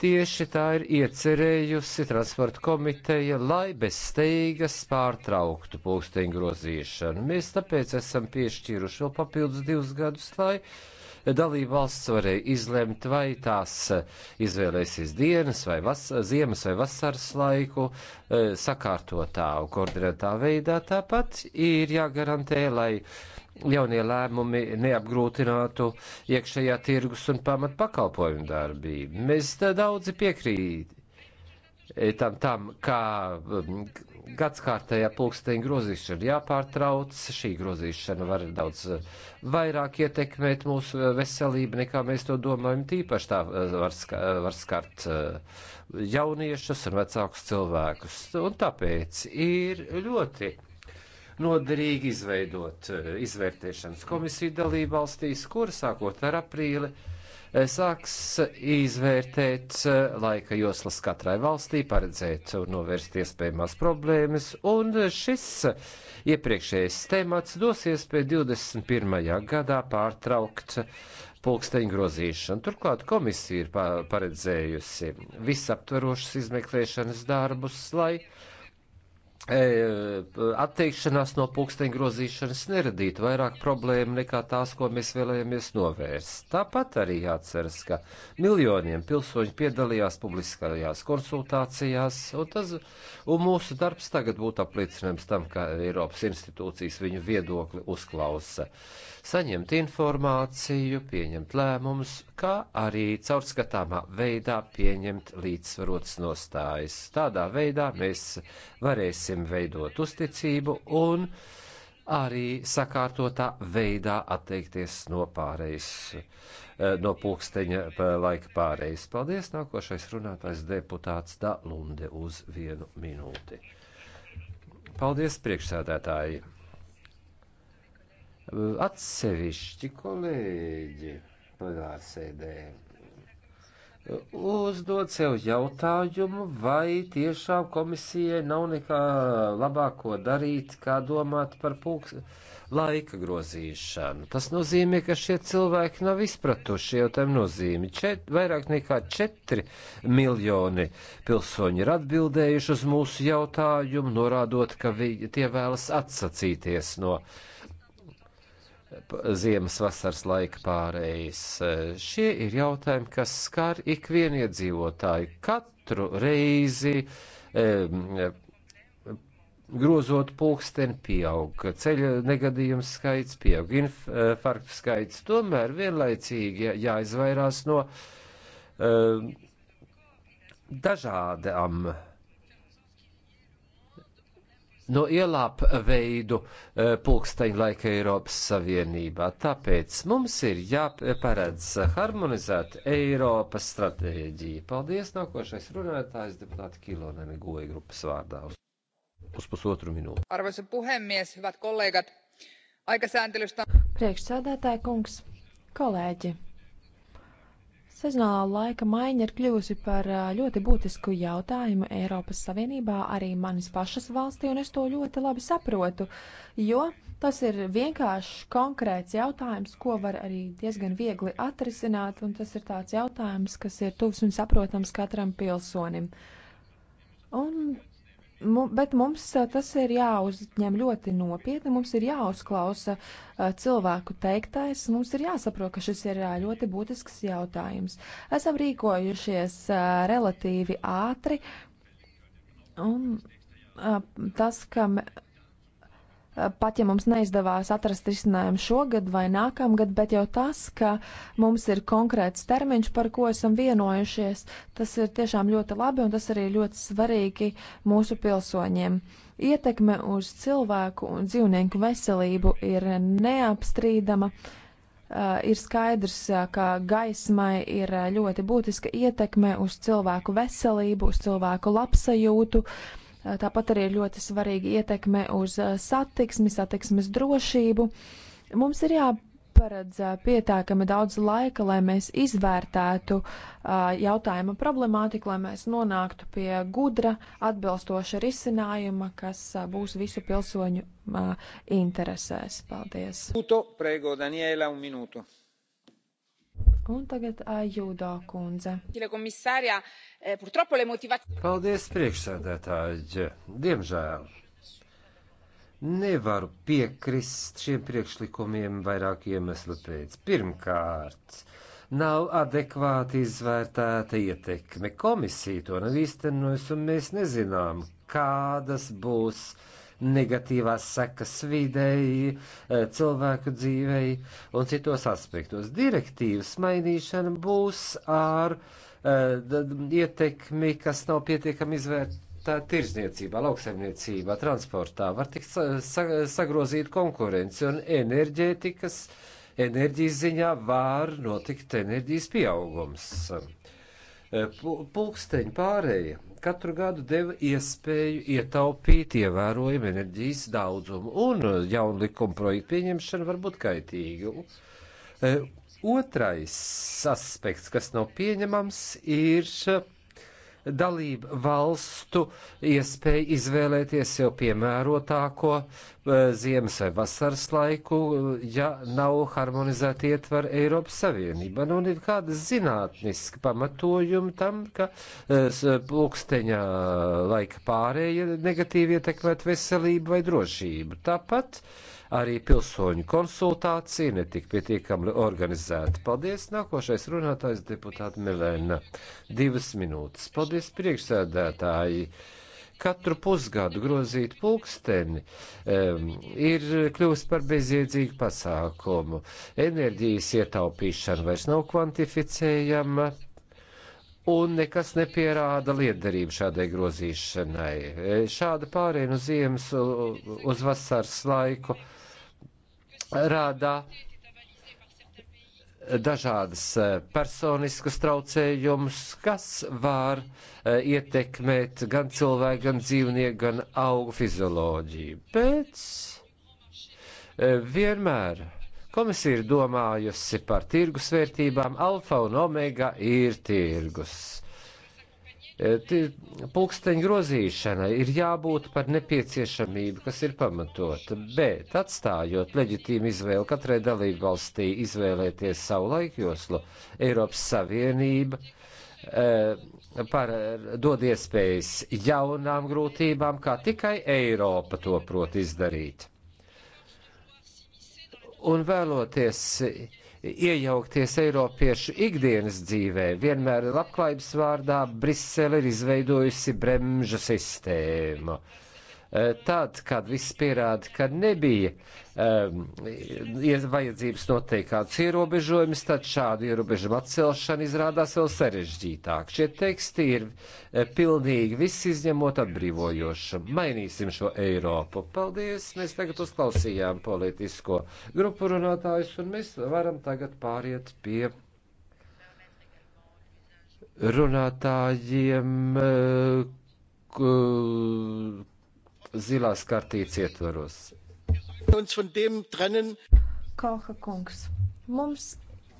Tieši tā ir iecerējusi transporta komiteja, lai bez steigas pārtrauktu pulksteņu grozīšanu. Mēs tāpēc esam piešķīruši vēl papildus divus gadus, lai dalība valsts varēja izlemt, vai tās izvēlēsies dienas vai vas, ziemas vai vasaras laiku eh, sakārtotā un koordinētā veidā. Tāpat ir jāgarantē, lai jaunie lēmumi neapgrūtinātu iekšējā tirgus un pamat pakalpojumu darbību. Mēs daudzi piekrītam tam, kā um, gadskārtējā pulksteņa grozīšana jāpārtrauc. Šī grozīšana var daudz uh, vairāk ietekmēt mūsu uh, veselību, nekā mēs to domājam. Tīpaši tā uh, var, ska var skart jauniešus un vecākus cilvēkus. Un tāpēc ir ļoti noderīgi izveidot eh, izvērtēšanas komisiju dalību valstīs, kura sākot ar aprīli eh, sāks izvērtēt eh, laika joslas katrai valstī, paredzēt un novērst iespējamās problēmas, un šis iepriekšējais temats dos iespēju 21. gadā pārtraukt pulksteņu grozīšanu. Turklāt komisija ir paredzējusi visaptverošas izmeklēšanas darbus, lai E, atteikšanās no pulksteņa grozīšanas neradītu vairāk problēmu nekā tās, ko mēs vēlējāmies novērst. Tāpat arī jāatceras, ka miljoniem pilsoņu piedalījās publiskajās konsultācijās, un, tas, un mūsu darbs tagad būtu apliecinājums tam, ka Eiropas institūcijas viņu viedokli uzklausa. Uh, saņemt informāciju, pieņemt lēmumus, kā arī caurskatāmā veidā pieņemt līdzsvarotas nostājas. Tādā veidā mēs varēsim veidot uzticību un arī sakārtotā veidā atteikties no pārējas, eh, no pulksteņa laika pārējas. Paldies, nākošais runātājs deputāts Da Lunde uz vienu minūti. Paldies, priekšsēdētāji! atsevišķi kolēģi plenārsēdē uzdod sev jautājumu, vai tiešām komisijai nav nekā labāko darīt, kā domāt par pūks laika grozīšanu. Tas nozīmē, ka šie cilvēki nav izpratuši jau tam nozīmi. Čet, vairāk nekā 4 miljoni pilsoņi ir atbildējuši uz mūsu jautājumu, norādot, ka vi, tie vēlas atsacīties no ziemas vasaras laika pārējais. Šie ir jautājumi, kas skar ikvienu iedzīvotāju katru reizi. E, grozot pulksteni pieaug, ceļa negadījums skaits pieaug, infarktu eh, skaits. Tomēr vienlaicīgi jāizvairās no uh, dažādām uh, no ielāp veidu e, pulksteņlaika Eiropas Savienībā. Tāpēc mums ir jāparedz harmonizēta Eiropas stratēģija. Paldies, nākošais runātājs deputāti Kilonene Goja grupas vārdā. Uz, uz pusotru minūti. Arvoisa puhemies, hyvät kollegat, aikasääntelystä. Priekšsēdētāja kungs, kolēģi. Sezonālā laika maiņa ir kļuvusi par ļoti būtisku jautājumu Eiropas Savienībā, arī manis pašas valstī, un es to ļoti labi saprotu, jo tas ir vienkāršs, konkrēts jautājums, ko var arī diezgan viegli atrisināt, un tas ir tāds jautājums, kas ir tuvs un saprotams katram pilsonim. Un bet mums tas ir jāuzņem ļoti nopietni, mums ir jāuzklausa cilvēku teiktais, mums ir jāsaprot, ka šis ir ļoti būtisks jautājums. Esam rīkojušies relatīvi ātri, un tas, ka Eh, pat ja mums neizdevās atrast risinājumu šogad vai nākamgad, bet jau tas, ka mums ir konkrēts termiņš, par ko esam vienojušies, tas ir tiešām ļoti labi un tas arī ļoti svarīgi mūsu pilsoņiem. Ietekme uz cilvēku un dzīvnieku veselību ir neapstrīdama. Eh, ir skaidrs, eh, ka gaismai ir ļoti būtiska ietekme uz cilvēku veselību, uz cilvēku labsajūtu, uh, Tāpat arī ir ļoti svarīga ietekme uz uh, satiksmi, satiksmes drošību. Mums ir jāparedz uh, pietiekami daudz laika, lai mēs izvērtētu uh, jautājuma problemātiku, lai mēs nonāktu pie gudra, atbilstoša risinājuma, kas būs visu pilsoņu interesēs. Paldies! Puto, prego, Daniela, un minūtu. Un tagad Ajūdā kundze. Eh, Paldies, priekšsēdētāji. Diemžēl nevaru piekrist šiem priekšlikumiem vairāk iemeslu pēc. Pirmkārt, nav adekvāti izvērtēta ietekme. Komisija to nav īstenojusi, un mēs nezinām, kādas būs negatīvās sekas videi, e, cilvēku dzīvei un citos aspektos. Direktīvas mainīšana būs ar e, ietekmi, kas nav pietiekami izvērtēta tā tirzniecībā, lauksaimniecībā, transportā var tikt sa sagrozīt konkurenci un enerģētikas, enerģijas ziņā var notikt enerģijas pieaugums. Eh, Pulksteņu pārēja katru gadu deva iespēju ietaupīt ievērojumu enerģijas daudzumu, un eh, jaunu likuma projektu pieņemšana var būt kaitīga. Eh, otrais aspekts, kas nav pieņemams, ir dalību valstu iespēja izvēlēties jau piemērotāko eh, ziemas vai vasaras laiku, ja nav harmonizēta ietvara Eiropas Savienībā. Nu, un ir kāda zinātniska pamatojuma tam, ka eh, pulksteņa laika pārēja negatīvi ietekmēt veselību vai drošību. Tāpat uh, arī pilsoņu konsultācija netika pietiekami organizēta. Paldies! Nākošais runātājs deputāta Milēna. Divas minūtes. Paldies priekšsēdētāji! katru pusgadu grozīt pulksteni, um, ir kļuvusi par bezjēdzīgu pasākumu. Enerģijas ietaupīšana vairs nav kvantificējama. Un nekas nepierāda liederību šādai grozīšanai. Šāda pārēja no ziemas uz vasaras laiku uh, rādā dažādas eh, personiskas traucējumus, kas var eh, ietekmēt gan cilvēku, gan dzīvnieku, gan augu fizioloģiju. Pēc eh, vienmēr komisija ir domājusi par tirgus vērtībām, alfa un omega ir tirgus E, Pulksteņu grozīšanai ir jābūt par nepieciešamību, kas ir pamatota, bet atstājot leģitīmu izvēli katrai dalību valstī izvēlēties savu laikjoslu, Eiropas Savienība e, par, dod iespējas jaunām grūtībām, kā tikai Eiropa to prot izdarīt. Un vēloties iejaukties Eiropiešu ikdienas dzīvē. Vienmēr labklājības vārdā Brisele ir izveidojusi bremžu sistēmu. Uh, Eh, tad, kad viss pierāda, ka nebija um, vajadzības noteikt kādus ierobežojumus, tad šādu ierobežumu atcelšana izrādās vēl sarežģītāk. Šie teksti ir eh, pilnīgi viss izņemot atbrīvojoši. Mainīsim šo Eiropu. Paldies! Mēs tagad uzklausījām politisko grupu runātājus, un mēs varam tagad pāriet pie runātājiem, eh, zilās kartītes ietvaros. Koha kungs, mums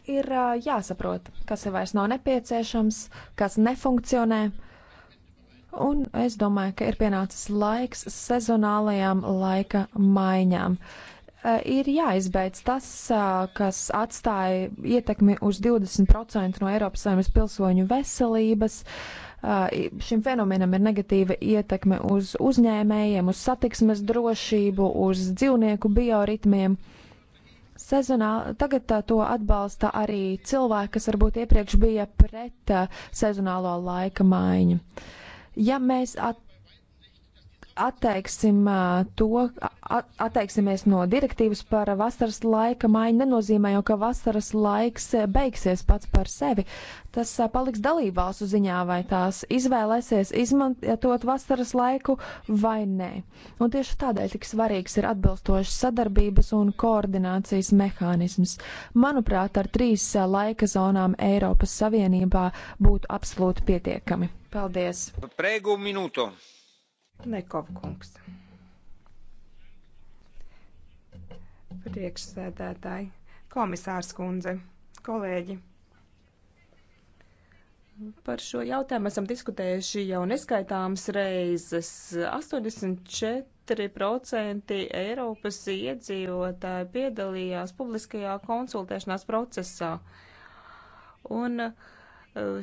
ir jāsaprot, kas ir vairs nav nepieciešams, kas nefunkcionē. Un es domāju, ka ir pienācis laiks sezonālajām laika maiņām. Ir jāizbeidz tas, kas atstāja ietekmi uz 20% no Eiropas Savienības pilsoņu veselības. Uh, šim fenomenam ir negatīva ietekme uz uzņēmējiem, uz satiksmes drošību, uz dzīvnieku bioritmiem. Sezonā, tagad tā, to atbalsta arī cilvēki, kas varbūt iepriekš bija pret sezonālo laika maiņu. Ja mēs at, atteiksim to, atteiksimies no direktīvas par vasaras laika maiņu, nenozīmē jau, ka vasaras laiks beigsies pats par sevi. Tas paliks dalībvalstu ziņā, vai tās izvēlēsies izmantot vasaras laiku vai nē. Un tieši tādēļ tik svarīgs ir atbilstošs sadarbības un koordinācijas mehānisms. Manuprāt, ar trīs laika zonām Eiropas Savienībā būtu absolūti pietiekami. Paldies! Prēgu minūto! Nekov kungs. Priekšsēdētāji, komisārs kundze, kolēģi. Par šo jautājumu esam diskutējuši jau neskaitāmas reizes. 84% Eiropas iedzīvotāji piedalījās publiskajā konsultēšanās procesā. Un uh,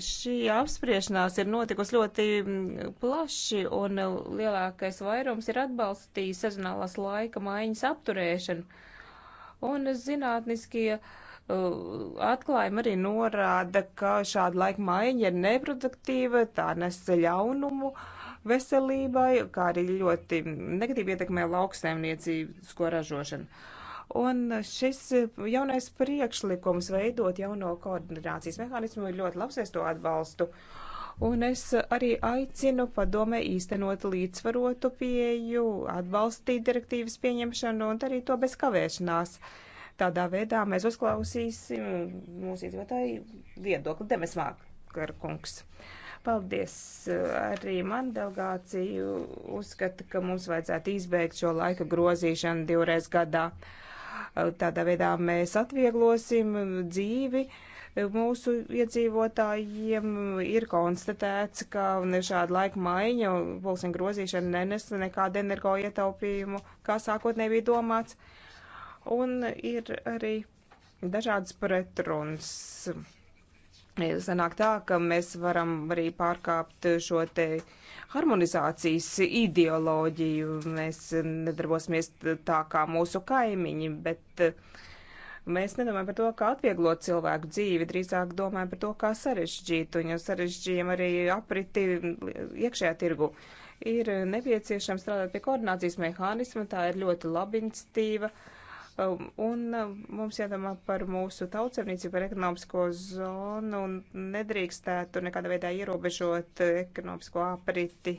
Šī apspriešanās ir notikusi ļoti mm, plaši, un uh, lielākais vairums ir atbalstījis sezonālās laika maiņas apturēšanu. Un zinātniskie uh, atklājumi arī norāda, ka šāda laika maiņa ir neproduktīva, tā nes ļaunumu veselībai, kā arī ļoti negatīvi ietekmē lauksaimniecības ražošanu. Un šis jaunais priekšlikums veidot jauno koordinācijas mehānismu ir ļoti labs, es to atbalstu. Un es arī aicinu padomē īstenot līdzsvarotu pieju, atbalstīt direktīvas pieņemšanu un arī to bez kavēšanās. Tādā veidā mēs uzklausīsim mūsu iedzīvotāju viedokli Demesmākar kungs. Paldies! Arī man delegācija uzskata, ka mums vajadzētu izbeigt šo laika grozīšanu divreiz gadā. Uh, Tādā veidā mēs atvieglosim dzīvi mūsu iedzīvotājiem ir konstatēts, ka šāda laika maiņa, pulksim grozīšana nenes nekādu energo ietaupījumu, kā sākotnēji bija domāts. Un ir arī dažādas pretrunas Sanāk tā, ka mēs varam arī pārkāpt šo te harmonizācijas ideoloģiju. Mēs nedarbosimies tā kā mūsu kaimiņi, bet uh, mēs nedomājam par to, kā atvieglot cilvēku dzīvi, drīzāk domājam par to, kā sarežģīt, un jau sarežģījam arī apriti iekšējā tirgu. Ir nepieciešams strādāt pie koordinācijas mehānisma, tā ir ļoti laba institīva. Uh, Um, un um, mums jādomā par mūsu tautsemniecību, par ekonomisko zonu un nedrīkstētu nekādā veidā ierobežot ekonomisko apriti.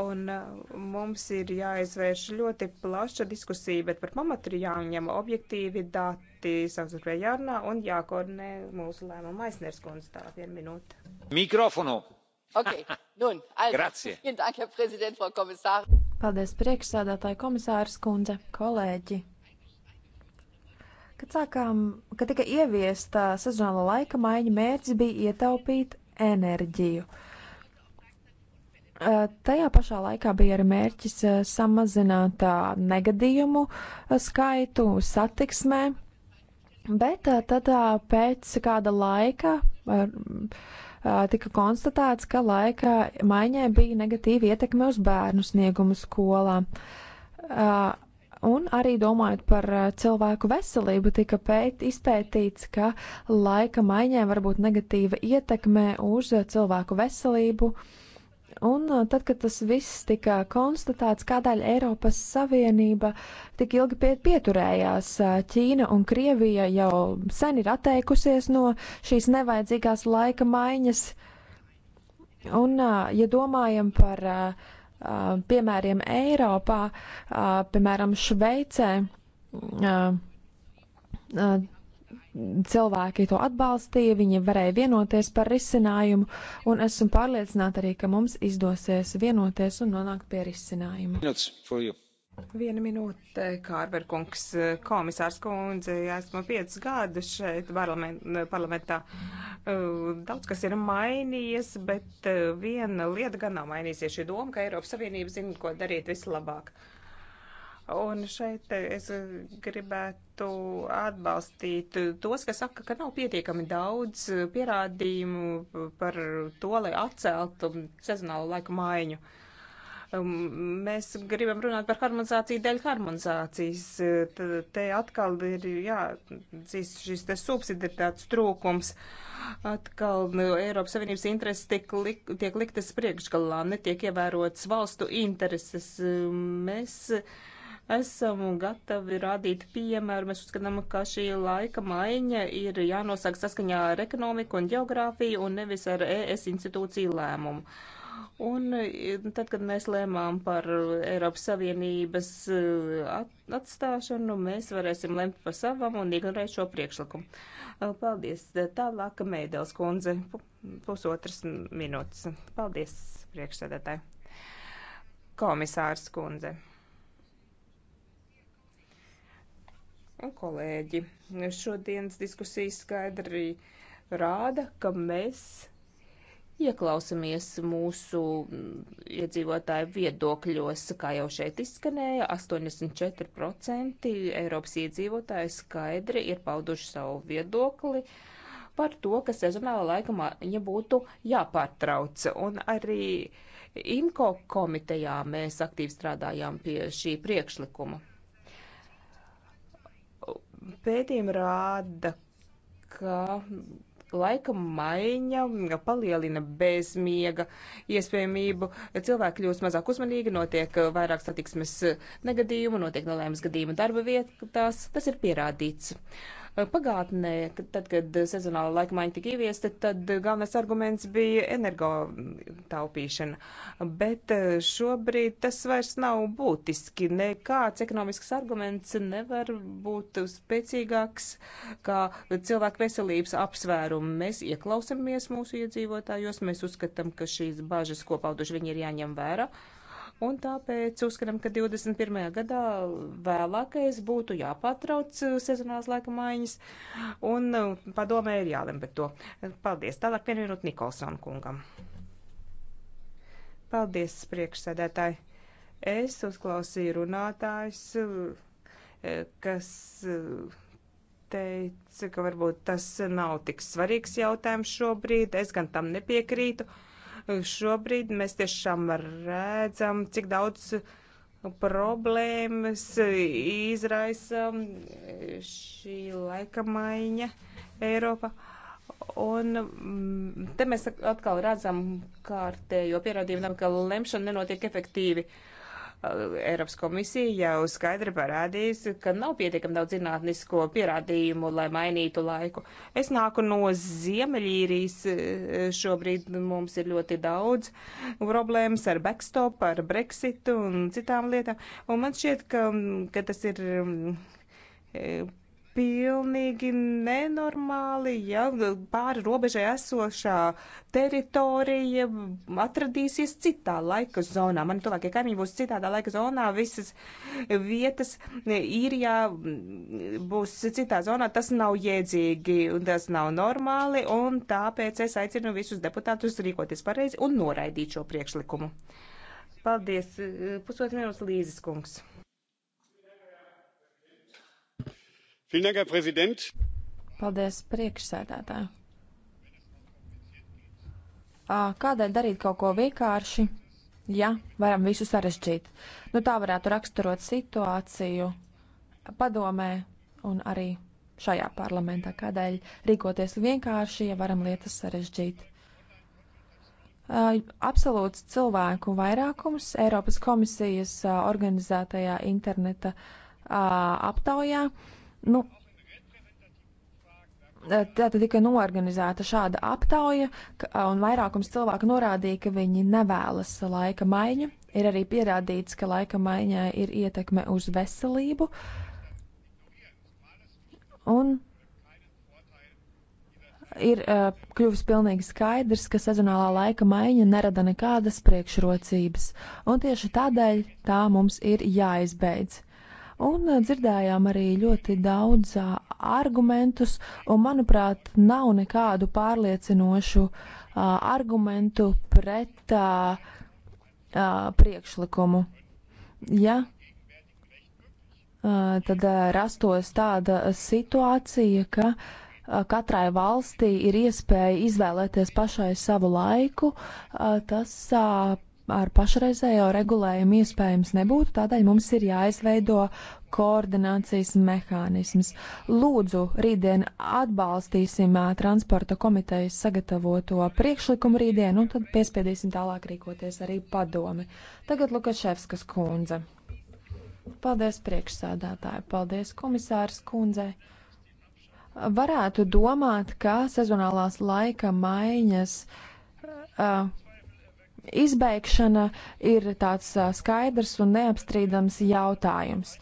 Un um, mums ir jāizvērš ļoti plaša diskusija, bet par pamatu ir jāņem objektīvi dati savstarpēji jārunā un jākoordinē mūsu lēmuma aizsniedz kundze tā vienu minūti. Mikrofonu! Okay, nun, also, Grazie! Dank, Herr Präsident, Frau Kommissarin! Paldies priekšsādātāji komisārs kundze, kolēģi! Kad sākām, kad tika ieviesta sezonāla laika maiņa, mērķis bija ietaupīt enerģiju. Eh, tajā pašā laikā bija arī mērķis eh, samazināt eh, negadījumu skaitu satiksmē, bet tad pēc kāda laika tika konstatēts, ka laika maiņai bija negatīva ietekme uz bērnu sniegumu skolā. Uh, Un arī domājot par eh, cilvēku veselību, tika pēt, izpētīts, ka laika maiņai var būt negatīva ietekme uz eh, cilvēku veselību. Un eh, tad, kad tas viss tika konstatēts, kādēļ Eiropas Savienība tik ilgi pie, pieturējās, Ķīna un Krievija jau sen ir atteikusies no šīs nevajadzīgās laika maiņas. Un, ja domājam par uh, piemēriem Eiropā, piemēram, Šveicē. Cilvēki to atbalstīja, viņi varēja vienoties par risinājumu, un esmu pārliecināta arī, ka mums izdosies vienoties un nonākt pie risinājuma. Minutes for you. Viena minūte, Kārverkungs, komisārs kundze, esmu piecus gadus šeit parlamentā. Daudz kas ir mainījies, bet viena lieta gan nav mainīsies. Šī doma, ka Eiropas Savienība zina, ko darīt vislabāk. Un šeit es gribētu atbalstīt tos, kas saka, ka nav pietiekami daudz pierādījumu par to, lai atceltu sezonālu laiku maiņu. Uh, Um, mēs gribam runāt par harmonizāciju dēļ harmonizācijas. Te atkal ir jāatzīst šis te subsidiaritātes trūkums. Atkal nu, Eiropas Savienības intereses tiek, lik, tiek liktas priekšgalā, netiek ievērotas valstu intereses. Um, mēs esam gatavi rādīt piemēru. Mēs uzskatām, ka šī laika maiņa ir jānosaka saskaņā ar ekonomiku un geogrāfiju un nevis ar ES institūciju lēmumu. Un eh, tad, kad mēs lēmām par eh, Eiropas Savienības eh, atstāšanu, mēs varēsim lemt par savam un ignorēt šo priekšlikumu. Paldies. Tālāk Meidels kundze, pusotras minūtes. Paldies, priekšsēdētāji. Komisārs kundze. Un kolēģi, šodienas diskusijas skaidri rāda, ka mēs ieklausamies mūsu mm, iedzīvotāju viedokļos, kā jau šeit izskanēja, 84% Eiropas iedzīvotāju skaidri ir pauduši savu viedokli par to, ka sezonāla laika maiņa būtu jāpārtrauc. Un arī IMCO komitejā mēs aktīvi strādājām pie šī priekšlikuma. Pētījumi rāda, ka laika maiņa palielina bezmiega iespējamību, cilvēki kļūst mazāk uzmanīgi, notiek uh, vairāk satiksmes uh, negadījumu, notiek nelēmas gadījumu darba vietās, tas ir pierādīts. Pagātnē, tad, kad sezonāla laika maiņa tika ieviesta, tad galvenais arguments bija energo taupīšana. Bet eh, šobrīd tas vairs nav būtiski. Nekāds ekonomisks arguments nevar būt spēcīgāks kā cilvēku veselības apsvērumi. Mēs ieklausamies mūsu iedzīvotājos, mēs uzskatām, ka šīs bažas, ko pauduši viņi ir jāņem vērā. Uh, Un tāpēc uzskatām, ka 21. gadā vēlākais būtu jāpārtrauc uh, sezonāls laika maiņas, un uh, padomē ir jālem par to. Paldies. Tālāk vienu minūtu Nikolsonu kungam. Paldies, priekšsēdētāji. Es uzklausīju runātājs, uh, kas teica, ka varbūt tas nav tik svarīgs jautājums šobrīd. Es gan tam nepiekrītu. Uh, Šobrīd mēs tiešām redzam, cik daudz problēmas izraisa šī laika maiņa Eiropā. Un mm, te mēs atkal redzam kārtējo pierādījumu tam, ka lemšana nenotiek efektīvi. Uh, Eiropas komisija jau skaidri parādījusi, ka nav pietiekami daudz zinātnisko pierādījumu, lai mainītu laiku. Es nāku no Ziemeļīrijas, šobrīd mums ir ļoti daudz problēmas ar backstop, ar Brexitu un citām lietām, un man šķiet, ka, ka tas ir pilnīgi nenormāli, ja pāri robežai esošā teritorija atradīsies citā laika zonā. Mani tuvākie kaimiņi būs citādā laika zonā, visas vietas īrijā būs citā zonā. Tas nav jēdzīgi un tas nav normāli, un tāpēc es aicinu visus deputātus rīkoties pareizi un noraidīt šo priekšlikumu. Paldies. Pusotru minūtes Līzes kungs. herr präsident! Paldies, priekšsēdētāji. Kādēļ darīt kaut ko vienkārši, ja varam visu sarežģīt? Nu, tā varētu raksturot situāciju padomē un arī šajā parlamentā. Kādēļ rīkoties vienkārši, ja varam lietas sarežģīt? Absolūts cilvēku vairākums Eiropas komisijas organizētajā interneta aptaujā uh, Nu, Tātad tika norganizēta šāda aptauja, un vairākums cilvēku norādīja, ka viņi nevēlas laika maiņu. Ir arī pierādīts, ka laika maiņai ir ietekme uz veselību. Un ir uh, kļuvis pilnīgi skaidrs, ka sezonālā laika maiņa nerada nekādas priekšrocības, un tieši tādēļ tā mums ir jāizbeidz. Un eh, dzirdējām arī ļoti daudz eh, argumentus, un manuprāt, nav nekādu pārliecinošu eh, argumentu pret priekšlikumu. Ja tad rastos tāda situācija, ka katrai valstī ir iespēja izvēlēties pašai savu laiku. Tas ar pašreizējo regulējumu iespējams nebūtu, tādēļ mums ir jāizveido koordinācijas mehānisms. Lūdzu, rītdien atbalstīsim transporta komitejas sagatavoto priekšlikumu rītdien, un tad piespiedīsim tālāk rīkoties arī padomi. Tagad Lukaševskas kundze. Paldies priekšsādātāji, paldies komisārs kundzei. Varētu domāt, ka sezonālās laika maiņas uh, izbeigšana ir tāds skaidrs un neapstrīdams jautājums.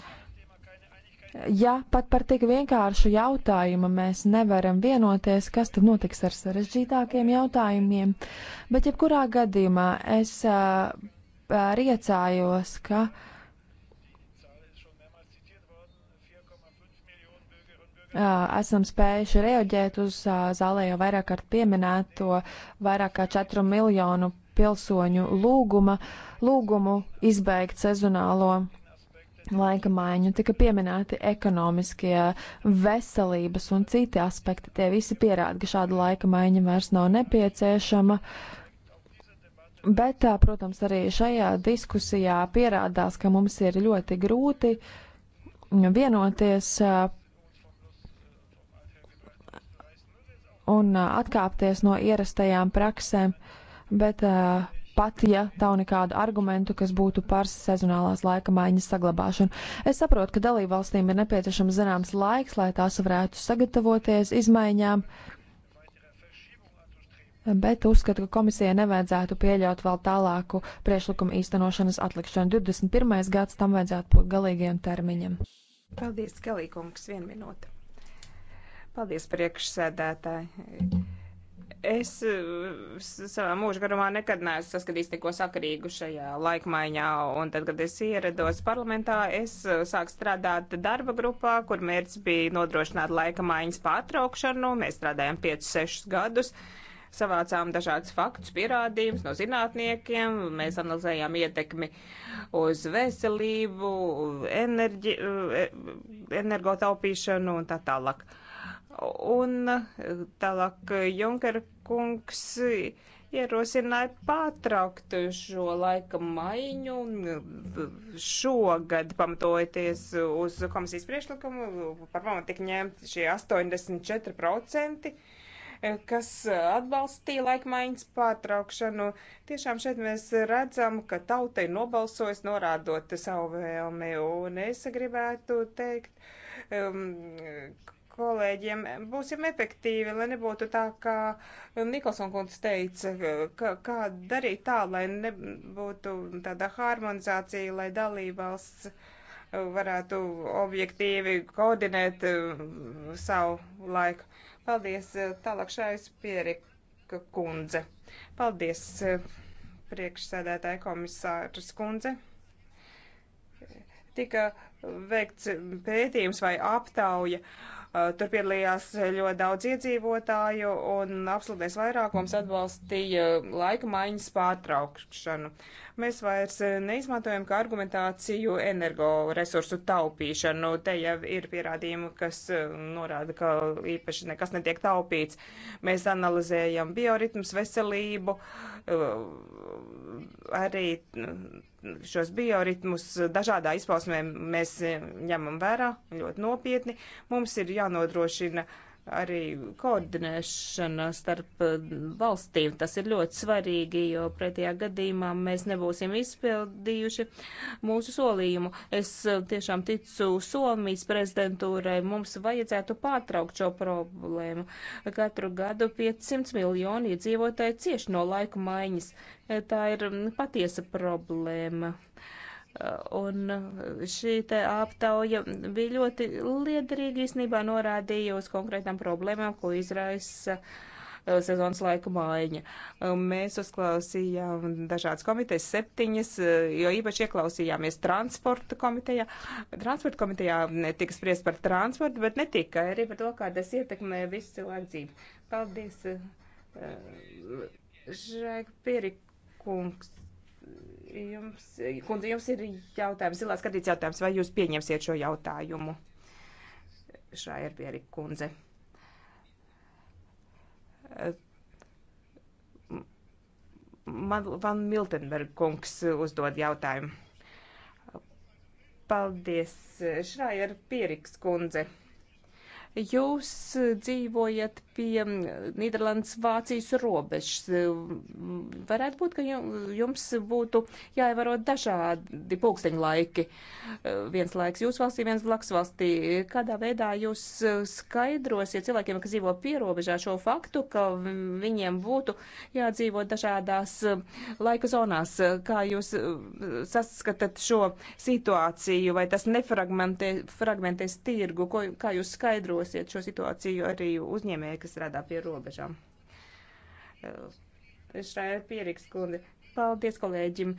Ja pat par tik vienkāršu jautājumu mēs nevaram vienoties, kas tad notiks ar sarežģītākiem jautājumiem, bet jebkurā gadījumā es priecājos, ka. esam spējuši reaģēt uz zālē jau vairāk kārt pieminēto vairāk kā 4 miljonu pilsoņu lūguma, lūgumu izbeigt sezonālo laika maiņu, tika pieminēti ekonomiskie, veselības un citi aspekti. Tie visi pierāda, ka šāda laika maiņa vairs nav nepieciešama. Bet, protams, arī šajā diskusijā pierādās, ka mums ir ļoti grūti vienoties un atkāpties no ierastajām praksēm. Uh, bet uh, pat ja nav nekādu argumentu, kas būtu par sezonālās laika maiņas saglabāšanu. Es saprotu, ka dalībvalstīm ir nepieciešams zināms laiks, lai tās varētu sagatavoties izmaiņām, bet uzskatu, ka komisijai nevajadzētu pieļaut vēl tālāku priešlikumu īstenošanas atlikšanu. 21. gads tam vajadzētu būt galīgiem termiņam. Paldies, Galīkungs, vienu minūti. Paldies, priekšsēdētāji. Es eh, savā mūža garumā nekad neesmu saskatījis neko sakarīgu šajā laikmaiņā, un tad, kad es ierados parlamentā, es eh, sāku strādāt darba grupā, kur mērķis bija nodrošināt laika maiņas pārtraukšanu. Mēs strādājām 5-6 gadus, savācām dažādas faktus, pierādījumus no zinātniekiem, mēs analizējām ietekmi uz veselību, enerģi, eh, energotaupīšanu un tā tālāk. Un tālāk Junkera kungs ierosināja pārtraukt šo laika maiņu šogad, pamatojoties uz komisijas priekšlikumu, par pamatu tika ņemti šie 84%, kas atbalstīja laikmaiņas pārtraukšanu. Tiešām šeit mēs redzam, ka tautai nobalsojas norādot savu vēlmi, un es gribētu teikt, um, kolēģiem. Būsim efektīvi, lai nebūtu tā, kā Nikolson kundze teica, kā, kā darīt tā, lai nebūtu tāda harmonizācija, lai dalībvalsts varētu objektīvi koordinēt um, savu laiku. Paldies, uh, tālāk šais Pierika kundze. Paldies, uh, priekšsēdētāja komisārs kundze. Tika veikts pētījums vai aptauja Eh, tur piedalījās ļoti daudz iedzīvotāju un apsluties vairākums atbalstīja laika maiņas pārtraukšanu. Mēs vairs eh, neizmantojam kā argumentāciju energoresursu taupīšanu. Te jau ir pierādījumi, kas eh, norāda, ka īpaši nekas netiek taupīts. Mēs analizējam bioritmus, veselību, arī šos bioritmus dažādā izpausmē mēs ņemam vērā ļoti nopietni. Mums ir jānodrošina uh, arī koordinēšana starp eh, valstīm. Tas ir ļoti svarīgi, jo pretējā gadījumā mēs nebūsim izpildījuši mūsu solījumu. Es eh, tiešām ticu Somijas prezidentūrai, mums vajadzētu pārtraukt šo problēmu. Katru gadu 500 miljoni iedzīvotāji cieši no laika maiņas. Eh, Tā ir mm, patiesa problēma. Uh, Un šī te aptauja bija ļoti liederīga, īsnībā norādīja uz konkrētām problēmām, ko izraisa uh, sezonas laika mājiņa. Um, mēs uzklausījām dažādas komitejas, septiņas, uh, jo īpaši ieklausījāmies transporta komitejā. Transporta komitejā tika spriest par transportu, bet ne tikai, arī par to, kā tas ietekmē visu cilvēku dzīvi. Paldies, uh, Žēk Pierikungs jums, kundze, jums ir jautājums, zilās skatīts jautājums, vai jūs pieņemsiet šo jautājumu? Šā ir pieri kundze. Man, Van Miltenberg kungs uzdod jautājumu. Paldies, Šrājer Pieriks kundze. Jūs dzīvojat pie mm, Nīderlandes Vācijas robežas. Varētu būt, ka jums būtu jāievēro dažādi pulksteņu laiki. Viens laiks jūsu valstī, viens blakus valstī. Kādā veidā jūs skaidrosiet cilvēkiem, kas dzīvo pierobežā šo faktu, ka viņiem būtu jādzīvo dažādās mm, laika zonās? Kā jūs mm, saskatāt šo situāciju? Vai tas nefragmentēs tirgu? Ko, kā jūs skaidrosiet? uzlabosiet šo situāciju arī uzņēmēji, kas strādā pie robežām. Eh, Šrēra Pieriks kundze. Paldies kolēģim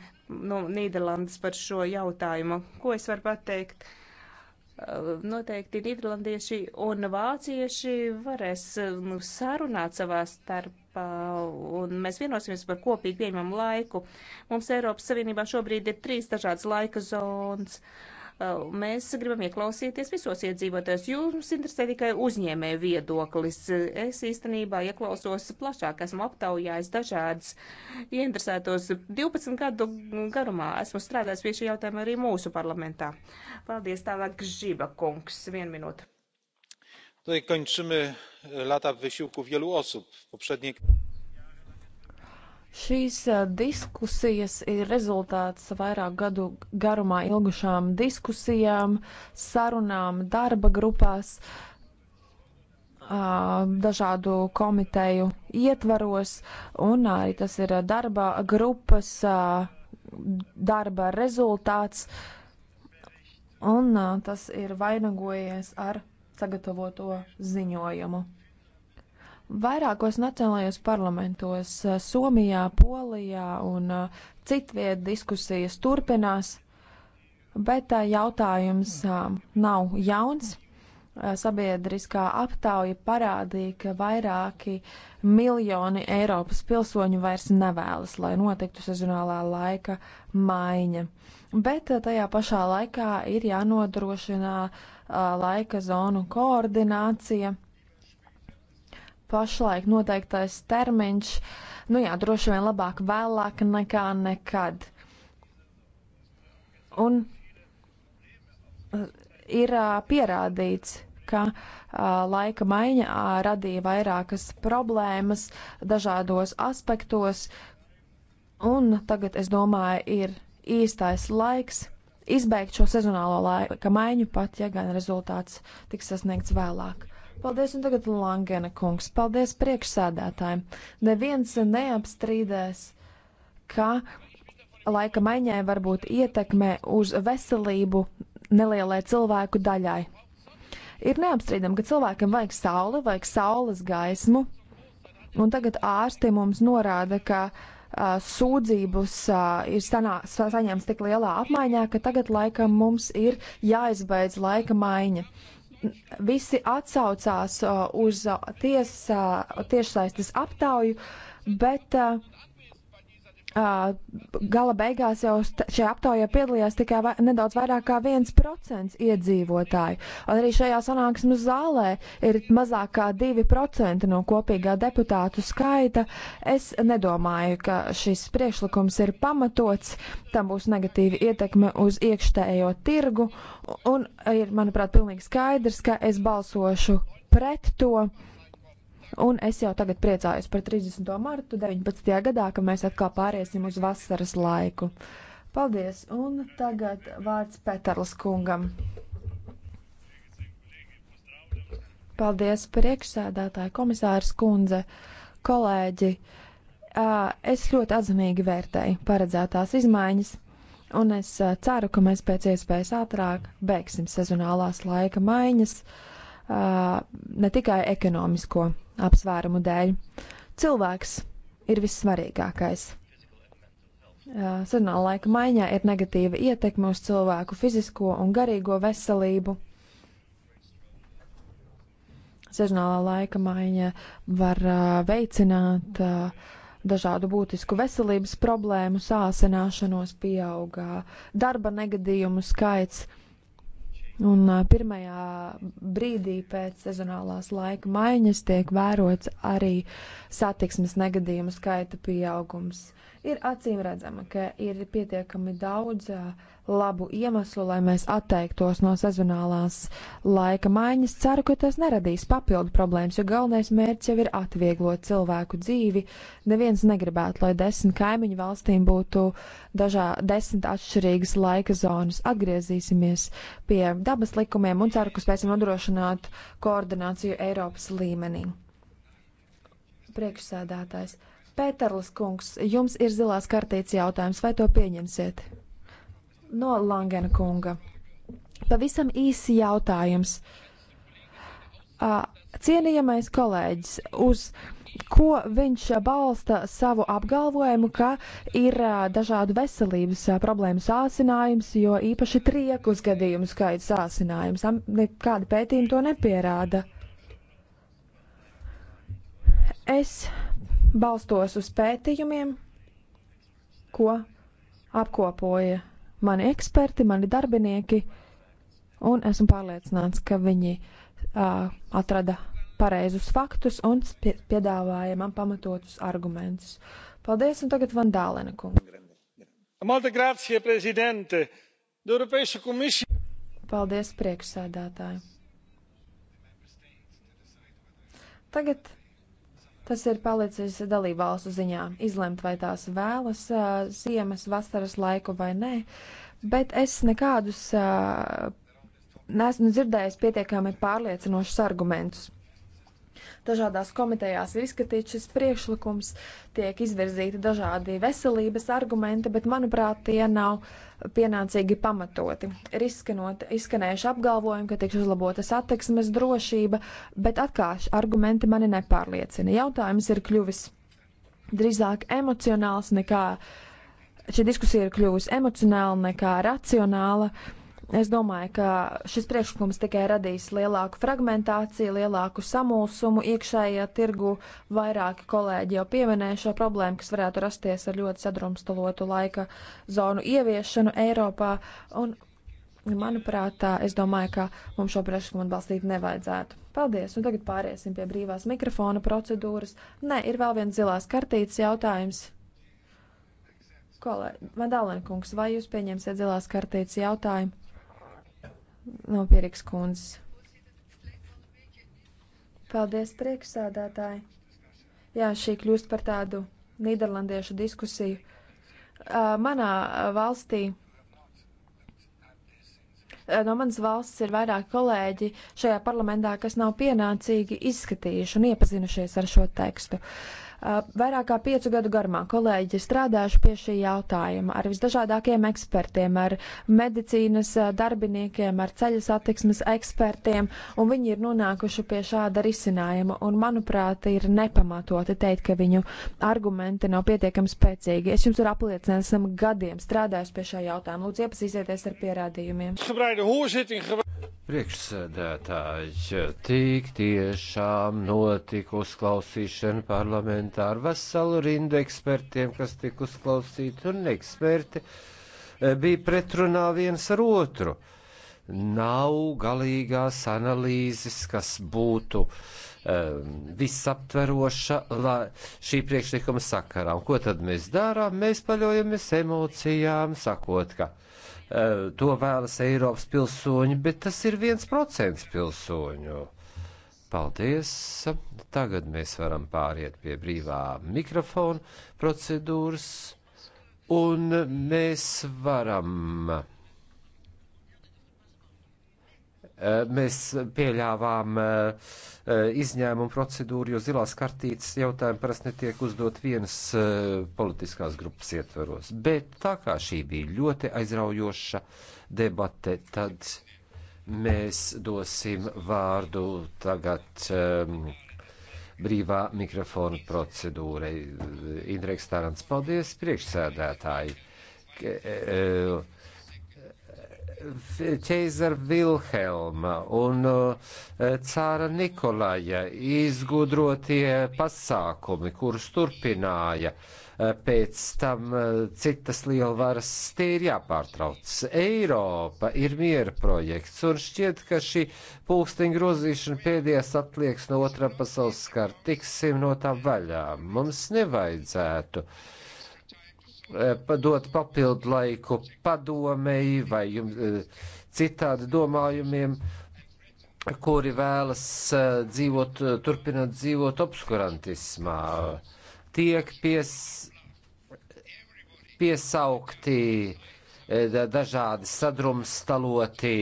no Nīderlandes par šo jautājumu. Ko es varu pateikt? Eh, Noteikti Nīderlandieši un vācieši varēs eh, nu, sarunāt savā starpā, un mēs vienosimies par kopīgi pieņemamu laiku. Mums Eiropas Savienībā šobrīd ir trīs dažādas laika zonas. Uh, Uh, mēs gribam ieklausīties visos iedzīvotājos. Jūs interesē tikai uzņēmēju viedoklis. Es īstenībā ieklausos plašāk, esmu aptaujājis dažādas ieinteresētos 12 gadu garumā. Esmu strādājis pie šī jautājuma arī mūsu parlamentā. Paldies tālāk, Žiba kungs. Vienu minūtu. Tutaj kończymy lata wysiłku wielu osób. Poprzednie... Šīs diskusijas ir rezultāts vairāk gadu garumā ilgušām diskusijām, sarunām, darba grupās, dažādu komiteju ietvaros, un arī tas ir darba grupas darba rezultāts, un tas ir vainagojies ar sagatavoto ziņojumu. Vairākos nacionālajos parlamentos - Somijā, Polijā un citviet diskusijas turpinās, bet jautājums nav jauns sabiedriskā aptauja parādīja, ka vairāki miljoni Eiropas pilsoņu vairs nevēlas, lai notiktu sezonālā laika maiņa. Bet tajā pašā laikā ir jānodrošina laika zonu koordinācija pašlaik noteiktais termiņš, nu jā, droši vien labāk vēlāk nekā nekad. Un eh, ir eh, pierādīts, ka eh, laika maiņa radīja vairākas problēmas dažādos aspektos, un tagad, es domāju, ir īstais laiks izbeigt šo sezonālo laika maiņu, pat ja gan rezultāts tiks sasniegts vēlāk. Paldies, un tagad Langena kungs. Paldies priekšsēdētājiem. Neviens neapstrīdēs, ka laika maiņai var būt ietekme uz veselību nelielai cilvēku daļai. Ir neapstrīdami, ka cilvēkam vajag sauli, vajag saules gaismu, un tagad ārsti mums norāda, ka uh, sūdzības uh, ir sanā, saņemts tik lielā apmaiņā, ka tagad laikam mums ir jāizbeidz laika maiņa. Uh, visi atsaucās uh, uz uh, tiesā, uh, tiešsaistes aptauju, bet uh, Uh, gala beigās jau šajā aptaujā piedalījās tikai va nedaudz vairāk kā 1% iedzīvotāju. Un arī šajā sanāksmes zālē ir mazāk kā 2% no kopīgā deputātu skaita. Es nedomāju, ka šis priekšlikums ir pamatots, tam būs negatīva ietekme uz iekšējo tirgu. Un ir, manuprāt, pilnīgi skaidrs, ka es balsošu pret to. Un es jau tagad priecājos par 30. martu 19. gadā, ka mēs atkal pāriesim uz vasaras laiku. Paldies! Un tagad vārds Petarlas kungam. Paldies, priekšsēdētāji, komisārs kundze, kolēģi. Es ļoti atzinīgi vērtēju paredzētās izmaiņas un es ceru, ka mēs pēc iespējas ātrāk beigsim sezonālās laika maiņas. Uh, ne tikai ekonomisko apsvērumu dēļ. Cilvēks ir vissvarīgākais. Senā laika maiņā ir negatīva ietekme uz cilvēku fizisko un garīgo veselību. Sežnālā laika maiņa var uh, veicināt uh, dažādu būtisku veselības problēmu, sāsināšanos, pieaugā darba negadījumu skaits, Un pirmajā brīdī pēc sezonālās laika maiņas tiek vērots arī satiksmes negadījumu skaita pieaugums. Ir acīm redzama, ka ir pietiekami daudz labu iemeslu, lai mēs atteiktos no sezonālās laika maiņas. Ceru, ka tas neradīs papildu problēmas, jo galvenais mērķis jau ir atvieglot cilvēku dzīvi. Neviens negribētu, lai desmit kaimiņu valstīm būtu dažā desmit atšķirīgas laika zonas. Atgriezīsimies pie dabas likumiem un ceru, ka spēsim nodrošināt koordināciju Eiropas līmenī. Priekšsēdētājs. Pēterlis kungs, jums ir zilās kartītes jautājums, vai to pieņemsiet? no Langena kunga. Pavisam īsi jautājums. Cienījamais kolēģis, uz ko viņš balsta savu apgalvojumu, ka ir dažādu veselības problēmu sācinājums, jo īpaši triekus gadījumu skaits sācinājums. Nekāda pētījuma to nepierāda. Es balstos uz pētījumiem, ko apkopoja mani eksperti, mani darbinieki, un esmu pārliecināts, ka viņi uh, atrada pareizus faktus un piedāvāja man pamatotus argumentus. Paldies, un tagad Van Dālena kungu. Paldies, priekšsēdētāji. Tagad Tas ir palicis dalībvalstu ziņā izlemt, vai tās vēlas uh, ziemas, vasaras laiku vai nē, bet es nekādus uh, neesmu dzirdējis pietiekami pārliecinošus argumentus dažādās komitejās ir izskatīts šis priekšlikums, tiek izvirzīti dažādi veselības argumenti, bet, manuprāt, tie nav pienācīgi pamatoti. Ir izskanot, izskanējuši apgalvojumi, ka tiks uzlabota satiksmes drošība, bet atkārši argumenti mani nepārliecina. Jautājums ir kļuvis drīzāk emocionāls nekā šī diskusija ir kļuvusi emocionāla nekā racionāla. Es domāju, ka šis priekšlikums tikai radīs lielāku fragmentāciju, lielāku samulsumu iekšējā tirgu. Vairāki kolēģi jau pieminēja šo problēmu, kas varētu rasties ar ļoti sadrumstalotu laika zonu ieviešanu Eiropā. Un, manuprāt, tā, es domāju, ka mums šo priekšlikumu atbalstīt nevajadzētu. Paldies! Un tagad pāriesim pie brīvās mikrofona procedūras. Nē, ir vēl viens zilās kartītes jautājums. Kolēģi, Vandālenkungs, vai jūs pieņemsiet zilās kartītes jautājumu? no Pieriks kundzes. Paldies, priekšsādātāji. Jā, šī kļūst par tādu nīderlandiešu diskusiju. Manā valstī, no manas valsts ir vairāk kolēģi šajā parlamentā, kas nav pienācīgi izskatījuši un iepazinušies ar šo tekstu. Uh, Vairāk kā piecu gadu garumā kolēģi strādājuši pie šī jautājuma ar visdažādākiem ekspertiem, ar medicīnas darbiniekiem, ar ceļu satiksmes ekspertiem, un viņi ir nonākuši pie šāda risinājuma. Un, manuprāt, ir nepamatoti teikt, ka viņu argumenti nav pietiekami spēcīgi. Es jums varu apliecināt, esam gadiem strādājuši pie šā jautājuma. Lūdzu, iepazīsieties ar pierādījumiem. Priekšsēdētāji, tik tiešām notika uzklausīšana parlamentā komentāru veselu rindu ekspertiem, kas tika uzklausīti, un eksperti eh, bija pretrunā viens ar otru. Nav galīgās analīzes, kas būtu um, visaptveroša la, šī priekšlikuma sakarā. Un ko tad mēs darām? Mēs paļaujamies emocijām, sakot, ka uh, to vēlas Eiropas pilsoņi, bet tas ir viens procents pilsoņu. Paldies! Tagad mēs varam pāriet pie brīvā mikrofona procedūras, un mēs varam. Eh, mēs pieļāvām eh, izņēmumu procedūru, jo zilās kartītes jautājumi parasti netiek uzdot vienas eh, politiskās grupas ietveros. Bet tā kā šī bija ļoti aizraujoša debate, tad Mēs dosim vārdu tagad um, brīvā mikrofona procedūrai. Indreks Tarants, paldies priekšsēdētāji. K, uh, e, ķeizara e, Vilhelma un e, cāra Nikolaja izgudrotie pasākumi, kurus turpināja uh, Eh, pēc tam eh, citas lielvaras, tie ir jāpārtrauc. Eiropa ir miera projekts, un šķiet, ka šī pulksteņa grozīšana pēdējās atliekas no otrā pasaules skara. Tiksim no tā vaļā. Mums nevajadzētu eh, dot papildu laiku padomēji vai jums, citādi domājumiem, kuri vēlas dzīvot, turpināt dzīvot obskurantismā. Uh, tiek pies, piesaukti e, dažādi sadrumstaloti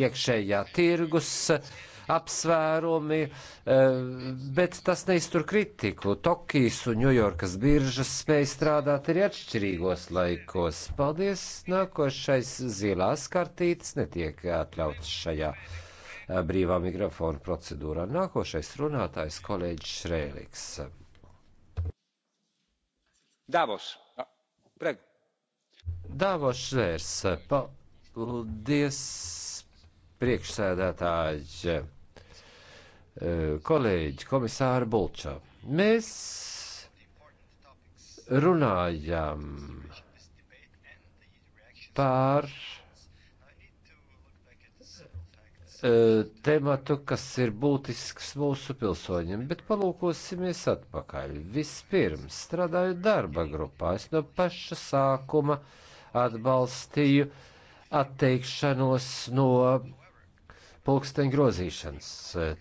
iekšējā tirgus apsvērumi, e, bet tas neiztur kritiku. Tokijas un Ņujorkas biržas spēja strādāt arī atšķirīgos laikos. Paldies! Nākošais zilās kartītes netiek atļauts šajā Eh, brīvā mikrofona procedūrā. Nākošais runātājs kolēģis Šrēliks. Davos. Preg. Davos Švērs. Paldies, priekšsēdētāji, eh, kolēģi, komisāri Bulčā. Mēs runājam par tematu, kas ir būtisks mūsu pilsoņiem, bet palūkosimies atpakaļ. Vispirms, strādājot darba grupā, es no paša sākuma atbalstīju atteikšanos no pulksteņa grozīšanas.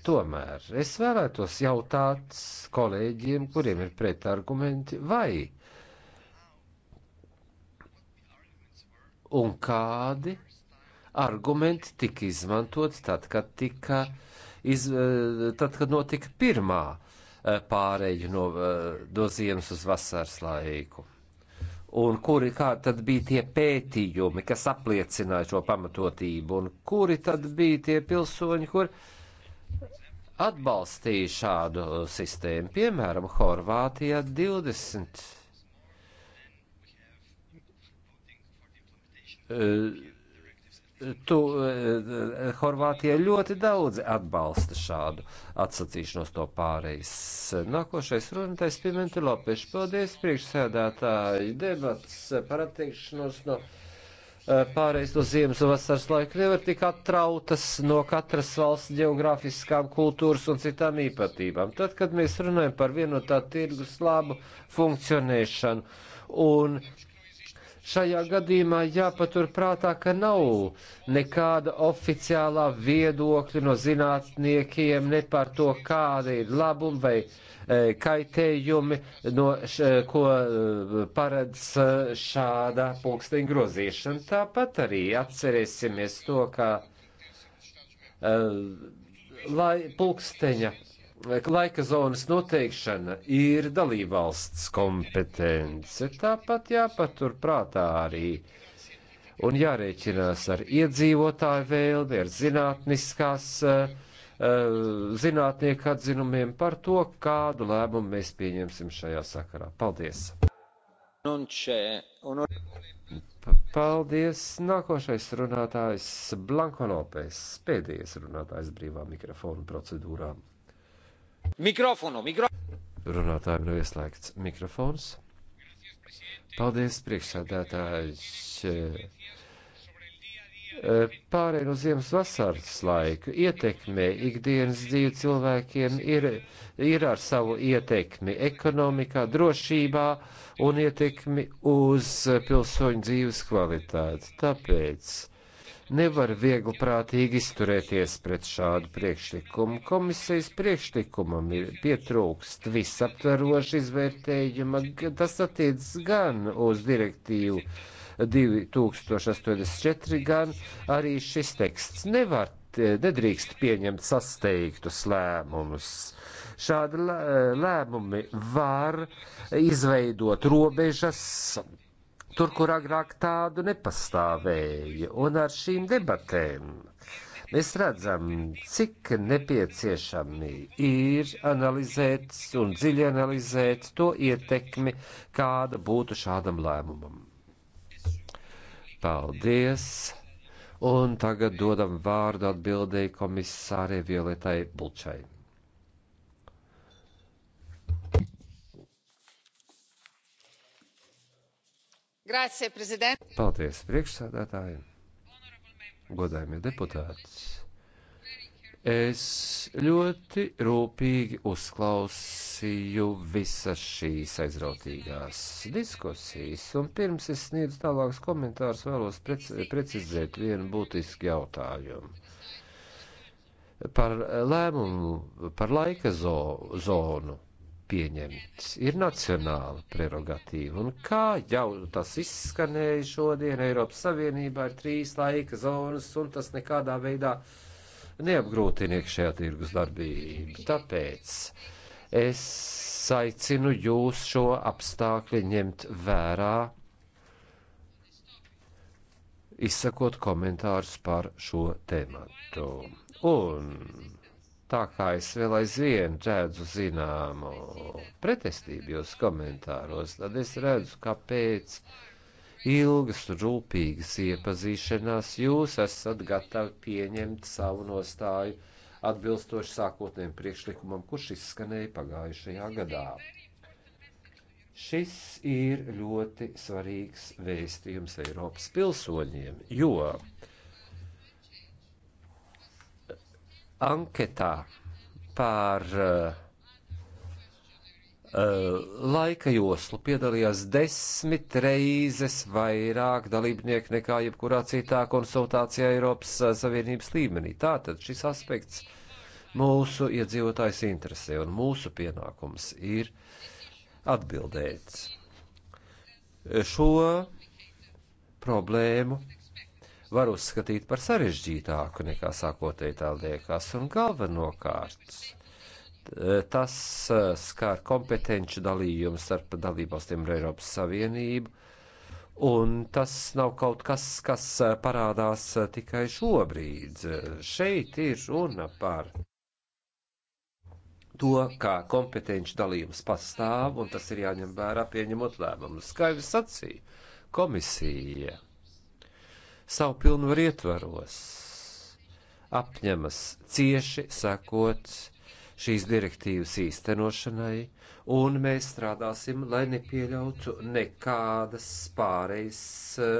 Tomēr es vēlētos jautāt kolēģiem, kuriem ir pretargumenti, vai un kādi argumenti tika izmantoti tad, kad, tika iz, eh, tad, kad notika pirmā eh, pāreja no, no eh, ziemas uz vasaras laiku. Un kuri tad bija tie pētījumi, kas apliecināja šo pamatotību, un kuri tad bija tie pilsoņi, kur atbalstīja šādu sistēmu? Piemēram, Horvātijā 20. Uh, tu, eh, Horvātija ļoti daudz atbalsta šādu atsacīšanos no pārejas. Nākošais runātais Pimenti Lopeši. Paldies, priekšsēdētāji. Debats par attiekšanos no eh, pārejas no ziemas un vasaras laika nevar tik atrautas no katras valsts geogrāfiskām kultūras un citām īpatībām. Tad, kad mēs runājam par vienotā tirgus labu funkcionēšanu un Šajā gadījumā jāpatur prātā, ka nav nekāda oficiālā viedokļa no zinātniekiem ne par to, kāda ir labuma vai e, kaitējumi, no, š, e, ko e, paredz šāda pulksteņa grozīšana. Tāpat arī atcerēsimies to, ka lai pulksteņa laika zonas noteikšana ir dalībvalsts kompetence. Tāpat jāpatur prātā arī un jārēķinās ar iedzīvotāju vēlmi, ar zinātniskās, eh, eh, zinātnieku atzinumiem par to, kādu lēmumu mēs pieņemsim šajā sakarā. Paldies! Paldies! Nākošais runātājs Blanko Lopes, pēdējais runātājs brīvā mikrofona procedūrām. Mikrofonu, mikrofonu. Runātājiem nav ieslēgts mikrofons. Paldies, priekšsēdētājs. Pārējai no ziemas vasaras laiku ietekme ikdienas dzīvi cilvēkiem ir, ir ar savu ietekmi ekonomikā, drošībā un ietekmi uz pilsoņu dzīves kvalitāti. Tāpēc nevar viegli prātīgi izturēties pret šādu priekšlikumu. Komisijas priekšlikumam ir pietrūkst visaptveroša izvērtējuma. Tas attiec gan uz direktīvu 2084, gan arī šis teksts nevar, eh, nedrīkst pieņemt sasteigtus lēmumus. Šādi lēmumi var izveidot robežas tur, kur agrāk tādu nepastāvēja. Un ar šīm debatēm mēs redzam, cik nepieciešami ir analizēt un dziļi analizēt to ietekmi, kāda būtu šādam lēmumam. Paldies! Un tagad dodam vārdu atbildēji komisārei Violetai Bulčai. Grācie, prezident! Paldies, priekšsādātāji! Godājumie deputāti! Es ļoti rūpīgi uzklausīju visas šīs aizrautīgās diskusijas, un pirms es sniedzu tālākus komentārus, vēlos prec precizēt vienu būtisku jautājumu par lēmumu par laika zo zonu pieņemts. Ir nacionāla prerogatīva, un kā jau tas izskanēja šodien, Eiropas Savienībā ir trīs laika zonas, un tas nekādā veidā neapgrūtina iekšējā tirgus darbību. Tāpēc es aicinu jūs šo apstākļu ņemt vērā, izsakot komentārus par šo tēmatu. Un tā kā es vēl aizvien redzu zināmu pretestību jūsu komentāros, tad es redzu, kāpēc ilgas un rūpīgas iepazīšanās jūs esat gatavi pieņemt savu nostāju atbilstoši sākotnējiem priekšlikumam, kurš izskanēja pagājušajā gadā. Šis ir ļoti svarīgs vēstījums Eiropas pilsoņiem, jo anketā par uh, laika joslu piedalījās desmit reizes vairāk dalībnieku nekā jebkurā citā konsultācijā Eiropas eh, Savienības līmenī. Tātad šis aspekts mūsu iedzīvotājs interesē un mūsu pienākums ir atbildēt šo problēmu var uzskatīt par sarežģītāku nekā sākotnēji tā liekas, un galvenokārt tas uh, skar kompetenci dalījumu starp dalībvalstīm un Eiropas Savienību, un tas nav kaut kas, kas uh, parādās uh, tikai šobrīd. Šeit ir runa par to, kā kompetenci dalījums pastāv, un tas ir jāņem vērā pieņemot lēmumus. Kā jau es sacīju, komisija savu pilnvaru ietvaros apņemas cieši sekot šīs direktīvas īstenošanai, un mēs strādāsim, lai nepieļautu nekādas pārejas eh,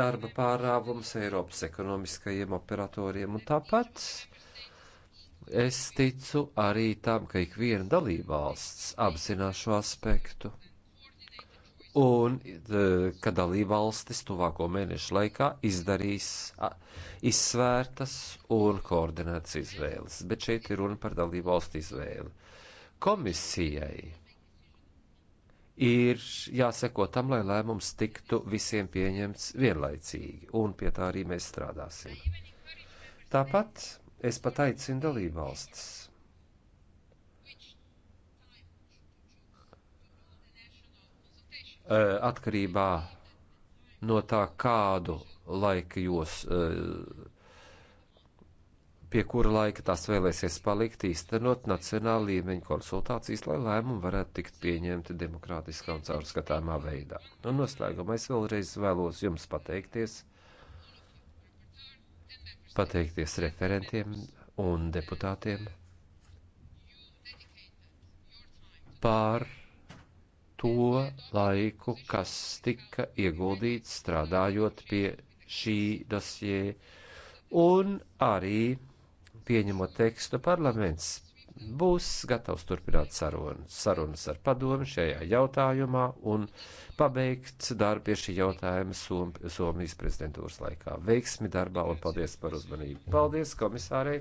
darba pārāvums Eiropas ekonomiskajiem operatoriem. Un tāpat es ticu arī tam, ka ikviena dalībvalsts apzinās šo aspektu un e, ka dalībvalstis tuvāko mēnešu laikā izdarīs izsvērtas un koordinētas izvēles. Bet šeit ir runa par dalībvalstu izvēli. Komisijai ir jāseko tam, lai lēmums tiktu visiem pieņemts vienlaicīgi, un pie tā arī mēs strādāsim. Tāpat es pat aicinu dalībvalstis Eh, atkarībā no tā, kādu laika jūs, eh, pie kura laika tās vēlēsies palikt, īstenot nacionāla līmeņa konsultācijas, lai lēmumi varētu tikt pieņemti demokrātiskā un caurskatāmā veidā. Un nu, noslēgumā es vēlreiz vēlos jums pateikties, pateikties referentiem un deputātiem pār to laiku, kas tika ieguldīts strādājot pie šī dosie, un arī pieņemot tekstu parlaments būs gatavs turpināt sarun, sarunas ar padomu šajā jautājumā un pabeigt darbu pie šī jautājuma Som, Somijas prezidentūras laikā. Veiksmi darbā un paldies par uzmanību. Paldies komisārei!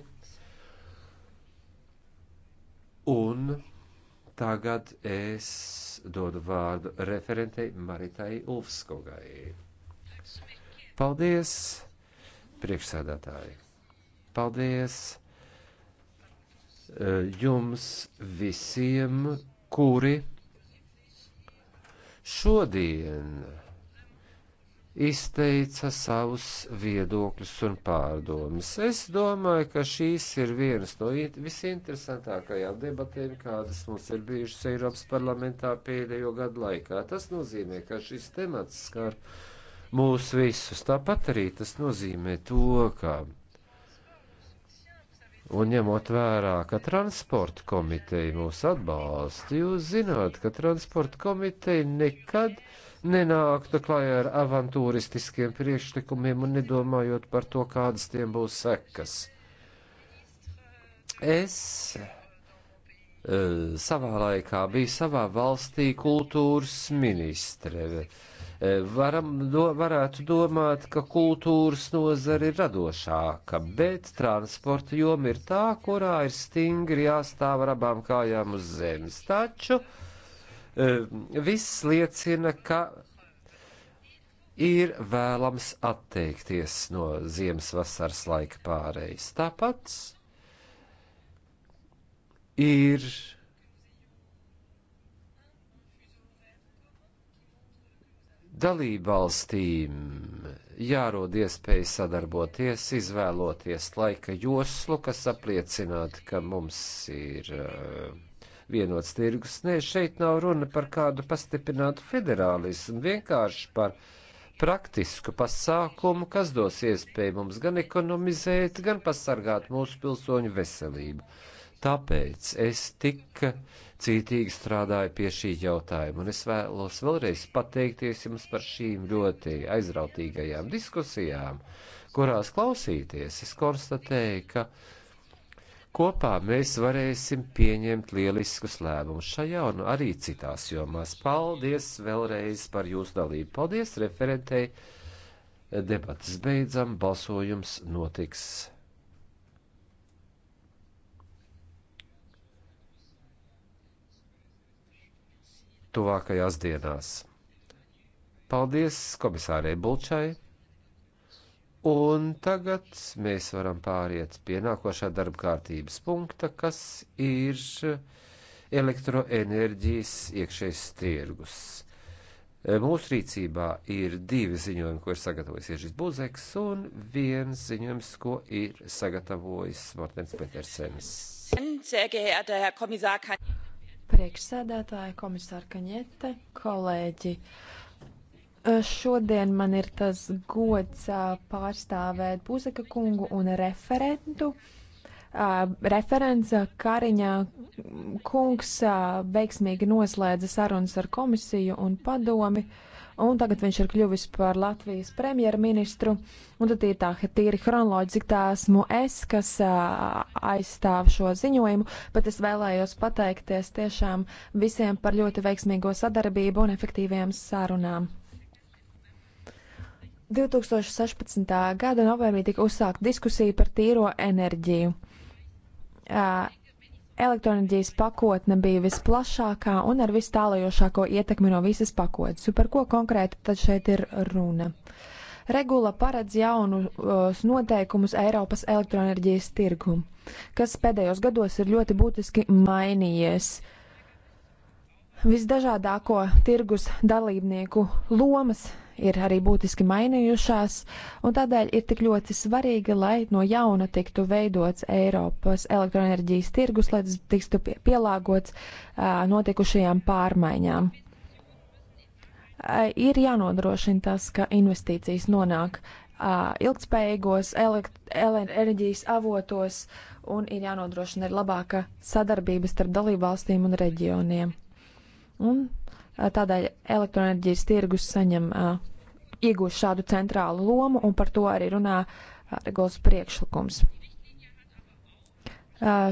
Un Tagad es dodu vārdu referentei Maritai Ulfskogai. Paldies, priekšsēdētāji! Paldies eh, jums visiem, kuri šodien izteica savus viedokļus un pārdomas. Es domāju, ka šīs ir vienas no visinteresantākajām debatēm, kādas mums ir bijušas Eiropas parlamentā pēdējo gadu laikā. Tas nozīmē, ka šis temats skar mūs visus. Tāpat arī tas nozīmē to, ka. Un ņemot vērā, ka transporta komiteja mūs atbalsta, jūs zināt, ka transporta komiteja nekad uh, nenāktu klajā ar avantūristiskiem priekšlikumiem un nedomājot par to, kādas tiem būs sekas. Es eh, savā laikā biju savā valstī kultūras ministre. Eh, varam, do, varētu domāt, ka kultūras nozara ir radošāka, bet transporta joma ir tā, kurā ir stingri jāstāv ar abām kājām uz zemes. Taču uh, Eh, viss liecina, ka ir vēlams atteikties no ziemas vasaras laika pārējais. Tāpat ir dalībvalstīm jārod iespēja sadarboties, izvēloties laika joslu, kas apliecinātu, ka mums ir uh, vienots tirgus. Nē, šeit nav runa par kādu pastiprinātu federālismu, vienkārši par praktisku pasākumu, kas dos iespēju mums gan ekonomizēt, gan pasargāt mūsu pilsoņu veselību. Tāpēc es tik cītīgi strādāju pie šī jautājuma, un es vēlos vēlreiz pateikties jums par šīm ļoti aizrautīgajām diskusijām, kurās klausīties. Es konstatēju, ka Kopā mēs varēsim pieņemt lieliskus lēmumus šajā un arī citās jomās. Paldies vēlreiz par jūsu dalību. Paldies referentei. Debatas beidzam, balsojums notiks tuvākajās dienās. Paldies komisārei Bulčai! Un tagad mēs varam pāriet pie nākošā darba kārtības punkta, kas ir elektroenerģijas iekšējs tirgus. E, mūsu rīcībā ir divi ziņojumi, ko ir sagatavojis Iežis Buzeks, un viens ziņojums, ko ir sagatavojis Mortens Petersens. Priekšsēdētāja komisāra Kaņete, kolēģi. Uh, Eh, šodien man ir tas gods eh, pārstāvēt Buzeka kungu un referentu. Eh, referents Kariņā kungs veiksmīgi noslēdza sarunas ar komisiju un padomi, un tagad viņš ir kļuvis par Latvijas premjerministru. Un tad ir tā, ka tīri chronoloģiski tā esmu es, kas aizstāv šo ziņojumu, bet es vēlējos pateikties tiešām visiem par ļoti veiksmīgo sadarbību un efektīvajām sarunām. 2016. gada novembrī tika uzsākta diskusija par tīro enerģiju. Elektroenerģijas pakotne bija visplašākā un ar vistālajošāko ietekmi no visas pakotnes. Par ko konkrēti tad šeit ir runa? Regula paredz jaunus noteikumus Eiropas elektroenerģijas tirgu, kas pēdējos gados ir ļoti būtiski mainījies. Visdažādāko tirgus dalībnieku lomas ir arī būtiski mainījušās, un tādēļ ir tik ļoti svarīgi, lai no jauna tiktu veidots Eiropas elektroenerģijas tirgus, lai tas tiktu pielāgots notikušajām pārmaiņām. Ir jānodrošina tas, ka investīcijas nonāk ilgspējīgos enerģijas avotos, un ir jānodrošina arī labāka sadarbības starp dalībvalstīm un reģioniem. Un Tādēļ elektroenerģijas tirgus saņem iegūst šādu centrālu lomu, un par to arī runā regulas priekšlikums.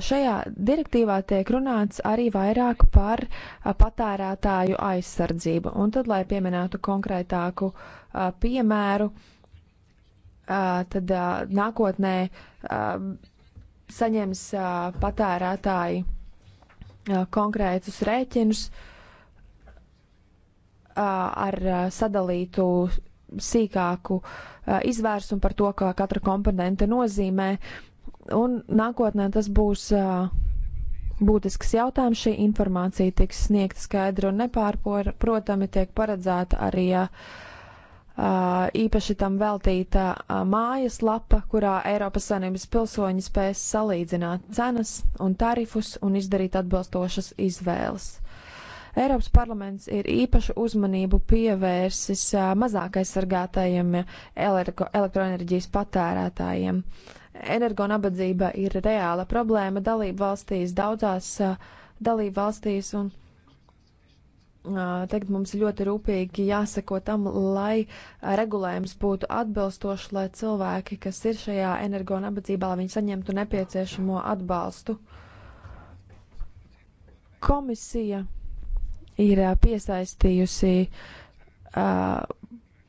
Šajā direktīvā tiek runāts arī vairāk par patērētāju aizsardzību. Un tad, lai pieminētu konkrētāku piemēru, tad nākotnē saņems patērētāji konkrētus rēķinus, uh, ar sadalītu sīkāku izvērsumu par to, ko ka katra komponente nozīmē. Un nākotnē tas būs būtisks jautājums. Šī informācija tiks sniegta skaidri un nepārprotami, tiek paredzēta arī īpaši tam veltīta mājaslapa, kurā Eiropas Savienības pilsoņi spēs salīdzināt cenas un tarifus un izdarīt atbilstošas izvēles. Eiropas parlaments ir īpašu uzmanību pievērsis mazāk aizsargātajiem elektroenerģijas patērētājiem. Energonabadzība ir reāla problēma dalību valstīs, daudzās dalību valstīs, un tagad mums ļoti rūpīgi jāsako tam, lai regulējums būtu atbilstošs, lai cilvēki, kas ir šajā energonabadzībā, lai viņi saņemtu nepieciešamo atbalstu. Komisija ir piesaistījusi uh,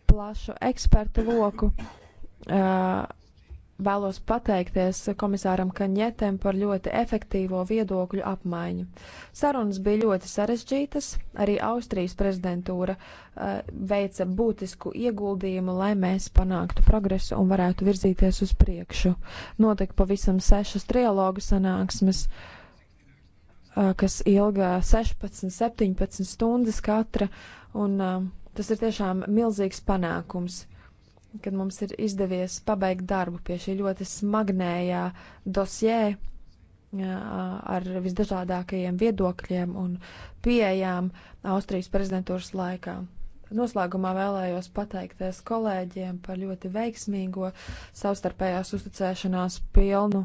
plašu ekspertu loku. Uh, vēlos pateikties komisāram Kaņetem par ļoti efektīvo viedokļu apmaiņu. Sarunas bija ļoti sarežģītas, arī Austrijas prezidentūra uh, veica būtisku ieguldījumu, lai mēs panāktu progresu un varētu virzīties uz priekšu. Notika pavisam sešas trialogu sanāksmes. Uh, kas ilga 16, 17 stundas katra, un tas ir tiešām milzīgs panākums, kad mums ir izdevies pabeigt darbu pie šī ļoti smagnējā dosjē ar visdažādākajiem viedokļiem un pieejām Austrijas prezidentūras laikā. Noslēgumā vēlējos pateikties kolēģiem par ļoti veiksmīgo savstarpējās uzticēšanās pilnu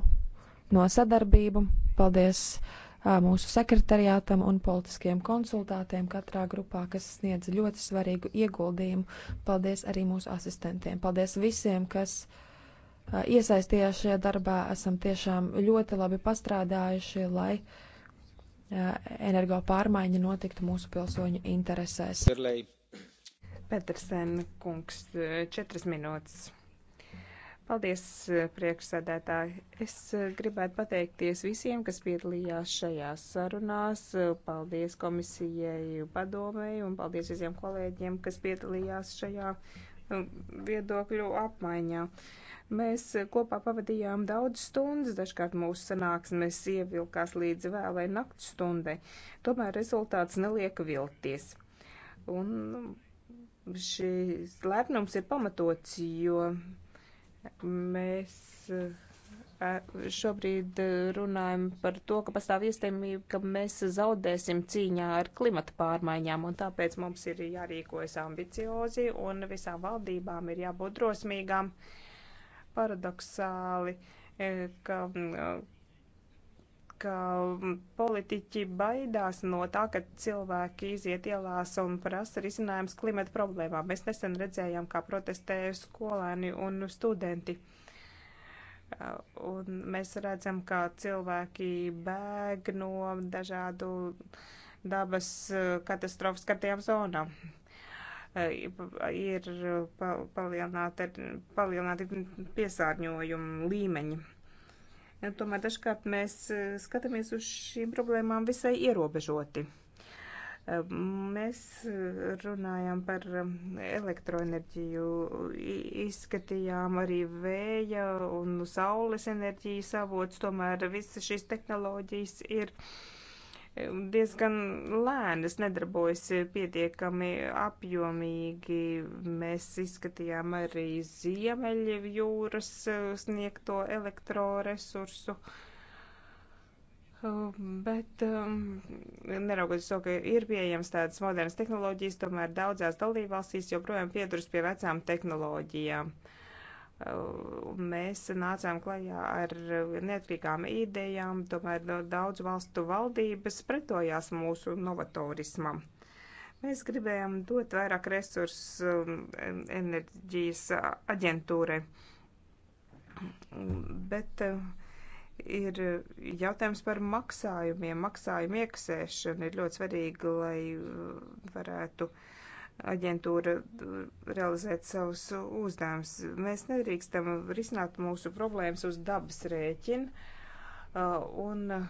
no sadarbību. Paldies! Uh, mūsu sekretariātam un politiskiem konsultātiem katrā grupā, kas sniedz ļoti svarīgu ieguldījumu. Paldies arī mūsu asistentiem. Paldies visiem, kas iesaistījās šajā darbā. Esam tiešām ļoti labi pastrādājuši, lai energo pārmaiņa notiktu mūsu pilsoņu interesēs. Petersen kungs, četras minūtes. Paldies, eh, priekšsēdētāji. Es eh, gribētu pateikties visiem, kas piedalījās šajās sarunās. Paldies komisijai, padomēji un paldies visiem kolēģiem, kas piedalījās šajā eh, viedokļu apmaiņā. Mēs kopā pavadījām daudz stundas, dažkārt mūsu sanāksmes ievilkās līdz vēlai nakts stundai, tomēr rezultāts neliek vilties. Un šis lepnums ir pamatots, jo Mēs eh, šobrīd eh, runājam par to, ka pastāv iespējamība, ka mēs zaudēsim cīņā ar klimata pārmaiņām, un tāpēc mums ir jārīkojas ambiciozi, un visām valdībām ir jābūt drosmīgām. Paradoxāli, eh, ka mm, ka mm, politiķi baidās no tā, ka cilvēki iziet ielās un prasa risinājums klimata problēmām. Mēs nesen redzējām, kā protestēja skolēni un studenti. Uh, un mēs redzam, kā cilvēki bēg no dažādu dabas uh, katastrofas skartajām zonām uh, ir palielināti, palielināti piesārņojuma līmeņi. Tomēr dažkārt mēs eh, skatāmies uz šīm problēmām visai ierobežoti. Eh, mēs eh, runājām par elektroenerģiju, izskatījām arī vēja un saules enerģijas avots, tomēr visas šīs tehnoloģijas ir uh, diezgan lēnas, nedarbojas pietiekami apjomīgi. Mēs izskatījām arī Ziemeļjūras eh, sniegto elektroresursu. Um, bet, um, neraugoties to, ka ir pieejams tādas modernas tehnoloģijas, tomēr daudzās dalībvalstīs joprojām pieturas pie vecām tehnoloģijām. Uh, Uh, mēs nācām klajā ar neatkarīgām idejām, tomēr daudz valstu valdības pretojās mūsu novatorismam. Mēs gribējām dot vairāk resursu um, enerģijas aģentūrai, bet uh, ir jautājums par maksājumiem. Maksājumu iekasēšana ir ļoti svarīga, lai uh, varētu uh, aģentūra uh, realizēt savus uzdevumus. Mēs nedrīkstam risināt mūsu problēmas uz dabas rēķina. Uh, un uh,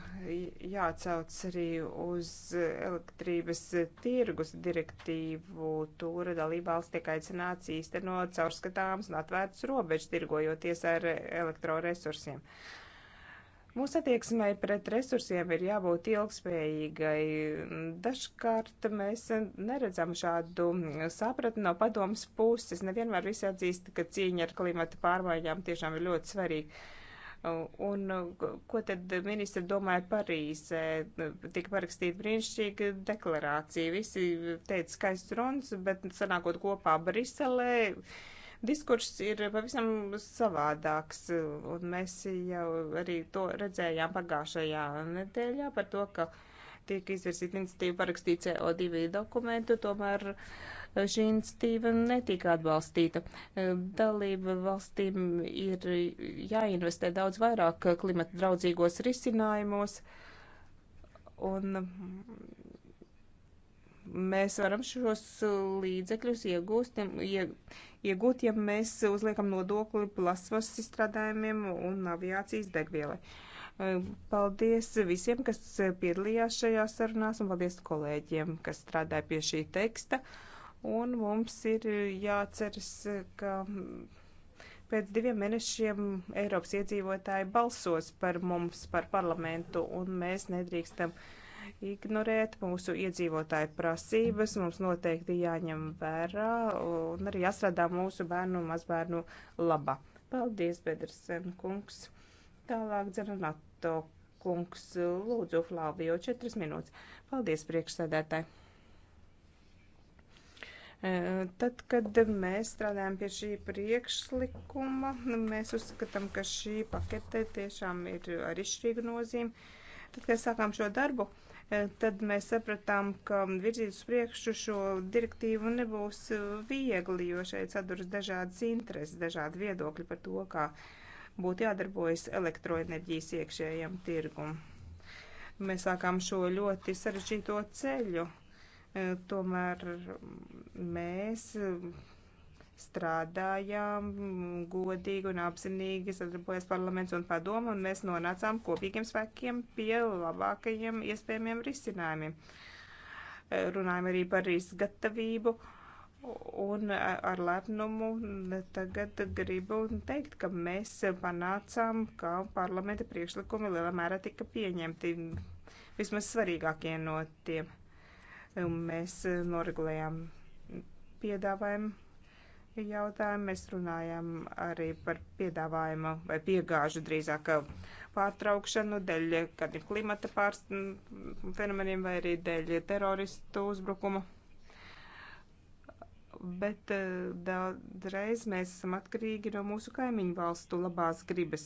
jāatsauc arī uz elektrības tirgus direktīvu. Tūra dalībvalsts tiek aicināts īstenot caurskatāms un atvērts robežas tirgojoties ar elektroresursiem. Uh, Mūsu attieksmei pret resursiem ir jābūt ilgspējīgai. Dažkārt mēs neredzam šādu sapratni no padomas puses. Nevienmēr visi atzīst, ka cīņa ar klimata pārmaiņām tiešām ir ļoti svarīga. Un ko tad ministri domāja Parīzē? Tika parakstīta brīnišķīga deklarācija. Visi teica skaists runas, bet sanākot kopā Briselē. Diskurss ir pavisam savādāks, un mēs jau arī to redzējām pagājušajā nedēļā par to, ka tiek izvirzīta iniciatīva parakstīt CO2 dokumentu, tomēr eh, šī iniciatīva netika atbalstīta. Eh, dalība valstīm ir jāinvestē daudz vairāk klimata draudzīgos risinājumos, un mēs varam šos līdzekļus iegūst, ie, iegūt, ja mēs uzliekam nodokli plasmas izstrādājumiem un aviācijas degvielai. Paldies visiem, kas piedalījās šajās sarunās, un paldies kolēģiem, kas strādāja pie šī teksta. Un mums ir jāceras, ka pēc diviem mēnešiem Eiropas iedzīvotāji balsos par mums, par parlamentu, un mēs nedrīkstam uh, ignorēt mūsu iedzīvotāju prasības, mums noteikti jāņem vērā un arī jāstrādā mūsu bērnu un mazbērnu labā. Paldies, Bedrsen kungs. Tālāk Dzeranato kungs, lūdzu, Flāvijo, četras minūtes. Paldies, priekšsēdētāji. E, tad, kad mēs strādājam pie šī priekšlikuma, mēs uzskatām, ka šī pakete tiešām ir ar izšķirīgu nozīmi. Tad, kad sākām šo darbu, uh, Eh, tad mēs sapratām, ka virzīt uz priekšu šo direktīvu nebūs eh, viegli, jo šeit saduras dažādas intereses, dažādi viedokļi par to, kā būtu jādarbojas elektroenerģijas iekšējiem tirgum. Mēs sākām šo ļoti sarežģīto ceļu, eh, tomēr mm, mēs strādājām godīgi un apzinīgi sadarbojas parlaments un padoma, un mēs nonācām kopīgiem spēkiem pie labākajiem iespējamiem risinājumiem. Runājam arī par izgatavību, un ar lepnumu tagad gribu teikt, ka mēs panācām, ka parlamenta priekšlikumi lielā mērā tika pieņemti, vismaz svarīgākie no tiem. Mēs noregulējām piedāvājumu jautājumu. Mēs runājam arī par piedāvājumu vai piegāžu drīzāk pārtraukšanu dēļ kādiem klimata pārst fenomeniem vai arī dēļ teroristu uzbrukuma. Bet eh, daudzreiz mēs esam atkarīgi no mūsu kaimiņu valstu labās gribas.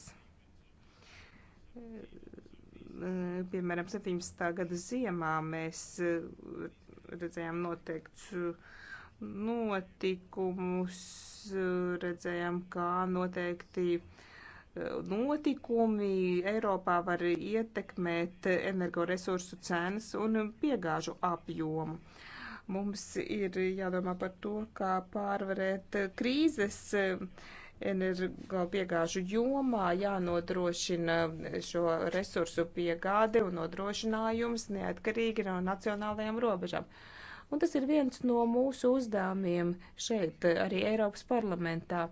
Eh, piemēram, 17. gada ziemā mēs eh, redzējām noteikts notikumus, redzējām, kā noteikti e, notikumi Eiropā var ietekmēt energoresursu cenas un piegāžu apjomu. Mums ir jādomā par to, kā pārvarēt krīzes e, energopiegāžu jomā, jānodrošina šo resursu piegāde un nodrošinājums neatkarīgi no nacionālajām robežām. Uh, Un tas ir viens no mūsu uzdevumiem šeit, arī Eiropas parlamentā.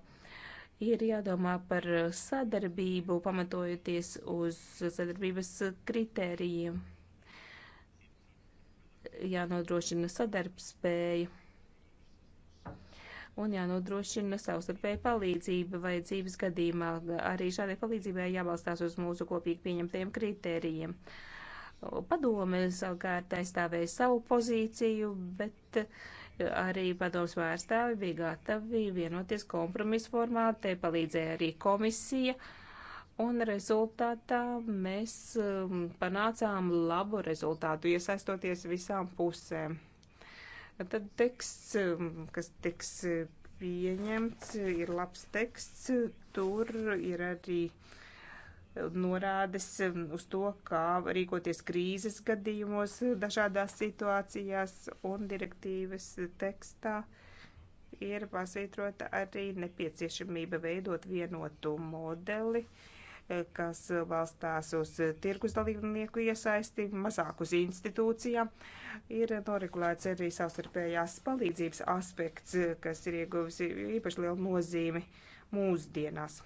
Ir jādomā par sadarbību, pamatojoties uz sadarbības kritērijiem. Jānodrošina sadarbspēja un jānodrošina savstarpēja palīdzība vajadzības gadījumā. Arī šādai palīdzībai jābalstās uz mūsu kopīgi pieņemtajiem kritērijiem. Uh, Padome savukārt aizstāvēja savu pozīciju, bet arī padomas pārstāvi bija gatavi vienoties kompromisu formā, te palīdzēja arī komisija. Un rezultātā mēs um, panācām labu rezultātu, iesaistoties visām pusēm. Tad teksts, um, kas tiks pieņemts, ir labs teksts, tur ir arī uh, norādes um, uz to, kā rīkoties krīzes gadījumos uh, dažādās situācijās, un direktīvas tekstā ir pasvītrota arī nepieciešamība veidot vienotu modeli, uh, kas valstās uz tirgus dalībnieku iesaisti, mazāk uz institūcijām. Ir noregulēts arī savstarpējās palīdzības aspekts, uh, kas ir ieguvis īpaši lielu nozīmi mūsdienās.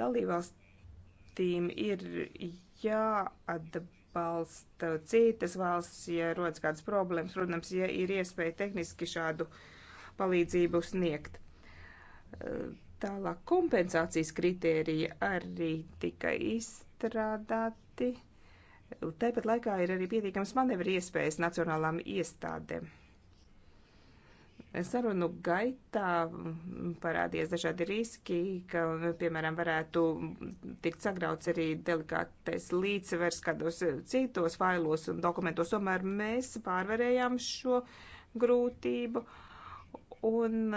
dalībvalstīm ir jāatbalsta citas valsts, ja rodas kādas problēmas, protams, ja ir iespēja tehniski šādu palīdzību sniegt. Tālāk kompensācijas kritērija arī tika izstrādāti. Tāpat laikā ir arī pietiekams manevri iespējas nacionālām iestādēm sarunu gaitā parādījās dažādi riski, ka, piemēram, varētu tikt sagrauts arī delikātais līdzsvers kādos citos failos un dokumentos. Tomēr mēs pārvarējām šo grūtību un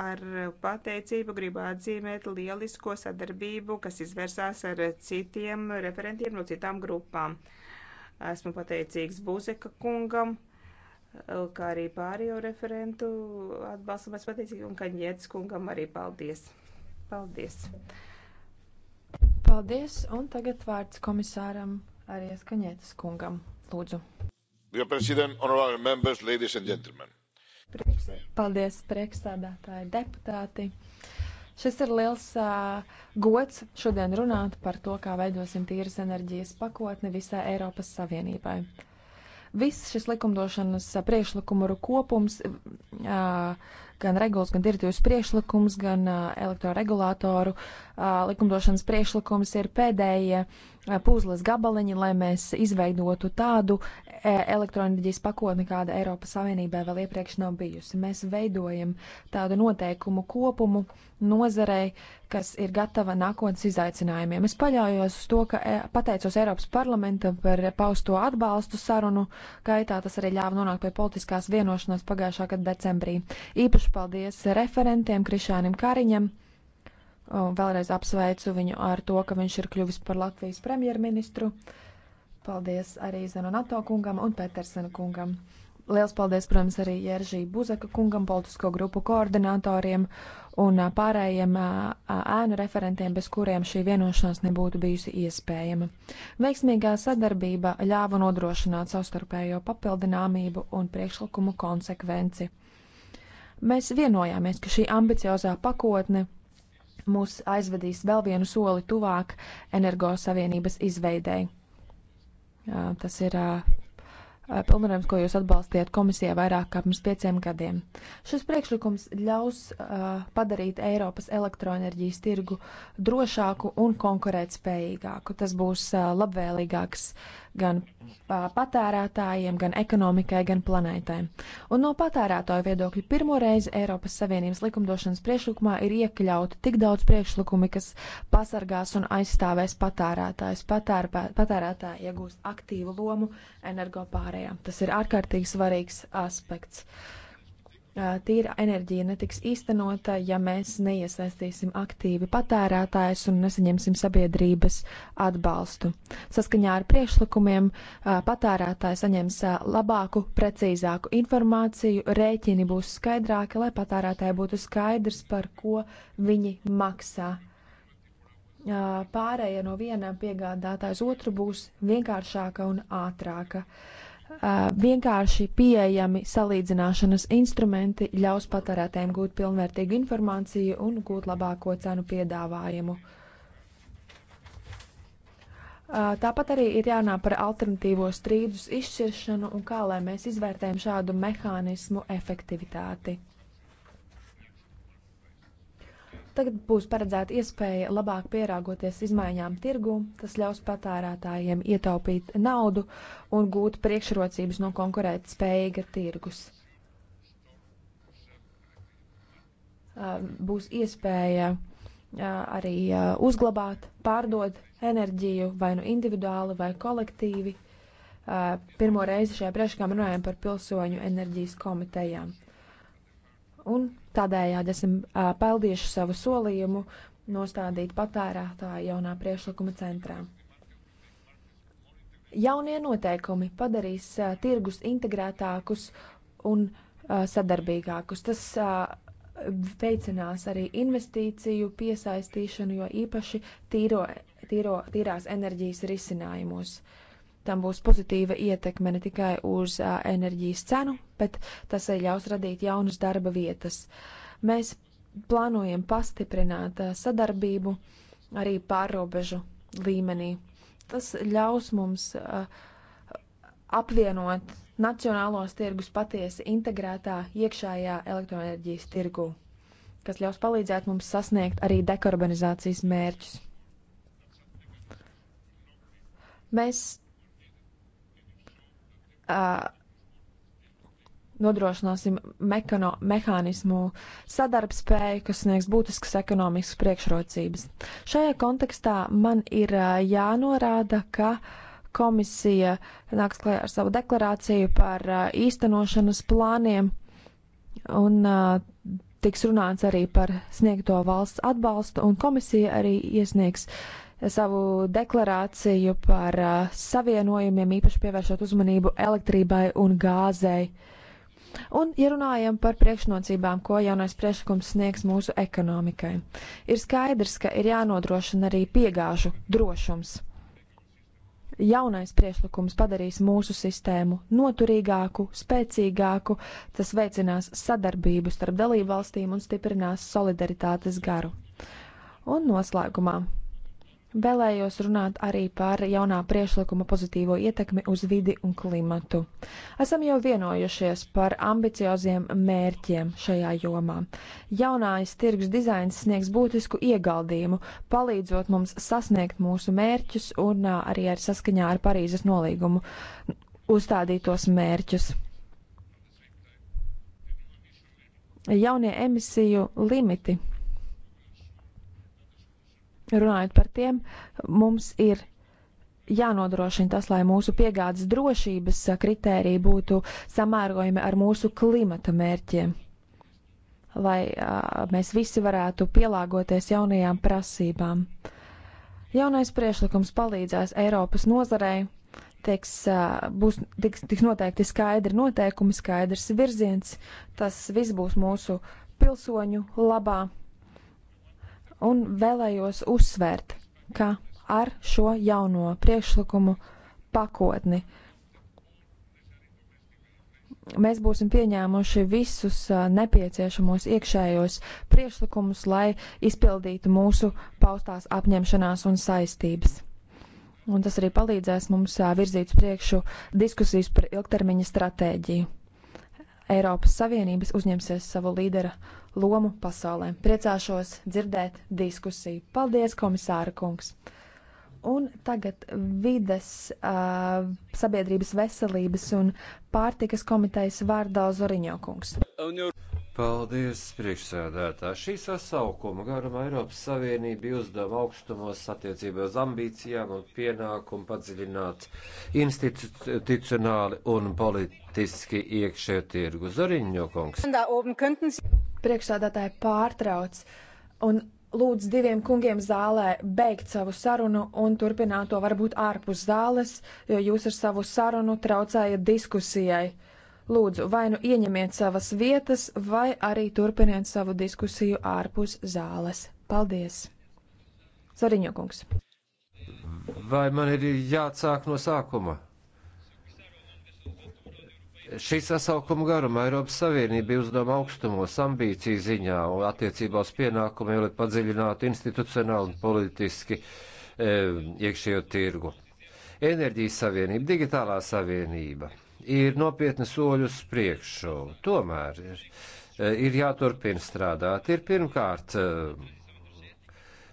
ar pateicību gribu atzīmēt lielisko sadarbību, kas izvērsās ar citiem referentiem no citām grupām. Esmu pateicīgs Buzeka kungam kā arī pārējo referentu atbalstu mēs pateicīgi, un Kaņietis kungam arī paldies. Paldies. Paldies, un tagad vārds komisāram arī Kaņietis kungam. Lūdzu. Dear President, honorable members, ladies and gentlemen. Paldies, priekšstādātāji deputāti. Šis ir liels uh, gods šodien runāt par to, kā veidosim tīras enerģijas pakotni visā Eiropas Savienībai. Uh, Viss šis likumdošanas priekšlikumu kopums uh, gan regulas, gan direktīvas priekšlikums, gan elektroregulātoru likumdošanas priekšlikums ir pēdējie puzles gabaliņi, lai mēs izveidotu tādu elektroenerģijas pakotni, kāda Eiropas Savienībā vēl iepriekš nav bijusi. Mēs veidojam tādu noteikumu kopumu nozarei, kas ir gatava nākotnes izaicinājumiem. Es paļaujos uz to, ka pateicos Eiropas parlamentam par pausto atbalstu sarunu gaitā. Tas arī ļāva nonākt pie politiskās vienošanās pagājušā gada decembrī. Īpaši Īpaši paldies referentiem Krišānam Kariņam. Vēlreiz apsveicu viņu ar to, ka viņš ir kļuvis par Latvijas premjerministru. Paldies arī Zenu Nato kungam un Petersena kungam. Liels paldies, protams, arī Jeržī Buzaka kungam, politisko grupu koordinatoriem un pārējiem ēnu referentiem, bez kuriem šī vienošanās nebūtu bijusi iespējama. Veiksmīgā sadarbība ļāva nodrošināt savstarpējo papildināmību un priekšlikumu konsekvenci. Mēs vienojāmies, ka šī ambiciozā pakotne mūs aizvedīs vēl vienu soli tuvāk energosavienības izveidēji. Tas ir pilnvarojums, ko jūs atbalstījāt komisijā vairāk kā pirms pieciem gadiem. Šis priekšlikums ļaus padarīt Eiropas elektroenerģijas tirgu drošāku un konkurētspējīgāku. Tas būs labvēlīgāks gan patērētājiem, gan ekonomikai, gan planētai. Un no patērētāju viedokļa pirmo reizi Eiropas Savienības likumdošanas priekšlikumā ir iekļauti tik daudz priekšlikumi, kas pasargās un aizstāvēs patērētājus. Patērpē, patērētāji iegūst aktīvu lomu energopārējā. Tas ir ārkārtīgi svarīgs aspekts. Uh, tīra enerģija netiks īstenota, ja mēs neiesaistīsim aktīvi patērētājus un nesaņemsim sabiedrības atbalstu. Saskaņā ar priekšlikumiem patērētāji saņems labāku, precīzāku informāciju, rēķini būs skaidrāki, lai patērētāji būtu skaidrs, par ko viņi maksā. Pārēja no viena piegādātāja uz otru būs vienkāršāka un ātrāka. Uh, vienkārši pieejami salīdzināšanas instrumenti ļaus patērētājiem gūt pilnvērtīgu informāciju un gūt labāko cenu piedāvājumu. Tāpat arī ir jārunā par alternatīvo strīdus izšķiršanu un kā lai mēs izvērtējam šādu mehānismu efektivitāti. Tagad būs paredzēta iespēja labāk pielāgoties izmaiņām tirgu. Tas ļaus patērētājiem ietaupīt naudu un gūt priekšrocības no konkurēt spējīga tirgus. Būs iespēja arī uzglabāt, pārdot enerģiju vai nu individuāli vai kolektīvi. Pirmo reizi šajā priekšlikumā runājam par pilsoņu enerģijas komitejām. Un Tādējādi esam peldījuši savu solījumu nostādīt patērētāju jaunā priekšlikuma centrā. Jaunie noteikumi padarīs uh, tirgus integrētākus un uh, sadarbīgākus. Tas uh, veicinās arī investīciju piesaistīšanu, jo īpaši tīro, tīro, tīrās enerģijas risinājumos. Uh, tam būs pozitīva ietekme ne tikai uz uh, enerģijas cenu, bet tas arī ļaus radīt jaunas darba vietas. Mēs plānojam pastiprināt uh, sadarbību arī pārobežu līmenī. Tas ļaus mums uh, apvienot nacionālos tirgus patiesi integrētā iekšējā elektroenerģijas tirgū, kas ļaus palīdzēt mums sasniegt arī dekarbonizācijas mērķus. Mēs uh, nodrošināsim mekano, mehānismu sadarbspēju, kas sniegs būtiskas ekonomiskas priekšrocības. Šajā kontekstā man ir uh, jānorāda, ka komisija nāks klajā ar savu deklarāciju par uh, īstenošanas plāniem un uh, tiks runāts arī par sniegto valsts atbalstu, un komisija arī iesniegs uh, savu deklarāciju par uh, savienojumiem, īpaši pievēršot uzmanību elektrībai un gāzei. Un, ja runājam par priekšnocībām, ko jaunais priekšlikums sniegs mūsu ekonomikai, ir skaidrs, ka ir jānodrošina arī piegāžu drošums. Jaunais priekšlikums padarīs mūsu sistēmu noturīgāku, spēcīgāku, tas veicinās sadarbību starp dalībvalstīm un stiprinās solidaritātes garu. Un noslēgumā Vēlējos runāt arī par jaunā priešlikuma pozitīvo ietekmi uz vidi un klimatu. Esam jau vienojušies par ambicioziem mērķiem šajā jomā. Jaunais tirgus dizains sniegs būtisku ieguldījumu, palīdzot mums sasniegt mūsu mērķus un arī ar saskaņā ar Parīzes nolīgumu uzstādītos mērķus. Jaunie emisiju limiti Runājot par tiem, mums ir jānodrošina tas, lai mūsu piegādes drošības kritēriji būtu samērojami ar mūsu klimata mērķiem, lai a, mēs visi varētu pielāgoties jaunajām prasībām. Jaunais priešlikums palīdzēs Eiropas nozarei, tiks, a, būs, tiks, tiks noteikti skaidri noteikumi, skaidrs virziens, tas viss būs mūsu pilsoņu labā un vēlējos uzsvērt, ka ar šo jauno priekšlikumu pakotni mēs būsim pieņēmuši visus nepieciešamos iekšējos priekšlikumus, lai izpildītu mūsu paustās apņemšanās un saistības. Un tas arī palīdzēs mums virzīt priekšu diskusijas par ilgtermiņa stratēģiju. Eiropas Savienības uzņemsies savu līdera lomu pasaulē. Priecāšos dzirdēt diskusiju. Paldies, komisāra kungs! Un tagad vides, uh, sabiedrības veselības un pārtikas komitejas vārdā Zoriņo kungs. Oh, no. Paldies, priekšsēdētā. Šī sasaukuma garumā Eiropas Savienība uzdeva augstumos attiecībā uz ambīcijām un pienākumu padziļināt institucionāli un politiski iekšējo tirgu. Zariņo kungs. Priekšsēdētāji pārtrauc un lūdz diviem kungiem zālē beigt savu sarunu un turpināt to varbūt ārpus zāles, jo jūs ar savu sarunu traucējat diskusijai. Lūdzu, vai nu ieņemiet savas vietas, vai arī turpiniet savu diskusiju ārpus zāles. Paldies! Zariņokungs. Vai man ir jāatsāk no sākuma? Šī sasaukuma garumā Eiropas Savienība uzdevuma augstumos, ambīciju ziņā un attiecībā uz pienākumiem, lai padziļinātu institucionāli un politiski e, iekšējo tirgu. Enerģijas savienība, digitālā savienība ir nopietni soļi uz priekšu. Tomēr ir, eh, ir jāturpina strādāt. Ir pirmkārt eh,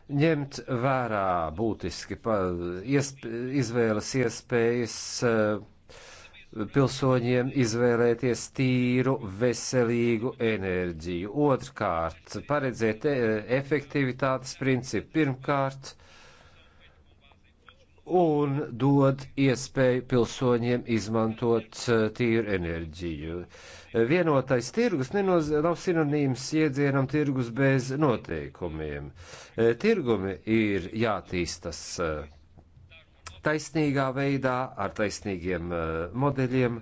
ņemt vērā būtiski pa, iesp, izvēles iespējas eh, pilsoņiem izvēlēties tīru, veselīgu enerģiju. Otrkārt, paredzēt efektivitātes principu. Pirmkārt, un dod iespēju pilsoņiem izmantot eh, tīru enerģiju. Vienotais tirgus nenoz, nav sinonīms iedzienam tirgus bez noteikumiem. Eh, tirgumi ir jātīstas eh, taisnīgā veidā, ar taisnīgiem modeļiem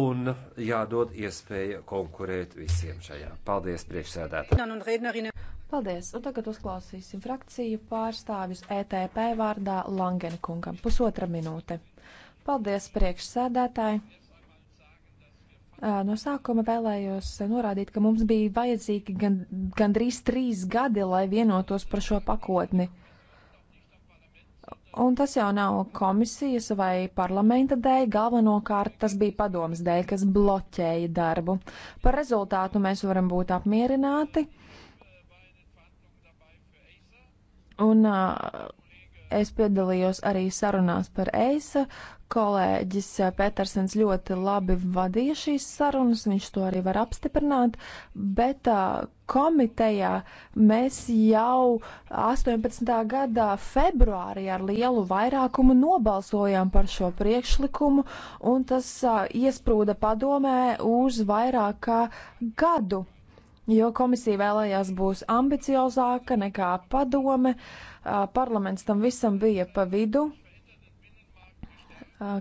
un jādod iespēja konkurēt visiem šajā. Paldies, priekšsēdētāji! Paldies! Un tagad uzklausīsim frakciju pārstāvis ETP vārdā Langenkungam. Pusotra minūte. Paldies, priekšsēdētāji! No sākuma vēlējos norādīt, ka mums bija vajadzīgi gan, gandrīz trīs gadi, lai vienotos par šo pakotni. Un tas jau nav komisijas vai parlamenta dēļ, galvenokārt tas bija padomas dēļ, kas bloķēja darbu. Par rezultātu mēs varam būt apmierināti. Uh, Un uh, es piedalījos arī sarunās par EISA. Kolēģis Petersens ļoti labi vadīja šīs sarunas, viņš to arī var apstiprināt, bet uh, komitejā mēs jau 18. gadā februārī ar lielu vairākumu nobalsojām par šo priekšlikumu, un tas uh, iesprūda padomē uz vairāk kā gadu jo komisija vēlējās būs ambiciozāka nekā padome. Parlaments tam visam bija pa vidu,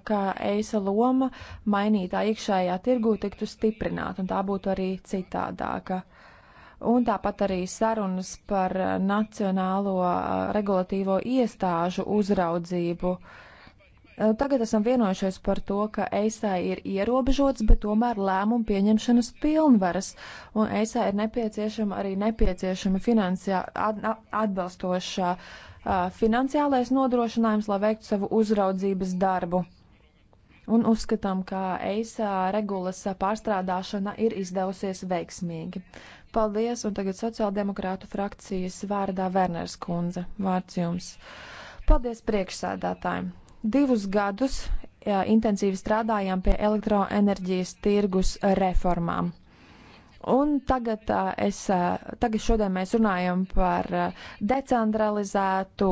kā eisa loma mainītā iekšējā tirgū tiktu stiprināta, un tā būtu arī citādāka. Un tāpat arī sarunas par nacionālo regulatīvo iestāžu uzraudzību uh, Tagad esam vienojušies par to, ka ESA ir ierobežots, bet tomēr lēmumu pieņemšanas pilnvaras, un ESA ir nepieciešama arī nepieciešama finansiā, at, atbalstošā finansiālais nodrošinājums, lai veiktu savu uzraudzības darbu. Un uzskatām, ka ESA regulas pārstrādāšana ir izdevusies veiksmīgi. Paldies, un tagad sociāldemokrātu frakcijas vārdā Werners Kunze. Vārds jums. Paldies priekšsēdētājiem! Divus gadus jā, intensīvi strādājām pie elektroenerģijas tirgus reformām. Un tagad, es, tagad šodien mēs runājam par decentralizētu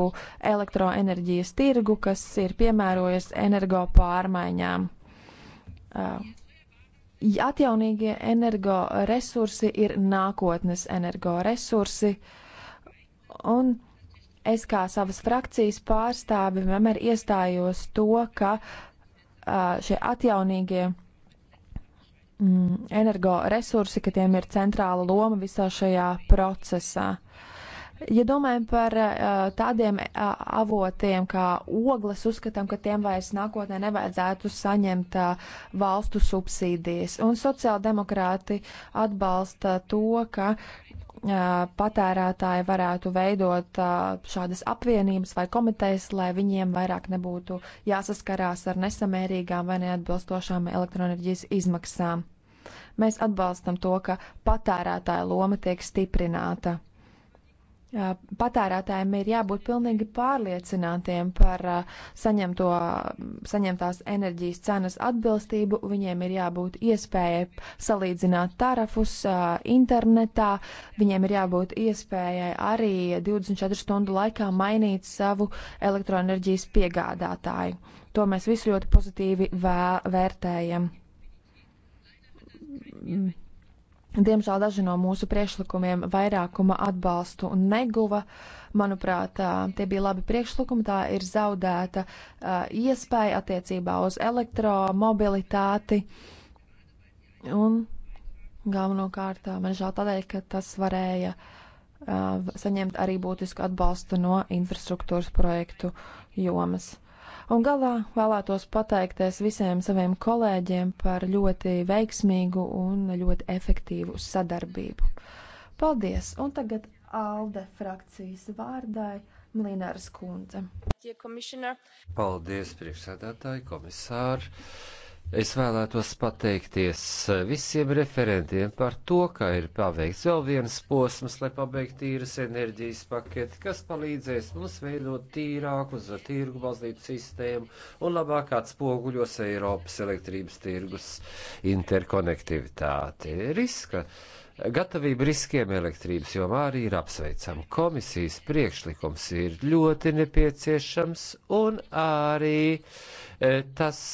elektroenerģijas tirgu, kas ir piemērojies energo pārmaiņām. Atjaunīgie energoresursi ir nākotnes energoresursi, un Es kā savas frakcijas pārstāvi vienmēr iestājos to, ka šie atjaunīgie mm, energoresursi, ka tiem ir centrāla loma visā šajā procesā. Ja domājam par tādiem avotiem kā ogles, uzskatām, ka tiem vairs nākotnē nevajadzētu saņemt valstu subsīdijas. Un sociāldemokrāti atbalsta to, ka patērētāji varētu veidot šādas apvienības vai komitejas, lai viņiem vairāk nebūtu jāsaskarās ar nesamērīgām vai neatbilstošām elektroenerģijas izmaksām. Mēs atbalstam to, ka patērētāja loma tiek stiprināta. Patērētājiem ir jābūt pilnīgi pārliecinātiem par saņemto, saņemtās enerģijas cenas atbilstību. Viņiem ir jābūt iespējai salīdzināt tarifus internetā. Viņiem ir jābūt iespējai arī 24 stundu laikā mainīt savu elektroenerģijas piegādātāju. To mēs visi ļoti pozitīvi vērtējam Diemžēl daži no mūsu priekšlikumiem vairākuma atbalstu neguva. Manuprāt, tie bija labi priekšlikumi, tā ir zaudēta iespēja attiecībā uz elektromobilitāti. Un galvenokārt, man žēl tādēļ, ka tas varēja saņemt arī būtisku atbalstu no infrastruktūras projektu jomas. Un galā vēlētos pateikties visiem saviem kolēģiem par ļoti veiksmīgu un ļoti efektīvu sadarbību. Paldies! Un tagad ALDE frakcijas vārdai Mlināras kundze. Paldies, priekšsēdētāji, komisāri! Es vēlētos pateikties eh, visiem referentiem par to, ka ir paveikts vēl viens posms, lai pabeigtu tīras enerģijas paketi, kas palīdzēs mums veidot tīrāku uz tirgu balstītu sistēmu un labāk atspoguļos Eiropas elektrības tirgus interkonektivitāti. Riska. Gatavība riskiem elektrības jomā arī ir apsveicama. Komisijas priekšlikums ir ļoti nepieciešams un arī e, tas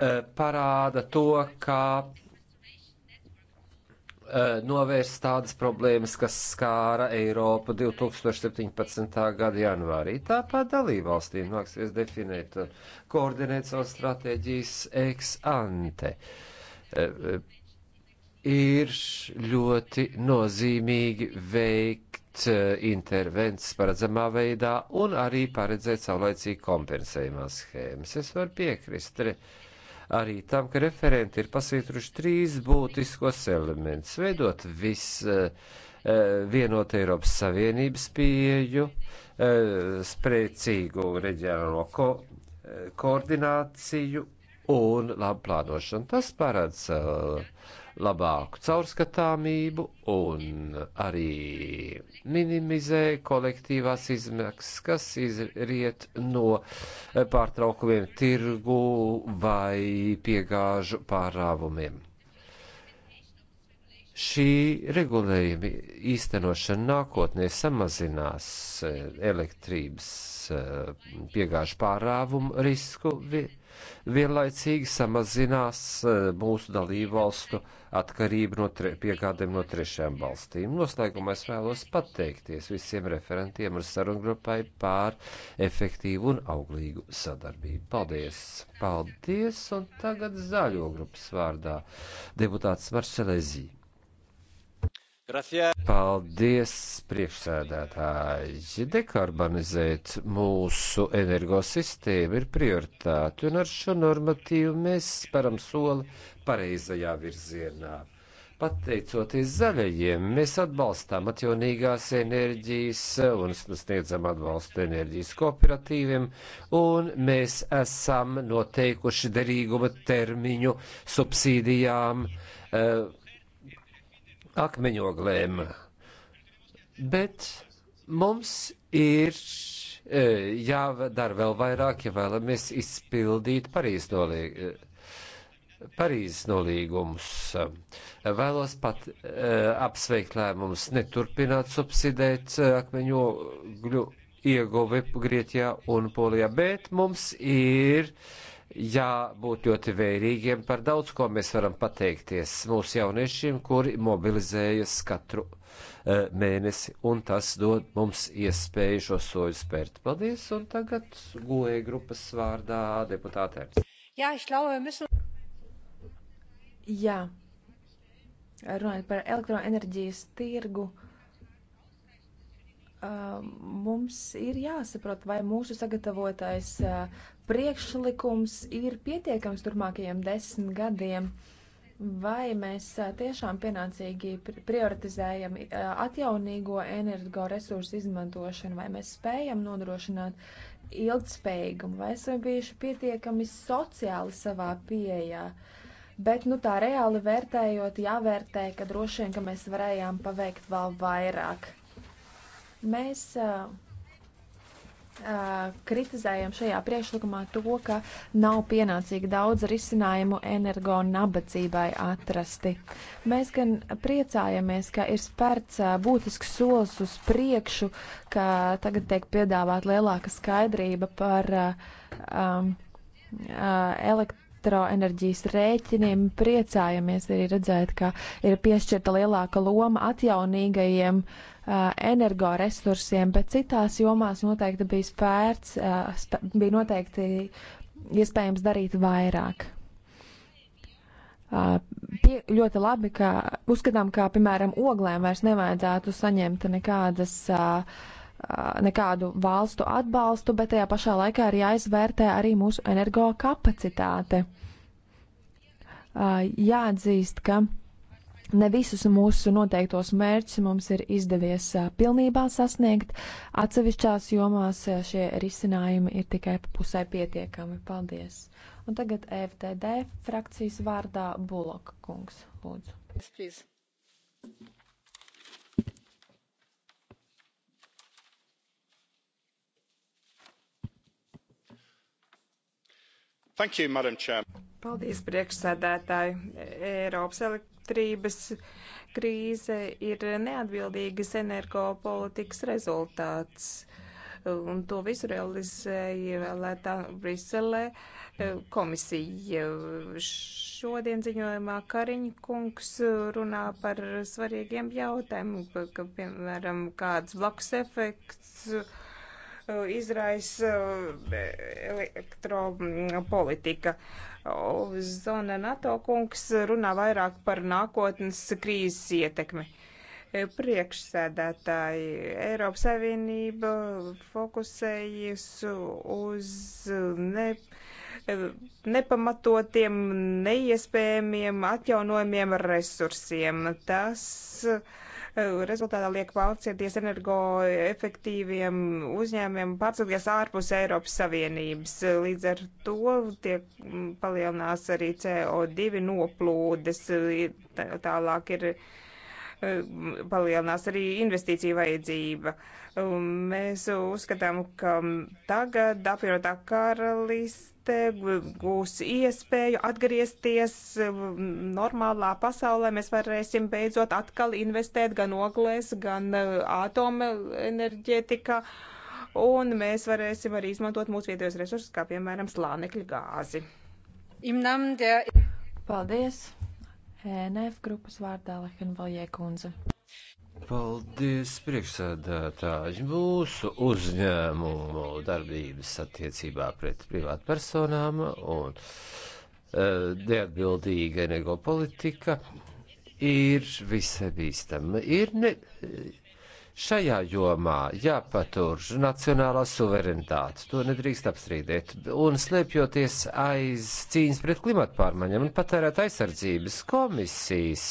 Eh, parāda to, kā eh, novērst tādas problēmas, kas skāra Eiropu 2017. gada janvārī. Tāpat dalībvalstīm nāksies definēt un eh, koordinēt savas stratēģijas ex ante. Ir ļoti nozīmīgi veikt intervences paredzamā veidā un arī paredzēt saulaicīgi kompensējumās schēmas. Es varu piekrist. Re, uh, arī tam, ka referenti ir pasvītruši trīs būtiskos elementus - veidot vis eh, eh, vienot Eiropas Savienības pieju, eh, spēcīgu reģionālo ko koordināciju un labu plānošanu. Tas parāds uh, labāku caurskatāmību un arī minimizē kolektīvās izmaksas, kas izriet no pārtraukumiem tirgu vai piegāžu pārāvumiem. Šī regulējuma īstenošana nākotnē samazinās elektrības eh, piegāžu pārāvumu risku. Vi vienlaicīgi samazinās eh, mūsu dalībvalstu atkarību no tre, piegādēm no trešajām valstīm. Noslēgumā es vēlos pateikties visiem referentiem un sarungrupai pār efektīvu un auglīgu sadarbību. Paldies! Paldies! Un tagad zaļo grupas vārdā deputāts Marcelezija. Paldies, priekšsēdētāji! Dekarbonizēt mūsu energosistēmu ir prioritāte, un ar šo normatīvu mēs speram soli pareizajā virzienā. Pateicoties zaļajiem, mēs atbalstām atjaunīgās enerģijas un sniedzam atbalstu enerģijas kooperatīviem, un mēs esam noteikuši derīguma termiņu subsīdijām. Uh, akmeņoglēm. Bet mums ir e, jādara vēl vairāk, ja vēlamies izpildīt Parīzes nolī... Parīz nolīgumus. Vēlos pat e, apsveikt lēmumus neturpināt subsidēt e, akmeņogļu ieguvi Grieķijā un Polijā, bet mums ir e, jābūt ļoti vērīgiem par daudz, ko mēs varam pateikties mūsu jauniešiem, kuri mobilizējas katru uh, mēnesi, un tas dod mums iespēju šo soļu spērt. Paldies, un tagad goja grupas vārdā deputātēm. Jā, glaube, müssen... Jā. runājot par elektroenerģijas tirgu. Uh, mums ir jāsaprot, vai mūsu sagatavotais uh, priekšlikums ir pietiekams turpmākajiem desmit gadiem. Vai mēs tiešām pienācīgi prioritizējam atjaunīgo energoresursu izmantošanu, vai mēs spējam nodrošināt ilgspējīgumu, vai esam bijuši pietiekami sociāli savā pieejā. Bet, nu tā reāli vērtējot, jāvērtē, ka droši vien, ka mēs varējām paveikt vēl vairāk. Mēs uh, kritizējam šajā priekšlikumā to, ka nav pienācīgi daudz risinājumu energo nabadzībai atrasti. Mēs gan priecājamies, ka ir spērts būtisks solis uz priekšu, ka tagad tiek piedāvāt lielāka skaidrība par um, elektrību elektroenerģijas rēķiniem priecājamies arī redzēt, ka ir piešķirta lielāka loma atjaunīgajiem uh, Uh, energoresursiem, bet citās jomās noteikti bija spērts, uh, bija noteikti iespējams darīt vairāk. Uh, pie, ļoti labi, ka uzskatām, ka, piemēram, oglēm vairs nevajadzētu saņemt nekādas, nekādu valstu atbalstu, bet tajā pašā laikā ir jāizvērtē arī mūsu energo kapacitāte. Jāatzīst, ka Ne visus mūsu noteiktos mērķus mums ir izdevies pilnībā sasniegt. Atsevišķās jomās šie risinājumi ir tikai pusē pietiekami. Paldies! Un tagad FTD frakcijas vārdā Bulok kungs, lūdzu. Yes, Thank you, Madam Chair. Paldies, priekšsēdētāji. Eiropas elektrības elektrības krīze ir neatbildīgas energopolitikas rezultāts. Un to visu realizēja vēlētā Briselē eh, komisija. Šodien ziņojumā Kariņa kungs runā par svarīgiem jautājumiem, ka, piemēram, kāds blakus efekts eh, izraisa eh, elektropolitika. Zona NATO kungs runā vairāk par nākotnes krīzes ietekmi. Priekšsēdētāji Eiropas Savienība fokusējas uz ne, nepamatotiem, neiespējamiem atjaunojumiem resursiem. Tas uh, rezultātā liek valstsieties energoefektīviem uzņēmiem pārcelties ārpus Eiropas Savienības. Līdz ar to tiek mm, palielinās arī CO2 noplūdes, tālāk ir mm, palielinās arī investīcija vajadzība. Mēs uzskatām, ka tagad apvienotā karalīs sieviete gūs iespēju atgriezties normālā pasaulē. Mēs varēsim beidzot atkal investēt gan oglēs, gan e, atomenerģētikā. Un mēs varēsim arī izmantot mūsu vietējos resursus, kā piemēram slānekļa gāzi. Paldies! ENF grupas vārdā Lehenvaljē kundze. Paldies, priekšsēdētāji. Mūsu uzņēmumu darbības attiecībā pret privātpersonām un e, neatbildīga energopolitika ir visai bīstama. Ir ne, Šajā jomā jāpatur nacionālā suverenitāte, to nedrīkst apstrīdēt, un slēpjoties aiz cīņas pret klimatu pārmaiņām un patērēt aizsardzības komisijas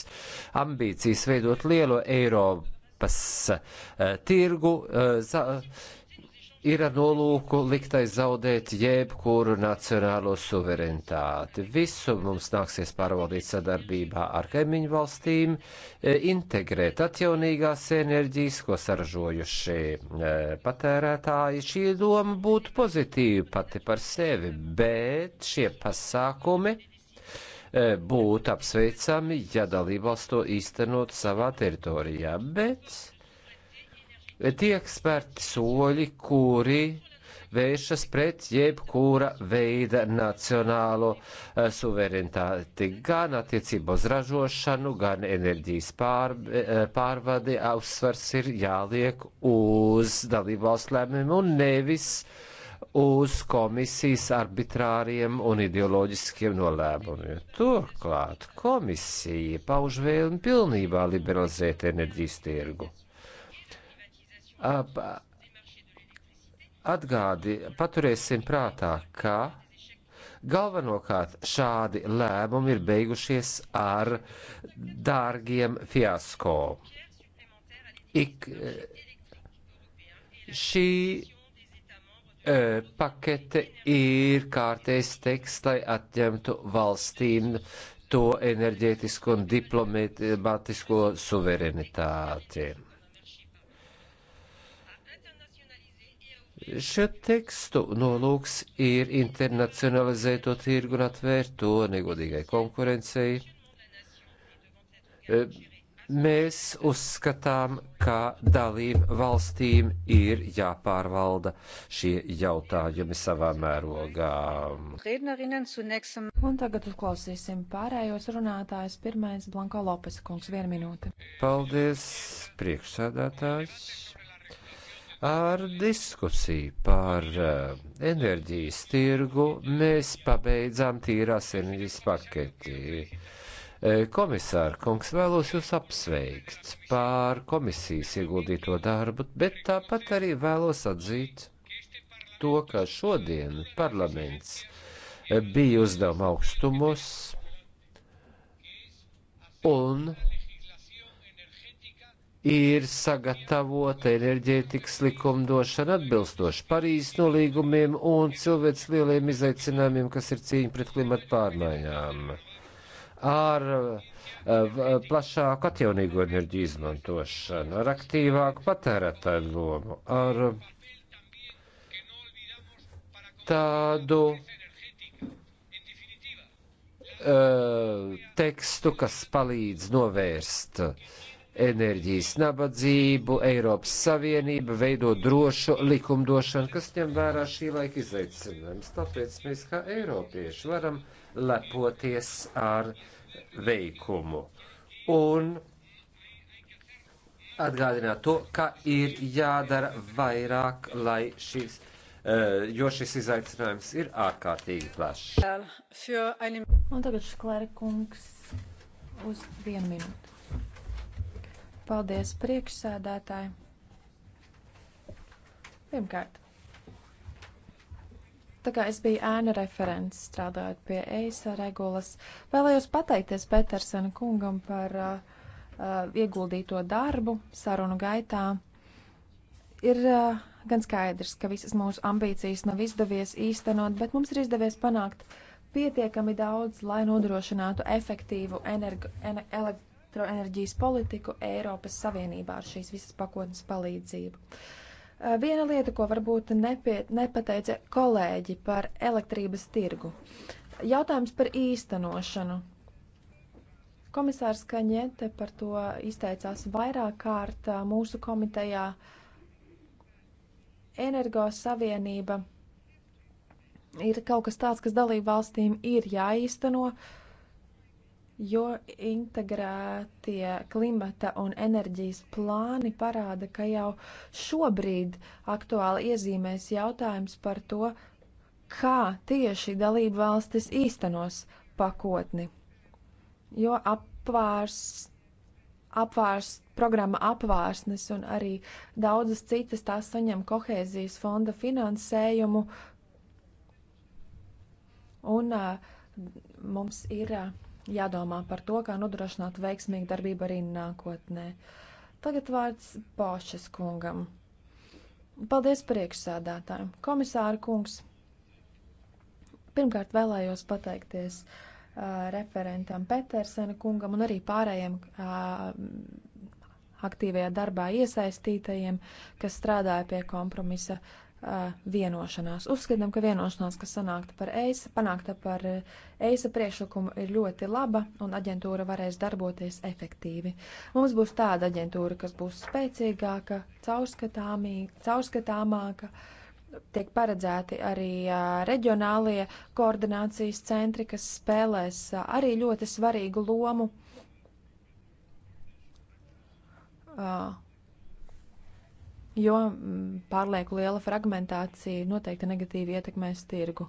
ambīcijas veidot lielo Eiropas uh, tirgu. Uh, ir ar nolūku liktai zaudēt jebkuru nacionālo suverenitāti. Visu mums nāksies pārvaldīt sadarbībā ar kaimiņu valstīm, e, integrēt atjaunīgās enerģijas, ko saražojuši e, patērētāji. Šī doma būtu pozitīva pati par sevi, bet šie pasākumi e, būtu apsveicami, ja dalībvalsts to īstenot savā teritorijā. Bet tiek spērti soļi, kuri vēršas pret jebkura veida nacionālo uh, suverenitāti, gan attiecībā uz ražošanu, gan enerģijas pār, uh, eh, pārvadi, uzsvars ir jāliek uz dalībvalstu lēmumiem un nevis uz komisijas arbitrāriem un ideoloģiskiem nolēmumiem. Turklāt komisija pauž vēlmi pilnībā liberalizēt enerģijas tirgu Atgādi, paturēsim prātā, ka galvenokārt šādi lēmumi ir beigušies ar dārgiem fiasko. Ik, eh, šī eh, pakete ir kārtējs teksts, lai atņemtu valstīm to enerģētisko un diplomātisko suverenitāti. Šo tekstu nolūks ir internacionalizēt to tirgu un atvērt to negodīgai konkurencei. Eh, mēs uzskatām, ka dalību valstīm ir jāpārvalda šie jautājumi savā mērogā. Un tagad uzklausīsim pārējos runātājus. Pirmais Blanko Lopes kungs, viena minūte. Paldies, priekšsēdētājs. Ar diskusiju par eh, enerģijas tirgu mēs pabeidzām tīrās enerģijas paketi. Eh, Komisāra kungs vēlos jūs apsveikt par komisijas ieguldīto darbu, bet tāpat arī vēlos atzīt to, ka šodien parlaments eh, bija uzdevuma augstumos un ir sagatavota enerģētikas likumdošana atbilstoši Parīzes nolīgumiem un cilvēks lieliem izaicinājumiem, kas ir cīņa pret klimatu pārmaiņām. Ar eh, eh, plašāku atjaunīgo enerģiju izmantošanu, ar aktīvāku patērētāju lomu, ar tādu uh, tekstu, kas palīdz novērst uh, enerģijas nabadzību, Eiropas Savienība veido drošu likumdošanu, kas ņem vērā šī laika izaicinājums. Tāpēc mēs kā Eiropieši varam lepoties ar veikumu. Un atgādināt to, ka ir jādara vairāk, lai šis, eh, jo šis izaicinājums ir ārkārtīgi plašs. Un tagad Šklēra kungs uz vienu minūti. Paldies, priekšsēdētāji. Pirmkārt, tā kā es biju ēna referents strādājot pie EISA regulas, vēlējos pateikties Petersena kungam par uh, uh, ieguldīto darbu sarunu gaitā. Ir uh, gan skaidrs, ka visas mūsu ambīcijas nav izdevies īstenot, bet mums ir izdevies panākt pietiekami daudz, lai nodrošinātu efektīvu energo, ener, ele, elektroenerģijas politiku Eiropas Savienībā ar šīs visas pakotnes palīdzību. Viena lieta, ko varbūt nepie, nepateica kolēģi par elektrības tirgu. Jautājums par īstenošanu. Komisārs Kaņete par to izteicās vairāk kārt mūsu komitejā. Energosavienība ir kaut kas tāds, kas dalību valstīm ir jāīsteno. Uh, jo integrētie klimata un enerģijas plāni parāda, ka jau šobrīd aktuāli iezīmēs jautājums par to, kā tieši dalību valstis īstenos pakotni. Jo apvārs, apvārs, programma apvārsnes un arī daudzas citas tās saņem kohēzijas fonda finansējumu. Un uh, mums ir. Uh, jādomā par to, kā nodrošināt veiksmīgu darbību arī nākotnē. Tagad vārds Pošas kungam. Paldies priekšsēdētājiem. Komisāra kungs, pirmkārt vēlējos pateikties uh, referentam Petersena kungam un arī pārējiem uh, aktīvajā darbā iesaistītajiem, kas strādāja pie kompromisa uh, vienošanās. Uzskatām, ka vienošanās, kas sanākta par EISA, panākta par EISA priekšlikumu, ir ļoti laba un aģentūra varēs darboties efektīvi. Mums būs tāda aģentūra, kas būs spēcīgāka, caurskatāmāka. Tiek paredzēti arī reģionālie koordinācijas centri, kas spēlēs arī ļoti svarīgu lomu. Uh, jo mm, pārlieku liela fragmentācija noteikti negatīvi ietekmēs tirgu.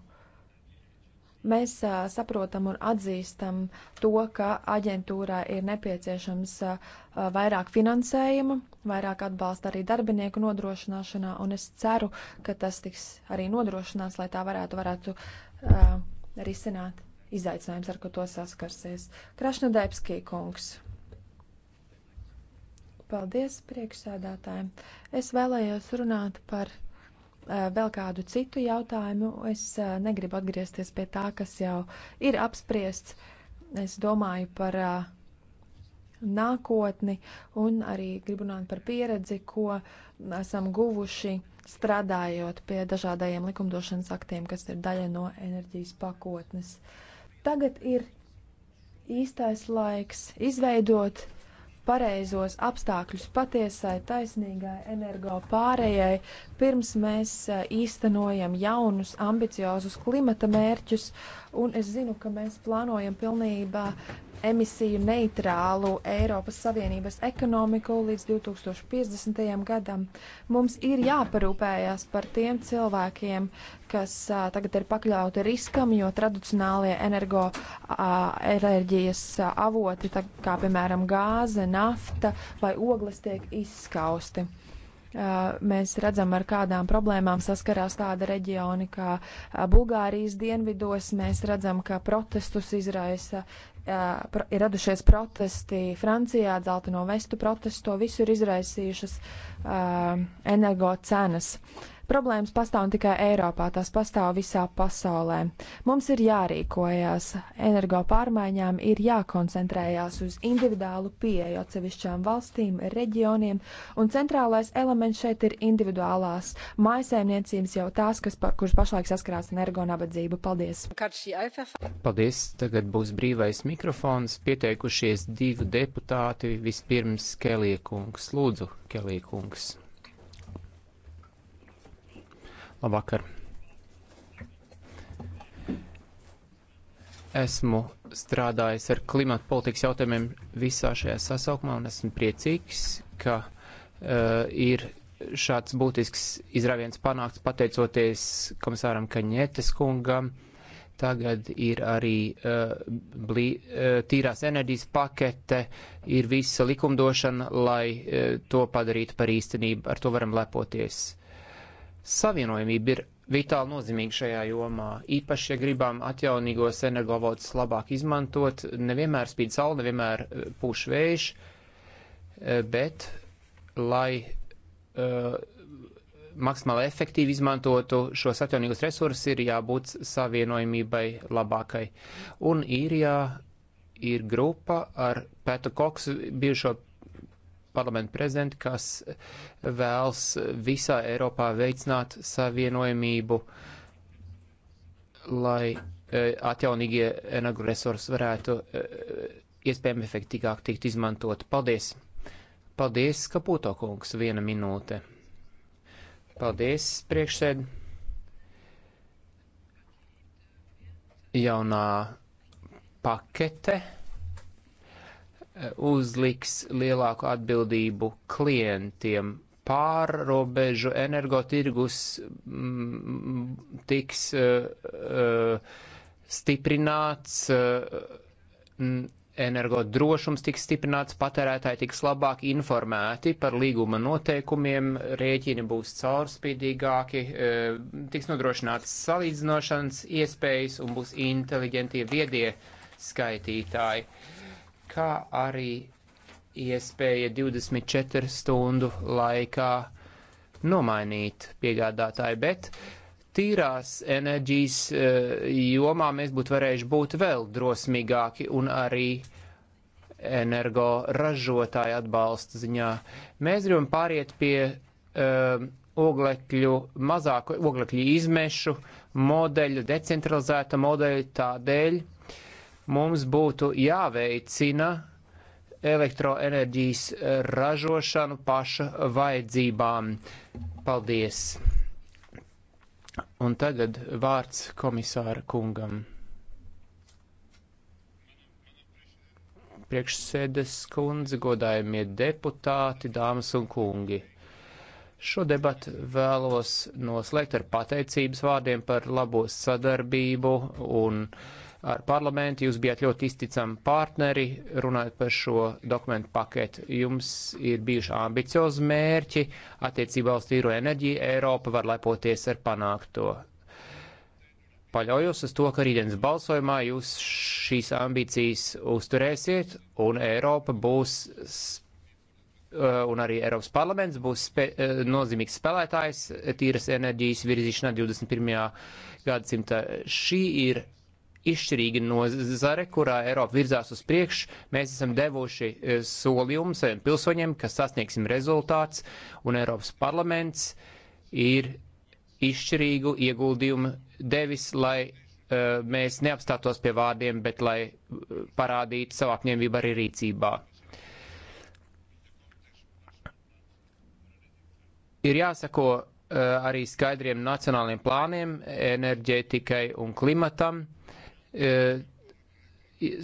Mēs a, saprotam un atzīstam to, ka aģentūrā ir nepieciešams a, a, vairāk finansējuma, vairāk atbalsta arī darbinieku nodrošināšanā, un es ceru, ka tas tiks arī nodrošināts, lai tā varētu, varētu risināt izaicinājums, ar ko to saskarsies. Krašnodēpskī kungs. Paldies priekšsēdātājiem. Es vēlējos runāt par eh, vēl kādu citu jautājumu. Es eh, negribu atgriezties pie tā, kas jau ir apspriests. Es domāju par eh, nākotni un arī gribu runāt par pieredzi, ko esam guvuši strādājot pie dažādajiem likumdošanas aktiem, kas ir daļa no enerģijas pakotnes. Tagad ir īstais laiks izveidot pareizos apstākļus patiesai, taisnīgai energo pārējai, pirms mēs e, īstenojam jaunus, ambiciozus klimata mērķus, un es zinu, ka mēs plānojam pilnībā emisiju neitrālu Eiropas Savienības ekonomiku līdz 2050. gadam. Mums ir jāparūpējās par tiem cilvēkiem, kas a, tagad ir pakļauti riskam, jo tradicionālie energo a, enerģijas a, avoti, tā, kā piemēram gāze, nafta vai ogles, tiek izskausti. Uh, mēs redzam, ar kādām problēmām saskarās tāda reģioni kā uh, Bulgārijas dienvidos. Mēs redzam, ka protestus izraisa ir radušies protesti Francijā, dzelteno vestu protestu, to visu ir izraisījušas uh, energo cenas. Problēmas pastāv ne tikai Eiropā, tās pastāv visā pasaulē. Mums ir jārīkojas, energo pārmaiņām ir jākoncentrējās uz individuālu pieeju atsevišķām valstīm, reģioniem, un centrālais elements šeit ir individuālās mājasēmniecības jau tās, kas, par, kuras pašlaik saskarās energo nabadzību. Paldies! Paldies! Tagad būs brīvais mikrofons pieteikušies divi deputāti. Vispirms Keliekungs. Lūdzu, Keliekungs. Labvakar. Esmu strādājis ar klimatu politikas jautājumiem visā šajā sasaukumā un esmu priecīgs, ka uh, ir šāds būtisks izrāviens panākts pateicoties komisāram Kaņetes kungam. Uh, Tagad ir arī uh, blī, uh, tīrās enerģijas pakete, ir visa likumdošana, lai uh, to padarītu par īstenību. Ar to varam lepoties. Savienojamība ir vitāli nozīmīga šajā jomā. Īpaši, ja gribam atjaunīgos energoavotus labāk izmantot, nevienmēr spīd saule, nevienmēr pūš vējš, bet lai uh, maksimāli efektīvi izmantotu šos atjaunīgos resursus, ir jābūt savienojumībai labākai. Un īrijā ir grupa ar Pētu Koksu, bijušo parlamentu prezidentu, kas vēls visā Eiropā veicināt savienojumību, lai e, atjaunīgie energoresursi varētu e, iespējami efektīgāk tikt izmantot. Paldies! Paldies, Kaputo kungs, viena minūte. Paldies, priekšsēd. Jaunā pakete e, uzliks lielāku atbildību klientiem. Pārrobežu energotirgus m, mm, tiks uh, uh, stiprināts. Uh, m, energodrošums tiks stiprināts, patērētāji tiks labāk informēti par līguma noteikumiem, rēķini būs caurspīdīgāki, e, tiks nodrošināts salīdzinošanas iespējas un būs inteliģentie viedie skaitītāji, kā arī iespēja 24 stundu laikā nomainīt piegādātāju, bet uh, tīrās enerģijas eh, jomā mēs būtu varējuši būt vēl drosmīgāki un arī energo ražotāju atbalsta ziņā. Mēs gribam pāriet pie uh, oglekļu, mazāku oglekļu izmešu modeļu, decentralizēta modeļa tādēļ mums būtu jāveicina elektroenerģijas ražošanu paša vajadzībām. Paldies! Un tagad vārds komisāra kungam. Priekšsēdes kundze, godājumie deputāti, dāmas un kungi. Šo debatu vēlos noslēgt ar pateicības vārdiem par labo sadarbību un uh, ar parlamentu. Jūs bijat ļoti izticami partneri, runājot par šo dokumentu paketu. Jums ir bijuši ambiciozi mērķi attiecībā uz tīro enerģiju. Eiropa var lepoties ar panākto. Paļaujos uz to, ka rītdienas balsojumā jūs šīs ambīcijas uzturēsiet un Eiropa būs uh, un arī Eiropas parlaments būs spe, uh, nozīmīgs spēlētājs tīras enerģijas virzīšanā 21. gadsimtā. Šī ir izšķirīga nozare, kurā Eiropa virzās uz priekšu. Mēs esam devuši e, solījumu saviem pilsoņiem, ka sasniegsim rezultāts, un Eiropas parlaments ir izšķirīgu ieguldījumu devis, lai uh, mēs neapstātos pie vārdiem, bet lai uh, parādītu savu apņēmību arī rīcībā. Ir jāsako uh, arī skaidriem nacionāliem plāniem enerģētikai un klimatam. Uh, E,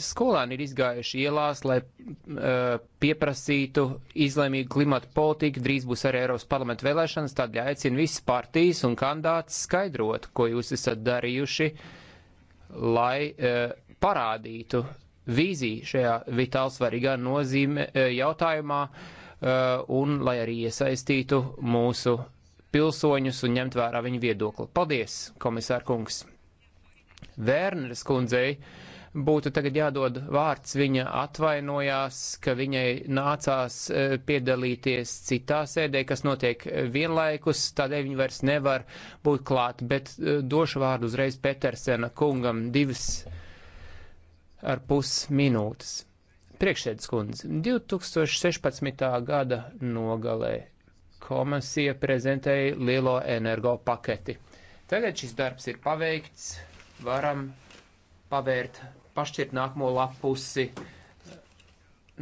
skolēni ir izgājuši ielās, lai uh, pieprasītu izlēmīgu klimatu politiku. Drīz būs arī Eiropas parlamenta vēlēšanas, tad jāaicina visas partijas un kandidāts skaidrot, ko jūs esat darījuši, lai uh, parādītu vīziju šajā vitāli svarīgā nozīme uh, jautājumā uh, un lai arī iesaistītu mūsu pilsoņus un ņemt vērā viņu viedokli. Paldies, komisār kungs! Vērneres kundzei būtu tagad jādod vārds. Viņa atvainojās, ka viņai nācās e, piedalīties citā sēdē, kas notiek vienlaikus, tādēļ viņa vairs nevar būt klāt, bet e, došu vārdu uzreiz Petersena kungam divas ar pus minūtes. Priekšsēdus kundze, 2016. gada nogalē komisija prezentēja lielo energo paketi. Tagad šis darbs ir paveikts, varam pavērt, pašķirt nākamo lapusi.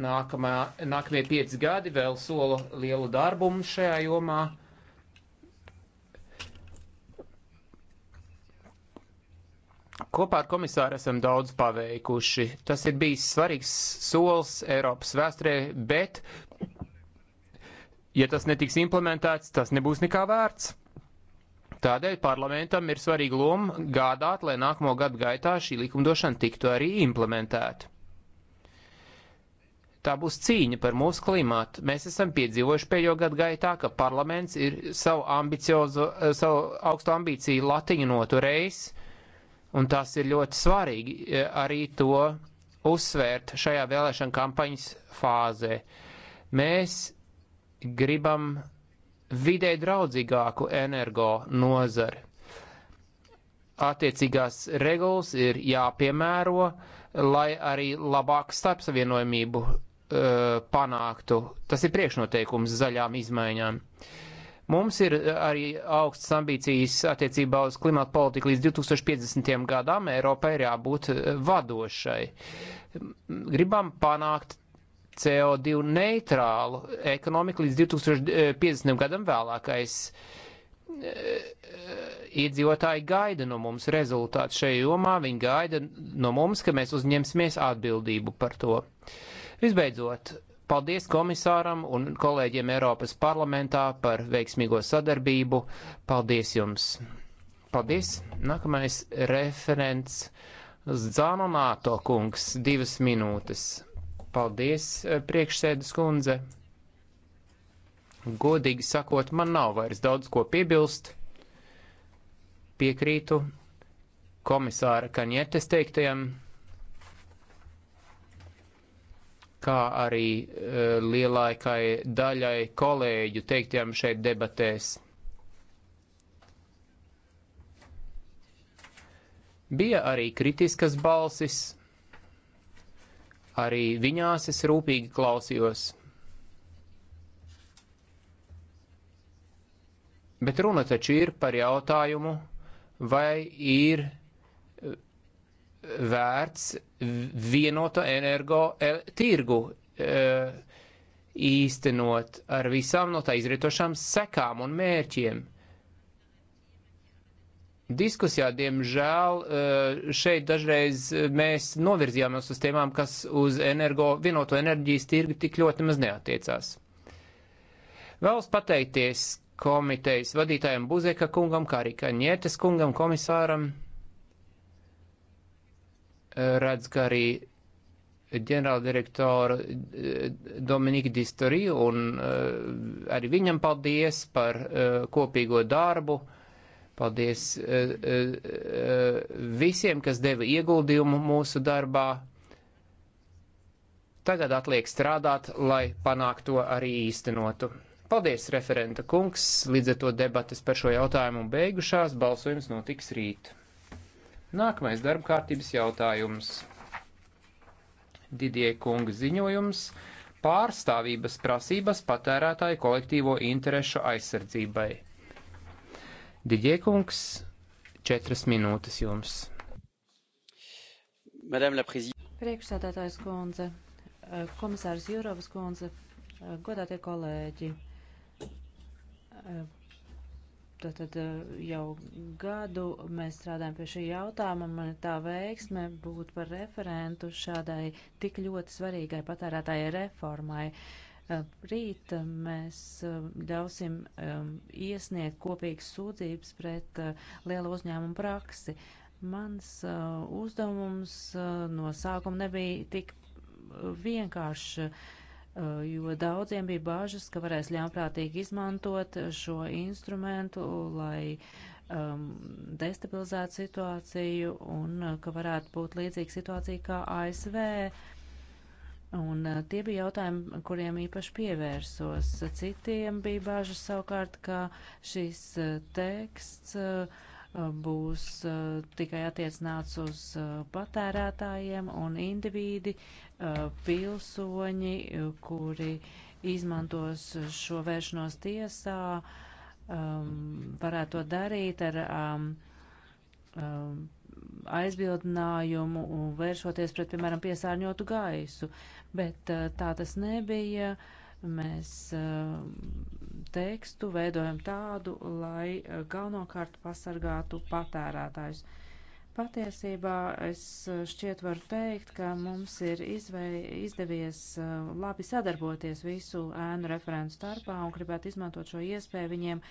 Nākamā, nākamie pieci gadi vēl sola lielu darbu mums šajā jomā. Kopā ar komisāru esam daudz paveikuši. Tas ir bijis svarīgs solis Eiropas vēsturē, bet, ja tas netiks implementēts, tas nebūs nekā vērts. Tādēļ parlamentam ir svarīga loma gādāt, lai nākamo gadu gaitā šī likumdošana tiktu arī implementēta. Tā būs cīņa par mūsu klimātu. Mēs esam piedzīvojuši pēdējo gadu gaitā, ka parlaments ir savu, eh, savu augstu ambīciju latiņotu reizi, un tas ir ļoti svarīgi eh, arī to uzsvērt šajā vēlēšana kampaņas fāzē. Mēs gribam vidē draudzīgāku energo nozari. Attiecīgās regulas ir jāpiemēro, lai arī labāku starpsavienojumību uh, panāktu. Tas ir priekšnoteikums zaļām izmaiņām. Mums ir arī augsts ambīcijas attiecībā uz klimatu politiku līdz 2050. gadam. Eiropai ir jābūt vadošai. Gribam panākt CO2 neitrālu ekonomiku līdz 2050. gadam vēlākais. E, e, iedzīvotāji gaida no mums rezultātu šajā jomā, viņi gaida no mums, ka mēs uzņemsimies atbildību par to. Visbeidzot, paldies komisāram un kolēģiem Eiropas parlamentā par veiksmīgo sadarbību. Paldies jums! Paldies! Nākamais referents Zanonāto kungs, divas minūtes. Paldies, eh, priekšsēdas kundze. Godīgi sakot, man nav vairs daudz ko piebilst. Piekrītu komisāra Kaņietes teiktajam, kā arī uh, lielākai daļai kolēģu teiktajam šeit debatēs. Bija arī kritiskas balsis Arī viņās es rūpīgi klausījos. Bet runa taču ir par jautājumu, vai ir eh, vērts vienoto energo tirgu eh, īstenot ar visām no tā izrietošām sekām un mērķiem diskusijā, diemžēl, eh, šeit dažreiz eh, mēs novirzījāmies uz tēmām, kas uz energo, vienoto enerģijas tirgu tik ļoti maz neatiecās. Vēlos pateikties komitejas vadītājiem Buzeka kungam, kā arī Kaņietes kungam, komisāram. Eh, redz, ka arī ģenerāldirektora Dominika Distori un arī viņam paldies par kopīgo darbu Paldies e, e, e, visiem, kas deva ieguldījumu mūsu darbā. Tagad atliek strādāt, lai panāktu to arī īstenotu. Paldies, referenta kungs. Līdz ar to debatas par šo jautājumu beigušās. Balsojums notiks rīt. Nākamais darba kārtības jautājums. Didie kunga ziņojums - pārstāvības prasības patērētāju kolektīvo interešu aizsardzībai. Diģiekungs, četras minūtes jums. Priekšsādātājs kundze, eh, komisārs Jūrovas kundze, eh, godātie kolēģi. Eh, tātad jau gadu mēs strādājam pie šī jautājuma, un man ir tā veiksme būt par referentu šādai tik ļoti svarīgai patērētāja reformai. Uh, Eh, rīt eh, mēs eh, ļausim iesniegt kopīgas sūdzības pret liela uzņēmuma praksi. Mans uzdevums no sākuma nebija tik vienkāršs, jo daudziem bija bāžas, ka varēs ļaunprātīgi izmantot šo instrumentu, lai um, destabilizētu situāciju un ka varētu būt līdzīga situācija kā ASV. Uh, Un eh, tie bija jautājumi, kuriem īpaši pievērsos. Citiem bija bažas savukārt, ka šis eh, teksts eh, būs tikai attiecināts uz patērētājiem un indivīdi, pilsoņi, kuri izmantos šo vēršanos tiesā, ehm, varētu to darīt ar um, aizbildinājumu un vēršoties pret, piemēram, piesārņotu gaisu. Bet eh, tā tas nebija. Mēs eh, tekstu veidojam tādu, lai eh, galvenokārt pasargātu patērētājus. Patiesībā es šķiet varu teikt, ka mums ir izvei, izdevies labi sadarboties visu ēnu referentu starpā un gribētu izmantot šo iespēju viņiem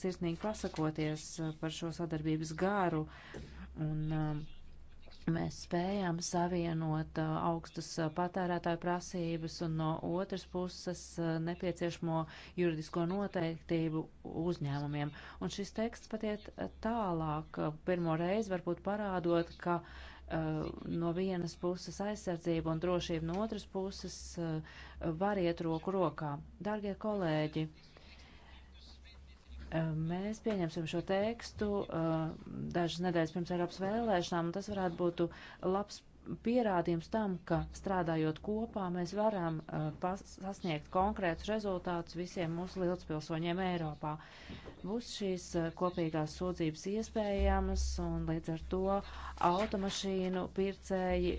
sirsnīgi pasakoties par šo sadarbības garu. Uh, Un um, mēs spējām savienot uh, augstas uh, patērētāju prasības un no otras puses uh, nepieciešamo juridisko noteiktību uzņēmumiem. Un šis teksts patiet tālāk, pirmo reizi varbūt parādot, ka no vienas puses aizsardzība un drošība no otras puses var iet roku rokā. Dargie kolēģi! Mēs pieņemsim šo tekstu uh, dažas nedēļas pirms Eiropas vēlēšanām, un tas varētu būt labs pierādījums tam, ka strādājot kopā, mēs varam uh, sasniegt konkrētus rezultātus visiem mūsu līdzpilsoņiem Eiropā. Būs šīs uh, kopīgās sūdzības iespējamas, un līdz ar to automašīnu pircēji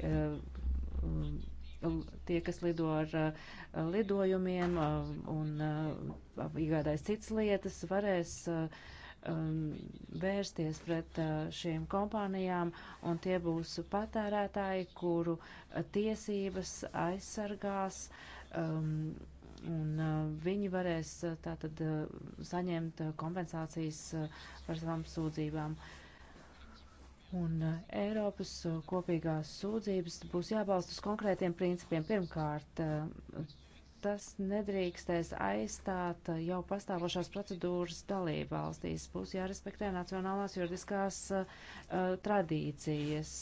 tie, kas lido ar eh, lidojumiem eh, un eh, iegādājas citas lietas, varēs um, vērsties pret šīm kompānijām, un tie būs patērētāji, kuru tiesības aizsargās, um, un viņi varēs tātad saņemt kompensācijas par savām sūdzībām. Uh, Un uh, Eiropas uh, kopīgās sūdzības būs jābalst uz konkrētiem principiem. Pirmkārt, uh, tas nedrīkstēs aizstāt jau pastāvošās procedūras dalību valstīs. Būs jārespektē nacionālās juridiskās uh, tradīcijas.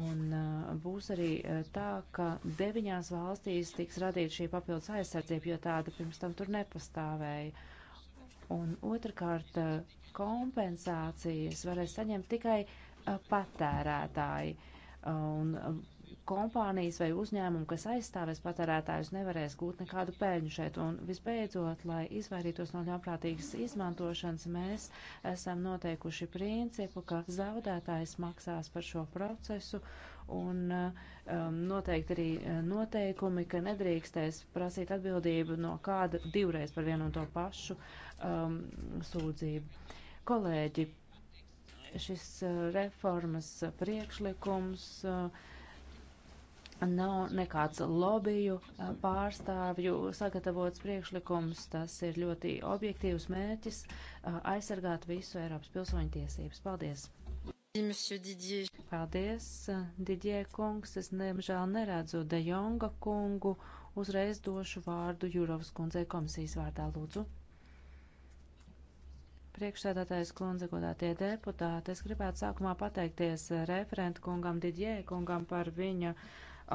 Un uh, būs arī uh, tā, ka deviņās valstīs tiks radīta šī papildus aizsardzība, jo tāda pirms tam tur nepastāvēja. Un otrkārt, uh, kompensācijas varēs saņemt tikai patērētāji. Un kompānijas vai uzņēmumi, kas aizstāvēs patērētājus, nevarēs gūt nekādu peļņu šeit. Un visbeidzot, lai izvairītos no ļaunprātīgas izmantošanas, mēs esam noteikuši principu, ka zaudētājs maksās par šo procesu un um, noteikti arī noteikumi, ka nedrīkstēs prasīt atbildību no kāda divreiz par vienu un to pašu um, sūdzību. Kolēģi, šis uh, reformas priekšlikums uh, nav nekāds lobiju uh, pārstāvju sagatavots priekšlikums. Tas ir ļoti objektīvs mērķis aizsargāt visu Eiropas pilsoņu tiesības. Paldies! Paldies, Didie kungs. Es nemžēl neredzu De Jonga kungu. Uzreiz došu vārdu Jurovas kundzei komisijas vārdā lūdzu. Priekšsēdētājs kundze, godātie deputāti, es gribētu sākumā pateikties referentu kungam Didjē kungam par viņa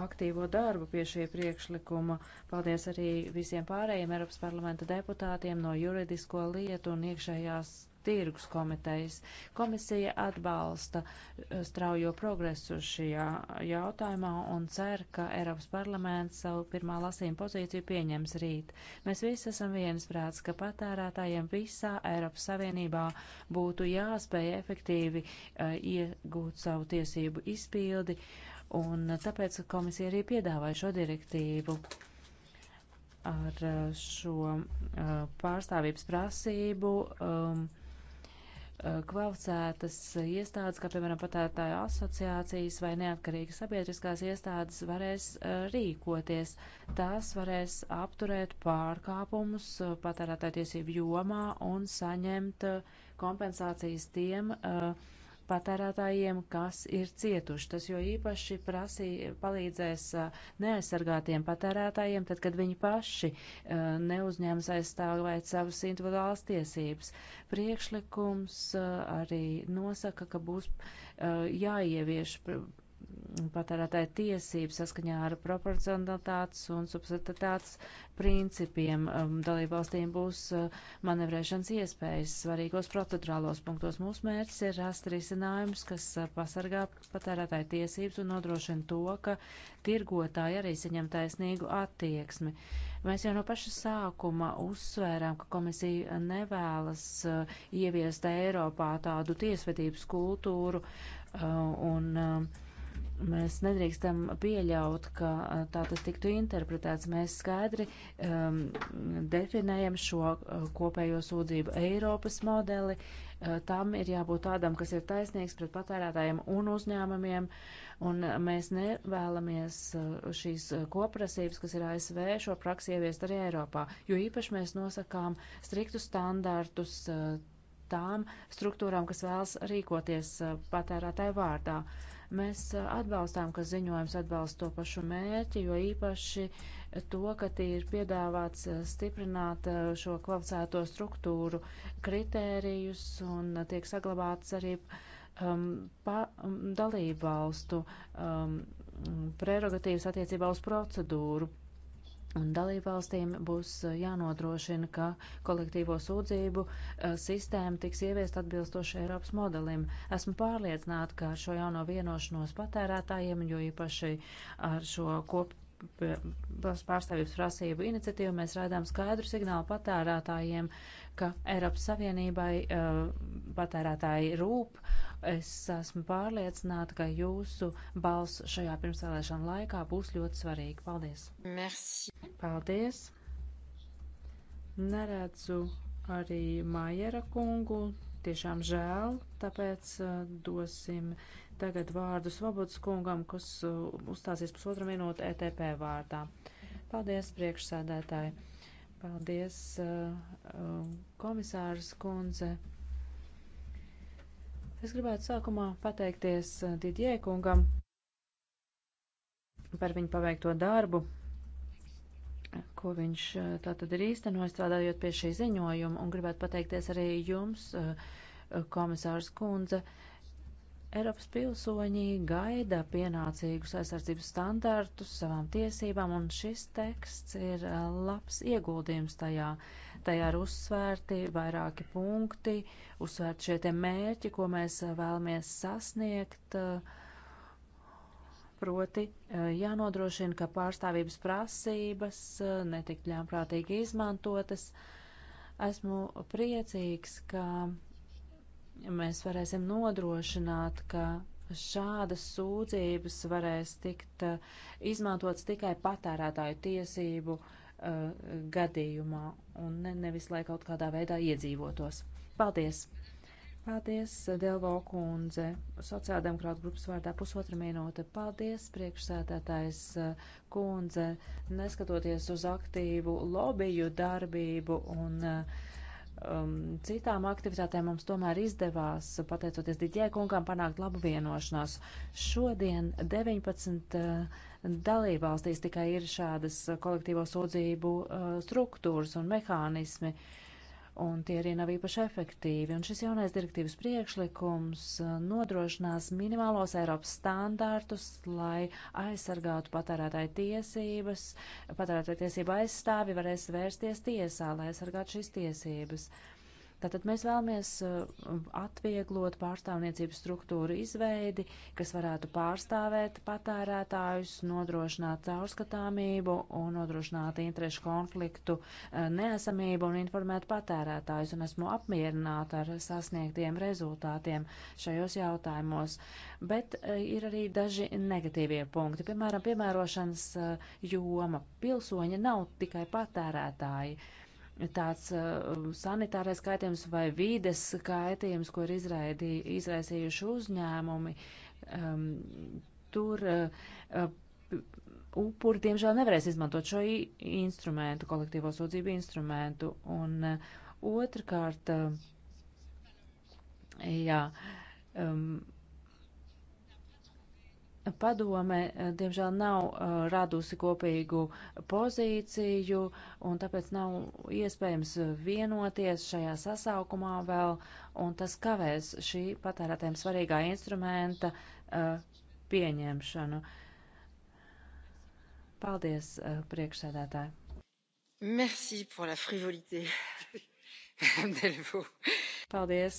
aktīvo darbu pie šī priekšlikuma. Paldies arī visiem pārējiem Eiropas parlamenta deputātiem no juridisko lietu un iekšējās tirgus komitejas. Komisija atbalsta eh, straujo progresu šajā jautājumā un cer, ka Eiropas parlaments savu pirmā lasījuma pozīciju pieņems rīt. Mēs visi esam viensprāts, ka patērētājiem visā Eiropas Savienībā būtu jāspēj efektīvi uh, iegūt savu tiesību izpildi, un tāpēc komisija arī piedāvāja šo direktīvu ar eh, šo pārstāvības prasību um, kvalificētas iestādes, kā piemēram patērētāju asociācijas vai neatkarīgas sabiedriskās iestādes, varēs e, rīkoties. Tās varēs apturēt pārkāpumus e, patērētāju tiesību jomā un saņemt e, kompensācijas tiem uh, patērētājiem, kas ir cietuši. Tas jo īpaši prasī, palīdzēs neaizsargātiem patērētājiem, tad, kad viņi paši neuzņēmas aizstāvēt savas individuālas tiesības. Priekšlikums arī nosaka, ka būs jāievieš patērētāja tiesības saskaņā ar proporcionalitātes un subsidiatātes principiem. Um, dalībvalstīm būs uh, manevrēšanas iespējas svarīgos procedurālos punktos. Mūsu mērķis ir rast risinājums, kas uh, pasargā patērētāja tiesības un nodrošina to, ka tirgotāji arī saņem taisnīgu attieksmi. Mēs jau no paša sākuma uzsvērām, ka komisija nevēlas uh, ieviest Eiropā tādu tiesvedības kultūru un uh, Mēs nedrīkstam pieļaut, ka eh, tā tas tiktu interpretēts. Mēs skaidri um, definējam šo eh, kopējo sūdzību Eiropas modeli. Uh, tam ir jābūt tādam, kas ir taisnīgs pret patērētājiem un uzņēmumiem, un mēs nevēlamies šīs koprasības, kas ir ASV, šo praksi ieviest arī Eiropā, jo īpaši mēs nosakām striktus standartus uh, tām struktūrām, kas vēlas rīkoties uh, patērētāju vārdā. Uh, Mēs uh, atbalstām, ka ziņojums atbalsta to pašu mērķi, jo īpaši to, ka ir piedāvāts uh, stiprināt uh, šo kvalificēto struktūru kritērijus un tiek saglabāts arī um, pa, um, dalību valstu um, prerogatīvas attiecībā uz procedūru Un dalībvalstīm būs eh, jānodrošina, ka kolektīvo sūdzību eh, sistēma tiks ieviest atbilstoši Eiropas modelim. Esmu pārliecināta, ka ar šo jauno vienošanos patērētājiem, jo īpaši ar šo kop eh, pārstāvības prasību iniciatīvu mēs rādām skaidru signālu patērētājiem, ka Eiropas Savienībai patērētāji rūp Es esmu pārliecināta, ka jūsu balss šajā pirmsvēlēšana laikā būs ļoti svarīga. Paldies! Merci. Paldies! Neredzu arī Maiera kungu. Tiešām žēl, tāpēc uh, dosim tagad vārdu Svobodas kungam, kas uh, uzstāsies pusotru minūtu ETP vārdā. Paldies, priekšsēdētāji! Paldies, uh, komisārs kundze! Es gribētu sākumā pateikties eh, Didjē kungam par viņu paveikto darbu, ko viņš eh, tātad ir īstenojis strādājot pie šī ziņojuma, un gribētu pateikties arī jums, eh, komisārs kundze, uh, Eiropas pilsoņi gaida pienācīgus aizsardzības standartus savām tiesībām, un šis teksts ir labs ieguldījums tajā. Tajā ir uzsvērti vairāki punkti, uzsvērti šie tie mērķi, ko mēs vēlamies sasniegt. Proti jānodrošina, ka pārstāvības prasības netikt ļāmprātīgi izmantotas. Esmu priecīgs, ka mēs varēsim nodrošināt, ka šādas sūdzības varēs tikt eh, izmantotas tikai patērētāju tiesību uh, gadījumā un ne, nevis, lai kaut kādā veidā iedzīvotos. Paldies! Paldies, Delvo kundze, sociāldemokrāta grupas vārdā pusotra minūte. Paldies, priekšsētētājs eh, kundze, neskatoties uz aktīvu lobiju darbību un uh, um, citām aktivitātēm mums tomēr izdevās, pateicoties Diģē kungam, panākt labu vienošanos. Šodien 19 uh, dalībvalstīs tikai ir šādas kolektīvo sūdzību uh, struktūras un mehānismi. Uh, un tie arī nav īpaši efektīvi. Un šis jaunais direktīvas priekšlikums uh, nodrošinās minimālos Eiropas standārtus, lai aizsargātu patērētāju tiesības, patērētāju tiesību aizstāvi varēs vērsties tiesā, lai aizsargātu šīs tiesības. Uh, Tātad mēs vēlamies uh, atvieglot pārstāvniecības struktūru izveidi, kas varētu pārstāvēt patērētājus, nodrošināt caurskatāmību un nodrošināt interešu konfliktu uh, neesamību un informēt patērētājus. Un esmu apmierināta ar sasniegtiem rezultātiem šajos jautājumos. Bet uh, ir arī daži negatīvie punkti. Piemēram, piemērošanas joma. Pilsoņi nav tikai patērētāji tāds uh, sanitārais kaitējums vai vīdes kaitējums, ko ir izraidī, izraisījuši uzņēmumi, um, tur uh, uh, upuri, diemžēl, nevarēs izmantot šo instrumentu, kolektīvo sūdzību instrumentu. Un uh, otrkārt, uh, jā, um, Padome, eh, diemžēl, nav uh, radusi kopīgu pozīciju, un tāpēc nav iespējams vienoties šajā sasaukumā vēl, un tas kavēs šī patērētēm svarīgā instrumenta uh, pieņemšanu. Paldies, uh, priekšsēdētāji! Merci pour la frivolité, Madame Delvaux. Paldies,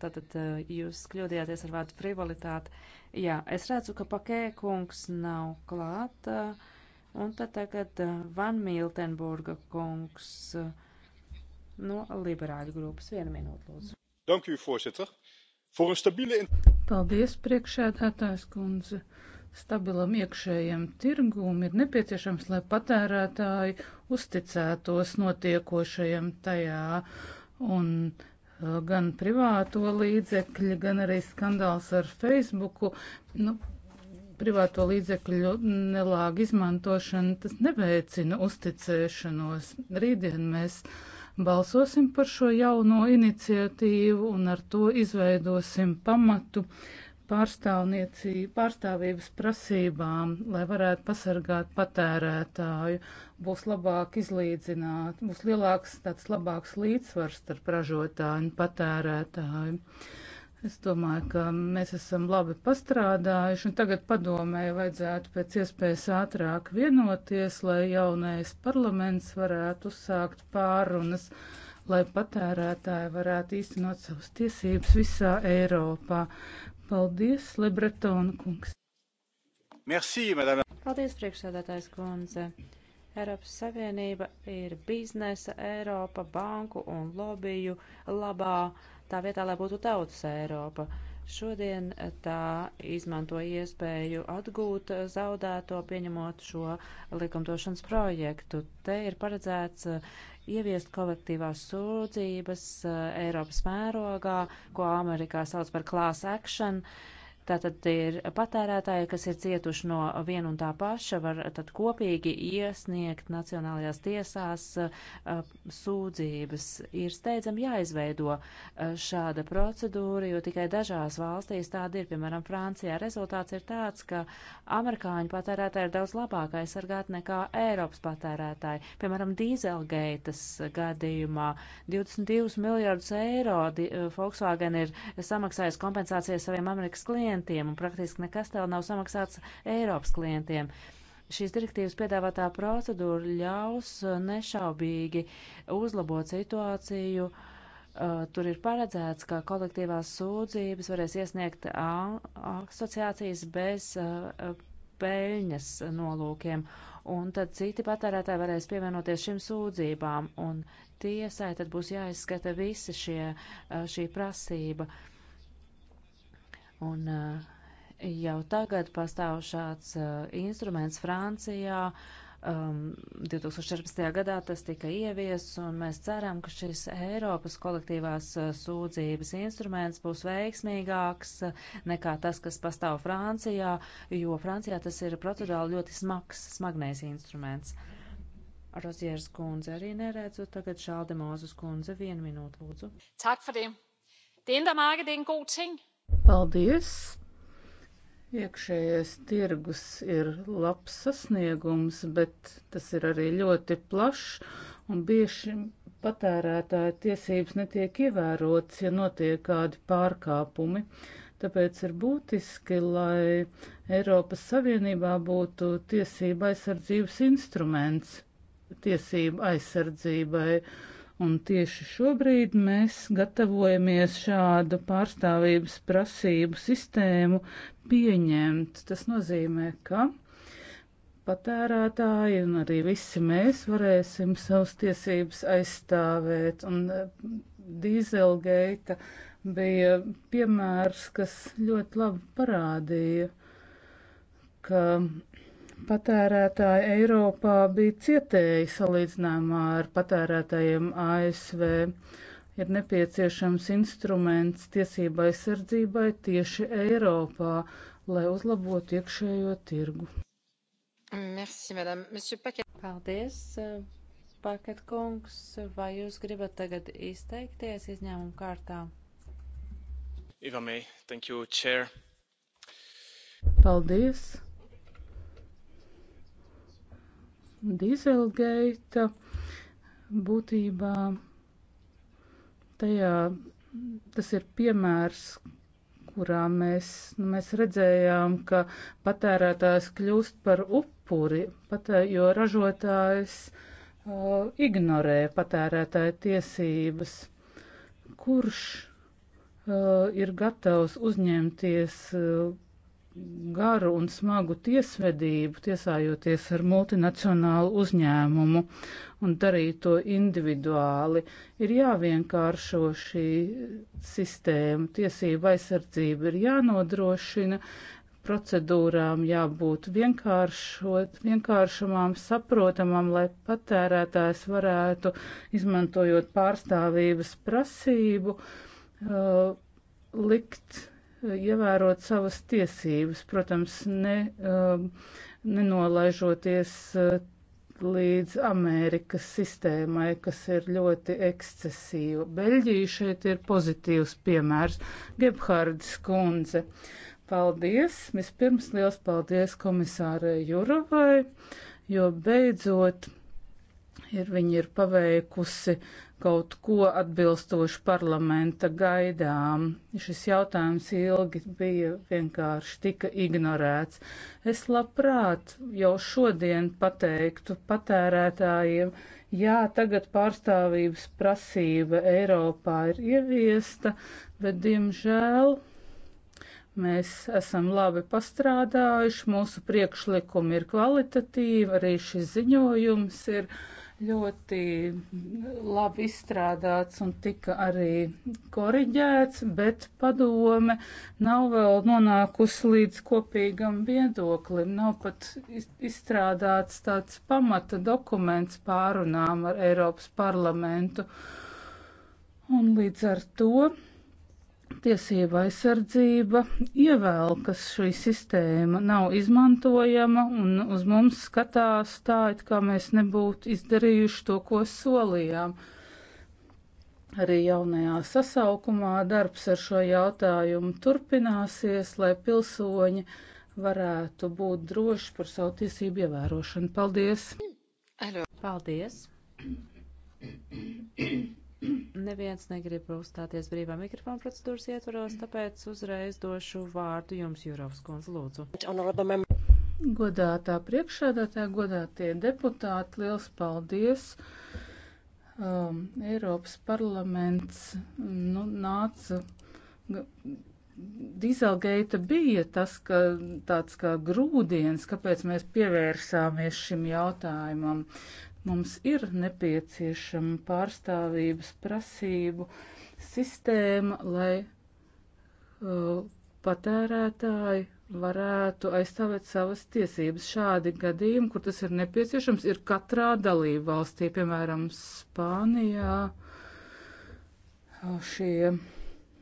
tātad jūs kļūdījāties ar vārdu frivolitāte. Jā, es redzu, ka pakē kungs nav klāt, un tad tagad eh, Van Miltenburga kungs eh, no liberāļu grupas. Vienu minūtu, lūdzu. Dank u, voorzitter. Voor een stabiele... Paldies, priekšēdētājs kundze. Stabilam iekšējiem tirgum ir nepieciešams, lai patērētāji uzticētos notiekošajam tajā un uh, Eh, gan privāto līdzekļu, gan arī skandāls ar Facebooku. Nu, privāto līdzekļu nelāga izmantošana, tas neveicina uzticēšanos. Rītdien mēs balsosim par šo jauno iniciatīvu un ar to izveidosim pamatu pārstāvniecību, pārstāvības prasībām, lai varētu pasargāt patērētāju būs labāk izlīdzināt, būs lielāks tāds labāks līdzsvars starp ražotāju un patērētāju. Es domāju, ka mēs esam labi pastrādājuši, un tagad padomēju vajadzētu pēc iespējas ātrāk vienoties, lai jaunais parlaments varētu uzsākt pārunas, lai patērētāji varētu īstenot savas tiesības visā Eiropā. Paldies, Lebretona kungs! Merci, madame! Paldies, priekšsēdētājs kundze! Eiropas Savienība ir biznesa Eiropa, banku un lobiju labā, tā vietā, lai būtu tautas Eiropa. Šodien tā izmanto iespēju atgūt zaudēto, pieņemot šo likumdošanas projektu. Te ir paredzēts uh, ieviest kolektīvās sūdzības uh, Eiropas mērogā, ko Amerikā sauc par class action. Uh, Tātad ir patērētāji, kas ir cietuši no viena un tā paša, var tad kopīgi iesniegt nacionālajās tiesās sūdzības. Ir steidzam jāizveido šāda procedūra, jo tikai dažās valstīs tāda ir, piemēram, Francijā. Rezultāts ir tāds, ka amerikāņu patērētāji ir daudz labāk aizsargāti nekā Eiropas patērētāji. Piemēram, dīzelgeitas gadījumā 22 miljardus eiro Volkswagen ir samaksājis kompensācijas saviem Amerikas klientiem klientiem, un praktiski nekas vēl nav samaksāts Eiropas klientiem. Šīs direktīvas piedāvātā procedūra ļaus uh, nešaubīgi uzlabot situāciju uh, Uh, tur ir paredzēts, ka kolektīvās sūdzības varēs iesniegt asociācijas bez uh, uh, peļņas nolūkiem, un tad citi patērētāji varēs pievienoties šim sūdzībām, un tiesai tad būs jāizskata visi šie, uh, šī prasība. Uh, Un eh, jau tagad pastāv šāds eh, instruments Francijā. Um, 2014. gadā tas tika ieviests, un mēs ceram, ka šis Eiropas kolektīvās eh, sūdzības instruments būs veiksmīgāks nekā tas, kas pastāv Francijā, jo Francijā tas ir procedurāli ļoti smags, smagnējs instruments. Rozieras kundze arī neredzu, tagad Šalde Mozus kundze, vienu minūtu lūdzu. Tak for det. Det indre marked er en god ting, Paldies! Iekšējais tirgus ir labs sasniegums, bet tas ir arī ļoti plašs un bieži patērētāja tiesības netiek ievērotas, ja notiek kādi pārkāpumi. Tāpēc ir būtiski, lai Eiropas Savienībā būtu tiesība aizsardzības instruments tiesību aizsardzībai. Uh, Un tieši šobrīd mēs gatavojamies šādu pārstāvības prasību sistēmu pieņemt. Tas nozīmē, ka patērētāji un arī visi mēs varēsim savas tiesības aizstāvēt. Un eh, dīzelgeita bija piemērs, kas ļoti labi parādīja, ka Patērētāji Eiropā bija cietēji salīdzinājumā ar patērētājiem ASV. Ir nepieciešams instruments tiesībai sardzībai tieši Eiropā, lai uzlabotu iekšējo tirgu. Merci, madame. Monsieur Paket. Paldies, Paket kungs. Vai jūs gribat tagad izteikties izņēmuma kārtā? Ivamei, thank you, chair. Paldies. Dieselgate būtībā tajā tas ir piemērs, kurā mēs, nu, mēs redzējām, ka patērētājs kļūst par upuri, patē, jo ražotājs uh, ignorē patērētāja tiesības. Kurš uh, ir gatavs uzņemties uh, garu un smagu tiesvedību, tiesājoties ar multinacionālu uzņēmumu un darīt to individuāli, ir jāvienkāršo šī sistēma. Tiesība aizsardzība ir jānodrošina, procedūrām jābūt vienkāršot, vienkāršamām, saprotamām, lai patērētājs varētu, izmantojot pārstāvības prasību, uh, likt ievērot savas tiesības, protams, ne, um, nenolaižoties uh, līdz Amerikas sistēmai, kas ir ļoti ekscesīva. Beļģija šeit ir pozitīvs piemērs. Gebhards Kunze. Paldies! Vispirms liels paldies komisārai Jurovai, jo beidzot ir viņa ir paveikusi kaut ko atbilstoši parlamenta gaidām. Šis jautājums ilgi bija vienkārši tika ignorēts. Es labprāt jau šodien pateiktu patērētājiem, jā, tagad pārstāvības prasība Eiropā ir ieviesta, bet diemžēl Mēs esam labi pastrādājuši, mūsu priekšlikumi ir kvalitatīvi, arī šis ziņojums ir ļoti labi izstrādāts un tika arī koriģēts, bet padome nav vēl nonākusi līdz kopīgam viedoklim. Nav pat izstrādāts tāds pamata dokuments pārunām ar Eiropas parlamentu. Un līdz ar to tiesība aizsardzība ievēlkas šī sistēma, nav izmantojama un uz mums skatās tā, it kā mēs nebūtu izdarījuši to, ko solījām. Arī jaunajā sasaukumā darbs ar šo jautājumu turpināsies, lai pilsoņi varētu būt droši par savu tiesību ievērošanu. Paldies! Paldies! Neviens negrib uzstāties brīvā mikrofona procedūras ietvaros, tāpēc uzreiz došu vārdu jums, Jūrovs kundze, lūdzu. Godātā priekšsēdētāja, godātie deputāti, liels paldies! Um, Eiropas parlaments nu, nāca Dīzelgeita bija tas, ka tāds kā grūdienis, kāpēc mēs pievērsāmies šim jautājumam. Mums ir nepieciešama pārstāvības prasību sistēma, lai uh, patērētāji varētu aizstāvēt savas tiesības. Šādi gadījumi, kur tas ir nepieciešams, ir katrā dalību valstī, piemēram, Spānijā. Šie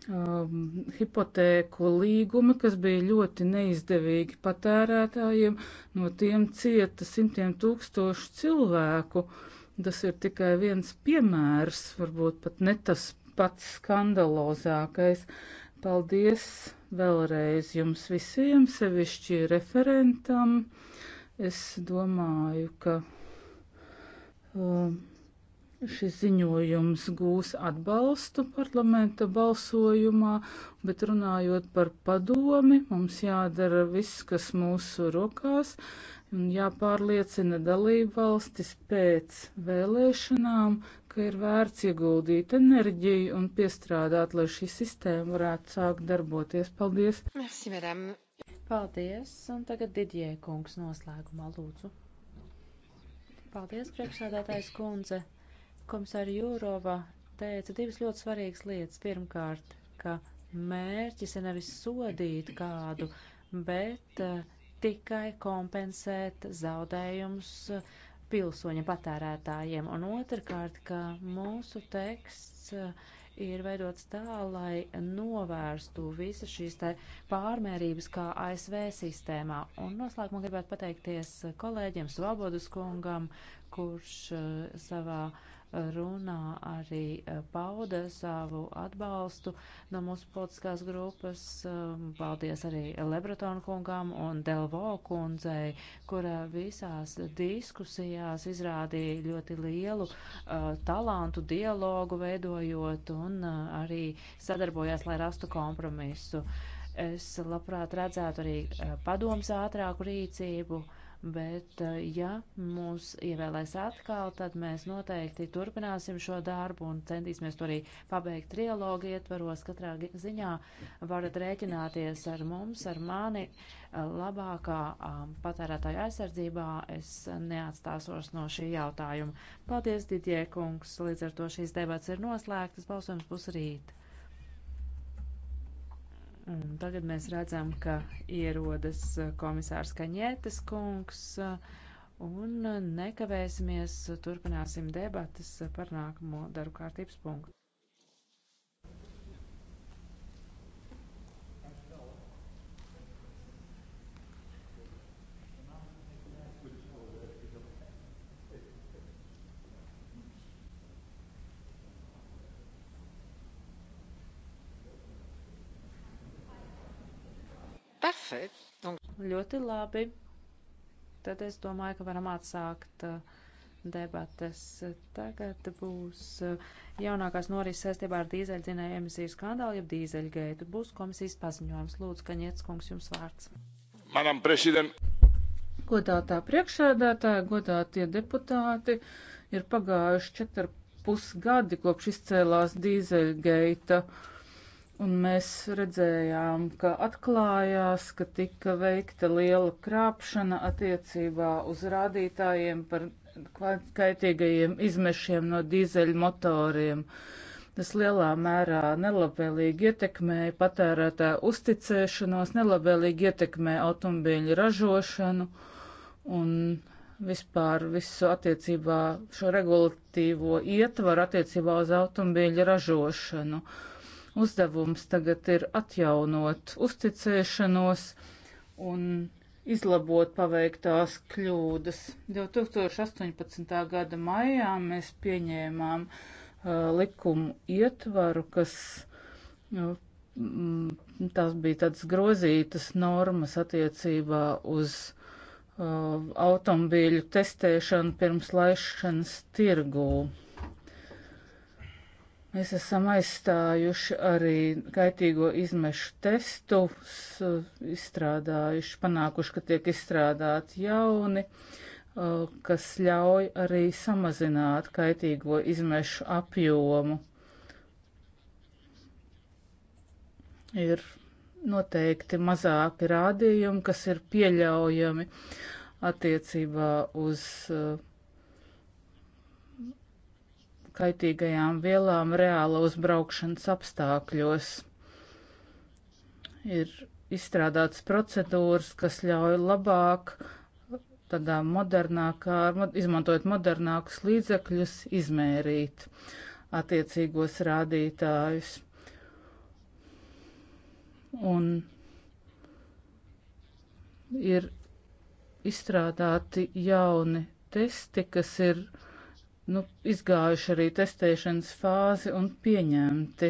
um, hipotēku līgumi, kas bija ļoti neizdevīgi patērētājiem, no tiem cieta simtiem tūkstošu cilvēku. Tas ir tikai viens piemērs, varbūt pat ne tas pats skandalozākais. Paldies vēlreiz jums visiem, sevišķi referentam. Es domāju, ka. Um, Šis ziņojums gūs atbalstu parlamenta balsojumā, bet runājot par padomi, mums jādara viss, kas mūsu rokās, un jāpārliecina dalību valstis pēc vēlēšanām, ka ir vērts ieguldīt enerģiju un piestrādāt, lai šī sistēma varētu sākt darboties. Paldies! Merci, madame. Paldies, un tagad Didie kungs noslēgumā lūdzu. Paldies, priekšsādātājs kundze. Komisāra Jūrova teica divas ļoti svarīgas lietas. Pirmkārt, ka mērķis ir nevis sodīt kādu, bet uh, tikai kompensēt zaudējumus eh, pilsoņa patērētājiem. Un otrkārt, ka mūsu teksts uh, ir veidots tā, lai novērstu visas šīs te pārmērības kā ASV sistēmā. Un noslēgumā gribētu pateikties kolēģiem Svobodas kungam, kurš uh, savā uh, runā arī eh, pauda savu atbalstu no mūsu politiskās grupas. Um, paldies arī Lebretonu kungam un Delvo kundzei, kura visās diskusijās izrādīja ļoti lielu uh, talantu dialogu veidojot un uh, arī sadarbojās, lai rastu kompromisu. Es labprāt redzētu arī padoms ātrāku rīcību. Uh, bet eh, ja mūs ievēlēs atkal, tad mēs noteikti turpināsim šo darbu un centīsimies to arī pabeigt trialogu ietvaros. Katrā ziņā varat rēķināties ar mums, ar mani eh, labākā um, patērētāja aizsardzībā. Es neatstāsos no šī jautājuma. Paldies, Didie kungs! Līdz ar to šīs debats ir noslēgtas. Balsojums būs rīt. Un tagad mēs redzam, ka ierodas uh, komisārs Kaņētas kungs, uh, un uh, nekavēsimies, turpināsim debatas par nākamo darbu kārtības punktu. Parfait. Donc... Ļoti labi. Tad es domāju, ka varam atsākt uh, debates. Tagad būs uh, jaunākās norises saistībā ar dīzeļdzinēju emisiju skandālu, jeb dīzeļgeitu. Būs komisijas paziņojums. Lūdzu, Kaņiec kungs, jums vārds. Madam President. Godātā priekšsēdētāja, godātie deputāti, ir pagājuši četri pusgadi, kopš izcēlās dīzeļgeita. Uh, Un mēs redzējām, ka atklājās, ka tika veikta liela krāpšana attiecībā uz rādītājiem par kaitīgajiem izmešiem no dīzeļmotoriem. Tas lielā mērā nelabvēlīgi ietekmēja patērētāju uzticēšanos, nelabvēlīgi ietekmēja automobīļu ražošanu un vispār visu attiecībā šo regulatīvo ietvaru attiecībā uz automobīļu ražošanu. Uh, uzdevums tagad ir atjaunot uzticēšanos un izlabot paveiktās kļūdas. 2018. gada maijā mēs pieņēmām uh, likumu ietvaru, kas uh, tās bija tādas grozītas normas attiecībā uz uh, automobīļu testēšanu pirms laišanas tirgū. Mēs esam aizstājuši arī kaitīgo izmešu testus, izstrādājuši, panākuši, ka tiek izstrādāti jauni, kas ļauj arī samazināt kaitīgo izmešu apjomu. Ir noteikti mazāki rādījumi, kas ir pieļaujami attiecībā uz uh, kaitīgajām vielām reāla uzbraukšanas apstākļos. Ir izstrādātas procedūras, kas ļauj labāk, tādā modernākā, izmantojot modernākus līdzekļus, izmērīt attiecīgos rādītājus. Un ir izstrādāti jauni testi, kas ir nu, izgājuši arī testēšanas fāzi un pieņemti.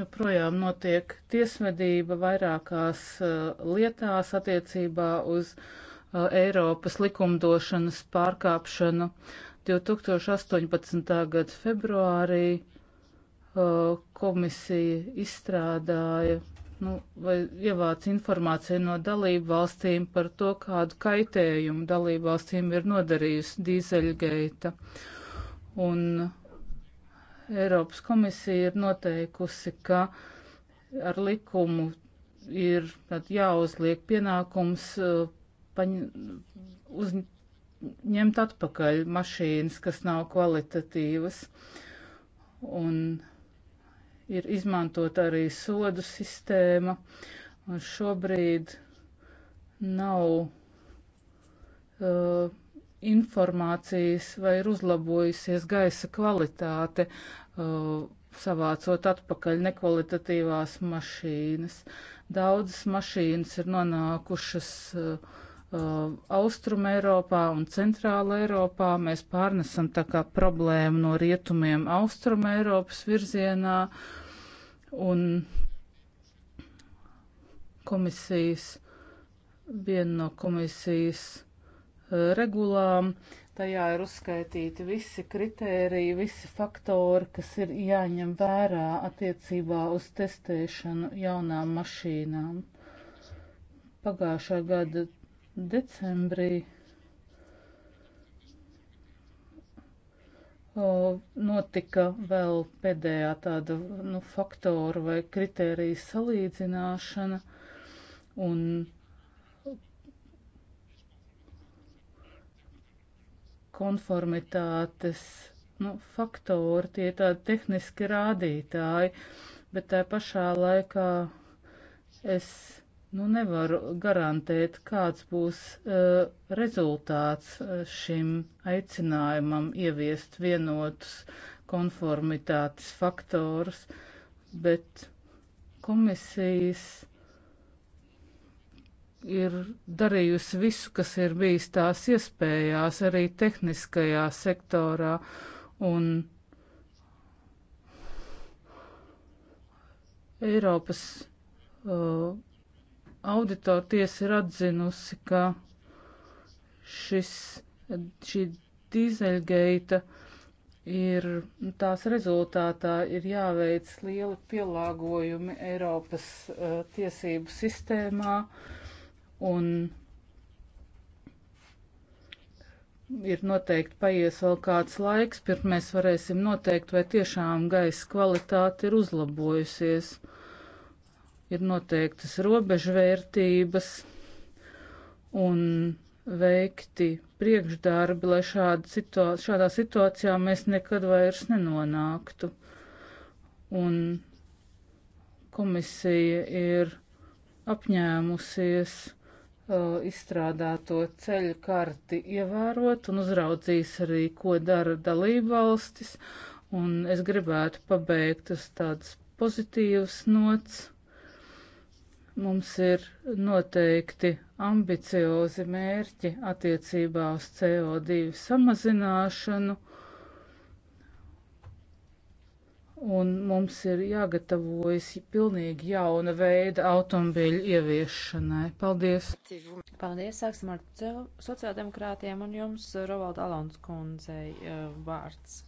Joprojām notiek tiesvedība vairākās uh, lietās attiecībā uz uh, Eiropas likumdošanas pārkāpšanu. 2018. gada februārī uh, komisija izstrādāja nu, vai ievāc informāciju no dalību valstīm par to, kādu kaitējumu dalību valstīm ir nodarījusi dīzeļgeita. Un Eiropas komisija ir noteikusi, ka ar likumu ir jāuzliek pienākums uh, paņ, uzņemt atpakaļ mašīnas, kas nav kvalitatīvas. Un ir izmantot arī sodu sistēma, un šobrīd nav uh, informācijas vai ir uzlabojusies gaisa kvalitāte, uh, savācot atpakaļ nekvalitatīvās mašīnas. Daudzas mašīnas ir nonākušas uh, Uh, Austrum Eiropā un Centrāla Eiropā. Mēs pārnesam tā kā problēmu no rietumiem Austrum Eiropas virzienā un komisijas, viena no komisijas eh, regulām. Tajā ir uzskaitīti visi kritēriji, visi faktori, kas ir jāņem vērā attiecībā uz testēšanu jaunām mašīnām. Pagājušā gada decembrī notika vēl pēdējā tāda nu, faktoru vai kritēriju salīdzināšana. Un konformitātes nu, faktori, tie ir tādi tehniski rādītāji, bet tā pašā laikā es nu, nevaru garantēt, kāds būs uh, rezultāts e, šim aicinājumam ieviest vienotus konformitātes faktorus, bet komisijas ir darījusi visu, kas ir bijis tās iespējās, arī tehniskajā sektorā, un Eiropas uh, Auditora tiesa ir atzinusi, ka šis, šī dīzeļgeita ir tās rezultātā ir jāveic lieli pielāgojumi Eiropas uh, tiesību sistēmā un ir noteikti paies vēl kāds laiks, pirms mēs varēsim noteikt, vai tiešām gaisa kvalitāte ir uzlabojusies. Uh, ir noteiktas robežvērtības un veikti priekšdarbi, lai šāda situā šādā situācijā mēs nekad vairs nenonāktu. Un komisija ir apņēmusies uh, izstrādāto ceļu karti ievērot un uzraudzīs arī, ko dara dalībvalstis. Un es gribētu pabeigt uz tādas pozitīvas nots. Mums ir noteikti ambiciozi mērķi attiecībā uz CO2 samazināšanu, un mums ir jāgatavojas pilnīgi jauna veida automobīļu ieviešanai. Paldies! Paldies! Sāksim ar sociāldemokrātiem un jums, Rovalda Alons kundzei, eh, vārds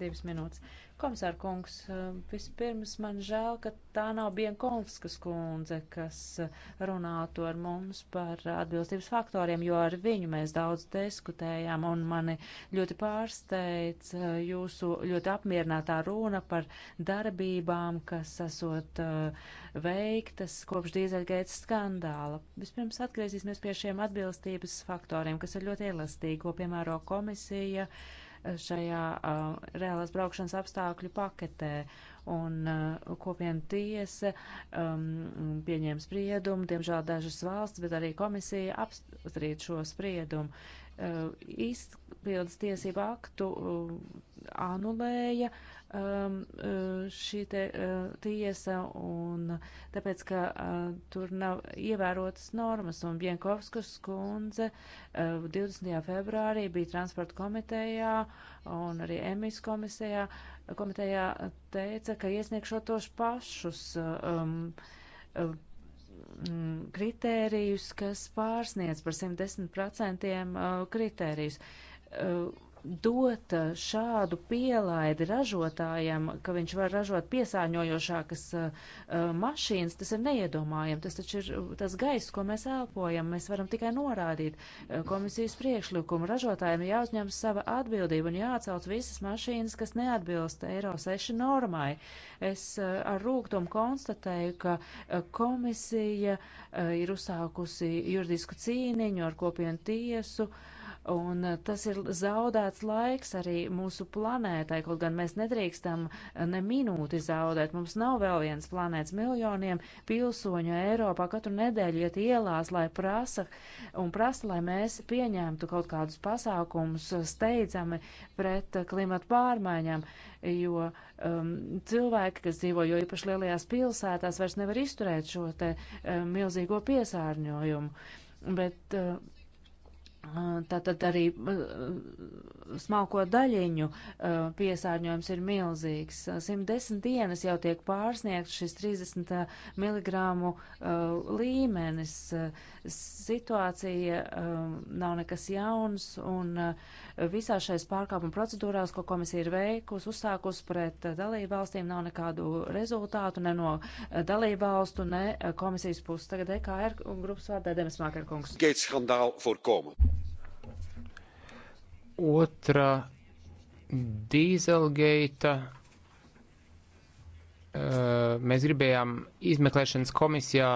divas minūtes. Komisāra kungs, eh, vispirms man žēl, ka tā nav Bienkovskas kundze, kas eh, runātu ar mums par atbilstības faktoriem, jo ar viņu mēs daudz diskutējām, un mani ļoti pārsteidz eh, jūsu ļoti apmierinātā runa par darbībām, kas esot veiktas kopš dīzeļgaitas skandāla. Vispirms atgriezīsimies pie šiem atbilstības faktoriem, kas ir ļoti elastīgi, ko piemēro komisija. Uh, šajā reālās braukšanas apstākļu paketē. Un kopiena tiesa um, pieņēma spriedumu, diemžēl dažas valsts, bet arī komisija apstrīd šo spriedumu. Uh, izpildes tiesību aktu uh, anulēja uh, um, uh, šī te, uh, tiesa, un uh, tāpēc, ka uh, tur nav ievērotas normas, un Bienkovskas kundze uh, 20. februārī bija transporta komitejā un arī emis komisijā, komitejā teica, ka iesniegšot tos pašus uh, um, um, kritērijus, kas pārsniec par 110% kritērijus. Uh, dot šādu pielaidi ražotājam, ka viņš var ražot piesāņojošākas uh, mašīnas, tas ir neiedomājami. Tas taču ir uh, tas gaiss, ko mēs elpojam. Mēs varam tikai norādīt uh, komisijas priekšlikumu. Ražotājiem jāuzņem sava atbildība un jāatcauc visas mašīnas, kas neatbilst Eiro 6 normai. Es uh, ar rūgtumu konstatēju, ka uh, komisija uh, ir uzsākusi juridisku cīniņu ar kopienu tiesu. Uh, Un eh, tas ir zaudēts laiks arī mūsu planētai, kaut gan mēs nedrīkstam eh, ne minūti zaudēt. Mums nav vēl viens planēts miljoniem pilsoņu Eiropā katru nedēļu iet ielās, lai prasa un prasa, lai mēs pieņemtu kaut kādus pasākumus eh, steidzami pret klimatu pārmaiņām, jo um, cilvēki, kas dzīvo jo īpaši lielajās pilsētās, vairs nevar izturēt šo te um, milzīgo piesārņojumu. Bet uh, Tātad arī eh, smalko daļiņu eh, piesārņojums ir milzīgs. 110 dienas jau tiek pārsniegts šis 30 eh, mg līmenis. Situācija nav nekas jauns un Visā šais pārkāpuma procedūrās, ko komisija ir veikusi, uzsākus pret eh, dalību valstīm, nav nekādu rezultātu ne no eh, dalību valstu, ne eh, komisijas puses. Tagad EKR grupas vārdā Demis Mākerkungs. Otra dīzelgeita mēs gribējām izmeklēšanas komisijā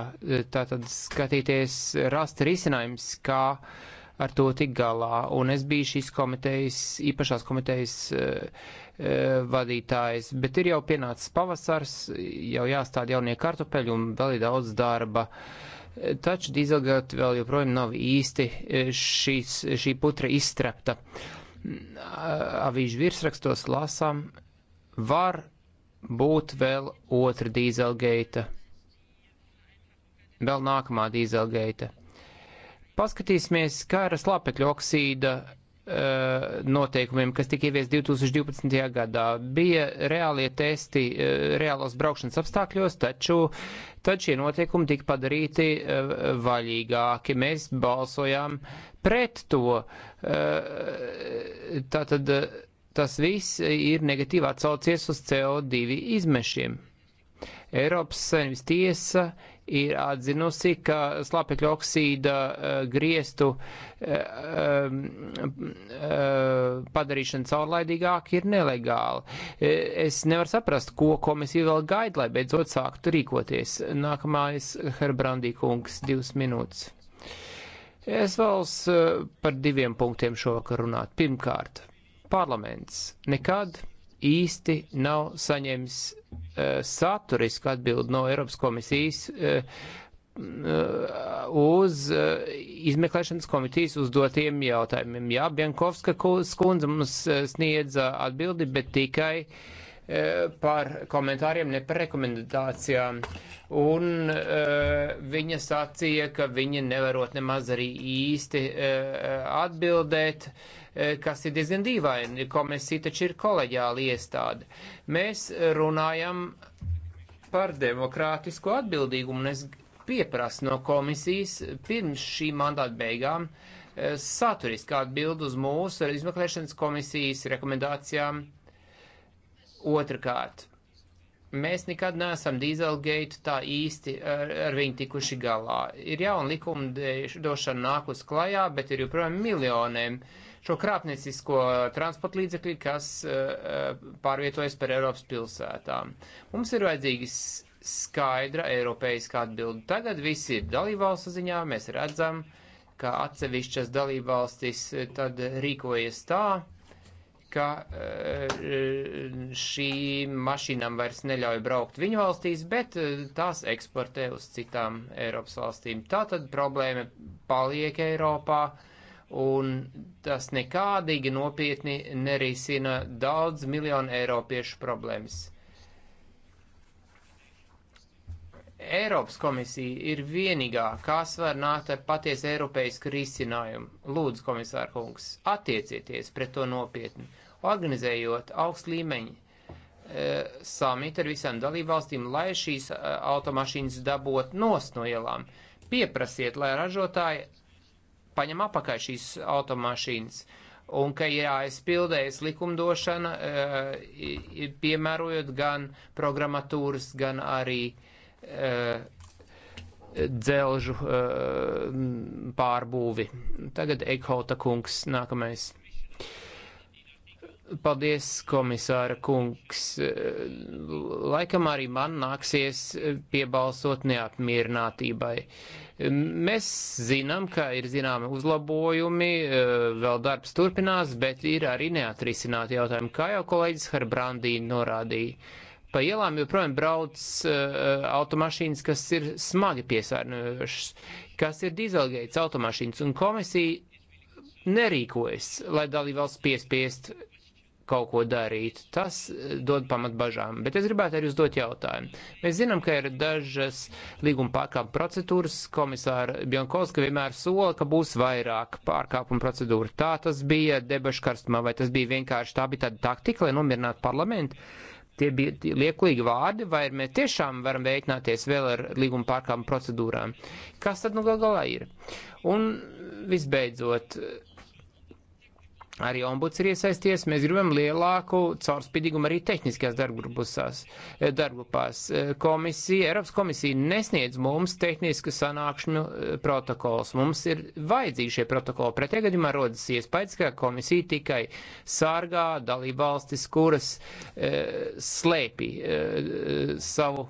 tātad skatīties, rast risinājums, kā uh, ar to tik galā. Un es biju šīs komitejas, īpašās komitejas uh, uh, vadītājs, bet ir jau pienācis pavasars, jau jāstāda jaunie kartupeļi un vēl ir daudz darba. Taču dīzelgāt vēl joprojām nav īsti eh, šīs, šī putra izstrepta. Avīžu virsrakstos lasām, var būt vēl otra dīzelgeita, vēl nākamā dīzelgeita. Paskatīsimies, kā ar slāpekļu oksīda e, noteikumiem, kas tika ievies 2012. gadā. Bija reālie testi e, reālos braukšanas apstākļos, taču tad šie noteikumi tika padarīti e, vaļīgāki. Mēs balsojām pret to. Tātad tas viss ir negatīvi atsaucies uz CO2 izmešiem. Eiropas Savienības tiesa ir atzinusi, ka slāpekļa oksīda uh, griestu uh, uh, padarīšana caurlaidīgāk ir nelegāla. Es nevaru saprast, ko komisija vēl gaida, lai beidzot sāktu rīkoties. Nākamais Herbrandī kungs, divas minūtes. Es vēlos par diviem punktiem šovakar runāt. Pirmkārt, parlaments nekad īsti nav saņēmis uh, eh, saturisku atbildi no Eiropas komisijas uh, uz uh, izmeklēšanas komitīs uzdotiem jautājumiem. Jā, Bienkovska skundze mums sniedza atbildi, bet tikai uh, Eh, par komentāriem, ne par rekomendācijām. Un uh, viņa sacīja, ka viņa nevarot nemaz arī īsti uh, atbildēt, uh, kas ir diezgan dīvaini. Komisija taču ir koleģāla iestāde. Mēs runājam par demokrātisko atbildīgumu, un es pieprasu no komisijas pirms šī mandāta beigām uh, saturiski atbild uz mūsu izmeklēšanas komisijas rekomendācijām Otrakārt, mēs nekad neesam dīzelgeitu tā īsti ar, ar viņu tikuši galā. Ir jauna likumdošana nākus klajā, bet ir joprojām miljoniem šo krāpniecisko transporta līdzekļu, kas uh, pārvietojas par Eiropas pilsētām. Mums ir vajadzīgi skaidra eiropeiska atbildi. Tagad viss ir dalībvalstu ziņā, mēs redzam, ka atsevišķas dalībvalstis eh, tad rīkojas tā, ka eh, eh, šīm mašīnām vairs neļauj braukt viņu valstīs, bet eh, tās eksportē uz citām Eiropas valstīm. Tā tad problēma paliek Eiropā, un tas nekādīgi nopietni nerisina daudz miljonu eiropiešu problēmas. Eiropas komisija ir vienīgā, kas var nākt ar patiesu eiropeisku risinājumu. Lūdzu, komisār kungs, attiecieties pret to nopietni organizējot augstu līmeņu e, samitu ar visām dalībvalstīm, lai šīs e, automašīnas dabot nost no ielām. Pieprasiet, lai ražotāji paņem apakaļ šīs automašīnas un ka ir jāizpildējas likumdošana, e, piemērojot gan programmatūras, gan arī dzelžu pārbūvi. Tagad Eikhauta kungs nākamais. Paldies, komisāra kungs. Laikam arī man nāksies piebalsot neapmierinātībai. Mēs zinām, ka ir zināmi uzlabojumi, vēl darbs turpinās, bet ir arī neatrisināti jautājumi, kā jau kolēģis Harbrandī norādīja pa ielām joprojām brauc uh, automašīnas, kas ir smagi piesārņojušas, kas ir dīzelgeitas automašīnas, un komisija nerīkojas, lai dalībvalsts piespiest kaut ko darīt. Tas eh, dod pamat bažām. Bet es gribētu arī uzdot jautājumu. Mēs zinām, ka ir dažas līguma pārkāpuma procedūras. Komisāra Bjankovska vienmēr sola, ka būs vairāk pārkāpuma procedūra. Tā tas bija debašu karstumā, vai tas bija vienkārši tā bija tāda taktika, lai nomierinātu parlamentu. Tie bija lieklīgi vārdi, vai mēs tiešām varam veikināties vēl ar līguma pārkāpuma procedūrām? Kas tad nu gal galā ir? Un visbeidzot, uh, Arī ombuds ir iesaisties. Mēs gribam lielāku caurspīdīgumu arī tehniskajās darbgrupās. Eh, eh, komisija, Eiropas komisija nesniedz mums tehnisku sanākšanu eh, protokols. Mums ir vajadzīgi šie protokoli. Pretējā gadījumā rodas iespējas, ka komisija tikai sārgā dalībvalstis, kuras e, slēpj e, savu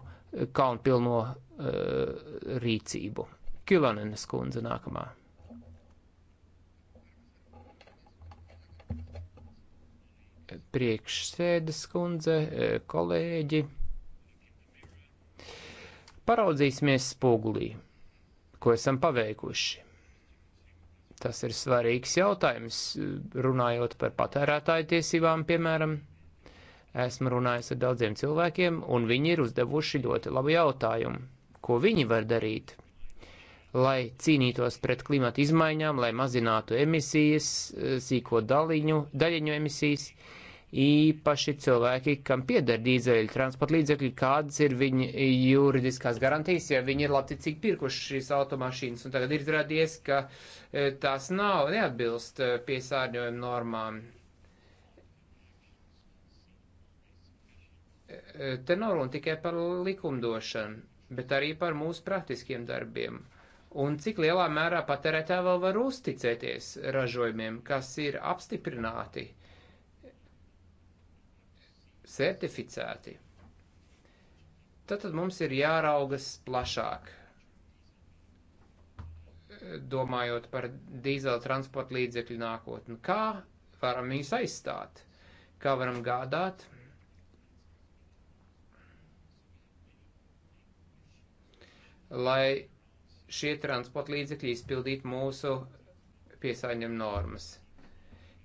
kaunpilno e, rīcību. Kilonenes kundze nākamā. priekšsēdes kundze, e, kolēģi. Paraudzīsimies spogulī, ko esam paveikuši. Tas ir svarīgs jautājums, runājot par patērētāju tiesībām, piemēram. Esmu runājis ar daudziem cilvēkiem, un viņi ir uzdevuši ļoti labu jautājumu, ko viņi var darīt, lai cīnītos pret klimatu izmaiņām, lai mazinātu emisijas, e, sīko daļiņu, daļiņu emisijas, uh, īpaši cilvēki, kam pieder dīzeļu transporta līdzekļi, kādas ir viņa juridiskās garantijas, ja viņi ir labticīgi pirkuši šīs automašīnas, un tagad ir izrādies, ka e, tās nav, neatbilst e, piesārņojuma normām. E, te nav runa tikai par likumdošanu, bet arī par mūsu praktiskiem darbiem. Un cik lielā mērā patērētāji vēl var uzticēties ražojumiem, kas ir apstiprināti uh, certificēti, tad, tad mums ir jāraugas plašāk. Domājot par dīzeļu transporta līdzekļu nākotni, kā varam viņus aizstāt, kā varam gādāt. Lai šie transporta līdzekļi izpildītu mūsu piesāņojuma normas.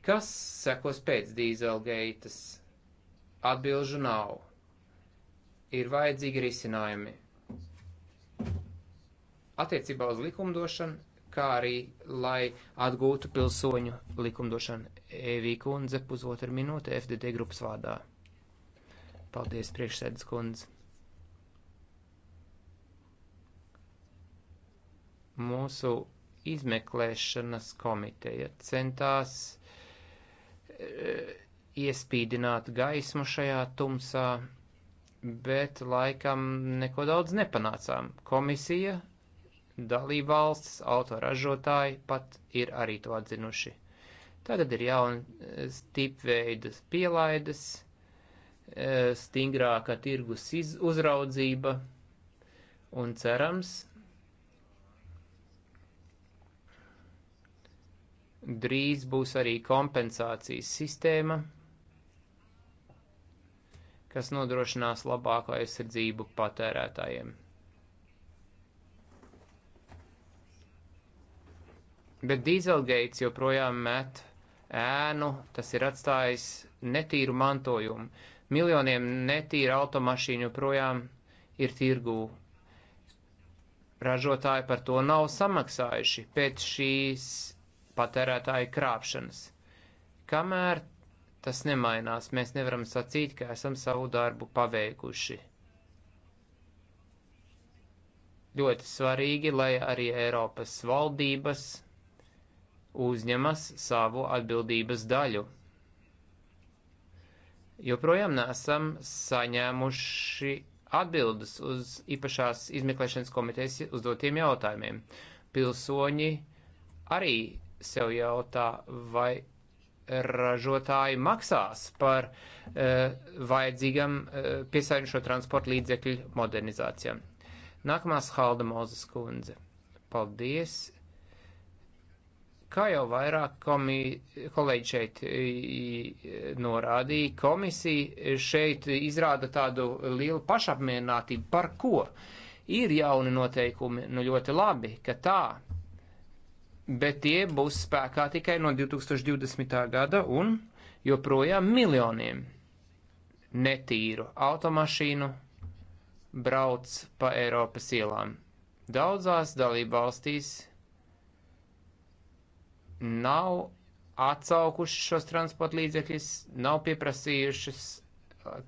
Kas sekos pēc dīzelgeitas? Atbilžu nav. Ir vajadzīgi risinājumi. Attiecībā uz likumdošanu, kā arī, lai atgūtu pilsoņu likumdošanu. Evī kundze, pusotru minūte FDD grupas vārdā. Paldies, priekšsēdes kundze. Mūsu izmeklēšanas komiteja centās e, iespīdināt gaismu šajā tumsā, bet laikam neko daudz nepanācām. Komisija, dalībvalsts, autoražotāji pat ir arī to atzinuši. Tagad ir jauna eh, stipveida pielaides, eh, stingrāka tirgus uzraudzība un cerams, drīz būs arī kompensācijas sistēma kas nodrošinās labāko aizsardzību patērētājiem. Bet dīzelgeits joprojām met ēnu, tas ir atstājis netīru mantojumu. Miljoniem netīru automašīnu joprojām ir tirgū. Ražotāji par to nav samaksājuši pēc šīs patērētāju krāpšanas. Kamēr tas nemainās. Mēs nevaram sacīt, ka esam savu darbu paveikuši. Ļoti svarīgi, lai arī Eiropas valdības uzņemas savu atbildības daļu. Joprojām nesam saņēmuši atbildes uz īpašās izmeklēšanas komitejas uzdotiem jautājumiem. Pilsoņi arī sev jautā, vai ražotāji maksās par uh, vajadzīgam uh, eh, piesaistīšo transporta līdzekļu modernizācijām. Nākamās Halda Mozes kundze. Paldies! Kā jau vairāk komi, kolēģi šeit eh, norādīja, komisija šeit izrāda tādu lielu pašapmierinātību. Par ko? Ir jauni noteikumi, nu ļoti labi, ka tā, bet tie būs spēkā tikai no 2020. gada un joprojām miljoniem netīru automašīnu brauc pa Eiropas ielām. Daudzās dalībvalstīs nav atsaukušas šos transporta līdzekļus, nav pieprasījušas,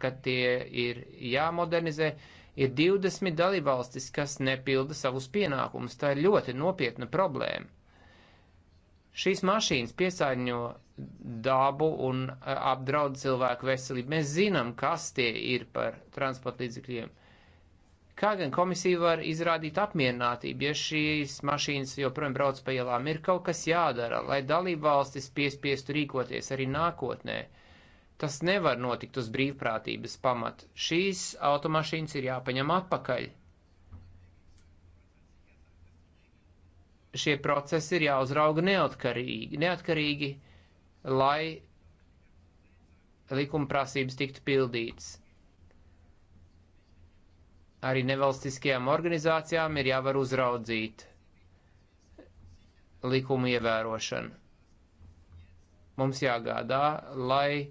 ka tie ir jāmodernizē. Ir 20 dalībvalstis, kas nepilda savus pienākumus. Tā ir ļoti nopietna problēma. Šīs mašīnas piesārņo dabu un eh, apdraud cilvēku veselību. Mēs zinām, kas tie ir par transporta līdzekļiem. Kā gan komisija var izrādīt apmierinātību, ja šīs mašīnas joprojām brauc pa ielām? Ir kaut kas jādara, lai dalībvalstis piespiestu rīkoties arī nākotnē. Tas nevar notikt uz brīvprātības pamata. Šīs automašīnas ir jāpaņem atpakaļ. šie procesi ir jāuzrauga neatkarīgi, neatkarīgi lai likuma prasības tiktu pildītas. Arī nevalstiskajām organizācijām ir jāvar uzraudzīt likumu ievērošanu. Mums jāgādā, lai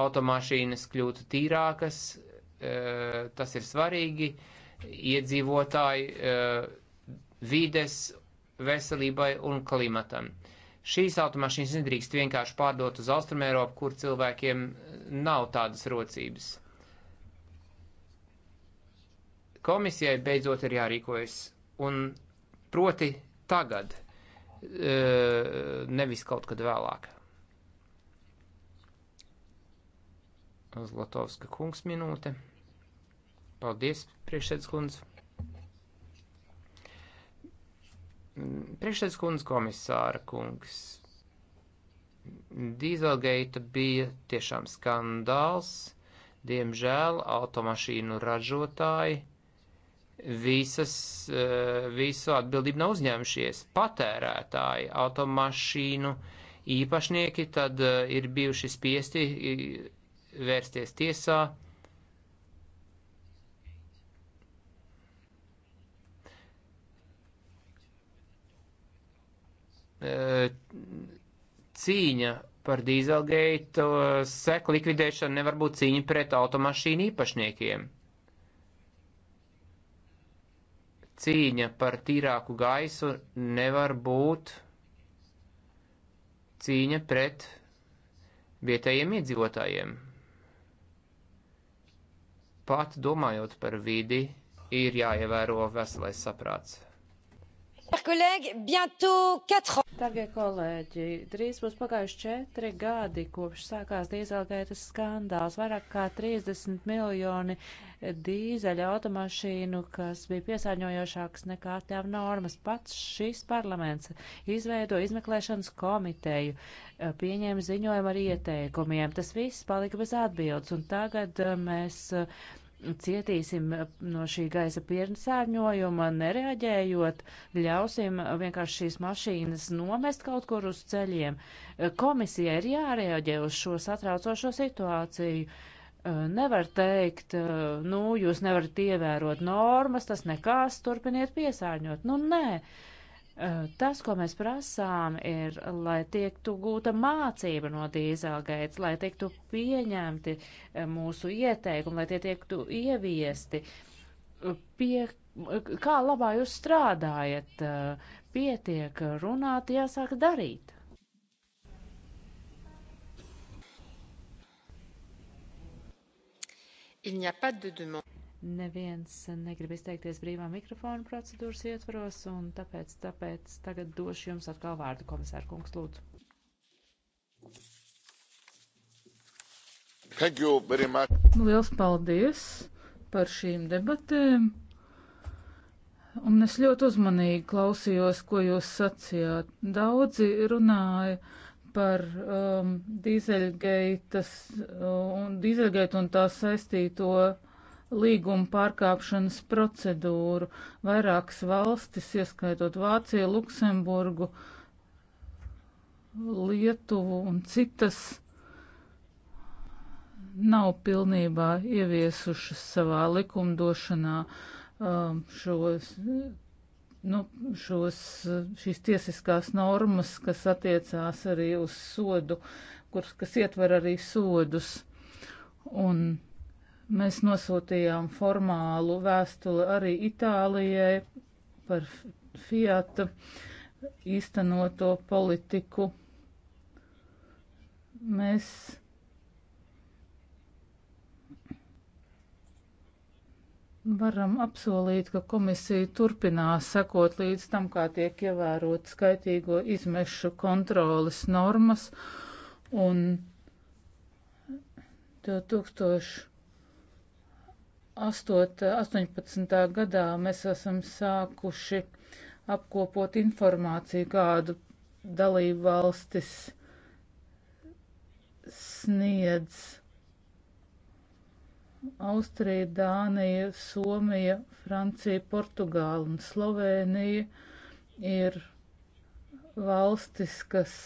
automašīnas kļūtu tīrākas, e, tas ir svarīgi, iedzīvotāji e, vides veselībai un klimatam. Šīs automašīnas nedrīkst vienkārši pārdot uz Austrumēropu, kur cilvēkiem eh, nav tādas rocības. Komisijai beidzot ir jārīkojas, un proti tagad, eh, nevis kaut kad vēlāk. Zlatovska kungs minūte. Paldies, priekšsēdz kundze. Priekšsēdus kundz komisāra kungs. Dīzelgeita bija tiešām skandāls. Diemžēl automašīnu ražotāji visas, eh, visu atbildību nav uzņēmušies. Patērētāji, automašīnu īpašnieki tad eh, ir bijuši spiesti eh, vērsties tiesā E, cīņa par dīzelgeitu e, seku likvidēšanu nevar būt cīņa pret automašīnu īpašniekiem. Cīņa par tīrāku gaisu nevar būt cīņa pret vietējiem iedzīvotājiem. Pat domājot par vidi, ir jāievēro veselais saprāts. Darbie kolēģi, drīz būs pagājuši četri gadi, kopš sākās dīzelgaitas skandāls. Vairāk kā 30 miljoni dīzeļa automašīnu, kas bija piesārņojošāks nekā atļāva normas. Pats šis parlaments izveido izmeklēšanas komiteju, pieņēma ziņojumu ar ieteikumiem. Tas viss palika bez atbildes, un tagad eh, mēs. Uh, cietīsim no šī gaisa piesārņojuma, nereaģējot, ļausim vienkārši šīs mašīnas nomest kaut kur uz ceļiem. Komisija ir jārēģē uz šo satraucošo situāciju. Nevar teikt, nu, jūs nevarat ievērot normas, tas nekas, turpiniet piesārņot. Nu, nē Tas, ko mēs prasām, ir, lai tiektu gūta mācība no dīzelgaits, lai tiktu pieņemti mūsu ieteikumi, lai tie tiektu ieviesti. Pie, kā labā jūs strādājat? Pietiek runāt, jāsāk darīt. Il n'y a pas de demande. Neviens negrib izteikties brīvā mikrofona procedūras ietvaros, un tāpēc, tāpēc tagad došu jums atkal vārdu, komisāra kungs, lūdzu. Liels paldies par šīm debatēm. Un es ļoti uzmanīgi klausījos, ko jūs sacījāt. Daudzi runāja par um, dīzeļgeitas um, uh, un dīzeļgeitu un tā saistīto uh, līguma pārkāpšanas procedūru. Vairākas valstis, ieskaitot Vāciju, Luksemburgu, Lietuvu un citas, nav pilnībā ieviesušas savā likumdošanā um, šos, nu, šos, šīs tiesiskās normas, kas attiecās arī uz sodu, kur, kas ietver arī sodus. Un Mēs nosūtījām formālu vēstuli arī Itālijai par Fiat īstenoto politiku. Mēs varam apsolīt, ka komisija turpinās sekot līdz tam, kā tiek ievērot skaitīgo izmešu kontroles normas un 2000. 8, 18. gadā mēs esam sākuši apkopot informāciju, kādu dalību valstis sniedz. Austrija, Dānija, Somija, Francija, Portugāla un Slovēnija ir valstis, kas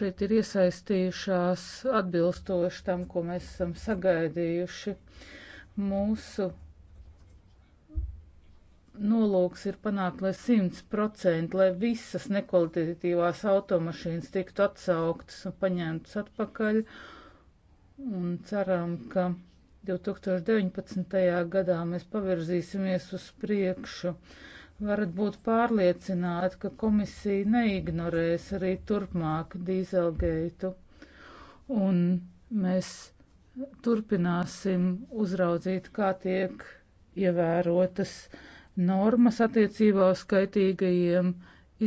šeit ir iesaistījušās atbilstoši tam, ko mēs esam sagaidījuši. Mūsu nolūks ir panākt, lai 100%, lai visas nekvalitatīvās automašīnas tiktu atsauktas un paņemtas atpakaļ. Un ceram, ka 2019. gadā mēs pavirzīsimies uz priekšu. Uh, varat būt pārliecināti, ka komisija neignorēs arī turpmāk dīzelgeitu. Un mēs turpināsim uzraudzīt, kā tiek ievērotas normas attiecībā uz skaitīgajiem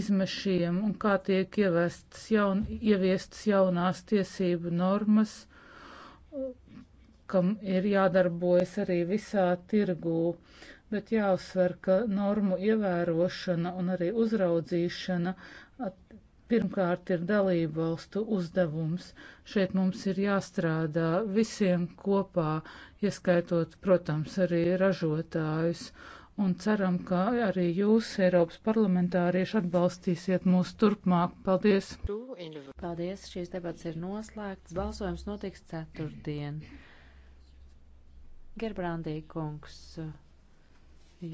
izmešiem un kā tiek ievestas, jaun, ieviestas jaunās tiesību normas, kam ir jādarbojas arī visā tirgū bet jāuzsver, ka normu ievērošana un arī uzraudzīšana pirmkārt ir dalību valstu uzdevums. Šeit mums ir jāstrādā visiem kopā, ieskaitot, protams, arī ražotājus. Un ceram, ka arī jūs, Eiropas parlamentārieši, atbalstīsiet mūs turpmāk. Paldies! Paldies! Šīs debats ir noslēgts. Balsojums notiks ceturtdien. Gerbrandī kungs.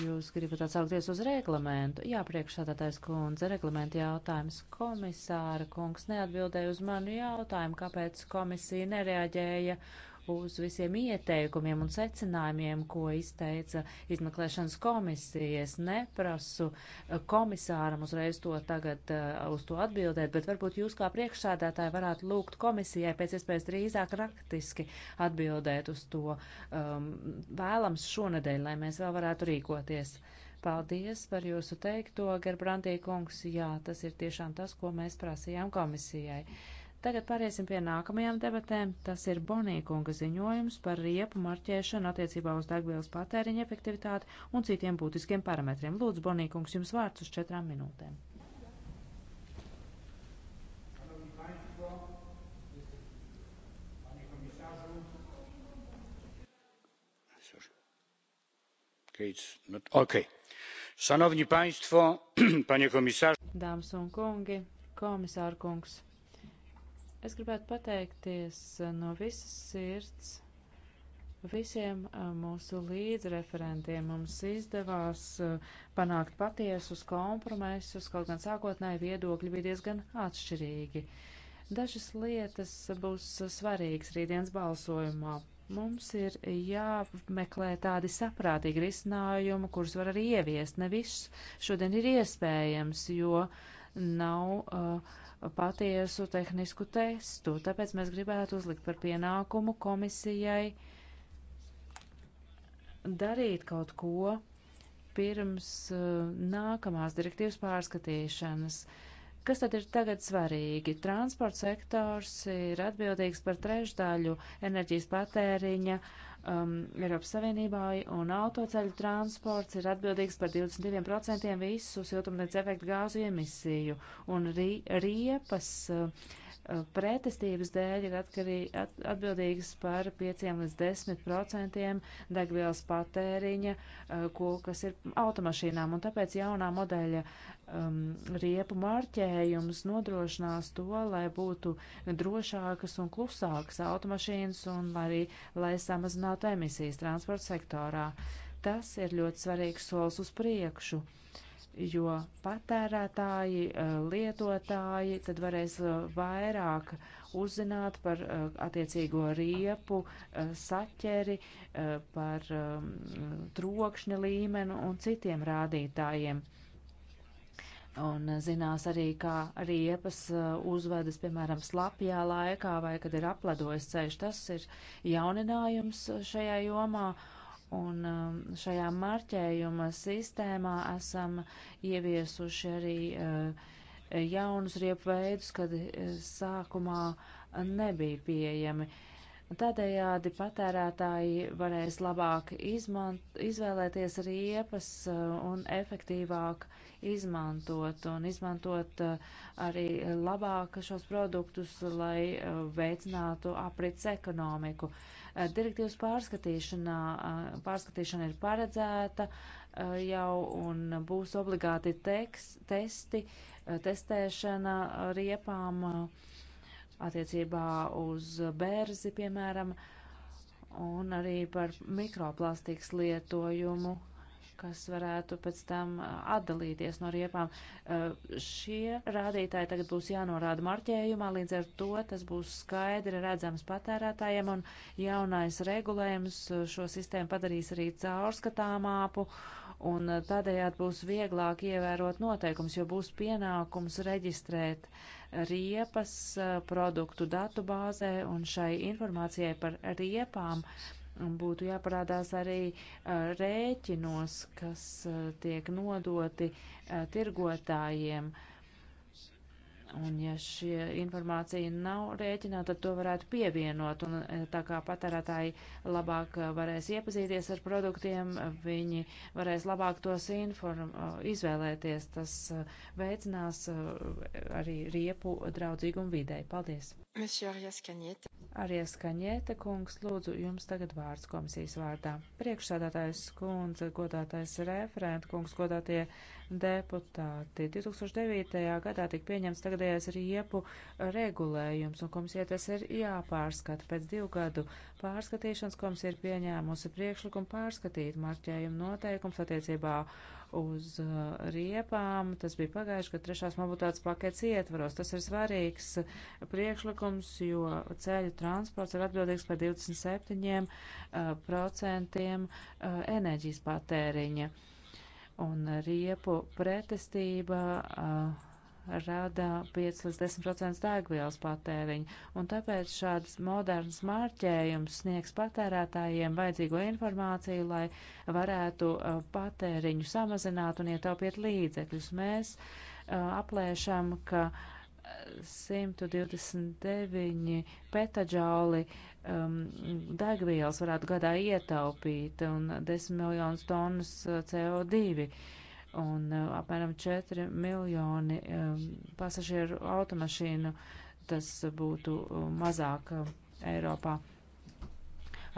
Jūs gribat atsaukties uz reglamentu. Jā, priekšsādātais kundze, reglamenta jautājums. Komisāra kungs neatbildēja uz manu jautājumu, kāpēc komisija nereaģēja uz visiem ieteikumiem un secinājumiem, ko izteica izmeklēšanas komisija. Es neprasu eh, komisāram uzreiz to tagad eh, uz to atbildēt, bet varbūt jūs kā priekšsādātāji varētu lūgt komisijai pēc iespējas drīzāk raktiski atbildēt uz to um, vēlams šonadēļ, lai mēs vēl varētu rīkoties. Paldies par jūsu teikto, Gerbrandī kungs. Jā, tas ir tiešām tas, ko mēs prasījām komisijai. Uh, Tagad pāriesim pie nākamajām debatēm. Tas ir Bonīkunga ziņojums par riepu marķēšanu attiecībā uz degvielas patēriņa efektivitāti un citiem būtiskiem parametriem. Lūdzu, Bonīkungs, jums vārds uz četrām minūtēm. Okay. Szanowni Państwo, panie komisarzu. Dāmas un kungi, komisār kungs. Es gribētu pateikties eh, no visas sirds visiem eh, mūsu līdzreferentiem. Mums izdevās eh, panākt patiesus kompromisus, kaut gan sākotnēji viedokļi bija diezgan atšķirīgi. Dažas lietas būs svarīgas rītdienas balsojumā. Mums ir jāmeklē tādi saprātīgi risinājumi, kurus var arī ieviest. Ne viss šodien ir iespējams, jo nav uh, patiesu tehnisku testu. Tāpēc mēs gribētu uzlikt par pienākumu komisijai darīt kaut ko pirms uh, nākamās direktīvas pārskatīšanas. Kas tad ir tagad svarīgi? Transports sektors ir atbildīgs par trešdaļu enerģijas patēriņa uh, um, Eiropas Savienībā un autoceļu transports ir atbildīgs par 22% visu siltumnīca efektu gāzu emisiju un ri, riepas uh, pretestības dēļ ir atkarīgi, at, atbildīgas par 5 līdz 10 procentiem degvielas patēriņa, eh, ko, kas ir automašīnām. Un tāpēc jaunā modeļa um, riepu marķējums nodrošinās to, lai būtu drošākas un klusākas automašīnas un arī, lai samazinātu emisijas transporta sektorā. Tas ir ļoti svarīgs solis uz priekšu. Uh, jo patērētāji, eh, lietotāji tad varēs eh, vairāk uzzināt par eh, attiecīgo riepu, saķeri, par ehm, trokšņa līmeni un citiem rādītājiem. Un zinās arī, kā riepas uzvedas, piemēram, slapjā laikā vai kad ir apledojis ceļš. Tas ir jauninājums šajā jomā Un um, šajā marķējuma sistēmā esam ieviesuši arī uh, jaunus riepu veidus, kad uh, sākumā nebija pieejami. Tādējādi patērētāji varēs labāk izmant, izvēlēties riepas uh, un efektīvāk izmantot un izmantot arī labāk šos produktus, lai veicinātu aprits ekonomiku. Eh, direktīvas pārskatīšanā, eh, pārskatīšana ir paredzēta eh, jau un būs obligāti teks, testi, testēšana riepām attiecībā uz bērzi, piemēram, un arī par mikroplastikas lietojumu kas varētu pēc tam atdalīties no riepām. Šie rādītāji tagad būs jānorāda marķējumā, līdz ar to tas būs skaidri redzams patērētājiem un jaunais regulējums šo sistēmu padarīs arī caurskatāmāpu un tādējādi būs vieglāk ievērot noteikums, jo būs pienākums reģistrēt riepas produktu datubāzē un šai informācijai par riepām uh, Būtu jāparādās arī rēķinos, kas tiek nodoti tirgotājiem. Uh, Un ja šī informācija nav rēķināta, tad to varētu pievienot. Un e, tā kā patērētāji labāk e, varēs iepazīties ar produktiem, e, viņi varēs labāk tos inform, izvēlēties. Tas veicinās arī riepu draudzīgumu videi. Paldies! Arijas Kaņieta kungs, lūdzu, jums tagad vārds komisijas vārdā. Priekšsādātājs kundze, godātais referent kungs, godātie deputāti. 2009. gadā tika pieņemts tagadējais riepu regulējums, un komisija tas ir jāpārskata. Pēc divu gadu pārskatīšanas komisija ir pieņēmusi priekšlikumu pārskatīt marķējumu noteikums attiecībā uz uh, riepām. Tas bija pagājuši, kad trešās mobilitātes pakets ietvaros. Tas ir svarīgs priekšlikums, jo ceļu transports ir atbildīgs par 27% uh, uh, enerģijas patēriņa. Uh, un riepu pretestība uh, rada 5 līdz 10% degvielas patēriņu, un tāpēc šāds moderns mārķējums sniegs patērētājiem vajadzīgo informāciju, lai varētu uh, patēriņu samazināt un ietaupīt līdzekļus. Mēs uh, aplēšam, ka 129 petaģauli uh, um, degvielas varētu gadā ietaupīt un 10 miljonus tonnas uh, CO2 un uh, apmēram 4 miljoni um, pasažieru automašīnu. Tas būtu uh, mazāk uh, Eiropā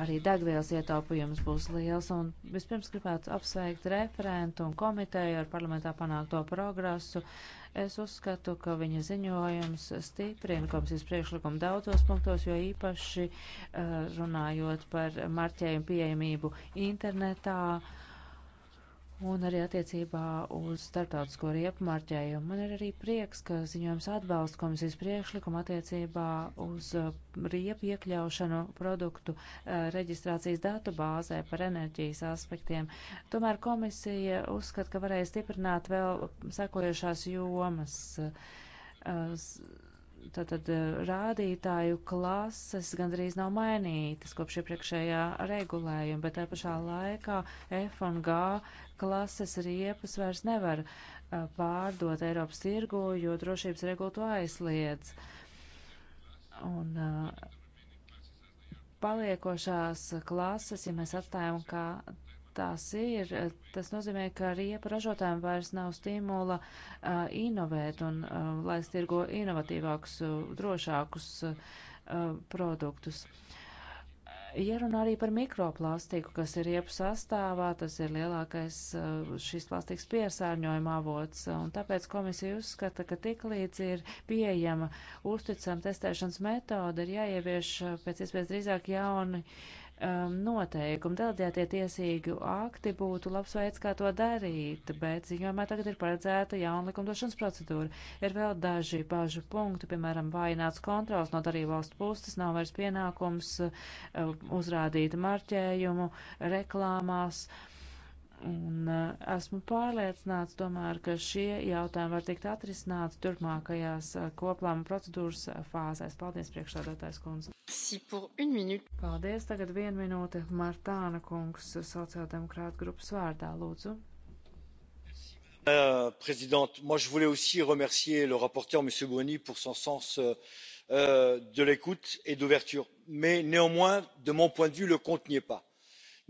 arī degvielas ietaupījums būs liels. Un vispirms gribētu apsveikt referentu un komiteju ar parlamentā panākto progresu. Es uzskatu, ka viņa ziņojums stiprina komisijas priekšlikumu daudzos punktos, jo īpaši eh, runājot par marķējumu pieejamību internetā un arī attiecībā uz starptautisko riepu marķējumu. Man ir arī prieks, ka ziņojums atbalsta komisijas priekšlikumu attiecībā uz uh, riepu iekļaušanu produktu uh, reģistrācijas datubāzē par enerģijas aspektiem. Tomēr komisija uzskata, ka varēja stiprināt vēl sekojošās jomas uh, tātad eh, rādītāju klases gandrīz nav mainītas kopš iepriekšējā regulējuma, bet tā pašā laikā F un G klases riepas vairs nevar eh, pārdot Eiropas tirgu, jo drošības regula to aizliedz. Un eh, paliekošās klases, ja mēs atstājam kā tās ir, tas nozīmē, ka riepa ražotājiem vairs nav stimula uh, inovēt un uh, lai stirgo inovatīvākus, uh, drošākus uh, produktus. Jārunā arī par mikroplastiku, kas ir riepu sastāvā, tas ir lielākais šīs plastikas piesārņojuma avots, un tāpēc komisija uzskata, ka tik līdz ir pieejama uzticama testēšanas metode, ir jāievieš pēc iespējas drīzāk jauni uh, um, noteikumu. Delegētie tiesīgu akti būtu labs veids, kā to darīt, bet ziņojumā tagad ir paredzēta jauna likumdošanas procedūra. Ir vēl daži bāžu punkti, piemēram, vājināts kontrols no darību valstu puses, nav vairs pienākums uh, uzrādīt marķējumu reklāmās. Uh, Un uh, esmu pārliecināts tomēr, ka šie jautājumi var tikt atrisināti turpmākajās uh, eh, koplāma procedūras eh, fāzēs. Paldies, priekšsādātājs kundze. Si Paldies, tagad vienu minūti Martāna kungs sociāldemokrāta grupas vārdā, lūdzu. Madame la Présidente, moi je voulais aussi remercier le rapporteur, M. Boni, pour son sens euh, euh, de l'écoute et d'ouverture. Mais néanmoins, de mon point de vue, le compte n'y est pas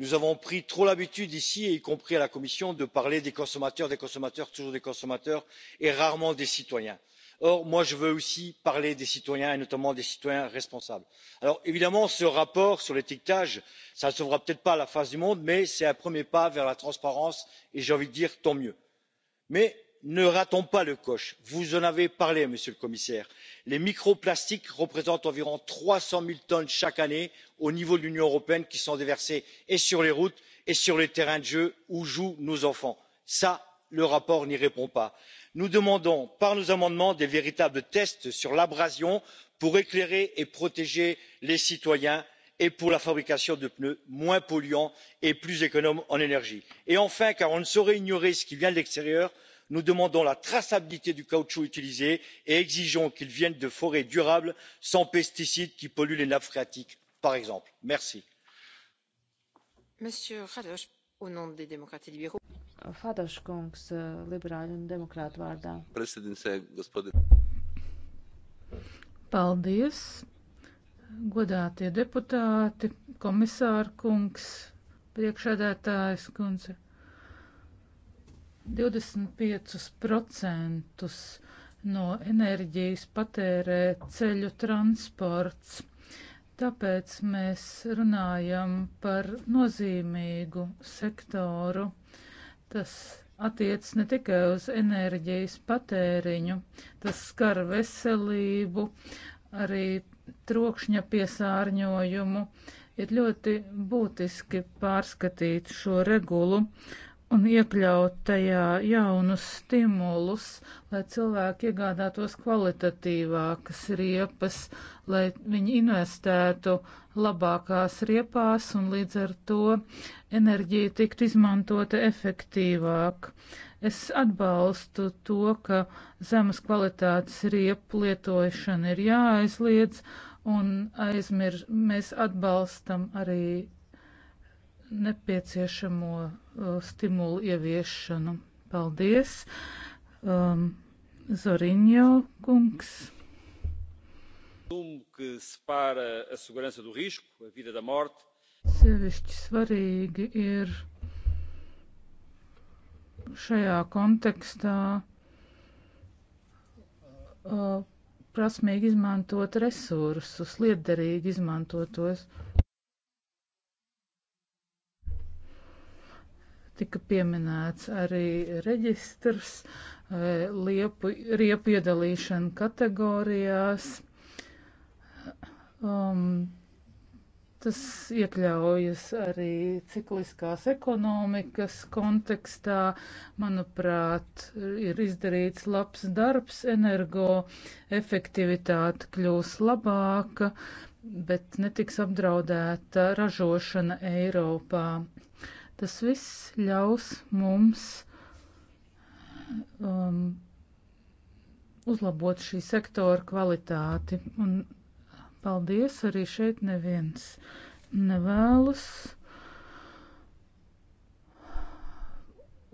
nous avons pris trop l'habitude ici y compris à la commission de parler des consommateurs des consommateurs toujours des consommateurs et rarement des citoyens. or moi je veux aussi parler des citoyens et notamment des citoyens responsables. alors évidemment ce rapport sur l'étiquetage ne sauvera peut être pas la face du monde mais c'est un premier pas vers la transparence et j'ai envie de dire tant mieux. mais ne ratons pas le coche vous en avez parlé monsieur le commissaire les microplastiques représentent environ trois cents zéro tonnes chaque année au niveau de l'union européenne qui sont déversées et sur les routes et sur les terrains de jeu où jouent nos enfants. ça le rapport n'y répond pas. nous demandons par nos amendements de véritables tests sur l'abrasion pour éclairer et protéger les citoyens et pour la fabrication de pneus moins polluants et plus économes en énergie. et enfin car on ne saurait ignorer ce qui vient de l'extérieur nous demandons la traçabilité du caoutchouc utilisé et exigeons qu'il vienne de forêts durables sans pesticides qui polluent les nappes phréatiques par exemple. paldies godātie deputāti komisārkungs priekšsēdētājas kundze 25% no enerģijas patērē ceļu transports. Tāpēc mēs runājam par nozīmīgu sektoru. Tas attiec ne tikai uz enerģijas patēriņu, tas skar veselību, arī trokšņa piesārņojumu. Ir ļoti būtiski pārskatīt šo regulu un iekļaut tajā jaunus stimulus, lai cilvēki iegādātos kvalitatīvākas riepas, lai viņi investētu labākās riepās un līdz ar to enerģija tiktu izmantota efektīvāk. Es atbalstu to, ka zemes kvalitātes riepu lietošana ir jāaizliedz un aizmir, mēs atbalstam arī nepieciešamo uh, stimulu ieviešanu. Paldies, um, Zoriņo kungs. Sevišķi svarīgi ir šajā kontekstā uh, prasmīgi izmantot resursus, liederīgi izmantot tos. Tika pieminēts arī reģistrs, eh, liepu, riepu iedalīšana kategorijās. Um, Tas iekļaujas arī cikliskās ekonomikas kontekstā. Manuprāt, ir izdarīts labs darbs, energoefektivitāte kļūs labāka, bet netiks apdraudēta ražošana Eiropā. Tas viss ļaus mums um, uzlabot šī sektora kvalitāti. Un paldies arī šeit neviens nevēlas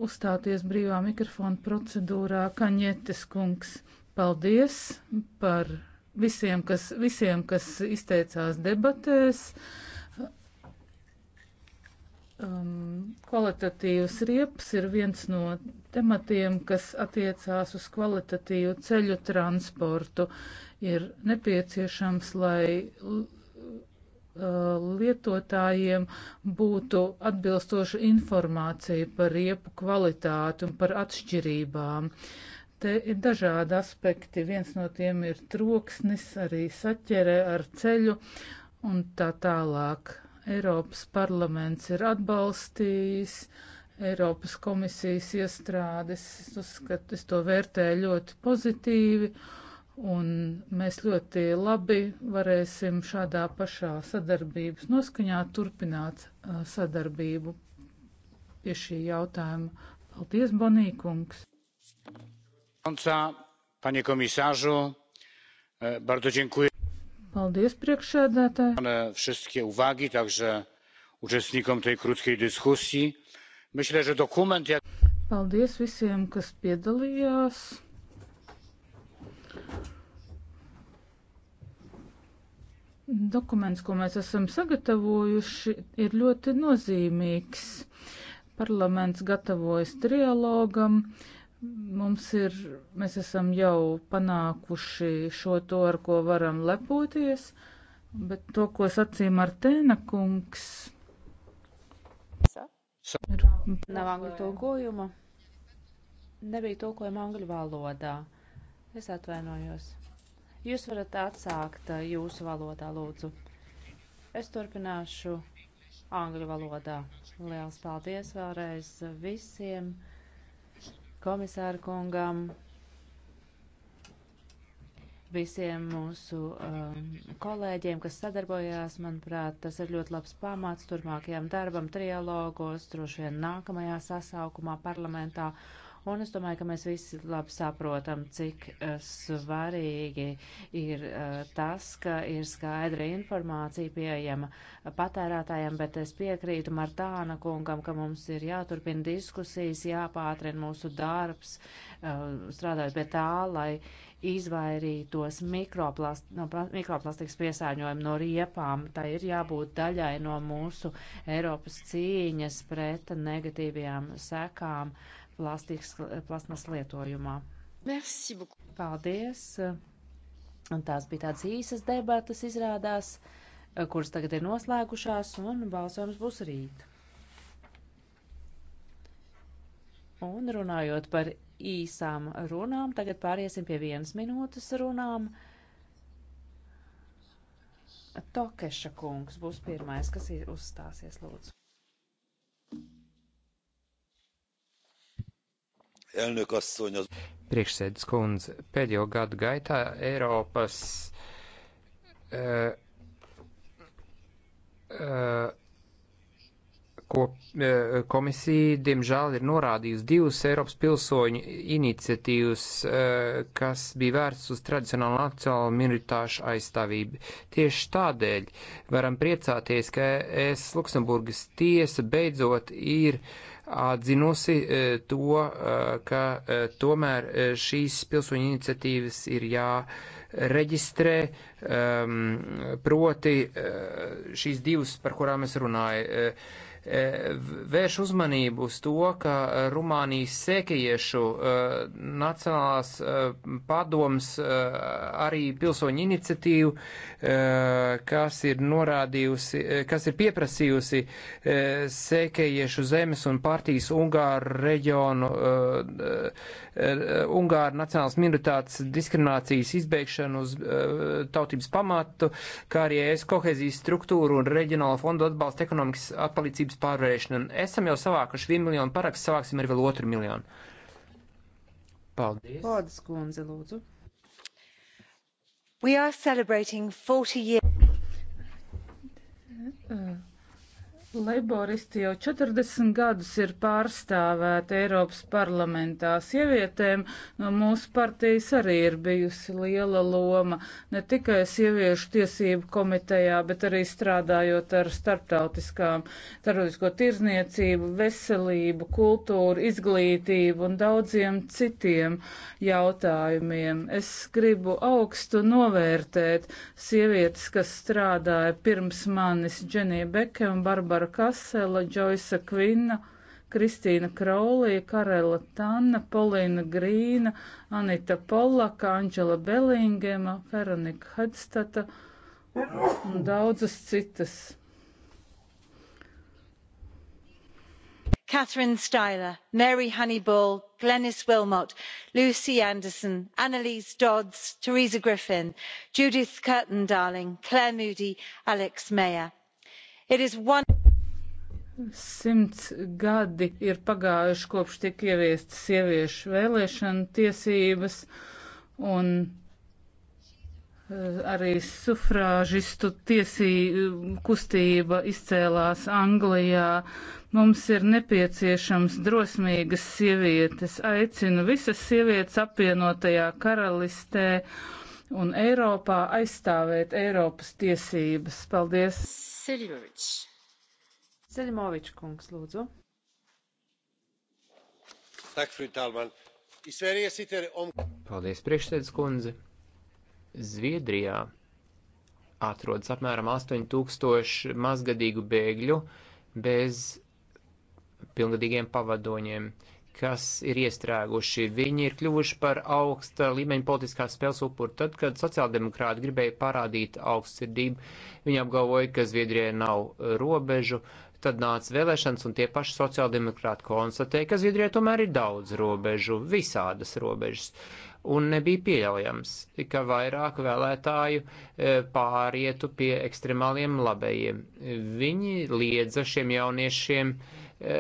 uzstāties brīvā mikrofona procedūrā Kaņetes kungs. Paldies par visiem, kas, visiem, kas izteicās debatēs. Um, kvalitatīvs riepas ir viens no tematiem, kas attiecās uz kvalitatīvu ceļu transportu. Ir nepieciešams, lai uh, lietotājiem būtu atbilstoša informācija par riepu kvalitāti un par atšķirībām. Te ir dažādi aspekti. Viens no tiem ir troksnis, arī saķere ar ceļu un tā tālāk. Eiropas parlaments ir atbalstījis Eiropas komisijas iestrādes. Es uzskatu, es to vērtēju ļoti pozitīvi, un mēs ļoti labi varēsim šādā pašā sadarbības noskaņā turpināt sadarbību pie šī jautājuma. Paldies, Bonīkungs! Panie komisārzu, bardzo dziękuję. Paldies, priekšsēdētāji. Paldies visiem, kas piedalījās. Dokuments, ko mēs esam sagatavojuši, ir ļoti nozīmīgs. Parlaments gatavojas trialogam. Uh, Mums ir, mēs esam jau panākuši šo to, ar ko varam lepoties, bet to, ko sacīja Martēna kungs, ir. Nav angļu tulkojuma. Nebija tulkojuma angļu valodā. Es atvainojos. Jūs varat atsākt uh, jūsu valodā, lūdzu. Es turpināšu angļu valodā. Liels paldies vēlreiz visiem! komisāra kungam, visiem mūsu um, kolēģiem, kas sadarbojās. Manuprāt, tas ir ļoti labs pamats turpmākajam darbam, trialogos, droši vien nākamajā sasaukumā parlamentā Un es domāju, ka mēs visi labi saprotam, cik uh, svarīgi ir uh, tas, ka ir skaidra informācija pieejama patērētājiem, bet es piekrītu Martāna kungam, ka mums ir jāturpina diskusijas, jāpātrina mūsu darbs, uh, strādājot pie tā, lai izvairītos mikroplast, no mikroplastikas piesārņojumu no riepām. Tā ir jābūt daļai no mūsu Eiropas cīņas pret negatīvajām sekām plastikas, plasmas lietojumā. Merci beaucoup. Paldies. Un tās bija tādas īsas debatas izrādās, kuras tagad ir noslēgušās, un balsojums būs rīt. Un runājot par īsām runām, tagad pāriesim pie vienas minūtes runām. Tokeša kungs būs pirmais, kas uzstāsies, lūdzu. elnök asszony az. Priekšsēdus kundze, pēdējo gadu gaitā Eiropas uh, uh, ko komisija, diemžēl, ir norādījusi divas Eiropas pilsoņu iniciatīvas, e, kas bija vērts uz tradicionālu nacionālu minoritāšu aizstāvību. Tieši tādēļ varam priecāties, ka es Luksemburgas tiesa beidzot ir uh, atzinusi e, to, e, ka e, tomēr šīs pilsoņu iniciatīvas ir jāreģistrē, proti šīs divas, par kurām es runāju E, vērš uzmanību uz to, ka e, Rumānijas sēkajiešu e, nacionālās padoms arī pilsoņu iniciatīvu, kas ir norādījusi, kas ir pieprasījusi sēkajiešu zemes un partijas Ungāru reģionu, Ungāru nacionālas minoritātes diskriminācijas izbeigšanu uz tautības pamatu, kā arī es kohezijas struktūru un reģionālo fondu atbalsta ekonomikas atpalīdzības krīzes pārvarēšanu. Esam jau savākuši vienu miljonu parakstu, savāksim arī vēl otru miljonu. Paldies. Paldies, kundze, lūdzu. We are celebrating 40 years. Uh. Leiboristi jau 40 gadus ir pārstāvēti Eiropas parlamentā. Sievietēm no mūsu partijas arī ir bijusi liela loma, ne tikai sieviešu tiesību komitejā, bet arī strādājot ar starptautiskām tarptautisko tirzniecību, veselību, kultūru, izglītību un daudziem citiem jautājumiem. Es gribu augstu novērtēt sievietes, kas strādāja pirms manis Dženija Beke un Barbara. Barbara Kasela, Džoisa Kvinna, Kristīna Kraulija, Karela Tanna, Polīna Grīna, Anita Polaka, Anģela Belingema, Veronika Hedstata un daudzas citas. catherine styler mary honeyball glenis willmott lucy anderson annalise dodds teresa griffin judith curtin darling claire moody alex mayer. it is one. Simts gadi ir pagājuši kopš tika ieviestas sieviešu vēlēšana tiesības un eh, arī sufrāžistu tiesību eh, kustība izcēlās Anglijā. Mums ir nepieciešams drosmīgas sievietes. Aicinu visas sievietes apvienotajā karalistē un Eiropā aizstāvēt Eiropas tiesības. Paldies! Siljovičs. Ceļmovičs kungs, lūdzu. Paldies, priekšsēdus kundze. Zviedrijā atrodas apmēram 8000 mazgadīgu bēgļu bez pilngadīgiem pavadoņiem, kas ir iestrēguši. Viņi ir kļuvuši par augsta līmeņa politiskās spēles upuri. Tad, kad sociāldemokrāti gribēja parādīt augstsirdību, viņi apgalvoja, ka Zviedrijai nav robežu, Tad nāca vēlēšanas, un tie paši sociāldemokrāti konstatēja, ka Zviedrijai tomēr ir daudz robežu, visādas robežas. Un nebija pieļaujams, ka vairāk vēlētāju e, pārietu pie ekstremāliem labējiem. Viņi liedza šiem jauniešiem e,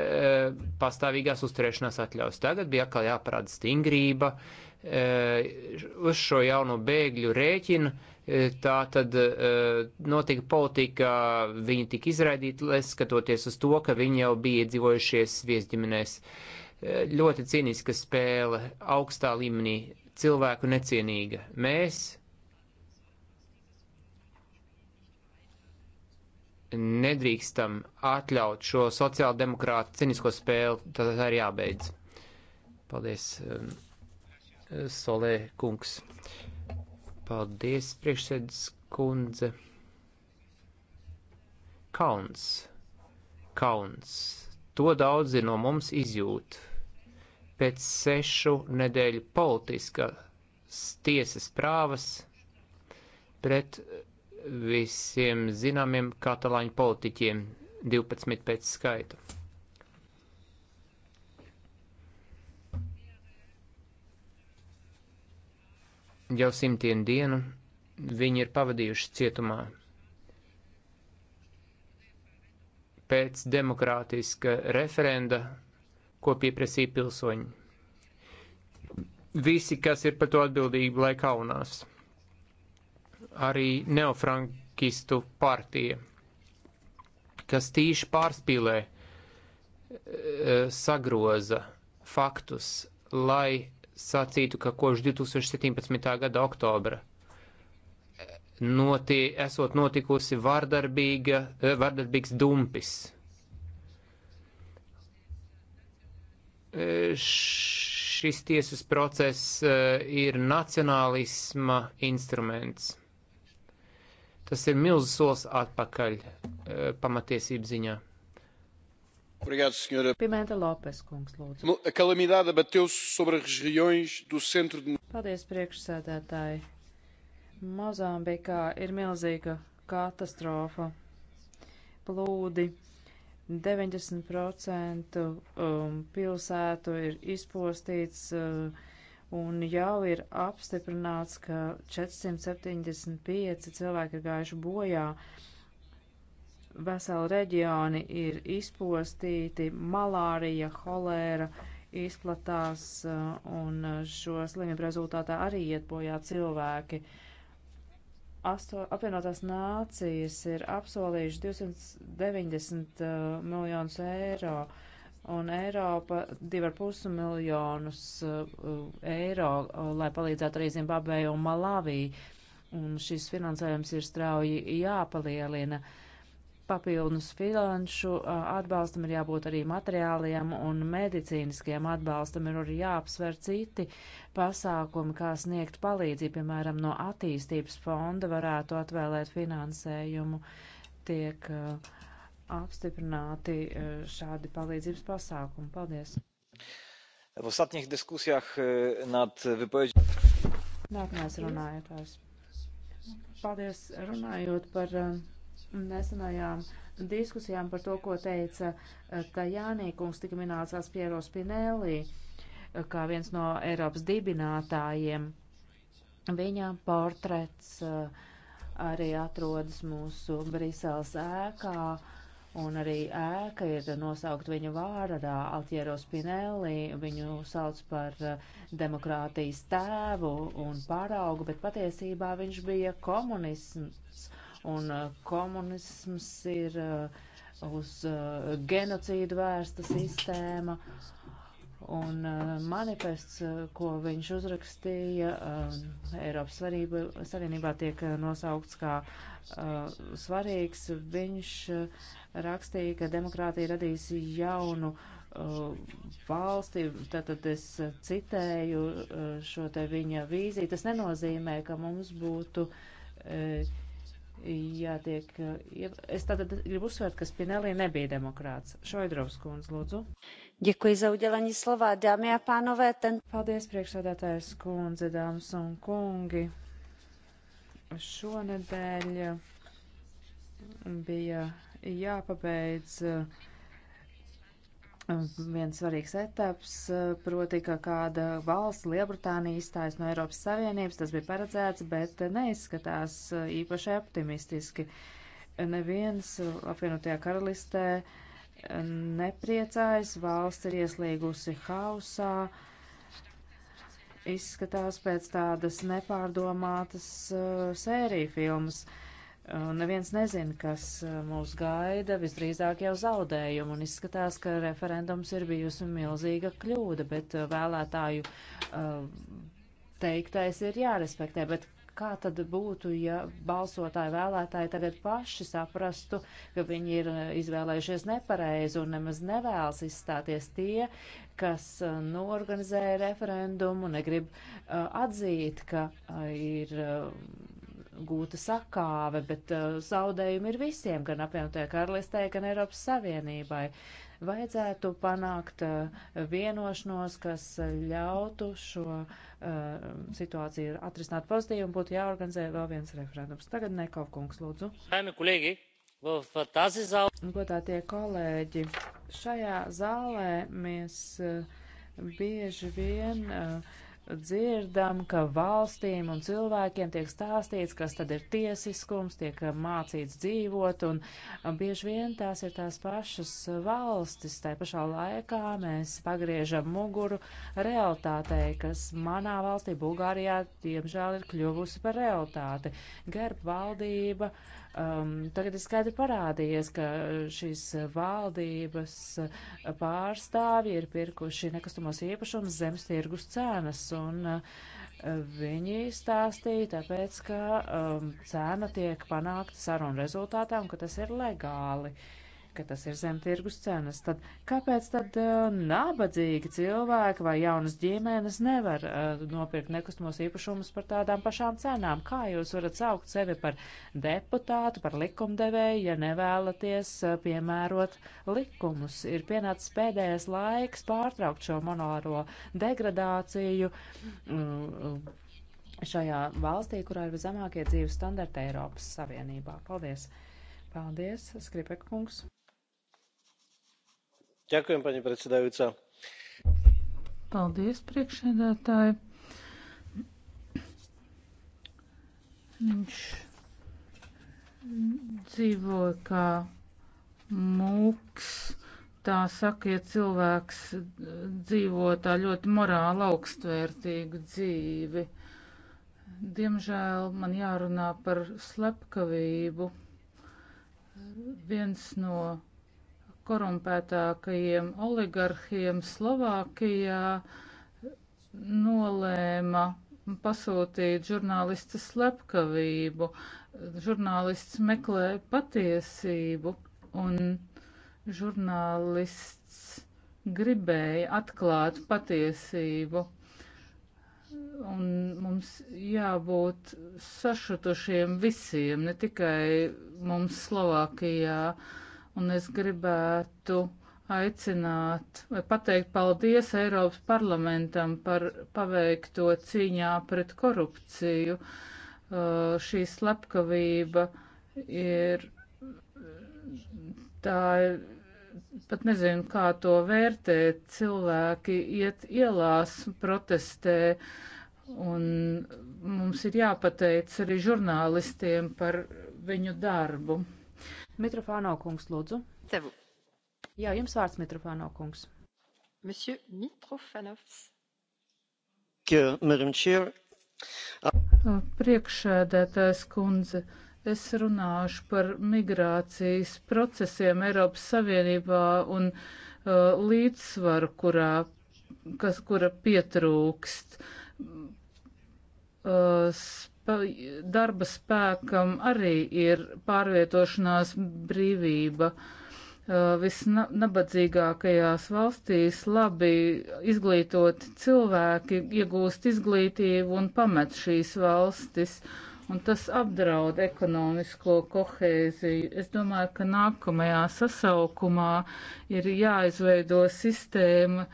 pastāvīgās uzturēšanās atļaus. Tagad bija atkal jāparāda stingrība e, uz šo jauno bēgļu rēķinu Tā tad eh, notika politika, viņi tika izraidīti, skatoties uz to, ka viņi jau bija iedzīvojušies viesģimenēs. Eh, ļoti cīniska spēle, augstā līmenī, cilvēku necienīga. Mēs nedrīkstam atļaut šo sociāldemokrātu cinisko spēli, tad tā ir jābeidz. Paldies, eh, Solē kungs. Paldies, priekšsēdus kundze. Kauns. Kauns. To daudzi no mums izjūt. Pēc sešu nedēļu politiskas tiesas prāvas pret visiem zināmiem katalāņu politiķiem 12 pēc skaitu. Jau simtiem dienu viņi ir pavadījuši cietumā. Pēc demokrātiska referenda, ko pieprasīja pilsoņi. Visi, kas ir par to atbildīgi, lai kaunās. Arī neofrankistu partija, kas tīši pārspīlē, eh, sagroza faktus, lai sacītu, ka kopš 2017. gada oktobra noti, esot notikusi vardarbīga, eh, vardarbīgs dumpis. Eh, šis tiesas process eh, ir nacionālisma instruments. Tas ir milzu solis atpakaļ pamatiesību ziņā. Pimenta Lopes kungs, lūdzu. Nu, a calamidade abateu-se sobre as regiões do centro de... Paldies, priekšsēdētāji. Mozambikā ir milzīga katastrofa. Plūdi. 90% um, pilsētu ir izpostīts uh, un jau ir apstiprināts, ka 475 cilvēki ir gājuši bojā veseli reģioni ir izpostīti, malārija, holēra izplatās, eh, un šo slimību rezultātā arī iet bojā cilvēki. Asto, apvienotās nācijas ir apsolījuši 290 uh, eh, miljonus eiro, un Eiropa 2,5 miljonus uh, eh, eiro, uh, lai palīdzētu arī Zimbabvei un Malavī. Un šis finansējums ir strauji jāpalielina. Uh, papildus finanšu atbalstam ir jābūt arī materiāliem un medicīniskiem atbalstam ir arī jāapsver citi pasākumi, kā sniegt palīdzību, piemēram, no attīstības fonda varētu atvēlēt finansējumu, tiek apstiprināti šādi palīdzības pasākumi. Paldies! W ostatnich dyskusjach e, nad wypowiedzią. Nākamais runājotājs. Paldies runājot par uh, nesenajām diskusijām par to, ko teica eh, Tajānīkums, tika minēts Piero Spinelli, eh, kā viens no Eiropas dibinātājiem. Viņa portrets eh, arī atrodas mūsu Briseles ēkā, un arī ēka ir nosaukt viņa vārdā Altiero Spinelli. Viņu sauc par demokrātijas tēvu un paraugu, bet patiesībā viņš bija komunists un uh, komunisms ir uh, uz uh, genocīdu vērsta sistēma. Un manifests, ko viņš uzrakstīja, Eiropas svarība, Savienībā tiek nosaukts kā svarīgs. Viņš rakstīja, ka demokrātija radīs jaunu valsti, tātad es citēju šo te viņa vīziju. Tas nenozīmē, ka mums būtu jātiek. Uh, es tātad gribu uzsvērt, ka Spinelli nebija demokrāts. Šoidrovs kundz, lūdzu. Děkuji za udělení slova, dámy a pánové. Ten... Paldies, priekšsādātājs kundze, dāmas un kungi. Šonedēļ bija jāpabeidz uh, viens svarīgs etaps, eh, proti, ka kāda valsts, Lielbritānija, izstājas no Eiropas Savienības, tas bija paredzēts, bet neizskatās eh, īpaši optimistiski. Neviens eh, apvienotajā karalistē nepriecājas, valsts ir ieslīgusi hausā, izskatās pēc tādas nepārdomātas uh, sēriju filmas. Uh, Neviens nezina, kas uh, mūs gaida, visdrīzāk jau zaudējumu, un izskatās, ka referendums ir bijusi milzīga kļūda, bet uh, vēlētāju uh, teiktais ir jārespektē. Bet kā tad būtu, ja balsotāji vēlētāji tagad paši saprastu, ka viņi ir izvēlējušies nepareizi un nemaz nevēlas izstāties tie, kas norganizēja referendumu, negrib atzīt, ka ir gūta sakāve, bet uh, zaudējumi ir visiem, gan apvienotajā karalistē, gan Eiropas Savienībai. Vajadzētu panākt uh, vienošanos, kas ļautu šo uh, situāciju atrisināt pozitīvi un būtu jāorganizē vēl viens referendums. Tagad Nekov kungs, lūdzu. Godātie kolēģi, šajā zālē mēs uh, bieži vien. Uh, dzirdam, ka valstīm un cilvēkiem tiek stāstīts, kas tad ir tiesiskums, tiek mācīts dzīvot, un bieži vien tās ir tās pašas valstis. Tā pašā laikā mēs pagriežam muguru realitātei, kas manā valstī, Bulgārijā, diemžēl ir kļuvusi par realitāti. Gerb valdība. Uh, Um, tagad ir skaidri parādījies, ka šīs valdības pārstāvji ir pirkuši nekustamos īpašumus zemes tirgus cenas, un uh, viņi stāstīja tāpēc, ka um, cena tiek panākta sarunu rezultātā un ka tas ir legāli. Uh, ka tas ir zem tirgus cenas, tad kāpēc tad uh, nabadzīgi cilvēki vai jaunas ģimenes nevar uh, nopirkt nekustamos īpašumus par tādām pašām cenām? Kā jūs varat saukt sevi par deputātu, par likumdevēju, ja nevēlaties uh, piemērot likumus? Ir pienācis pēdējais laiks pārtraukt šo monāro degradāciju. Mm, Šajā valstī, kurā ir viszemākie dzīves standarti Eiropas Savienībā. Paldies! Paldies, Skripek kungs pani predsedajúca paldies priekšsēdētāja viņš dzīvoja kā mūks tā saka ja cilvēks dzīvo tā ļoti morāli augstvērtīgu dzīvi diemžēl man jārunā par slepkavību viens no korumpētākajiem oligarhiem Slovākijā nolēma pasūtīt žurnālista slepkavību. Žurnālists meklē patiesību un žurnālists gribēja atklāt patiesību. Un mums jābūt sašutušiem visiem, ne tikai mums Slovākijā. Uh, Un es gribētu aicināt vai pateikt paldies Eiropas parlamentam par paveikto cīņā pret korupciju. Uh, šī slepkavība ir tā ir pat nezinu, kā to vērtēt. Cilvēki iet ielās, protestē, un mums ir jāpateic arī žurnālistiem par viņu darbu. Mitrofāno kungs, lūdzu. Tevu. Jā, jums vārds Mitrofāno kungs. Monsieur Mitrofanovs. Madam Chair. Priekšēdētājs kundze, es runāšu par migrācijas procesiem Eiropas Savienībā un uh, līdzsvaru, kurā, kas, kura pietrūkst. Uh, darba spēkam arī ir pārvietošanās brīvība. Uh, visnabadzīgākajās valstīs labi izglītoti cilvēki iegūst izglītību un pamet šīs valstis, un tas apdraud ekonomisko kohēziju. Es domāju, ka nākamajā sasaukumā ir jāizveido sistēma,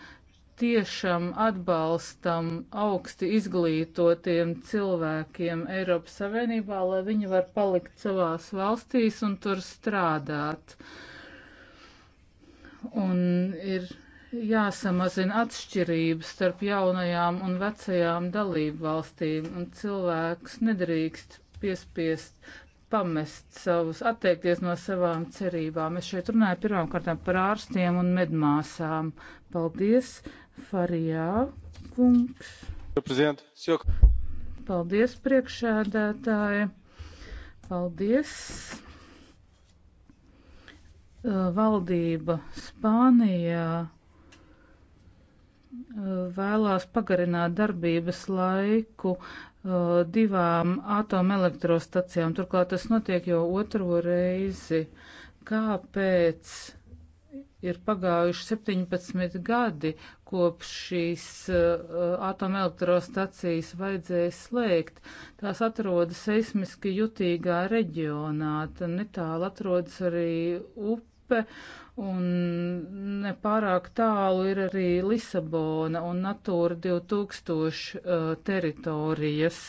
tiešam atbalstam augsti izglītotiem cilvēkiem Eiropas Savienībā, lai viņi var palikt savās valstīs un tur strādāt. Un ir jāsamazina atšķirības starp jaunajām un vecajām dalību valstīm, un cilvēks nedrīkst piespiest pamest savus, atteikties no savām cerībām. Es šeit runāju pirmkārt par ārstiem un medmāsām. Paldies! Farijā kungs. Paldies, priekšēdētāji. Paldies. Uh, valdība Spānijā uh, vēlās pagarināt darbības laiku uh, divām atomelektrostacijām. Turklāt tas notiek jau otro reizi. Kāpēc? ir pagājuši 17 gadi, kopš šīs uh, atomelektrostacijas vajadzēja slēgt. Tās atrodas seismiski jutīgā reģionā, tad netālu atrodas arī upe, un nepārāk tālu ir arī Lisabona un Natūra 2000 uh, eh, teritorijas.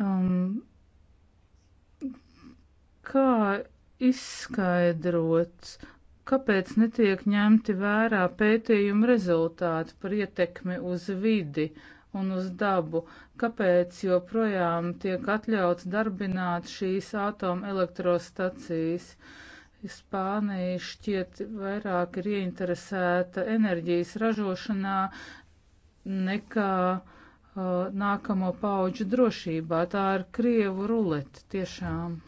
Um, kā izskaidrots, kāpēc netiek ņemti vērā pētījuma rezultāti par ietekmi uz vidi un uz dabu, kāpēc joprojām tiek atļauts darbināt šīs atomelektrostacijas. Spānija šķiet vairāk ir ieinteresēta enerģijas ražošanā nekā uh, nākamo pauģu drošībā. Tā ir krievu rulete tiešām.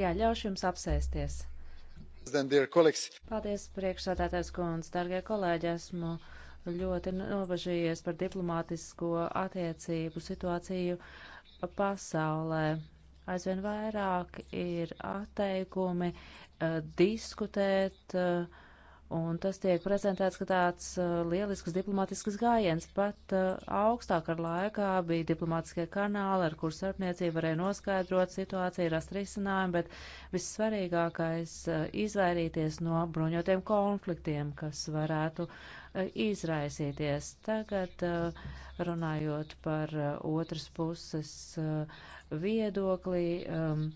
Jā, ļaušu jums apsēsties. Paldies, priekšsādātais kundze, dargie kolēģi, esmu ļoti nobažījies par diplomātisko attiecību situāciju pasaulē. Aizvien vairāk ir atteikumi uh, diskutēt uh, Un tas tiek prezentēts kā tāds uh, lielisks diplomātisks gājiens. Pat uh, augstāk ar laikā bija diplomātiskie kanāli, ar kur starpniecība varēja noskaidrot situāciju, rast risinājumu, bet vissvarīgākais uh, izvairīties no bruņotiem konfliktiem, kas varētu uh, izraisīties. Tagad uh, runājot par uh, otras puses viedokli. Um,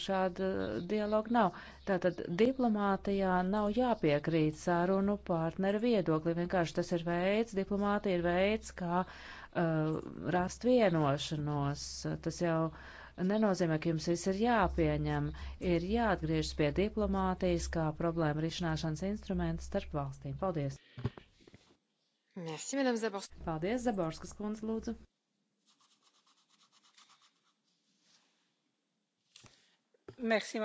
šāda dialoga nav. Tātad diplomātijā nav jāpiekrīt sarunu partneru viedokli. Vienkārši tas ir veids, diplomātija ir veids, kā uh, rast vienošanos. Tas jau nenozīmē, ka jums viss ir jāpieņem. Ir jāatgriežas pie diplomātijas kā problēma risināšanas instrumenta starp valstīm. Paldies! Merci, Paldies, Zaborskas kundze, lūdzu! Merci,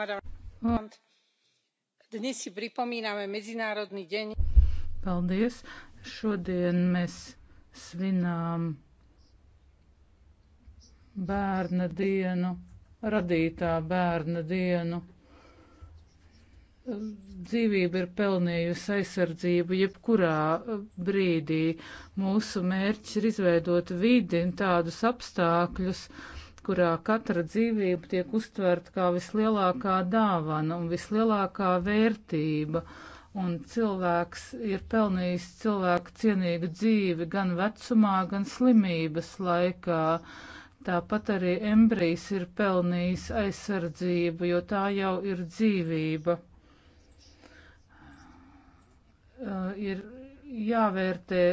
Dnes si pripomíname Medzinárodný deň. Paldies. Šodien mēs svinām bērna dienu, radītā bērna dienu. Dzīvība ir pelnījusi aizsardzību jebkurā brīdī. Mūsu mērķis ir izveidot vidi un tādus apstākļus, uh, kurā katra dzīvība tiek uztverta kā vislielākā dāvana un vislielākā vērtība, un cilvēks ir pelnījis cilvēku cienīgu dzīvi gan vecumā, gan slimības laikā. Tāpat arī embrijs ir pelnījis aizsardzību, jo tā jau ir dzīvība. Uh, ir jāvērtē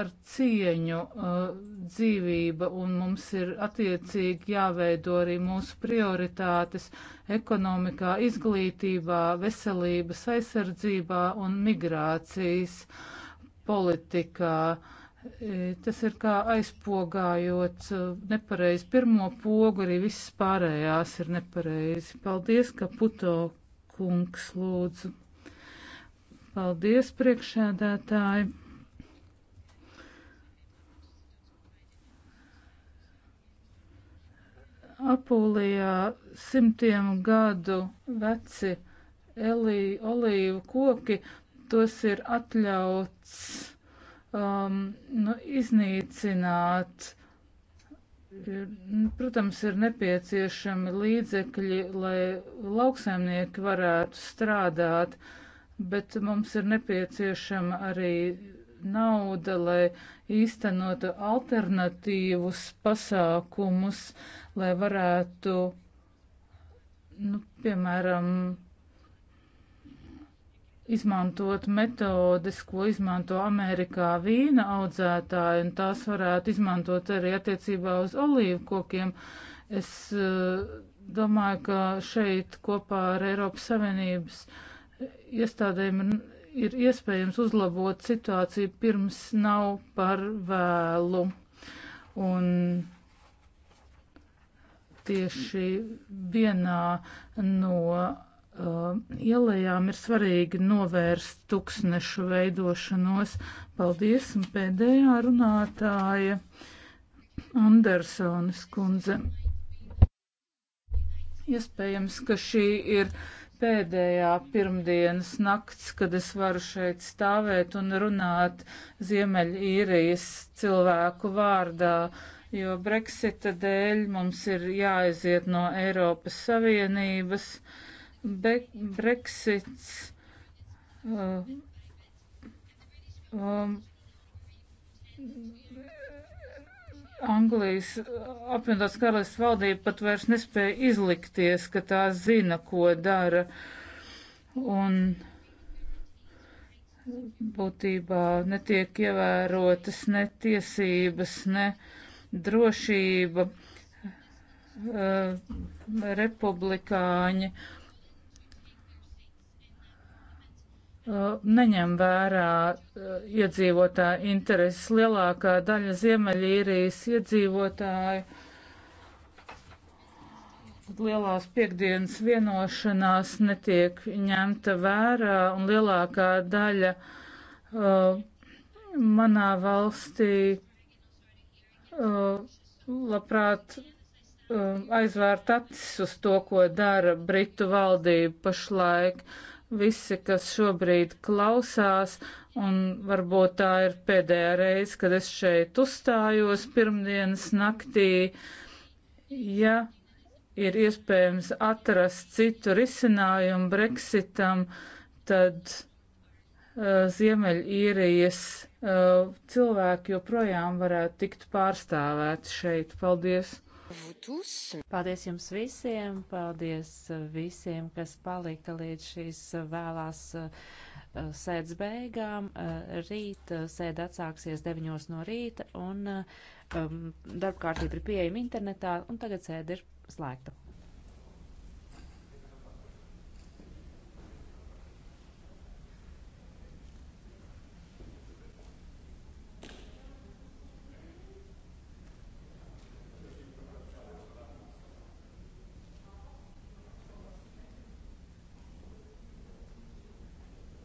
ar cieņu uh, dzīvība un mums ir attiecīgi jāveido arī mūsu prioritātes ekonomikā, izglītībā, veselības aizsardzībā un migrācijas politikā. E, tas ir kā aizpogājot uh, nepareizi pirmo pogu, arī viss pārējās ir nepareizi. Paldies, ka puto kungs lūdzu. Paldies, priekšēdētāji. Apulijā simtiem gadu veci elī, olīvu koki, tos ir atļauts um, nu, iznīcināt. Protams, ir nepieciešami līdzekļi, lai lauksaimnieki varētu strādāt, bet mums ir nepieciešama arī nauda, lai īstenotu alternatīvus pasākumus, lai varētu, nu, piemēram, izmantot metodes, ko izmanto Amerikā vīna audzētāji, un tās varētu izmantot arī attiecībā uz olīvu kokiem. Es uh, domāju, ka šeit kopā ar Eiropas Savienības iestādēm ir iespējams uzlabot situāciju pirms nav par vēlu. Un tieši vienā no uh, ielējām ir svarīgi novērst tuksnešu veidošanos. Paldies, un pēdējā runātāja Andersonis kundze. Iespējams, ka šī ir pēdējā pirmdienas nakts, kad es varu šeit stāvēt un runāt Ziemeļīrijas cilvēku vārdā. Uh, jo Brexita dēļ mums ir jāaiziet no Eiropas Savienības. Be Brexits uh, um, Anglijas apvienotās karalists valdība pat vairs nespēja izlikties, ka tā zina, ko dara. Un būtībā netiek ievērotas ne tiesības, ne uh, drošība, eh, republikāņi eh, neņem vērā eh, iedzīvotāju intereses. Lielākā daļa Ziemeļīrijas iedzīvotāju lielās piekdienas vienošanās netiek ņemta vērā un lielākā daļa uh, manā valstī Uh, labprāt uh, aizvērt acis uz to, ko dara Britu valdība pašlaik. Visi, kas šobrīd klausās, un varbūt tā ir pēdējā reize, kad es šeit uzstājos pirmdienas naktī, ja ir iespējams atrast citu risinājumu Brexitam, tad uh, Ziemeļīrijas Eh, cilvēki joprojām varētu tikt pārstāvēti šeit. Paldies! Paldies jums visiem, paldies visiem, kas palika līdz šīs vēlās eh, sēdes beigām. Eh, rīt sēde atsāksies 9 no rīta un darbkārtība ir pieejama internetā un tagad sēde ir slēgta.